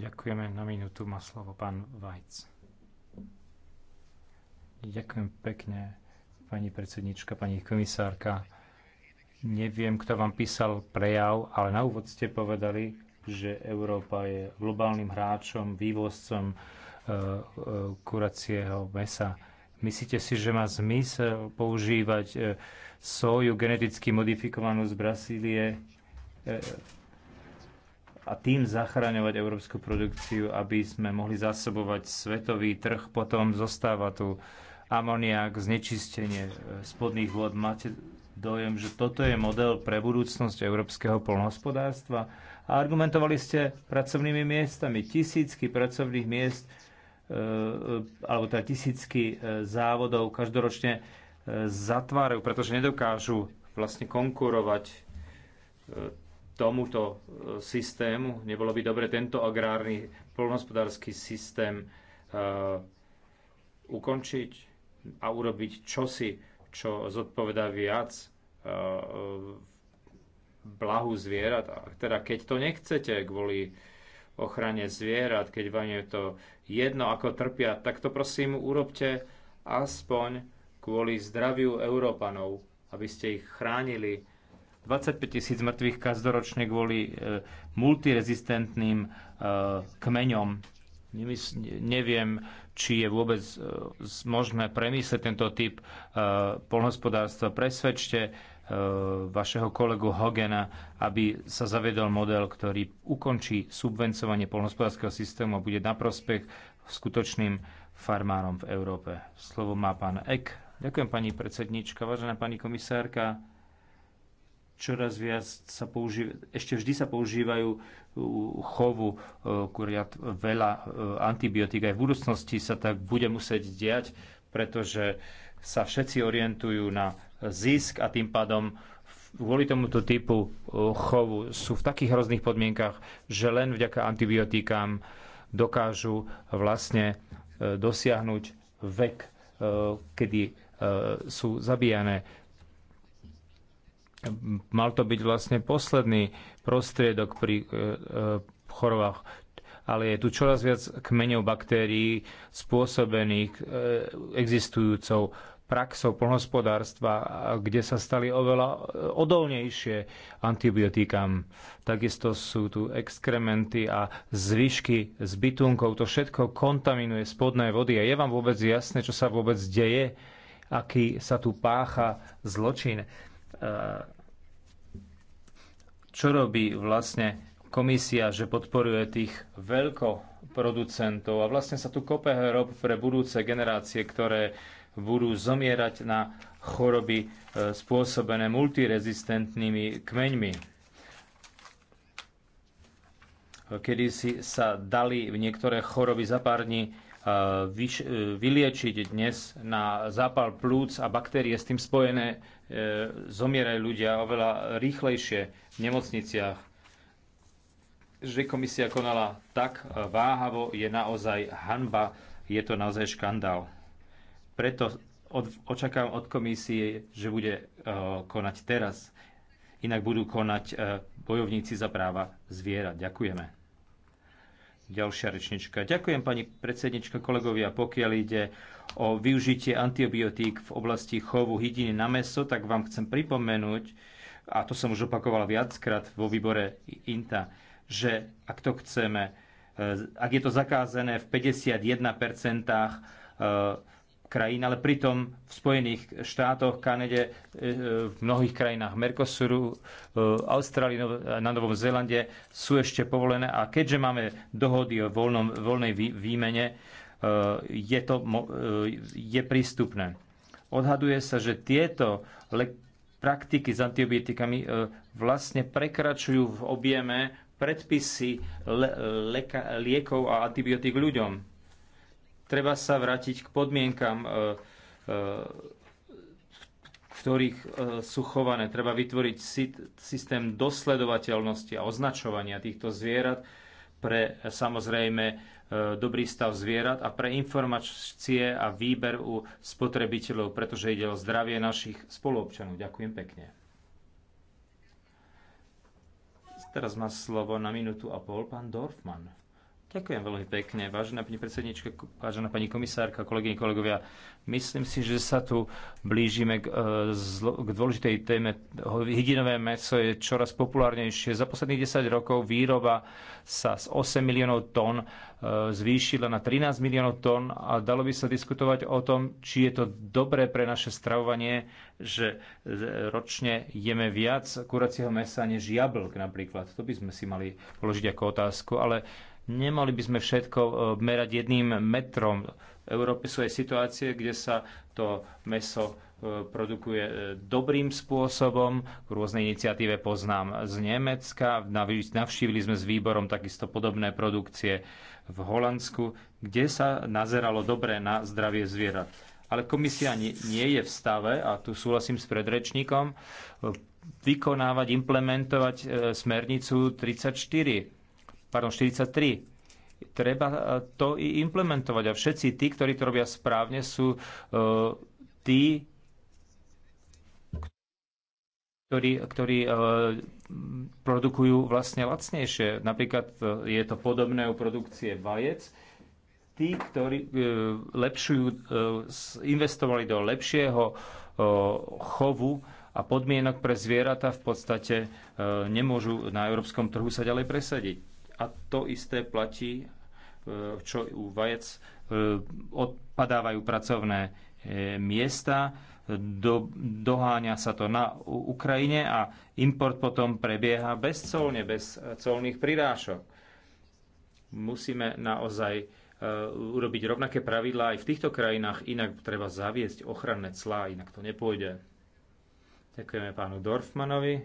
Speaker 2: Ďakujeme. Na minútu má slovo pán Vajc. Ďakujem pekne, pani predsednička, pani komisárka. Neviem, kto vám písal prejav, ale na úvod ste povedali, že Európa je globálnym hráčom, vývozcom e, e, kuracieho mesa. Myslíte si, že má zmysel používať e, soju geneticky modifikovanú z Brazílie a tým zachraňovať európsku produkciu, aby sme mohli zásobovať svetový trh. Potom zostáva tu amoniak, znečistenie e, spodných vôd. Máte dojem, že toto je model pre budúcnosť európskeho polnohospodárstva? A argumentovali ste pracovnými miestami. Tisícky pracovných miest e, e, alebo teda tisícky závodov každoročne zatvárajú, pretože nedokážu vlastne konkurovať tomuto e, systému. Nebolo by dobre tento agrárny polnospodársky systém e, ukončiť a urobiť čosi, čo zodpovedá viac uh, blahu zvierat. Teda keď to nechcete kvôli ochrane zvierat, keď vám je to jedno, ako trpia, tak to prosím urobte aspoň kvôli zdraviu Európanov, aby ste ich chránili 25 tisíc mŕtvych každoročne kvôli e, multirezistentným e, kmeňom. Neviem, či je vôbec e, možné premyslieť tento typ polnohospodárstva. Presvedčte vašeho kolegu Hogena, aby sa zavedol model, ktorý ukončí subvencovanie polnohospodárskeho systému a bude na prospech skutočným farmárom v Európe. Slovo má pán Ek. Ďakujem pani predsednička, vážená pani komisárka čoraz viac sa používa, ešte vždy sa používajú chovu e, kuriat veľa e, antibiotík. Aj v budúcnosti sa tak bude musieť diať, pretože sa všetci orientujú na zisk a tým pádom kvôli tomuto typu e, chovu sú v takých hrozných podmienkach, že len vďaka antibiotikám dokážu vlastne dosiahnuť vek, kedy sú zabíjane mal to byť vlastne posledný prostriedok pri e, e, chorobách ale je tu čoraz viac kmeňov baktérií spôsobených e, existujúcou praxou plnohospodárstva, kde sa stali oveľa odolnejšie antibiotikám. Takisto sú tu exkrementy a zvyšky z bytunkov. To všetko kontaminuje spodné vody. A je vám vôbec jasné, čo sa vôbec deje, aký sa tu pácha zločin. Eh, čo robí vlastne komisia, že podporuje tých veľkoproducentov a vlastne sa tu kope hrob pre budúce generácie, ktoré budú zomierať na choroby eh, spôsobené multirezistentnými kmeňmi. Kedy si sa dali niektoré choroby za pár dní eh, vyliečiť dnes na zápal plúc a baktérie s tým spojené E, zomierajú ľudia oveľa rýchlejšie v nemocniciach. Že komisia konala tak váhavo, je naozaj hanba, je to naozaj škandál. Preto od, očakávam od komisie, že bude uh, konať teraz. Inak budú konať uh, bojovníci za práva zviera. Ďakujeme. Ďalšia rečnička. Ďakujem pani predsednička, kolegovia, pokiaľ ide o využitie antibiotík v oblasti chovu hydiny na meso, tak vám chcem pripomenúť, a to som už opakoval viackrát vo výbore INTA, že ak to chceme, eh, ak je to zakázané v 51% eh, krajín, ale pritom v Spojených štátoch, Kanade, eh, v mnohých krajinách Mercosuru, Austrálii, na Novom Zélande sú ešte povolené. A keďže máme dohody o voľnom, voľnej výmene, Eh, je, to, eh, je prístupné. Odhaduje sa, že tieto praktiky s antibiotikami eh, vlastne prekračujú v objeme predpisy liekov a antibiotík ľuďom. Treba sa vrátiť k podmienkam, v ktorých sú chované. Treba vytvoriť systém dosledovateľnosti a označovania týchto zvierat pre samozrejme dobrý stav zvierat a pre informácie a výber u spotrebiteľov, pretože ide o zdravie našich spoluobčanov. Ďakujem pekne. Teraz má slovo na minútu a pol pán Dorfman. Ďakujem veľmi pekne. Vážená pani predsednička, vážená pani komisárka, kolegyne, kolegovia, myslím si, že sa tu blížime k, e, k dôležitej téme. Hydinové meso je čoraz populárnejšie. Za posledných 10 rokov výroba sa z 8 miliónov tón E, zvýšila na 13 miliónov tón a dalo by sa diskutovať o tom, či je to dobré pre naše stravovanie, že ročne jeme viac kuracieho mesa než jablk napríklad. To by sme si mali položiť ako otázku, ale nemali by sme všetko e, merať jedným metrom. V Európe sú aj situácie, kde sa to meso e, produkuje dobrým spôsobom. K rôznej iniciatíve poznám z Nemecka. Navštívili sme s výborom takisto podobné produkcie v Holandsku, kde sa nazeralo dobre na zdravie zvierat. Ale komisia nie je v stave, a tu súhlasím s predrečníkom, vykonávať, implementovať e, smernicu 34, pardon, 43. Treba e, to i implementovať a všetci tí, ktorí to robia správne, sú e, tí, ktorí, ktorí e, produkujú vlastne lacnejšie. Napríklad e, je to podobné u produkcie vajec. Tí, ktorí e, lepšujú, investovali do lepšieho chovu a podmienok pre zvieratá v podstate nemôžu na európskom trhu sa ďalej presadiť. A to isté platí, čo u vajec odpadávajú pracovné miesta, do, doháňa sa to na Ukrajine a import potom prebieha bezcolne, bez eh, colných prirášok. Musíme naozaj eh, urobiť rovnaké pravidlá aj v týchto krajinách, inak treba zaviesť ochranné clá, inak to nepôjde. Ďakujeme pánu Dorfmanovi.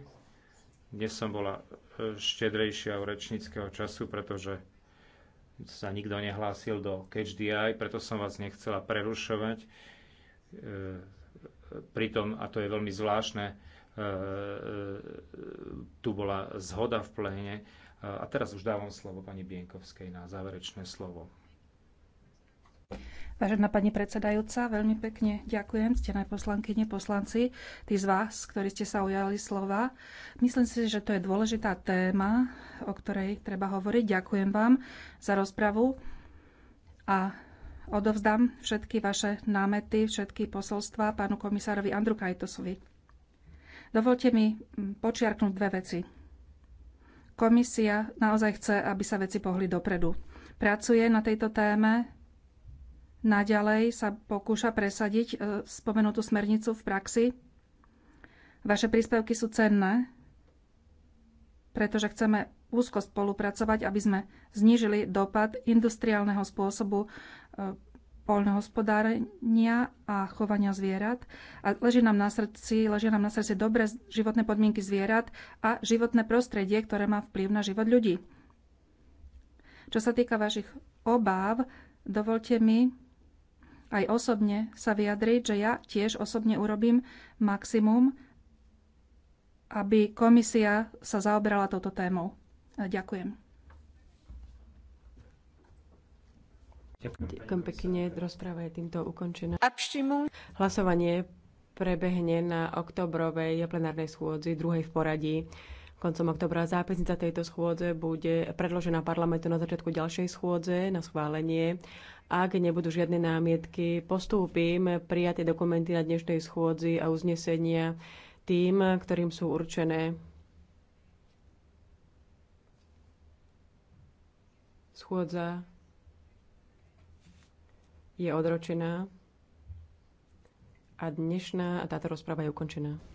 Speaker 2: Dnes som bola eh, štedrejšia u rečníckého času, pretože sa nikto nehlásil do Catch the Eye, preto som vás nechcela prerušovať Pritom, a to je veľmi zvláštne, e, e, tu bola zhoda v plene. E, a teraz už dávam slovo pani Bienkovskej na záverečné slovo.
Speaker 5: Vážená pani predsedajúca, veľmi pekne ďakujem, ste poslankyne, poslanci, tí z vás, ktorí ste sa ujali slova. Myslím si, že to je dôležitá téma, o ktorej treba hovoriť. Ďakujem vám za rozpravu a odovzdám všetky vaše námety, všetky posolstva pánu komisárovi Andru Kajtosovi. Dovolte mi mm, počiarknúť dve veci. Komisia naozaj chce, aby sa veci pohli dopredu. Pracuje na tejto téme, naďalej sa pokúša presadiť e, spomenutú smernicu v praxi. Vaše príspevky sú cenné pretože chceme úzko spolupracovať, aby sme znížili dopad industriálneho spôsobu e, poľnohospodárenia a chovania zvierat. A leží nám na srdci, leží nám na srdci dobré životné podmienky zvierat a životné prostredie, ktoré má vplyv na život ľudí. Čo sa týka vašich obáv, dovolte mi aj osobne sa vyjadriť, že ja tiež osobne urobím maximum, aby komisia sa zaoberala touto témou. Ďakujem. Ďakujem pekne. Rozpráva je týmto ukončená. Hlasovanie
Speaker 6: prebehne na oktobrovej plenárnej schôdzi, druhej v poradí. Koncom oktobra zápisnica tejto schôdze bude predložená parlamentu na začiatku ďalšej schôdze na schválenie. Ak nebudú žiadne námietky, postúpim prijaté dokumenty na dnešnej schôdzi a uznesenia tým, ktorým sú určené. Schôdza je odročená a dnešná a táto rozprava je ukončená.